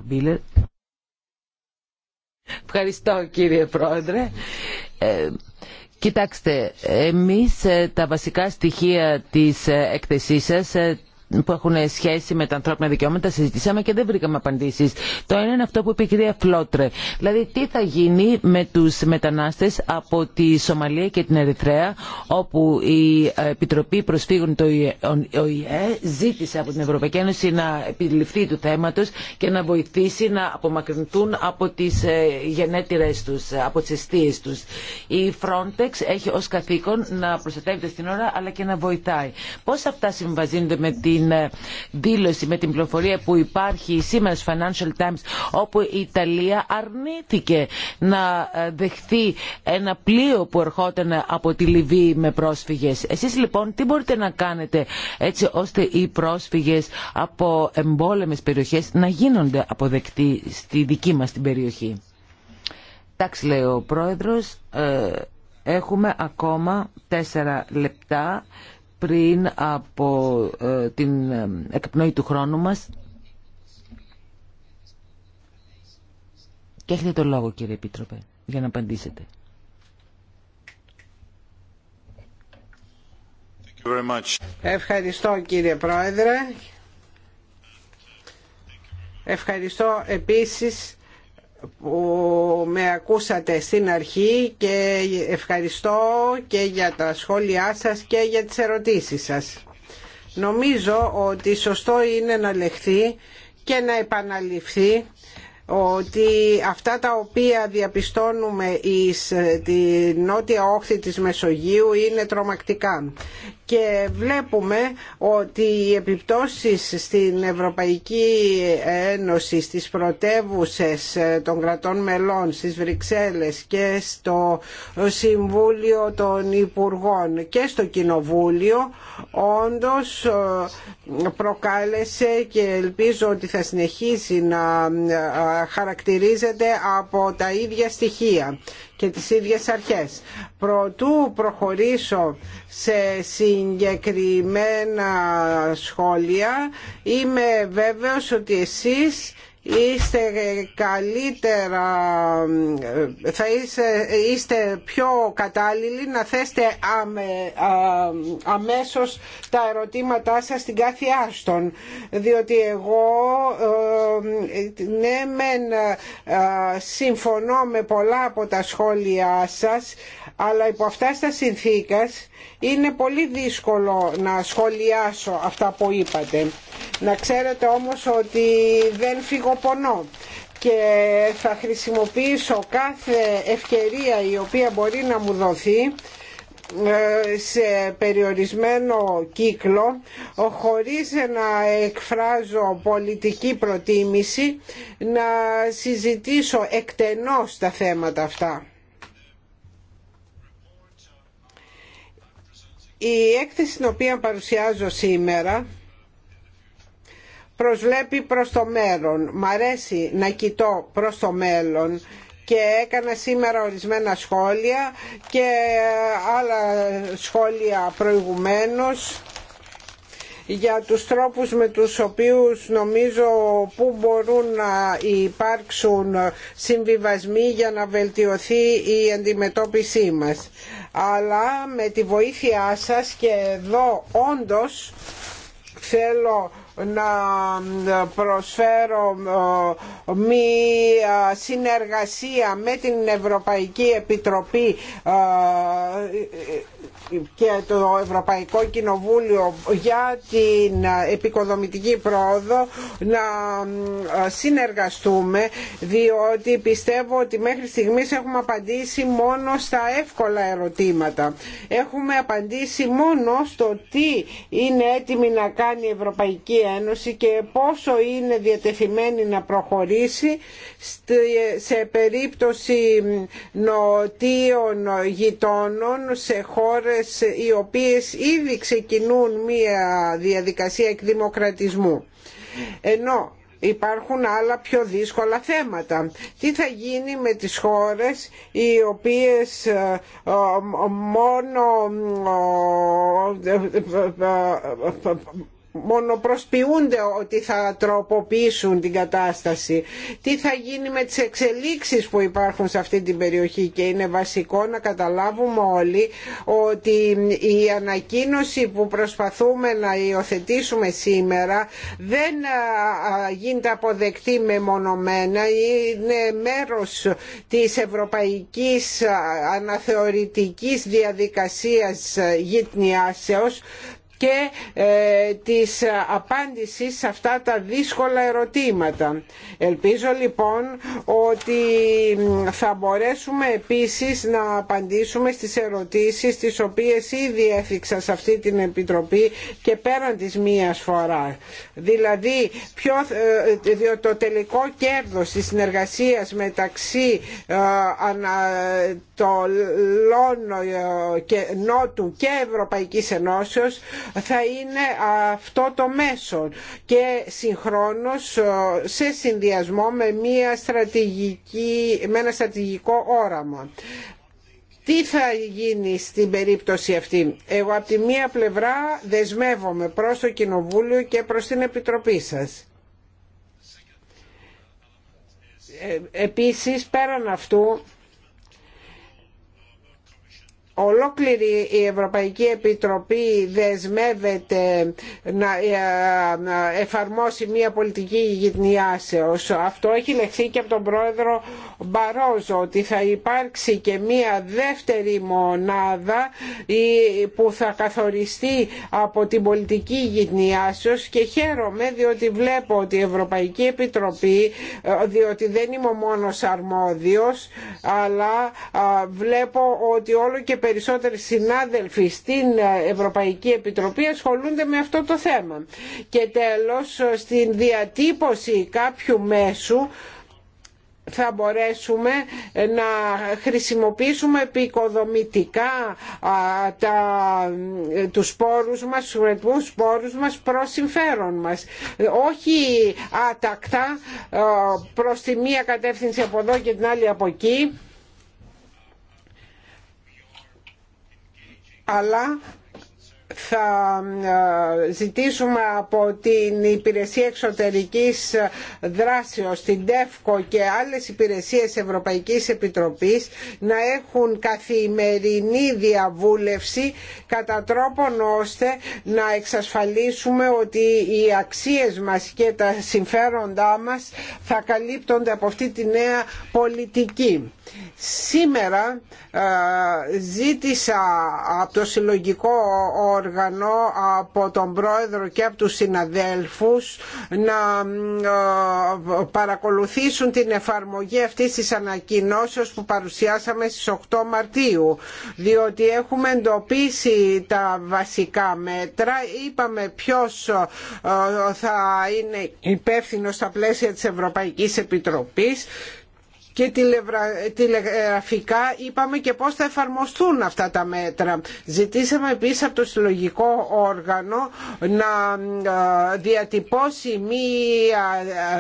Ευχαριστώ κύριε Πρόεδρε. Ε, κοιτάξτε, εμείς ε, τα βασικά στοιχεία της ε, έκθεσής σας ε, που έχουν σχέση με τα ανθρώπινα δικαιώματα συζητήσαμε και δεν βρήκαμε απαντήσεις. Το ένα είναι αυτό που είπε η κυρία Φλότρε. Δηλαδή τι θα γίνει με τους μετανάστες από τη Σομαλία και την Ερυθρέα όπου η Επιτροπή Προσφύγων το ΟΗΕ ζήτησε από την Ευρωπαϊκή Ένωση να επιληφθεί του θέματος και να βοηθήσει να απομακρυνθούν από τις ε, γενέτηρές τους, από τις αιστείες τους. Η Frontex έχει ως καθήκον να προστατεύεται στην ώρα αλλά και να βοηθάει. Πώς αυτά συμβαζίνονται με τη την ε, δήλωση, με την πληροφορία που υπάρχει σήμερα στο Financial Times όπου η Ιταλία αρνήθηκε να ε, δεχθεί ένα πλοίο που ερχόταν από τη Λιβύη με πρόσφυγες. Εσείς λοιπόν τι μπορείτε να κάνετε έτσι ώστε οι πρόσφυγες από εμπόλεμες περιοχές να γίνονται αποδεκτοί στη δική μας την περιοχή. Εντάξει λέει ο πρόεδρος, ε, έχουμε ακόμα τέσσερα λεπτά πριν από ε, την ε, εκπνοή του χρόνου μας. Και έχετε το λόγο κύριε Επίτροπε για να απαντήσετε. Ευχαριστώ κύριε Πρόεδρε. Ευχαριστώ επίσης που με ακούσατε στην αρχή και ευχαριστώ και για τα σχόλιά σας και για τις ερωτήσεις σας. Νομίζω ότι σωστό είναι να λεχθεί και να επαναληφθεί ότι αυτά τα οποία διαπιστώνουμε εις τη νότια όχθη της Μεσογείου είναι τρομακτικά και βλέπουμε ότι οι επιπτώσεις στην Ευρωπαϊκή Ένωση, στις πρωτεύουσες των κρατών μελών, στις Βρυξέλλες και στο Συμβούλιο των Υπουργών και στο Κοινοβούλιο όντως ε, προκάλεσε και ελπίζω ότι θα συνεχίσει να ε, χαρακτηρίζεται από τα ίδια στοιχεία και τις ίδιες αρχές. Προτού προχωρήσω σε συγκεκριμένα σχόλια είμαι βέβαιος ότι εσείς είστε καλύτερα, θα είστε, πιο κατάλληλοι να θέσετε αμε, αμέσως τα ερωτήματά σας στην κάθε άστον. Διότι εγώ, ε, ναι μεν συμφωνώ με πολλά από τα σχόλιά σας, αλλά υπό αυτά στα συνθήκες είναι πολύ δύσκολο να σχολιάσω αυτά που είπατε. Να ξέρετε όμως ότι δεν φύγω και θα χρησιμοποιήσω κάθε ευκαιρία η οποία μπορεί να μου δοθεί ε, σε περιορισμένο κύκλο χωρίς να εκφράζω πολιτική προτίμηση να συζητήσω εκτενώς τα θέματα αυτά. Η έκθεση την οποία παρουσιάζω σήμερα προσβλέπει προς το μέλλον. Μ' αρέσει να κοιτώ προς το μέλλον και έκανα σήμερα ορισμένα σχόλια και ε, άλλα σχόλια προηγουμένως για τους τρόπους με τους οποίους νομίζω που μπορούν να υπάρξουν συμβιβασμοί για να βελτιωθεί η αντιμετώπιση μας. Αλλά με τη βοήθειά σας και εδώ όντως θέλω να προσφέρω μία συνεργασία με την Ευρωπαϊκή Επιτροπή και το Ευρωπαϊκό Κοινοβούλιο για την επικοδομητική πρόοδο να συνεργαστούμε διότι πιστεύω ότι μέχρι στιγμής έχουμε απαντήσει μόνο στα εύκολα ερωτήματα. Έχουμε απαντήσει μόνο στο τι είναι έτοιμη να κάνει η Ευρωπαϊκή Ένωση και πόσο είναι διατεθειμένη να προχωρήσει σε περίπτωση νοτίων γειτόνων σε χώρες οι οποίες ήδη ξεκινούν μία διαδικασία εκδημοκρατισμού. Ενώ υπάρχουν άλλα πιο δύσκολα θέματα. Τι θα γίνει με τις χώρες οι οποίες μόνο μονοπροσποιούνται ότι θα τροποποιήσουν την κατάσταση. Τι θα γίνει με τις εξελίξεις που υπάρχουν σε αυτή την περιοχή και είναι βασικό να καταλάβουμε όλοι ότι η ανακοίνωση που προσπαθούμε να υιοθετήσουμε σήμερα δεν γίνεται αποδεκτή με μονομένα. είναι μέρος της ευρωπαϊκής αναθεωρητικής διαδικασίας γυτνιάσεως και ε, της απάντησης σε αυτά τα δύσκολα ερωτήματα. Ελπίζω λοιπόν ότι θα μπορέσουμε επίσης να απαντήσουμε στις ερωτήσεις τις οποίες ήδη έφυξα σε αυτή την Επιτροπή και πέραν της μίας φορά. Δηλαδή ποιο, ε, το τελικό κέρδος της συνεργασίας μεταξύ ε, Ανατολών και Νότου και Ευρωπαϊκής Ενώσεως θα είναι αυτό το μέσο και συγχρόνως ε, σε συνδυασμό με, μια στρατηγική, με ένα στρατηγικό όραμα. Τι θα γίνει στην περίπτωση αυτή. Εγώ από τη μία πλευρά δεσμεύομαι προς το Κοινοβούλιο και προς την Επιτροπή σας. Ε, επίσης πέραν αυτού Ολόκληρη η Ευρωπαϊκή Επιτροπή δεσμεύεται να ε, εφαρμόσει μια πολιτική γυτνιάσεως. Αυτό έχει λεχθεί και από τον πρόεδρο Μπαρόζο ότι θα υπάρξει και μια δεύτερη μονάδα που θα καθοριστεί από την πολιτική γυτνιάσεως και χαίρομαι διότι βλέπω ότι η Ευρωπαϊκή Επιτροπή ε, διότι δεν είμαι μόνος αρμόδιος αλλά βλέπω ότι όλο και περισσότεροι συνάδελφοι στην ε, Ευρωπαϊκή Επιτροπή ασχολούνται με αυτό το θέμα. Και τέλος, ε, στην διατύπωση κάποιου μέσου θα μπορέσουμε ε, να χρησιμοποιήσουμε επικοδομητικά τα, τους σπόρους μας, τους σπόρους μας προς συμφέρον μας. Όχι άτακτα προς τη μία κατεύθυνση από εδώ και την άλλη από εκεί αλλά θα ε, ζητήσουμε από την Υπηρεσία Εξωτερικής Δράσεως, την ΤΕΦΚΟ και άλλες υπηρεσίες Ευρωπαϊκής Επιτροπής να έχουν καθημερινή διαβούλευση κατά τρόπον ώστε να εξασφαλίσουμε ότι οι αξίες μας και τα συμφέροντά μας θα καλύπτονται από αυτή τη νέα πολιτική Σήμερα ζήτησα από το συλλογικό όργανο, από τον πρόεδρο και από τους συναδέλφους να παρακολουθήσουν την εφαρμογή αυτής της ανακοινώσεως που παρουσιάσαμε στις 8 Μαρτίου διότι έχουμε εντοπίσει τα βασικά μέτρα είπαμε ποιος θα είναι υπεύθυνο στα πλαίσια της Ευρωπαϊκής Επιτροπής και τηλεγραφικά είπαμε και πώς θα εφαρμοστούν αυτά τα μέτρα. Ζητήσαμε επίσης από το συλλογικό όργανο να ε, διατυπώσει μία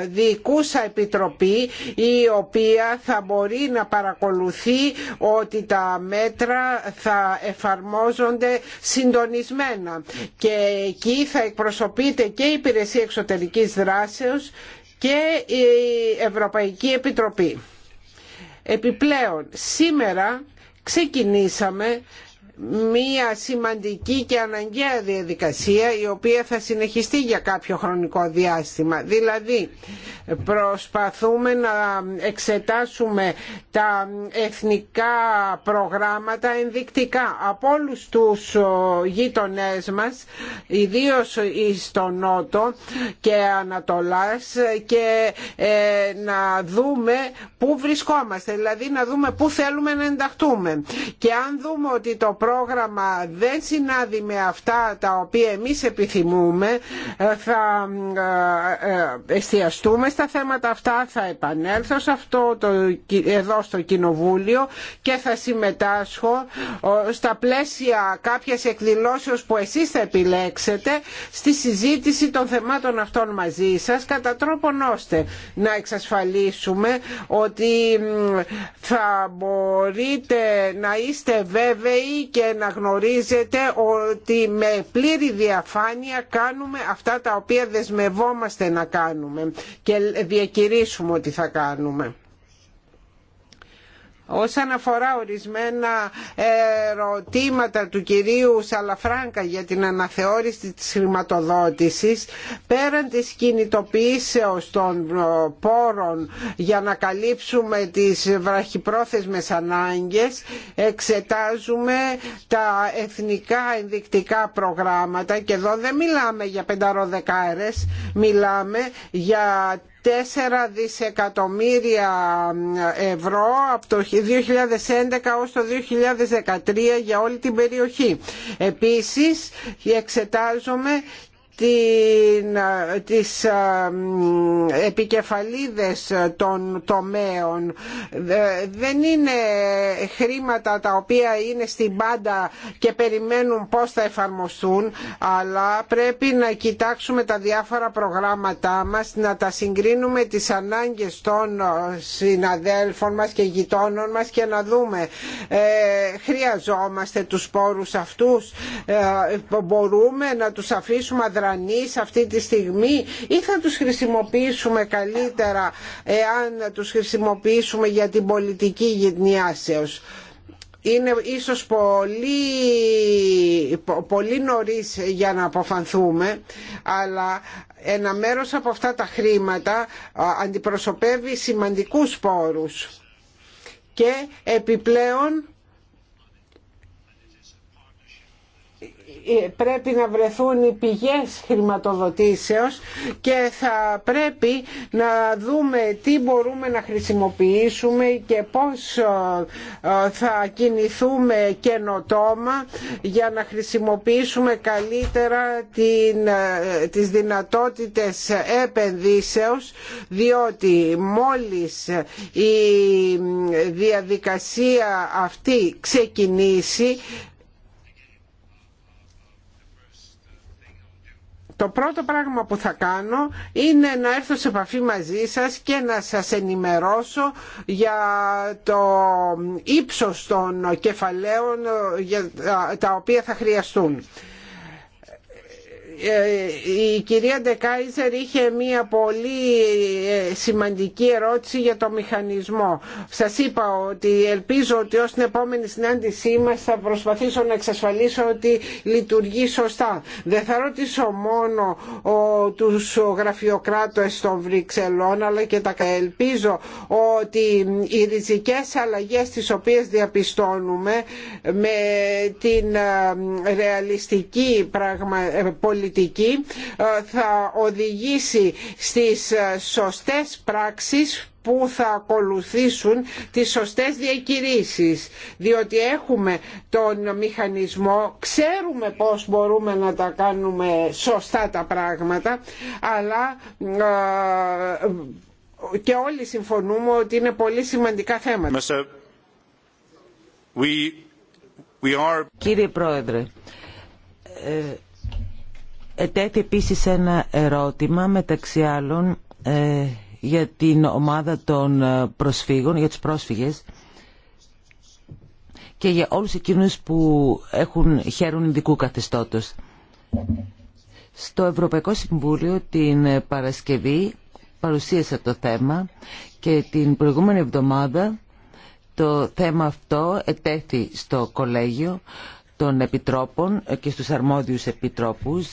δικούσα επιτροπή η οποία θα μπορεί να παρακολουθεί ότι τα μέτρα θα εφαρμόζονται συντονισμένα και εκεί θα εκπροσωπείται και η Υπηρεσία Εξωτερικής Δράσεως και η Ευρωπαϊκή Επιτροπή. Επιπλέον, σήμερα ξεκινήσαμε μία σημαντική και αναγκαία διαδικασία η οποία θα συνεχιστεί για κάποιο χρονικό διάστημα. Δηλαδή προσπαθούμε να εξετάσουμε τα εθνικά προγράμματα ενδεικτικά από όλους τους γείτονές μας ιδίως στο Νότο και Ανατολάς και ε, να δούμε πού βρισκόμαστε δηλαδή να δούμε πού θέλουμε να ενταχτούμε και αν δούμε ότι το πρόγραμμα δεν συνάδει με αυτά τα οποία εμείς επιθυμούμε ε, θα ε, ε, εστιαστούμε στα θέματα αυτά θα επανέλθω σε αυτό το, εδώ στο Κοινοβούλιο και θα συμμετάσχω στα πλαίσια κάποιες εκδηλώσεις που εσείς θα επιλέξετε στη συζήτηση των θεμάτων αυτών μαζί σας κατά τρόπον ώστε να εξασφαλίσουμε ότι θα μπορείτε να είστε βέβαιοι και να γνωρίζετε ότι με πλήρη διαφάνεια κάνουμε αυτά τα οποία δεσμευόμαστε να κάνουμε και διακηρύσουμε ότι θα κάνουμε. Όσον αφορά ορισμένα ερωτήματα του κυρίου Σαλαφράγκα για την αναθεώρηση της χρηματοδότησης, πέραν της κινητοποιήσεως των πόρων για να καλύψουμε τις βραχυπρόθεσμες ανάγκες, εξετάζουμε τα εθνικά ενδεικτικά προγράμματα και εδώ δεν μιλάμε για πενταροδεκάρες, μιλάμε για 4 δισεκατομμύρια ευρώ από το 2011 ως το 2013 για όλη την περιοχή. Επίσης εξετάζουμε την, τις επικεφαλίδες των τομέων. Δεν είναι χρήματα τα οποία είναι στην πάντα και περιμένουν πώς θα εφαρμοστούν, αλλά πρέπει να κοιτάξουμε τα διάφορα προγράμματά μας, να τα συγκρίνουμε τις ανάγκες των συναδέλφων μας και γειτόνων μας και να δούμε ε, χρειαζόμαστε τους πόρους αυτούς, ε, μπορούμε να τους αφήσουμε αδρα αυτή τη στιγμή ή θα τους χρησιμοποιήσουμε καλύτερα εάν τους χρησιμοποιήσουμε για την πολιτική γενιάσεω. είναι ίσως πολύ, πολύ νωρίς για να αποφανθούμε αλλά ένα μέρος από αυτά τα χρήματα αντιπροσωπεύει σημαντικούς πόρους και επιπλέον Ε, πρέπει να βρεθούν οι πηγές χρηματοδοτήσεως και θα πρέπει να δούμε τι μπορούμε να χρησιμοποιήσουμε και πώς ε, ε, θα κινηθούμε καινοτόμα για να χρησιμοποιήσουμε καλύτερα την, τις δυνατότητες επενδύσεως διότι μόλις η διαδικασία αυτή ξεκινήσει Το πρώτο πράγμα που θα κάνω είναι να έρθω σε επαφή μαζί σας και να σας ενημερώσω για το ύψος των κεφαλαίων τα οποία θα χρειαστούν. Ε, η κυρία Ντεκάιζερ είχε μία πολύ ε, σημαντική ερώτηση για το μηχανισμό. Σας είπα ότι ελπίζω ότι ως την επόμενη συνάντησή μας θα προσπαθήσω να εξασφαλίσω ότι λειτουργεί σωστά. Δεν θα ρωτήσω μόνο ο, τους γραφειοκράτες των Βρυξελών αλλά και τα ελπίζω ότι οι ριζικές αλλαγές τις οποίες διαπιστώνουμε με την ε, ρεαλιστική πολιτική ε, θα οδηγήσει στις ε, σωστές πράξεις που θα ακολουθήσουν τις σωστές διακηρύσεις διότι έχουμε τον μηχανισμό ξέρουμε πως μπορούμε να τα κάνουμε σωστά τα πράγματα αλλά ε, και όλοι συμφωνούμε ότι είναι πολύ σημαντικά θέματα. Κύριε Πρόεδρε, Ετέθη επίσης ένα ερώτημα μεταξύ άλλων ε, για την ομάδα των ε, προσφύγων, για τους πρόσφυγες και για όλους εκείνους που έχουν χαίρουν ειδικού καθεστώτος. Στο Ευρωπαϊκό Συμβούλιο την Παρασκευή παρουσίασα το θέμα και την προηγούμενη εβδομάδα το θέμα αυτό ετέθη στο κολέγιο των επιτρόπων και στους αρμόδιους επιτρόπους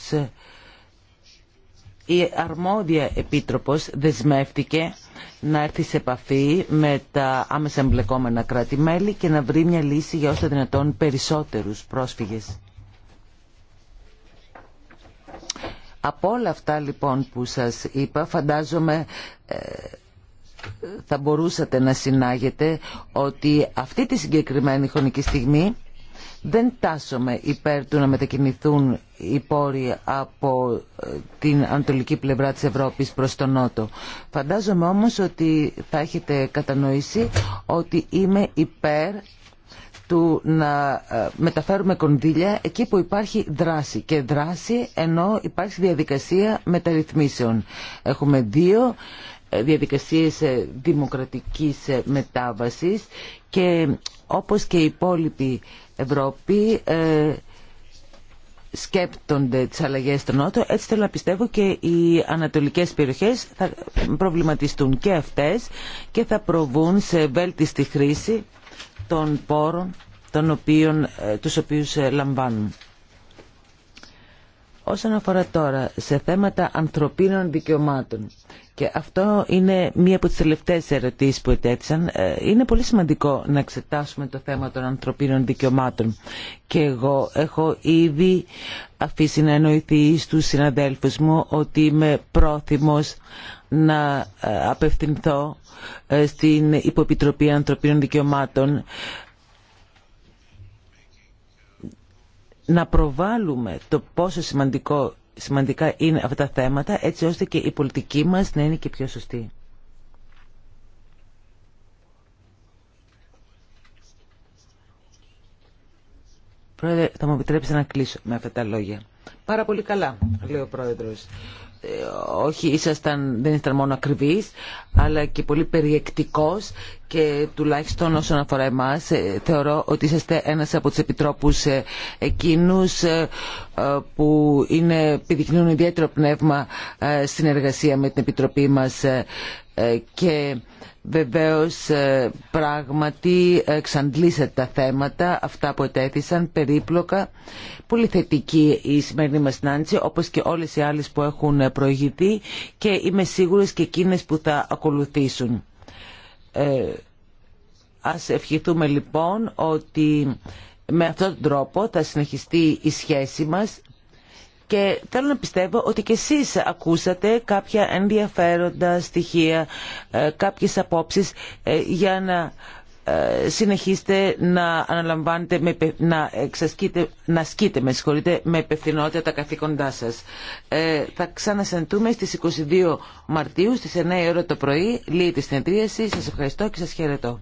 η αρμόδια επίτροπος δεσμεύτηκε να έρθει σε επαφή με τα άμεσα εμπλεκόμενα κράτη-μέλη και να βρει μια λύση για όσο δυνατόν περισσότερους πρόσφυγες. Από όλα αυτά λοιπόν που σας είπα φαντάζομαι ε, θα μπορούσατε να συνάγετε ότι αυτή τη συγκεκριμένη χρονική στιγμή δεν τάσσομαι υπέρ του να μετακινηθούν οι πόροι από ε, την ανατολική πλευρά της Ευρώπης προς τον Νότο. Φαντάζομαι όμως ότι θα έχετε κατανοήσει ότι είμαι υπέρ του να ε, μεταφέρουμε κονδύλια εκεί που υπάρχει δράση και δράση ενώ υπάρχει διαδικασία μεταρρυθμίσεων. Έχουμε δύο ε, διαδικασίες δημοκρατικής μετάβασης και όπως και οι υπόλοιπη Ευρώπη ε, σκέπτονται τις αλλαγές στον Νότο, έτσι θέλω να πιστεύω και οι ανατολικές περιοχές θα προβληματιστούν και αυτές και θα προβούν σε βέλτιστη χρήση των πόρων των οποίων, ε, τους οποίους ε, λαμβάνουν. Όσον αφορά τώρα σε θέματα ανθρωπίνων δικαιωμάτων, και αυτό είναι μία από τις τελευταίες ερωτήσεις που ετέθησαν. Ε, είναι πολύ σημαντικό να εξετάσουμε το θέμα των ανθρωπίνων δικαιωμάτων. Και εγώ έχω ήδη αφήσει να εννοηθεί στους συναδέλφους μου ότι είμαι πρόθυμος να ε, απευθυνθώ ε, στην Υποπιτροπή Ανθρωπίνων Δικαιωμάτων να προβάλλουμε το πόσο σημαντικό σημαντικά είναι αυτά τα θέματα έτσι ώστε και η πολιτική μας να είναι και πιο σωστή. Πρόεδρε, θα μου επιτρέψετε να κλείσω με αυτά τα λόγια. Πάρα πολύ καλά, λέει ο Πρόεδρος όχι ήσασταν, δεν ήταν μόνο ακριβής αλλά και πολύ περιεκτικός και τουλάχιστον όσον αφορά εμάς ε, θεωρώ ότι είσαστε ένας από τους επιτρόπους ε, εκείνους ε, που είναι, επιδεικνύουν ιδιαίτερο πνεύμα συνεργασία με την Επιτροπή μας ε, και βεβαίως ε, πράγματι εξαντλήσατε τα θέματα αυτά που ετέθησαν περίπλοκα πολύ θετική η σημερινή μας συνάντηση όπως και όλες οι άλλες που έχουν προηγηθεί και είμαι σίγουρης και εκείνες που θα ακολουθήσουν ε, ας ευχηθούμε λοιπόν ότι με αυτόν τον τρόπο θα συνεχιστεί η σχέση μας και θέλω να πιστεύω ότι και εσείς ακούσατε κάποια ενδιαφέροντα στοιχεία, ε, κάποιες απόψεις ε, για να ε, συνεχίστε να αναλαμβάνετε, να εξασκείτε, να ασκείτε με συγχωρείτε, με υπευθυνότητα τα καθήκοντά σας. θα ξανασεντούμε στις 22 Μαρτίου στις 9 ώρα το πρωί, λίγη στην συνεδρίαση. Σας ευχαριστώ και σας χαιρετώ.